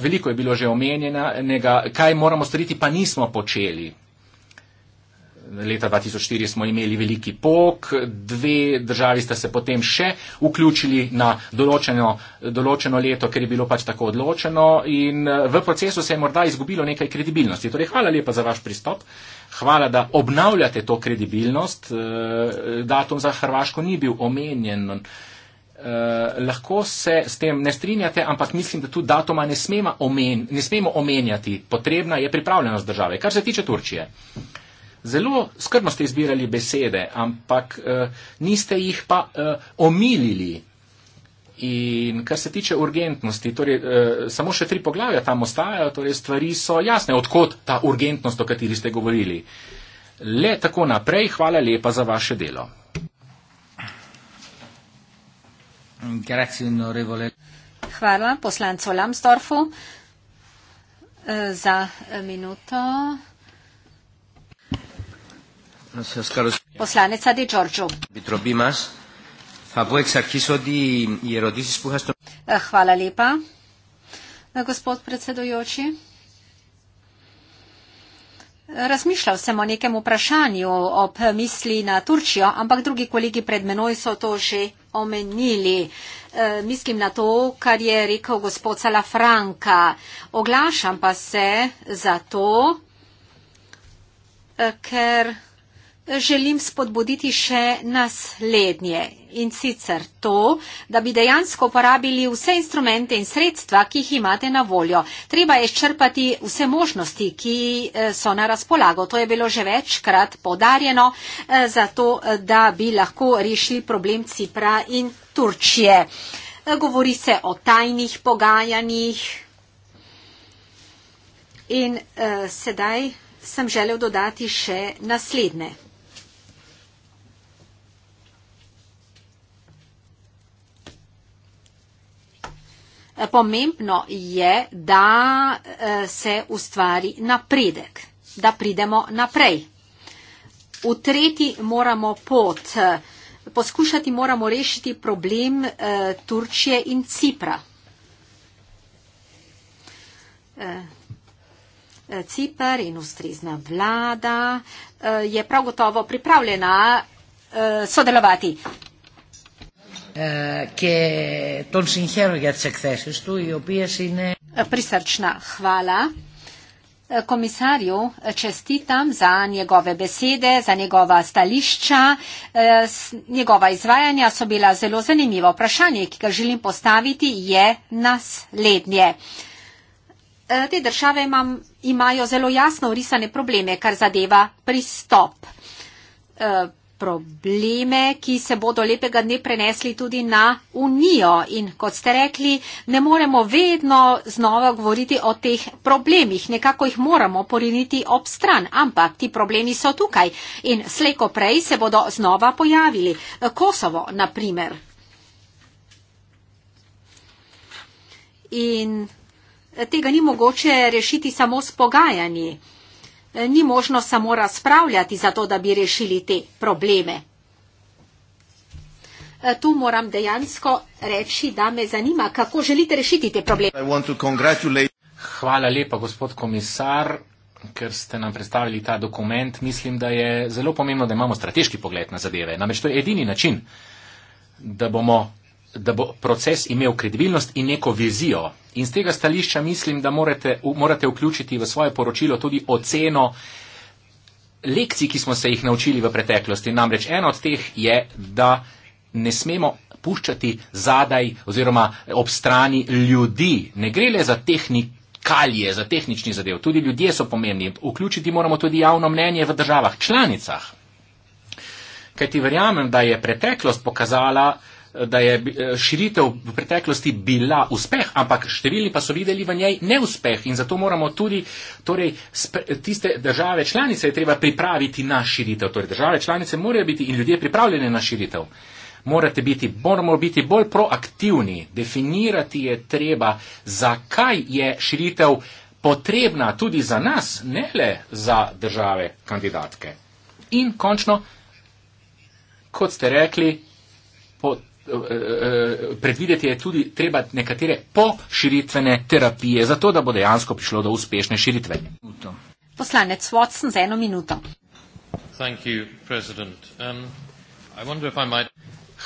Veliko je bilo že omenjenega, kaj moramo storiti, pa nismo počeli leta 2004 smo imeli veliki pok, dve državi sta se potem še vključili na določeno, določeno leto, ker je bilo pač tako odločeno in eh, v procesu se je morda izgubilo nekaj kredibilnosti. Torej, hvala lepa za vaš pristop. Hvala, da obnavljate to kredibilnost. Eh, datum za Hrvaško ni bil omenjen. Eh, lahko se s tem ne strinjate, ampak mislim, da tu datuma ne, omen, ne smemo omenjati. Potrebna je pripravljenost države. Kar se tiče Turčije. Uh, Zelo skrbno ste izbirali besede, ampak uh, niste jih pa uh, omilili. In kar se tiče urgentnosti, torej, uh, samo še tri poglavja tam ostajajo, torej stvari so jasne, odkot ta urgentnost, o kateri ste govorili. Le tako naprej, hvala lepa za vaše delo. Grazie, hvala poslancu Lamstorfu uh, za minuto. Poslanec Adi Đorđu. Hvala lepa, gospod predsedojoči. Razmišljal sem o nekem vprašanju ob misli na Turčijo, ampak drugi kolegi pred menoj so to že omenili. E, mislim na to, kar je rekel gospod Salafranka. Oglašam pa se zato, e, ker želim spodbuditi še naslednje in sicer to, da bi dejansko uporabili vse instrumente in sredstva, ki jih imate na voljo. Treba je izčrpati vse možnosti, ki eh, so na razpolago. To je bilo že večkrat podarjeno, eh, zato eh, da bi lahko rešili problem Cipra in Turčije. Govori se o tajnih pogajanjih. In uh, sedaj sem želel dodati še naslednje. pomembno je, da eh, se ustvari napredek, da pridemo naprej. Utreti moramo pot, eh, poskušati moramo rešiti problem eh, Turčije in Cipra. Cipr in ustrezna vlada je prav gotovo pripravljena sodelovati και τον συγχαίρω για τις εκθέσεις του, οι οποίες είναι... Πρισερτσνα, χβάλα. Komisarju čestitam za njegove besede, za njegova stališča. Njegova izvajanja so bila zelo zanimiva. Vprašanje, ki ga želim postaviti, je naslednje. E, te države imam, imajo zelo jasno urisane probleme, kar zadeva pristop. E, probleme, ki se bodo lepega dne prenesli tudi na Unijo. In kot ste rekli, ne moremo vedno znova govoriti o teh problemih, nekako jih moramo poriniti ob stran, ampak ti problemi so tukaj in slejko prej se bodo znova pojavili. Kosovo, na primer. In tega ni mogoče rešiti samo s pogajanji. Eh, ni možno samo razpravljati za to, da bi rešili te probleme. Eh, tu moram dejansko reči, da me zanima, kako želite rešiti te probleme. Hvala lepa, gospod komisar, ker ste nam predstavili ta dokument. Mislim, da je zelo pomembno, da imamo strateški pogled na zadeve. Namreč to je edini način, da bomo da bo proces imel kredibilnost in neko vizijo. In z tega stališča mislim, da morate, morate vključiti v svoje poročilo tudi oceno lekcij, ki smo se jih naučili v preteklosti. Namreč ena od teh je, da ne smemo puščati zadaj oziroma ob strani ljudi. Ne gre le za tehnikalje, za tehnični zadev. Tudi ljudje so pomembni. Vključiti moramo tudi javno mnenje v državah članicah. Kajti verjamem, da je preteklost pokazala, da je eh, širitev v preteklosti bila uspeh, ampak številni pa so videli v njej neuspeh in zato moramo tudi torej, tiste države članice pripraviti na širitev. Torej, države članice morajo biti in ljudje pripravljeni na širitev. Morate biti, moramo biti bolj proaktivni, definirati je treba, zakaj je širitev potrebna tudi za nas, ne le za države kandidatke. In končno, kot ste rekli, predvideti je tudi treba nekatere poširitvene terapije, zato da bo dejansko prišlo do uspešne širitve. Poslanec Watson za eno minuto. You, um, might...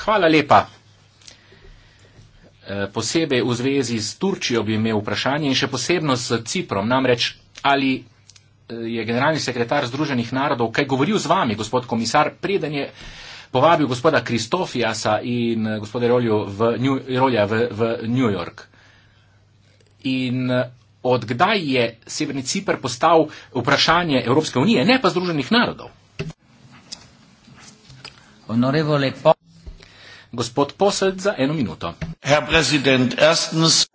Hvala lepa. Eh, posebej v zvezi s Turčijo bi imel vprašanje in še posebno s Ciprom. Namreč, ali eh, je generalni sekretar Združenih narodov kaj govoril z vami, gospod komisar, preden je povabil gospoda Kristofijasa in eh, gospoda Rolja v, v New York. In eh, odkdaj je Severni Cipr postal vprašanje Evropske unije, ne pa Združenih narodov? Gospod posled za eno minuto.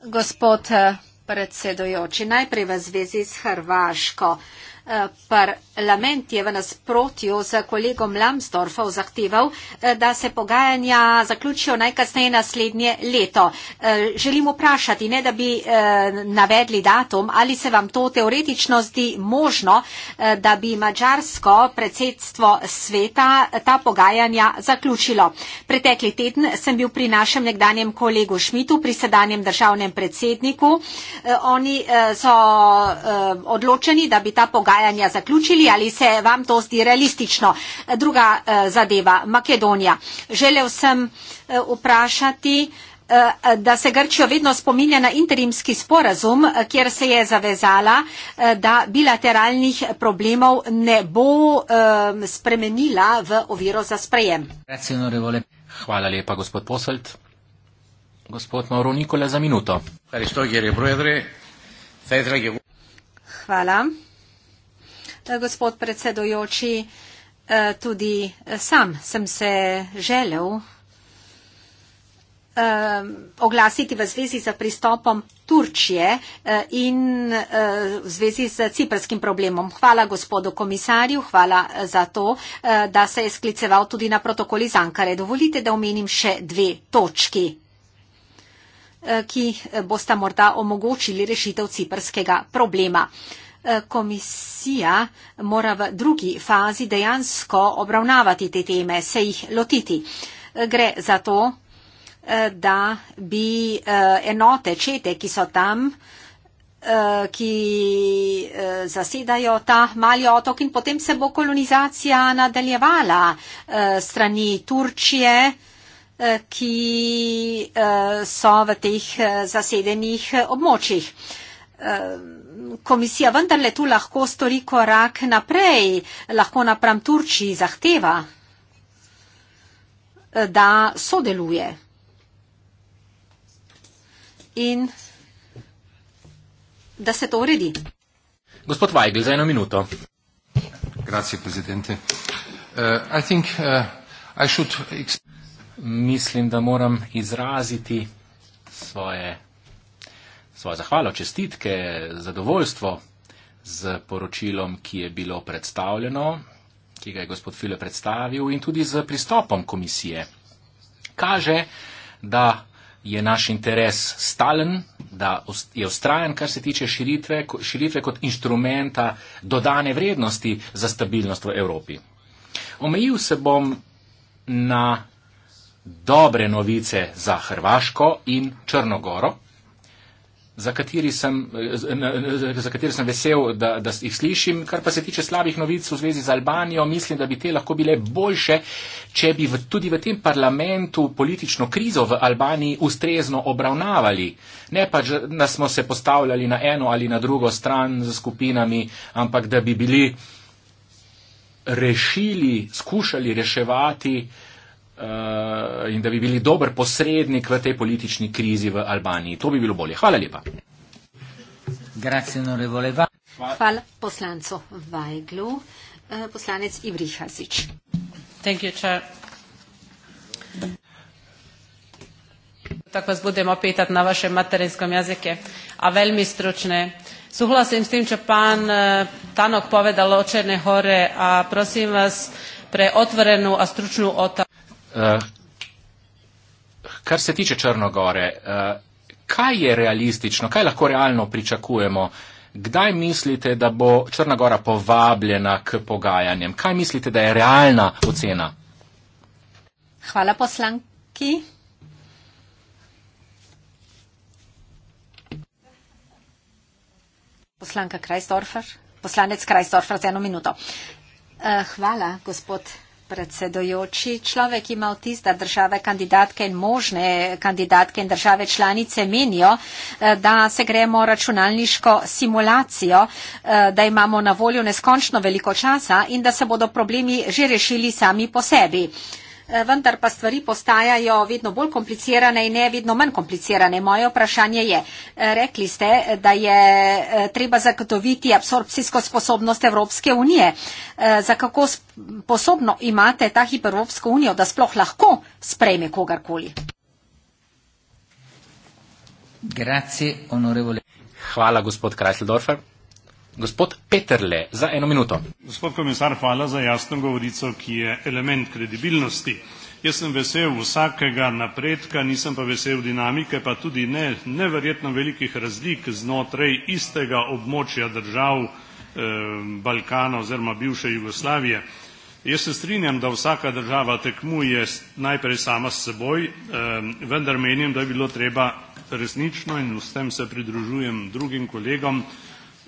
Gospod eh, predsedojoči, najprej v zvezi s Hrvaško. Eh, parlament je v nasprotju z kolegom Lambsdorfom zahteval, eh, da se pogajanja zaključijo najkasneje naslednje leto. Eh, želim vprašati, ne da bi navedli datum, ali se vam to teoretično zdi možno, da bi mađarsko predsedstvo sveta ta pogajanja zaključilo. Pretekli teden sem bil pri našem nekdanjem kolegu Šmitu, pri sedanjem državnem predsedniku. Oni so odločeni, da bi ta pogajanja pogajanja zaključili ali se vam to zdi realistično. Druga eh, zadeva, Makedonija. Želel sem eh, vprašati, eh, da se Grčijo vedno spominja na interimski sporazum, kjer se je zavezala, da bilateralnih problemov ne bo spremenila v oviro za sprejem. Hvala lepa, gospod Poselt. Gospod Mauro Nikola, za minuto. Hvala. Eh, gospod predsedojoči, eh, tudi eh, sam sem se želel oglasiti v zvezi z pristopom Turčije in v zvezi z ciprskim problemom. Hvala gospodu komisarju, hvala za to, da se je skliceval tudi na protokoli z Ankare. Dovolite, da omenim še dve točki, ki bosta morda omogočili rešitev ciprskega problema. Eh, komisija mora v drugi fazi dejansko obravnavati te teme, se jih lotiti. Eh, gre za to, eh, da bi enote čete, ki so tam, ki zasedajo ta mali otok in potem se bo kolonizacija nadaljevala strani Turčije, ki so v teh zasedenih območjih komisija vendarle tu lahko stori korak naprej, lahko napram Turčiji zahteva, eh, da sodeluje. In da se to uredi. Gospod Vajgl, za eno minuto. Grazie, prezidente. Uh, eh, uh, eh, should... Mislim, da moram izraziti svoje svojo zahvalo, čestitke, zadovoljstvo z poročilom, ki je bilo predstavljeno, ki ga je gospod File predstavil in tudi z pristopom komisije. Kaže, da je naš interes stalen, da je ustrajen, kar se tiče širitve, širitve kot inštrumenta dodane vrednosti za stabilnost v Evropi. Omejil se bom na dobre novice za Hrvaško in Črnogoro za kateri sem, eh, eh, eh, za kateri sem vesel, da, da jih slišim. Kar pa se tiče slabih novic v zvezi z Albanijo, mislim, da bi te lahko bile boljše, če bi v, tudi v tem parlamentu politično krizo v Albaniji ustrezno obravnavali. Ne pač, da smo se postavljali na eno ali na drugo stran z skupinami, ampak da bi bili rešili, skušali reševati uh, uh, in da bi bili dober posrednik v tej politični krizi v Albaniji. To bi bilo bolje. Hvala lepa. Hvala, Hvala poslancu Vajglu, uh, poslanec Ibrihazič. Tako vas budem opitat na vašem materinskom jazike, a veľmi stručne. Súhlasím s tým, čo pán eh, Tanok povedal o Černej hore a prosím vás pre otvorenú a stručnú otázku. Eh, kar se tiče Črnogore, eh, kaj je realistično, kaj lahko realno pričakujemo? Kdaj mislite, da bo Črnagora povabljena k pogajanjem? Kaj mislite, da je realna ocena? Hvala poslanki. Poslanka Krajstorfer, poslanec Krajstorfer za eno minuto. Eh, hvala, gospod predsedojoči. Človek ima vtis, da države kandidatke in možne kandidatke in države članice menijo, eh, da se gremo računalniško simulacijo, eh, da imamo na voljo neskončno veliko časa in da se bodo problemi že rešili sami po sebi. Eh, vendar pa stvari postajajo vedno bolj komplicirane in ne vedno manj komplicirane. Moje vprašanje je, eh, rekli ste, da je eh, treba zagotoviti absorpcijsko sposobnost Evropske unije. Za kako sposobno imate ta hip Evropsko unijo, da sploh lahko sprejme kogarkoli? Grazie, Hvala, gospod Kreisledorfer. Gospod Peterle, za eno minuto. Gospod komisar, hvala za jasno govorico, ki je element kredibilnosti. Jaz sem vesel vsakega napredka, nisem pa vesel dinamike, pa tudi ne, neverjetno velikih razlik znotraj istega območja držav eh, Balkana oziroma bivše Jugoslavije. Jaz se strinjam, da vsaka država tekmuje najprej sama s seboj, eh, vendar menim, da je bilo treba resnično in s tem se pridružujem drugim kolegom,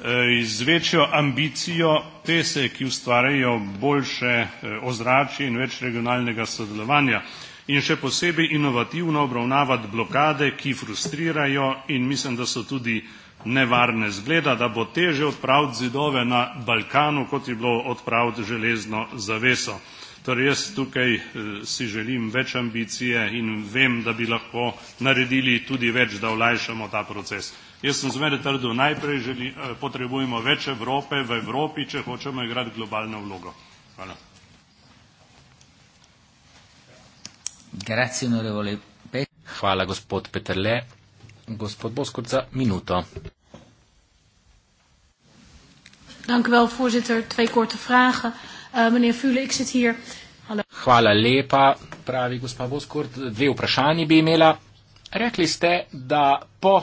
Eh, z večjo ambicijo pese, ki ustvarjajo boljše eh, ozračje in več regionalnega sodelovanja in še posebej inovativno obravnavati blokade, ki frustrirajo in mislim, da so tudi nevarne zgleda, da bo teže odpraviti zidove na Balkanu, kot je bilo odpraviti železno zaveso. Torej jaz tukaj eh, si želim več ambicije in vem, da bi lahko naredili tudi več, da olajšamo ta proces. Jaz sem zmeraj trdil, najprej želi, eh, potrebujemo več Evrope v Evropi, če hočemo igrati globalno vlogo. Hvala. Hvala, gospod Peterle. Gospod Boskot za minuto. Dank wel, voorzitter. Twee korte vragen. Uh, meneer Fule, ik zit hier. Hallo. Hvala lepa, pravi gospa Boskort. Dve vprašanje bi imela. Rekli ste, da po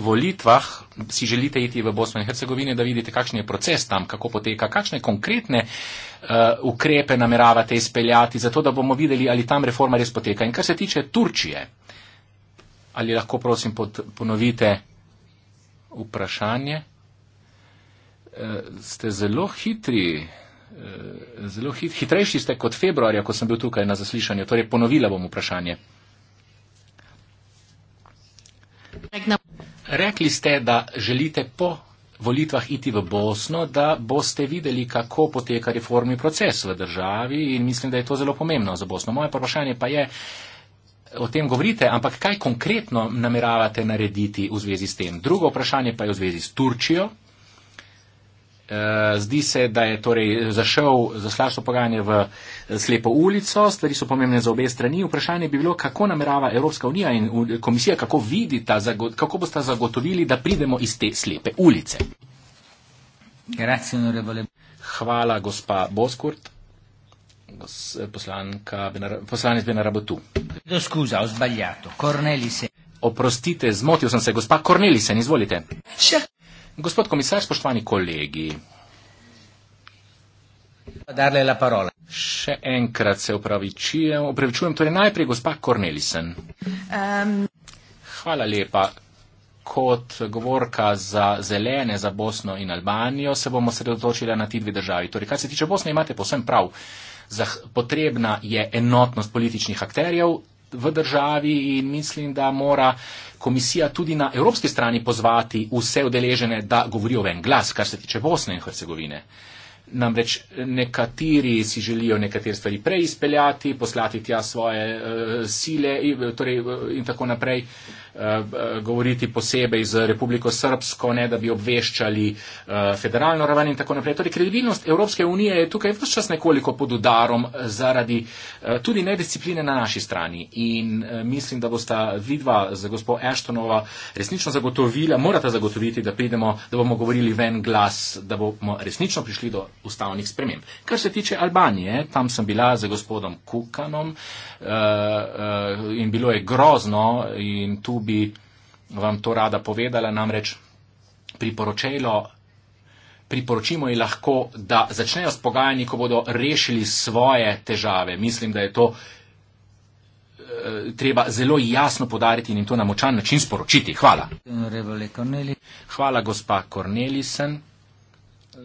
volitvah si želite iti v Bosno in Hercegovino, da vidite, kakšen je proces tam, kako poteka, kakšne konkretne uh, ukrepe nameravate izpeljati, zato da bomo videli, ali tam reforma res poteka. In kar se tiče Turčije, ali lahko prosim pot, ponovite vprašanje? Uh, ste zelo hitri. Eh, zelo hit, hitrejši ste kot februarja, ko sem bil tukaj na zaslišanju. Torej, ponovila bom vprašanje. Rekli ste, da želite po volitvah iti v Bosno, da boste videli, kako poteka reformni proces v državi in mislim, da je to zelo pomembno za Bosno. Moje vprašanje pa je, o tem govorite, ampak kaj konkretno nameravate narediti v zvezi s tem? Drugo vprašanje pa je v zvezi s Turčijo, Eh, zdi se, da je torej zašel za slabšo pogajanje v eh, slepo ulico, stvari so pomembne za obe strani. Vprašanje bi bilo, kako namerava Evropska unija in komisija, kako vidita, kako boste zagotovili, da pridemo iz te slepe ulice. Hvala, gospa Boskurt. Poslanka, poslanec Benarabotu. Skuza, ozbaljato. Kornelise. Oprostite, zmotil sem se, gospa Kornelise, izvolite. Še. Gospod komisar, spoštovani kolegi. Še enkrat se upravičujem. Upravičujem torej najprej gospa Kornelisen. Um. Hvala lepa. Kot govorka za zelene, za Bosno in Albanijo se bomo sredotočili na ti dve državi. Torej, kar se tiče Bosne, imate posebno prav. Zah, potrebna je enotnost političnih akterjev, v državi in mislim, da mora komisija tudi na evropski strani pozvati vse odeležene, da govorijo v en glas, kar se tiče Bosne in Hercegovine. Namreč nekateri si želijo nekatere stvari preizpeljati, poslati tja svoje uh, sile in, torej, eh, in tako naprej. Uh, Eh, eh, govoriti posebej z Republiko Srpsko, ne da bi obveščali eh, federalno raven in tako naprej. Torej, kredibilnost Evropske unije je tukaj vse čas nekoliko pod udarom zaradi tudi nediscipline na naši strani. In mislim, da bosta vidva z gospod Eštonova resnično zagotovila, morata zagotoviti, da, pridemo, da bomo govorili ven glas, da bomo resnično prišli do ustavnih sprememb. Kar se tiče Albanije, tam sem bila z gospodom Kukanom in bilo je grozno. In tu bi vam to rada povedala, namreč priporočilo. Priporočimo jim lahko, da začnejo s pogajanji, ko bodo rešili svoje težave. Mislim, da je to e, treba zelo jasno podariti in jim to na močan način sporočiti. Hvala. Hvala, gospa Kornelisen.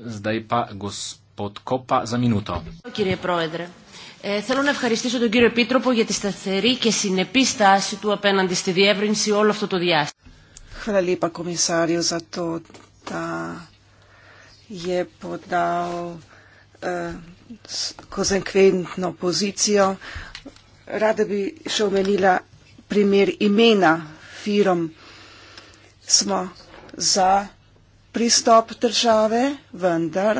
Zdaj pa gospod Kopa za minuto. Kjer je provedre? Ε, θέλω να ευχαριστήσω τον κύριο Επίτροπο για τη σταθερή και συνεπή στάση του απέναντι στη διεύρυνση όλο αυτό το διάστημα. Hvala lepa, komisarju, za to, da je podal eh, konsekventno pozicijo. Rada bi še omenila primer imena firom. Smo za pristop države, vendar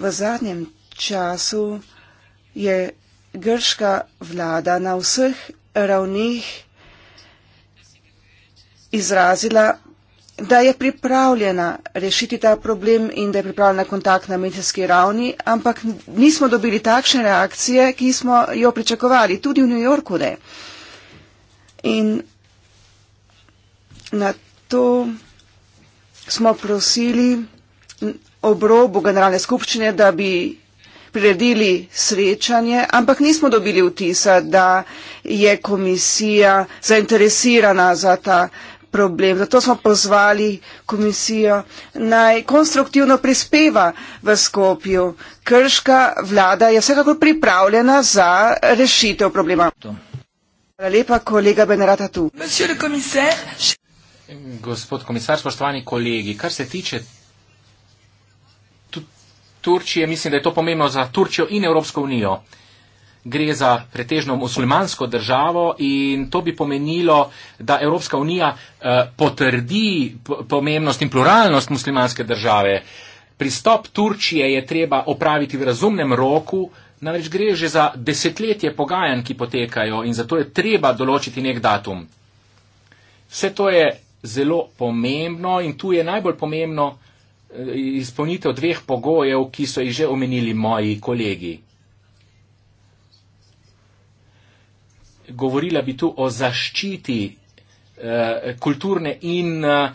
v zadnjem času je grška vlada na vseh ravnih izrazila, da je pripravljena rešiti ta problem in da je pripravljena kontakt na medijski ravni, ampak nismo dobili takšne reakcije, ki smo jo pričakovali, tudi v New Yorku ne. In na to smo prosili obrobu generalne skupščine, da bi priredili srečanje, ampak nismo dobili vtisa, da je komisija zainteresirana za ta problem. Zato smo pozvali komisijo naj konstruktivno prispeva v Skopju. Krška vlada je vsekakor pripravljena za rešitev problema. Hvala lepa, kolega Benerata tu. Gospod komisar, spoštovani kolegi, kar se tiče Turčije, mislim, da je to pomembno za Turčijo in Evropsko unijo. Gre za pretežno muslimansko državo in to bi pomenilo, da Evropska unija eh, potrdi pomembnost in pluralnost muslimanske države. Pristop Turčije je treba opraviti v razumnem roku, namreč gre že za desetletje pogajanj, ki potekajo in zato je treba določiti nek datum. Vse to je zelo pomembno in tu je najbolj pomembno, izpolnitev dveh pogojev, ki so jih že omenili moji kolegi. Govorila bi tu o zaščiti eh, kulturne in eh,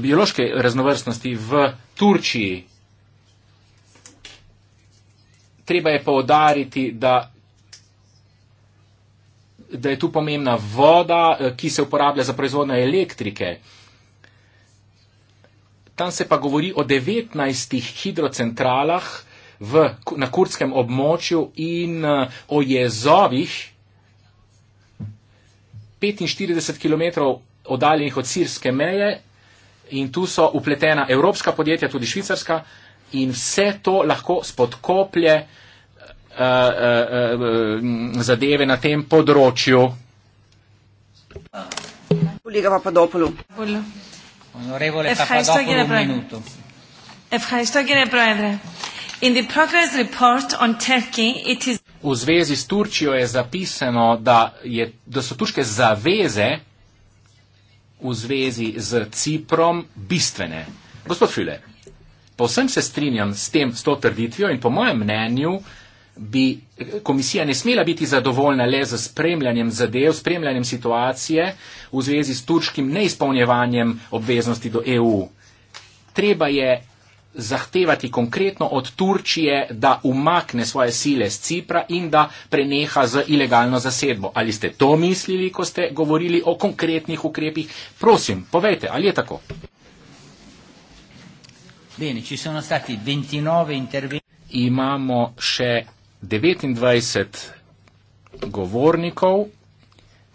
biološke raznovrstnosti v Turčiji. Treba je povdariti, da, da je tu pomembna voda, eh, ki se uporablja za proizvodno elektrike tam se pa govori o 19 hidrocentralah v, na kurdskem območju in eh, o jezovih 45 km oddaljenih od sirske meje in tu so upletena evropska podjetja, tudi švicarska in vse to lahko spodkoplje Uh, uh, uh, zadeve na tem področju. Kolega Papadopolu. Hvala. Onorevole Papadopoulou, un minuto. Ευχαριστώ κύριε Πρόεδρε. In the progress report on Turkey, it is... U zvezi s Turčijo je zapisano, da, je, da so turške zaveze v zvezi z Ciprom bistvene. Gospod Füle, povsem se strinjam s tem, s to trditvijo in po mojem mnenju bi komisija ne smela biti zadovoljna le z spremljanjem zadev, spremljanjem situacije v zvezi s turškim neizpolnjevanjem obveznosti do EU. Treba je zahtevati konkretno od Turčije, da umakne svoje sile z Cipra in da preneha z ilegalno zasedbo. Ali ste to mislili, ko ste govorili o konkretnih ukrepih? Prosim, povejte, ali je tako? Bene, ci sono stati 29 interventi. Imamo še 29 govornikov,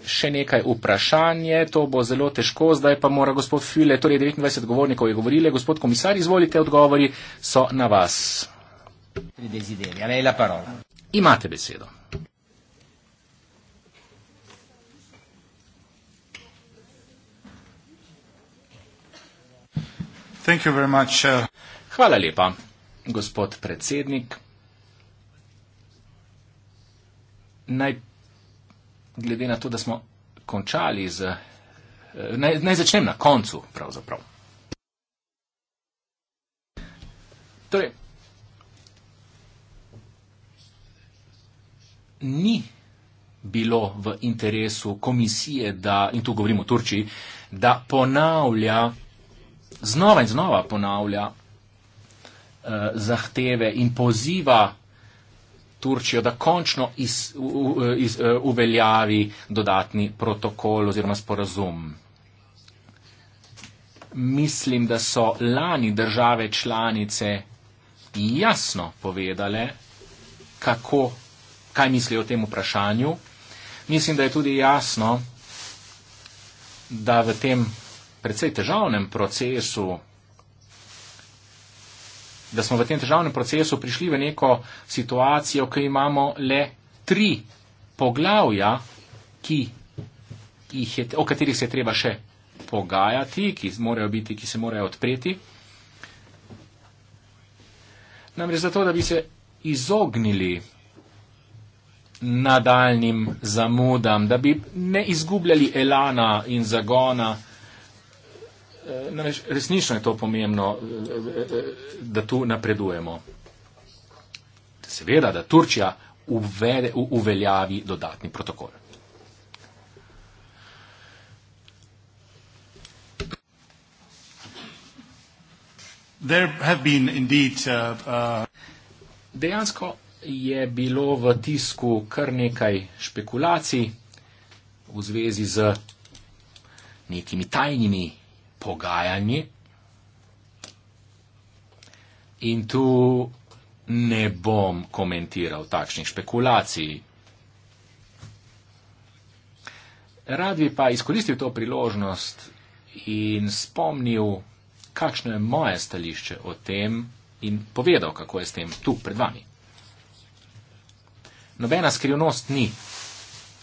še nekaj vprašanje, to bo zelo težko, zdaj pa mora gospod File, torej 29 govornikov je govorile, gospod komisar, izvolite, odgovori so na vas. Imate besedo. Uh. Hvala lepa, gospod predsednik. naj, glede na to, da smo končali z. Eh, naj, naj začnem na koncu, pravzaprav. Torej, ni bilo v interesu komisije, da, in tu govorimo o Turčiji, da ponavlja, znova in znova ponavlja eh, zahteve in poziva Turčijo, da končno iz, u, iz, e, uveljavi dodatni protokol oziroma sporazum. Mislim, da so lani države članice jasno povedale, kako, kaj mislijo o tem vprašanju. Mislim, da je tudi jasno, da v tem precej težavnem procesu da smo v tem državnem procesu prišli v neko situacijo, ki imamo le tri poglavja, je, o katerih se je treba še pogajati, ki, biti, ki se morajo odpreti. Namreč zato, da bi se izognili nadaljnim zamudam, da bi ne izgubljali elana in zagona, Eh, namreč resnično je to pomembno, eh, eh, da tu napredujemo. Seveda, da Turčija uvede, uveljavi dodatni protokol. Indeed, uh, uh... Dejansko je bilo v tisku kar nekaj špekulacij v zvezi z nekimi tajnimi pogajanji. In tu ne bom komentiral takšnih špekulacij. Rad bi pa izkoristil to priložnost in spomnil, kakšno je moje stališče o tem in povedal, kako je s tem tu pred vami. Nobena skrivnost ni,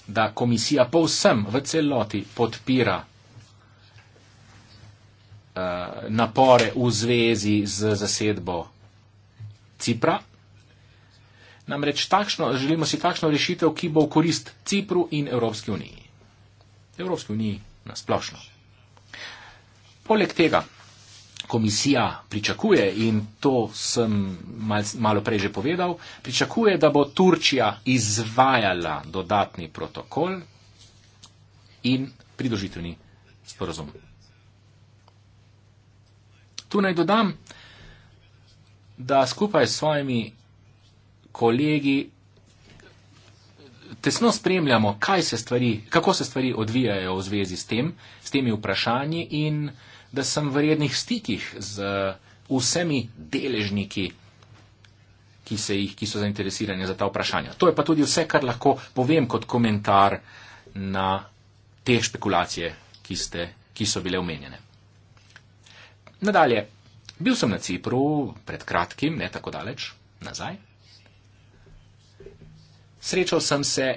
da komisija povsem v celoti podpira Eh, napore v zvezi z zasedbo Cipra. Namreč takšno, želimo si takšno rešitev, ki bo v korist Cipru in Evropski uniji. Evropski uniji nasplošno. Poleg tega komisija pričakuje, in to sem mal, malo prej že povedal, pričakuje, da bo Turčija izvajala dodatni protokol in pridružitveni sporozum. Tu naj dodam, da skupaj s svojimi kolegi tesno spremljamo, se stvari, kako se stvari odvijajo v zvezi s tem, s temi vprašanji in da sem v rednih stikih z uh, vsemi deležniki, ki, jih, ki so zainteresirani za ta vprašanja. To je pa tudi vse, kar lahko povem kot komentar na te špekulacije, ki, ste, ki so bile omenjene. Nadalje, bil sem na Cipru pred kratkim, ne tako daleč, nazaj. Srečal sem se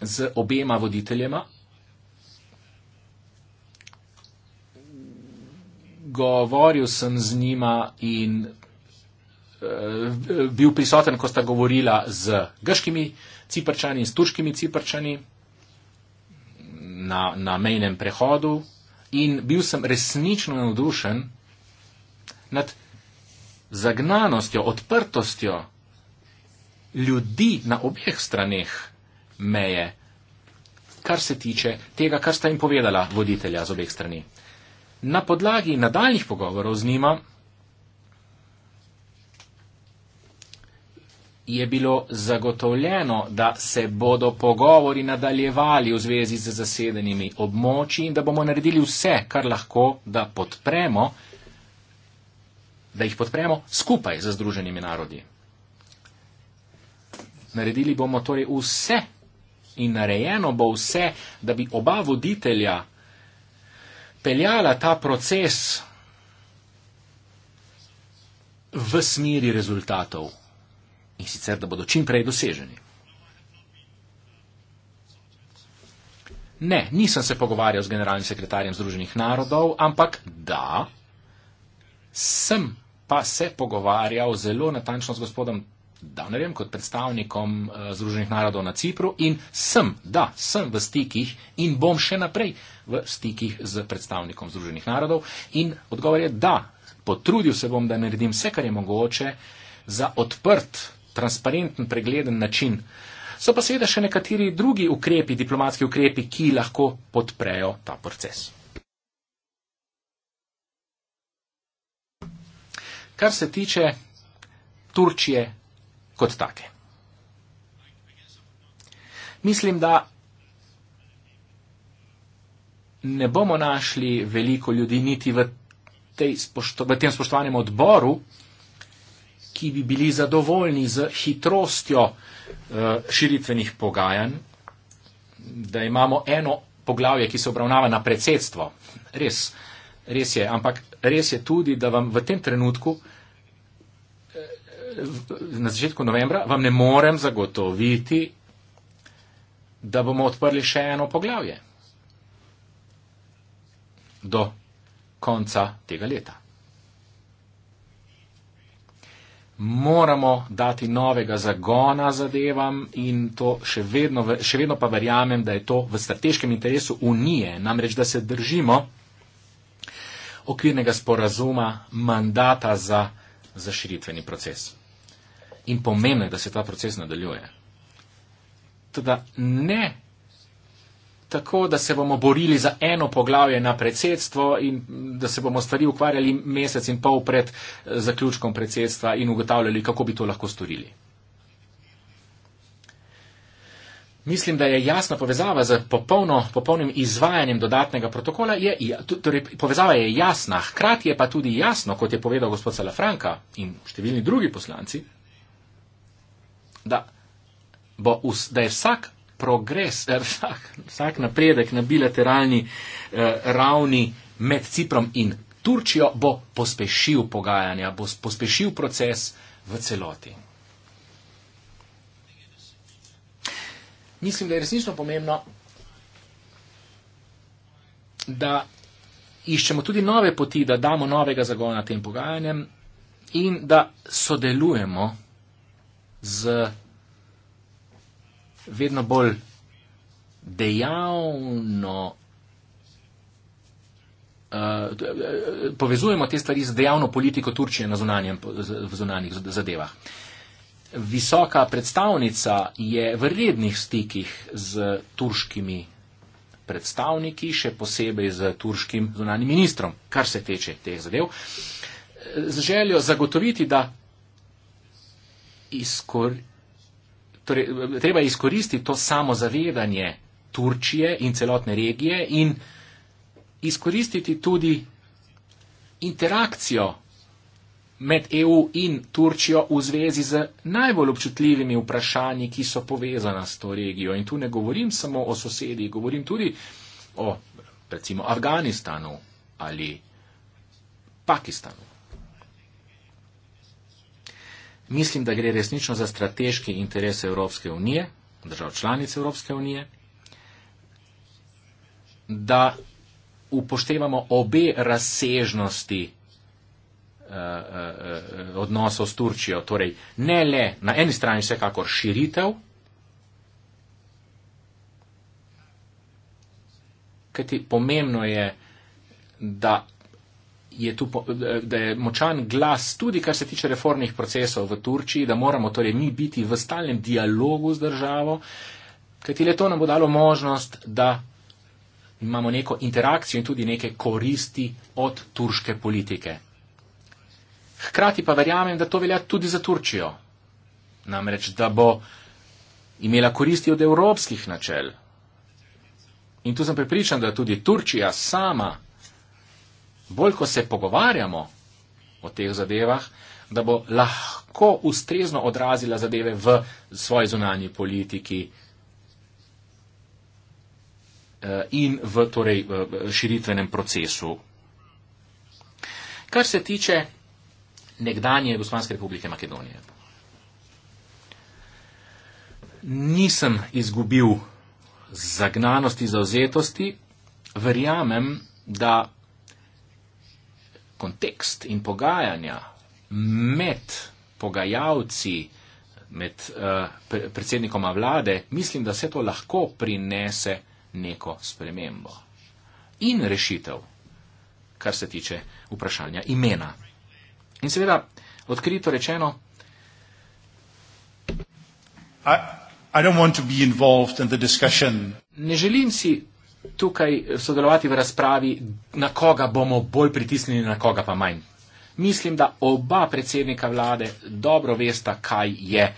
z obema voditeljema. Govoril sem z njima in e, bil prisoten, ko sta govorila z grškimi ciprčani in s turškimi ciprčani na, na mejnem prehodu in bil sem resnično navdušen nad zagnanostjo, odprtostjo ljudi na obeh straneh meje, kar se tiče tega, kar sta jim povedala voditelja z obeh strani. Na podlagi nadaljnih pogovorov z njima je bilo zagotovljeno, da se bodo pogovori nadaljevali v zvezi z zasedenimi območji in da bomo naredili vse, kar lahko, da, podpremo, da jih podpremo skupaj z Združenimi narodi. Naredili bomo torej vse in narejeno bo vse, da bi oba voditelja peljala ta proces v smeri rezultatov, in sicer da bodo čim prej doseženi. Ne, nisem se pogovarjal z generalnim sekretarjem Združenih narodov, ampak da, sem pa se pogovarjal zelo natančno z gospodom Danerjem kot predstavnikom eh, Združenih narodov na Cipru in sem, da, sem v stikih in bom še naprej v stikih z predstavnikom Združenih narodov in odgovor je da, potrudil se bom, da naredim vse, kar je mogoče za odprt transparenten, pregleden način. So pa seveda še nekateri drugi ukrepi, diplomatski ukrepi, ki lahko podprejo ta proces. Kar se tiče Turčije kot take. Mislim, da ne bomo našli veliko ljudi niti v, spošto, v tem spoštovanem odboru, ki bi bili zadovoljni z hitrostjo eh, širitvenih pogajanj, da imamo eno poglavje, ki se obravnava na predsedstvo. Res, res je, ampak res je tudi, da vam v tem trenutku, eh, na začetku novembra, vam ne morem zagotoviti, da bomo odprli še eno poglavje do konca tega leta. moramo dati novega zagona zadevam in to še vedno, še vedno pa verjamem, da je to v strateškem interesu Unije, namreč da se držimo okvirnega sporazuma mandata za zaširitveni proces. In pomembno je, da se ta proces nadaljuje. Teda ne tako, da se bomo borili za eno poglavje na predsedstvo in da se bomo stvari ukvarjali mesec in pol pred eh, zaključkom predsedstva in ugotavljali, kako bi to lahko storili. Mislim, da je jasna povezava z popolno, popolnim izvajanjem dodatnega protokola. Je, ja, torej, povezava je jasna, hkrati je pa tudi jasno, kot je povedal gospod Salafranka in številni drugi poslanci, da, bo, da je vsak progres, er, vsak, vsak napredek na bilateralni eh, ravni med Ciprom in Turčijo bo pospešil pogajanja, bo pospešil proces v celoti. Mislim, da je resnično pomembno, da iščemo tudi nove poti, da damo novega zagona tem pogajanjem in da sodelujemo z vedno bolj dejavno uh, povezujemo te stvari z dejavno politiko Turčije zunanjem, v zunanjih zadevah. Visoka predstavnica je v rednih stikih z turškimi predstavniki, še posebej z turškim zunanjim ministrom, kar se teče teh zadev, z željo zagotoviti, da izkoristimo Torej, treba je izkoristiti to samozavedanje Turčije in celotne regije in izkoristiti tudi interakcijo med EU in Turčijo v zvezi z najbolj občutljivimi vprašanji, ki so povezana s to regijo. In tu ne govorim samo o sosedi, govorim tudi o recimo Afganistanu ali Pakistanu. Mislim, da gre resnično za strateški interes Evropske unije, držav članic Evropske unije, da upoštevamo obe razsežnosti eh, eh, eh, odnosov s Turčijo. Torej, ne le na eni strani vsekakor širitev, kajti pomembno je, da je tu, da je močan glas tudi, kar se tiče reformnih procesov v Turčiji, da moramo torej mi biti v stalnem dialogu z državo, kajti le to nam bo dalo možnost, da imamo neko interakcijo in tudi neke koristi od turške politike. Hkrati pa verjamem, da to velja tudi za Turčijo. Namreč, da bo imela koristi od evropskih načel. In tu sem prepričan, da tudi Turčija sama bolj ko se pogovarjamo o teh zadevah, da bo lahko ustrezno odrazila zadeve v svoji zunanji politiki eh, in v torej, širitvenem procesu. Kar se tiče nekdanje Jugoslavijske republike Makedonije. Nisem izgubil zagnanosti, zauzetosti, verjamem, da kontekst in pogajanja med pogajalci, med uh, predsednikoma vlade, mislim, da se to lahko prinese neko spremembo in rešitev, kar se tiče vprašanja imena. In seveda, odkrito rečeno. I, I in ne želim si tukaj sodelovati v razpravi, na koga bomo bolj pritisnili, na koga pa manj. Mislim, da oba predsednika vlade dobro vesta, kaj je,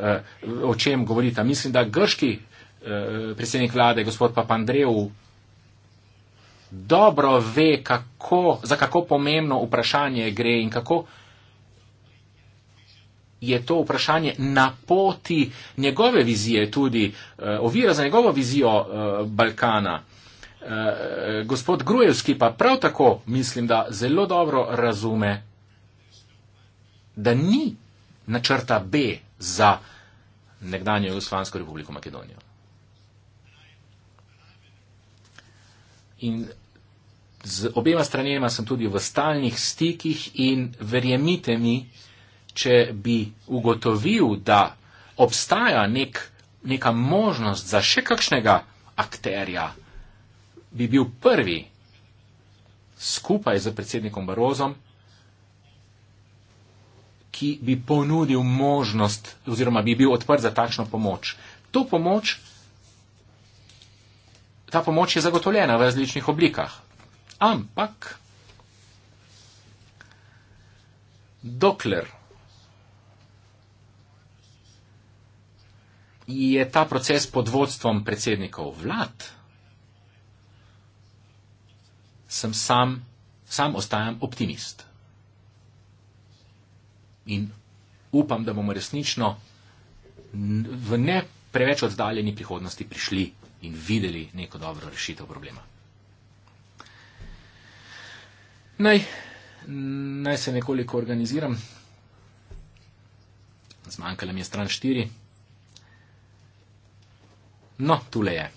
eh, o čem govorita. Mislim, da grški eh, predsednik vlade, gospod Papandreou, dobro ve, kako, za kako pomembno vprašanje gre in kako je to vprašanje na poti njegove vizije tudi, eh, ovira za njegovo vizijo Balkana. Eh, gospod Grujevski pa prav tako mislim, da zelo dobro razume, da ni načrta B za nekdanje Jugoslavijsko republiko Makedonijo. In z obema stranjema sem tudi v stalnih stikih in verjemite mi, če bi ugotovil, da obstaja nek, neka možnost za še kakšnega akterja, bi bil prvi skupaj z predsednikom Barozom, ki bi ponudil možnost oziroma bi bil odprt za takšno pomoč. pomoč. Ta pomoč je zagotovljena v različnih oblikah. Ampak, dokler je ta proces pod vodstvom predsednikov vlad, sem sam, sam ostajam optimist. In upam, da bomo resnično v ne preveč oddaljeni prihodnosti prišli in videli neko dobro rešitev problema. Naj, naj se nekoliko organiziram. Zmanjkala mi je stran 4. No, tu le je.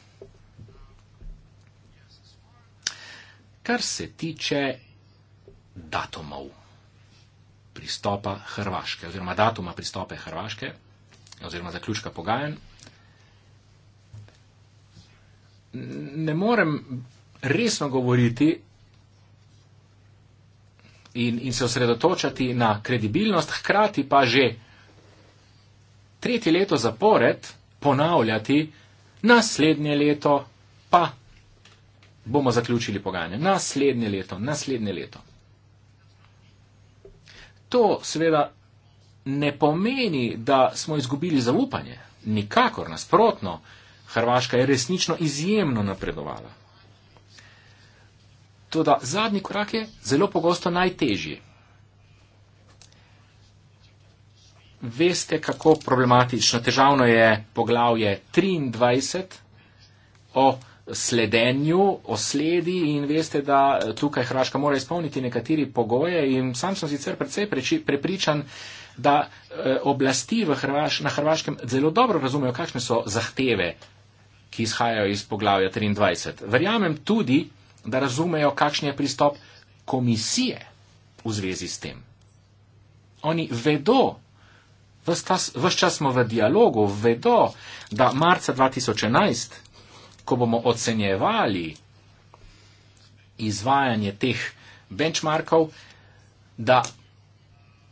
kar se tiče datumov pristopa Hrvaške, oziroma datuma pristope Hrvaške, oziroma zaključka pogajanj, ne morem resno govoriti in, in se osredotočati na kredibilnost, hkrati pa že tretje leto zapored ponavljati naslednje leto, pa bomo zaključili pogajanje. Naslednje leto, naslednje leto. To seveda ne pomeni, da smo izgubili zaupanje. Nikakor nasprotno, Hrvaška je resnično izjemno napredovala. Toda zadnji korak je zelo pogosto najtežji. Veste, kako problematično, težavno je poglavje 23 o sledenju, o sledi in veste, da eh, tukaj Hrvaška mora izpolniti nekateri pogoje in sam sem sicer precej prepričan, da eh, oblasti Hrvaš, na Hrvaškem zelo dobro razumejo, kakšne so zahteve, ki izhajajo iz poglavja 23. Verjamem tudi, da razumejo, kakšen je pristop komisije v zvezi s tem. Oni vedo, vse čas smo v dialogu, vedo, da marca 2011 ko bomo ocenjevali izvajanje teh benchmarkov, da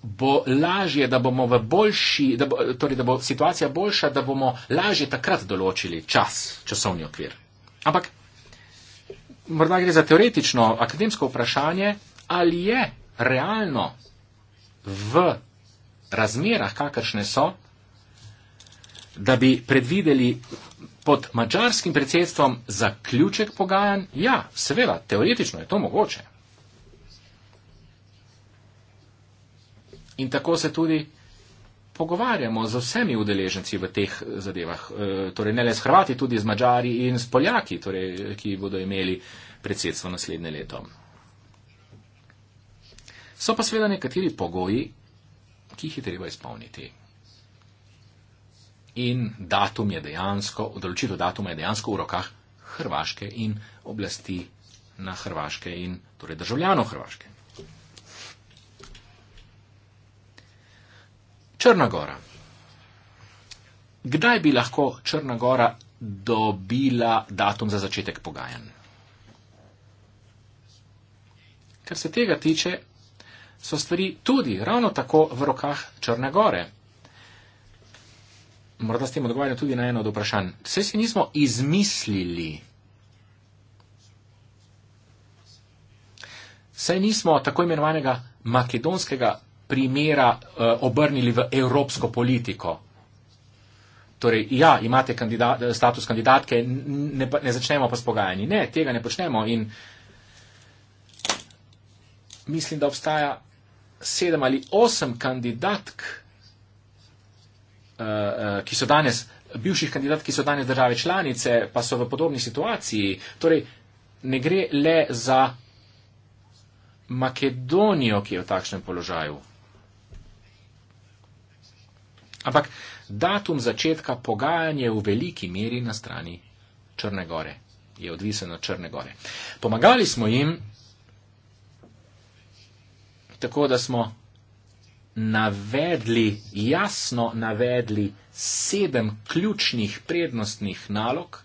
bo lažje, da bomo v boljši, da bo, torej da bo situacija boljša, da bomo lažje takrat določili čas, časovni okvir. Ampak morda gre za teoretično, akademsko vprašanje, ali je realno v razmerah, kakršne so, da bi predvideli pod mačarskim predsedstvom zaključek pogajanj? Ja, seveda, teoretično je to mogoče. In tako se tudi pogovarjamo z vsemi udeleženci v teh eh, zadevah, eh, torej ne le s Hrvati, tudi z Mačari in s Poljaki, torej, ki bodo imeli predsedstvo naslednje leto. So pa seveda nekateri pogoji, ki jih je treba izpolniti in datum je dejansko, odločitev datuma je dejansko v rokah Hrvaške in oblasti na Hrvaške in torej državljanov Hrvaške. Črna gora. Kdaj bi lahko Črna gora dobila datum za začetek pogajanj? Kar se tega tiče, so stvari tudi ravno tako v rokah Črne gore morda s tem odgovarjam tudi na eno od vprašanj. Vse si nismo izmislili. Vse nismo tako imenovanega makedonskega primera uh, obrnili v evropsko politiko. Torej, ja, imate kandidat, status kandidatke, ne, ne začnemo pa s pogajanji. Ne, tega ne počnemo in mislim, da obstaja sedem ali osem kandidatk, Eh, eh, ki so danes, bivših kandidat, ki so danes države članice, pa so v podobni situaciji. Torej, ne gre le za Makedonijo, ki je v takšnem položaju. Ampak datum začetka pogajanja je v veliki meri na strani Črne Gore, je odvisen od Črne Gore. Pomagali smo jim, tako da smo navedli, jasno navedli sedem ključnih prednostnih nalog,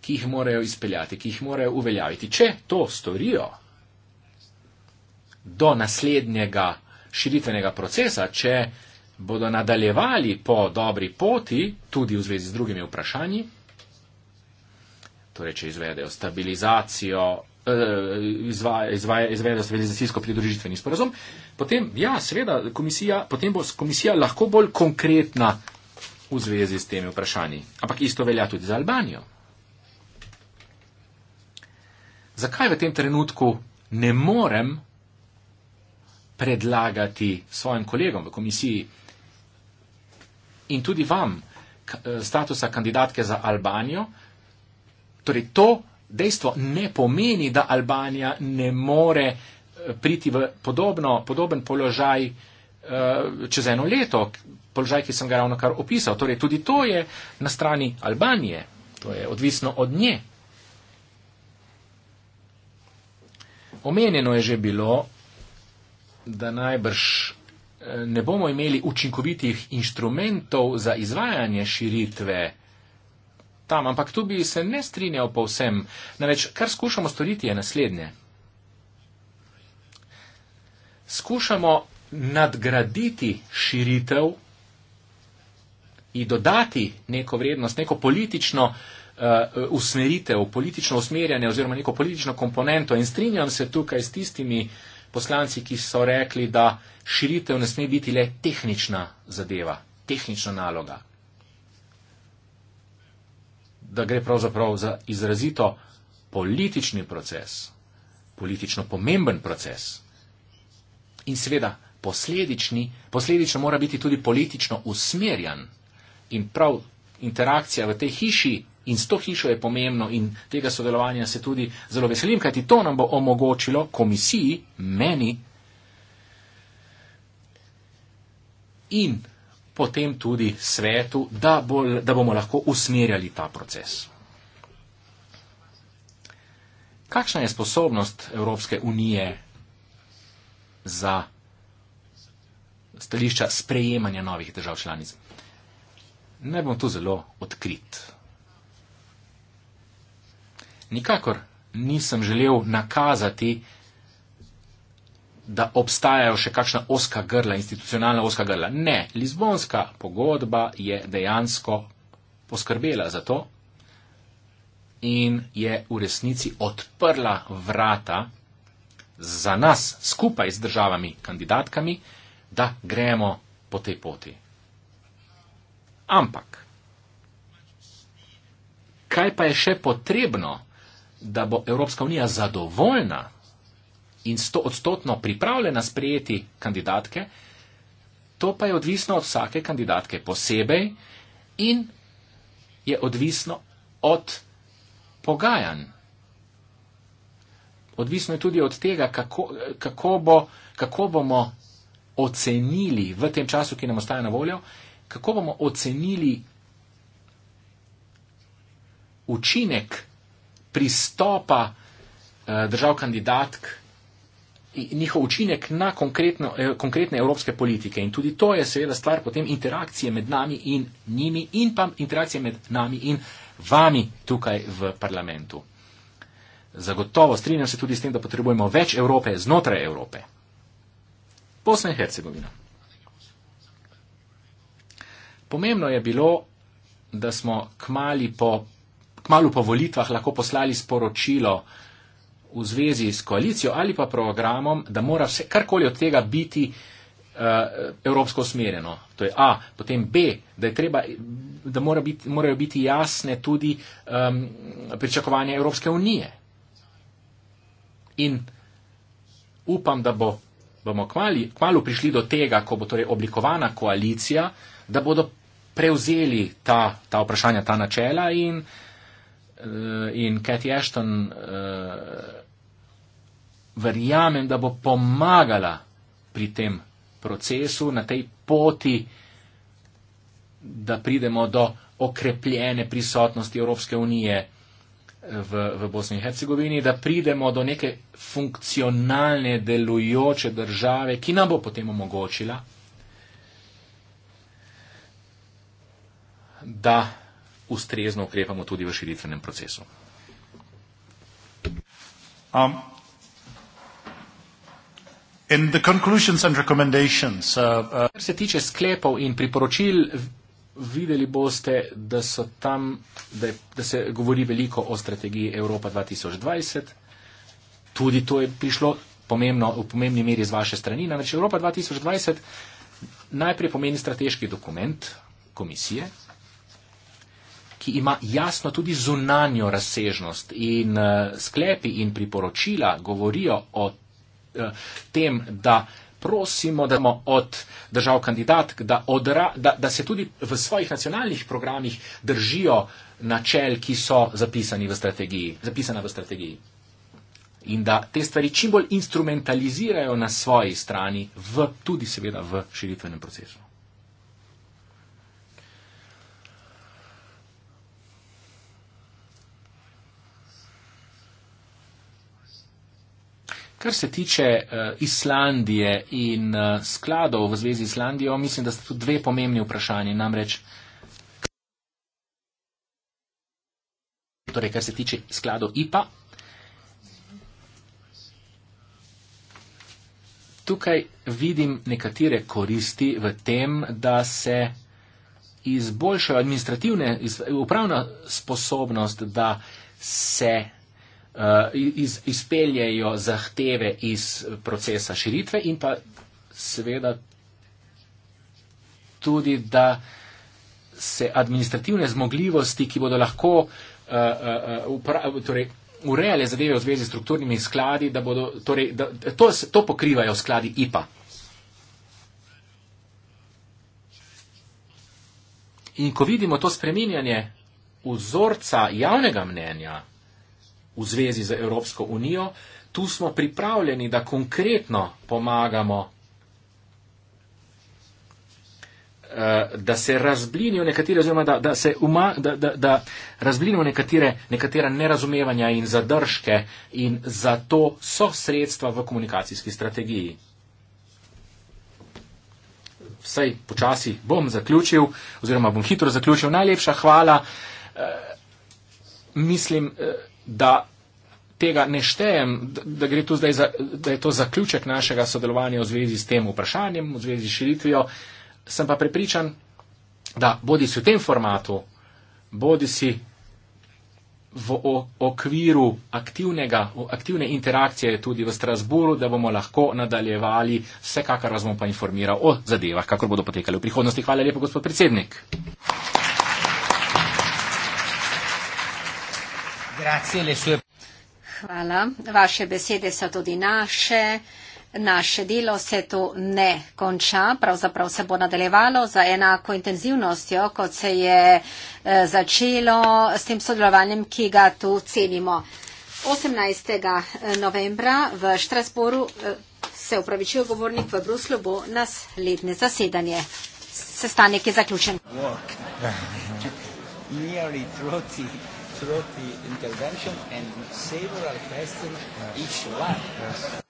ki jih morajo izpeljati, ki jih morajo uveljaviti. Če to storijo do naslednjega širitvenega procesa, če bodo nadaljevali po dobri poti, tudi v zvezi z drugimi vprašanji, torej če izvedejo stabilizacijo Eh, izvedel civilizacijsko pridružitveni sporazum, potem, ja, seveda, komisija, potem bo komisija lahko bolj konkretna v zvezi s temi vprašanji. Ampak isto velja tudi za Albanijo. Zakaj v tem trenutku ne morem predlagati svojim kolegom v komisiji in tudi vam eh, statusa kandidatke za Albanijo, torej to, dejstvo ne pomeni, da Albanija ne more eh, priti v podobno, podoben položaj eh, čez eno leto, položaj, ki sem ga ravno kar opisal. Torej, tudi to je na strani Albanije, to je odvisno od nje. Omenjeno je že bilo, da najbrž eh, ne bomo imeli učinkovitih inštrumentov za izvajanje širitve tam, ampak tu bi se ne strinjal povsem. Namreč, kar skušamo storiti je naslednje. Skušamo nadgraditi širitev in dodati neko vrednost, neko politično uh, usmeritev, politično usmerjanje oziroma neko politično komponento. In strinjam se tukaj s tistimi poslanci, ki so rekli, da širitev ne sme biti le tehnična zadeva, tehnična naloga da gre pravzaprav za izrazito politični proces, politično pomemben proces. In seveda posledično mora biti tudi politično usmerjan. In prav interakcija v tej hiši in s to hišo je pomembno in tega sodelovanja se tudi zelo veselim, kajti to nam bo omogočilo komisiji, meni in potem tudi svetu, da, bol, da bomo lahko usmerjali ta proces. Kakšna je sposobnost Evropske unije za stališča sprejemanja novih držav članic? Ne bom tu zelo odkrit. Nikakor nisem želel nakazati, da obstajajo še kakšna oska grla, institucionalna oska grla. Ne, Lizbonska pogodba je dejansko poskrbela za to in je v resnici odprla vrata za nas skupaj z državami kandidatkami, da gremo po tej poti. Ampak, kaj pa je še potrebno, da bo Evropska unija zadovoljna in sto odstotno pripravljena sprejeti kandidatke, to pa je odvisno od vsake kandidatke posebej in je odvisno od pogajanj. Odvisno je tudi od tega, kako, kako, bo, kako bomo ocenili v tem času, ki nam ostaja na voljo, kako bomo ocenili učinek pristopa eh, držav kandidatk njihov učinek na eh, konkretne evropske politike. In tudi to je seveda stvar potem interakcije med nami in njimi in pa interakcije med nami in vami tukaj v parlamentu. Zagotovo strinjam se tudi s tem, da potrebujemo več Evrope znotraj Evrope. Bosna in Hercegovina. Pomembno je bilo, da smo kmalu po, kmalu po volitvah lahko poslali sporočilo, v zvezi s koalicijo ali pa programom, da mora vse karkoli od tega biti uh, evropsko usmerjeno. To je A. Potem B, da, treba, da mora biti, morajo biti jasne tudi um, pričakovanja Evropske unije. In upam, da bo, bomo kmali, kmalo prišli do tega, ko bo torej oblikovana koalicija, da bodo prevzeli ta, ta vprašanja, ta načela in uh, Eh, in Kathy Ashton eh, verjamem, da bo pomagala pri tem procesu, na tej poti, da pridemo do okrepljene prisotnosti Evropske unije eh, v, v Bosni in Hercegovini, da pridemo do neke funkcionalne, delujoče države, ki nam bo potem omogočila, da ustrezno ukrepamo tudi v širitvenem procesu. Um. Uh, uh, Kar se tiče sklepov in priporočil, videli boste, da, tam, da, je, da se govori veliko o strategiji Evropa 2020. Tudi to je prišlo pomembno, v pomembni meri z vaše strani. Namreč Evropa 2020 najprej pomeni strateški dokument komisije, ki ima jasno tudi zunanjo razsežnost in eh, sklepi in priporočila govorijo o eh, tem, da prosimo, da smo od držav kandidat, da, odra, da, da se tudi v svojih nacionalnih programih držijo načel, ki so zapisani v strategiji, zapisana v strategiji. In da te stvari čim bolj instrumentalizirajo na svoji strani, v, tudi seveda v širitvenem procesu. Kar se tiče uh, Islandije in uh, skladov v zvezi z Islandijo, mislim, da so tu dve pomembni vprašanji. Namreč, torej, kar se tiče skladov IPA, tukaj vidim nekatere koristi v tem, da se izboljšajo administrativne, upravna sposobnost, da se Eh, iz, izpeljejo zahteve iz procesa širitve in pa seveda tudi, da se administrativne zmogljivosti, ki bodo lahko eh, eh, torej, urejale zadeve v zvezi s strukturnimi skladi, da bodo, torej, da, to, to pokrivajo skladi IPA. In ko vidimo to spreminjanje vzorca javnega mnenja, v zvezi z Evropsko unijo, tu smo pripravljeni, da konkretno pomagamo, eh, da se razblinijo nekatere, oziroma da, da se uma, da, da, da razblinijo nekatere, nekatere nerazumevanja in zadržke in zato so sredstva v komunikacijski strategiji. Vsej počasi bom zaključil, oziroma bom hitro zaključil. Najlepša hvala. Eh, mislim, eh, da tega ne štejem, da, da, za, da je to zaključek našega sodelovanja v zvezi s tem vprašanjem, v zvezi s širitvijo, sem pa prepričan, da bodi si v tem formatu, bodi si v okviru aktivnega, aktivne interakcije tudi v Strasburu, da bomo lahko nadaljevali vsekakor, da bomo pa informirali o zadevah, kako bodo potekali v prihodnosti. Hvala lepa, gospod predsednik. Grazie le sue... Hvala. Vaše besede so tudi naše. Naše delo se tu ne konča, pravzaprav se bo nadaljevalo za enako intenzivnostjo, kot se je eh, začelo s tem sodelovanjem, ki ga tu cenimo. 18. Eh, novembra v Štrasboru eh, se upravičil govornik v Bruslu, bo naslednje zasedanje. Sestanek je zaključen. Walk. *laughs* throughout the intervention and with several questions yes. each one. Yes.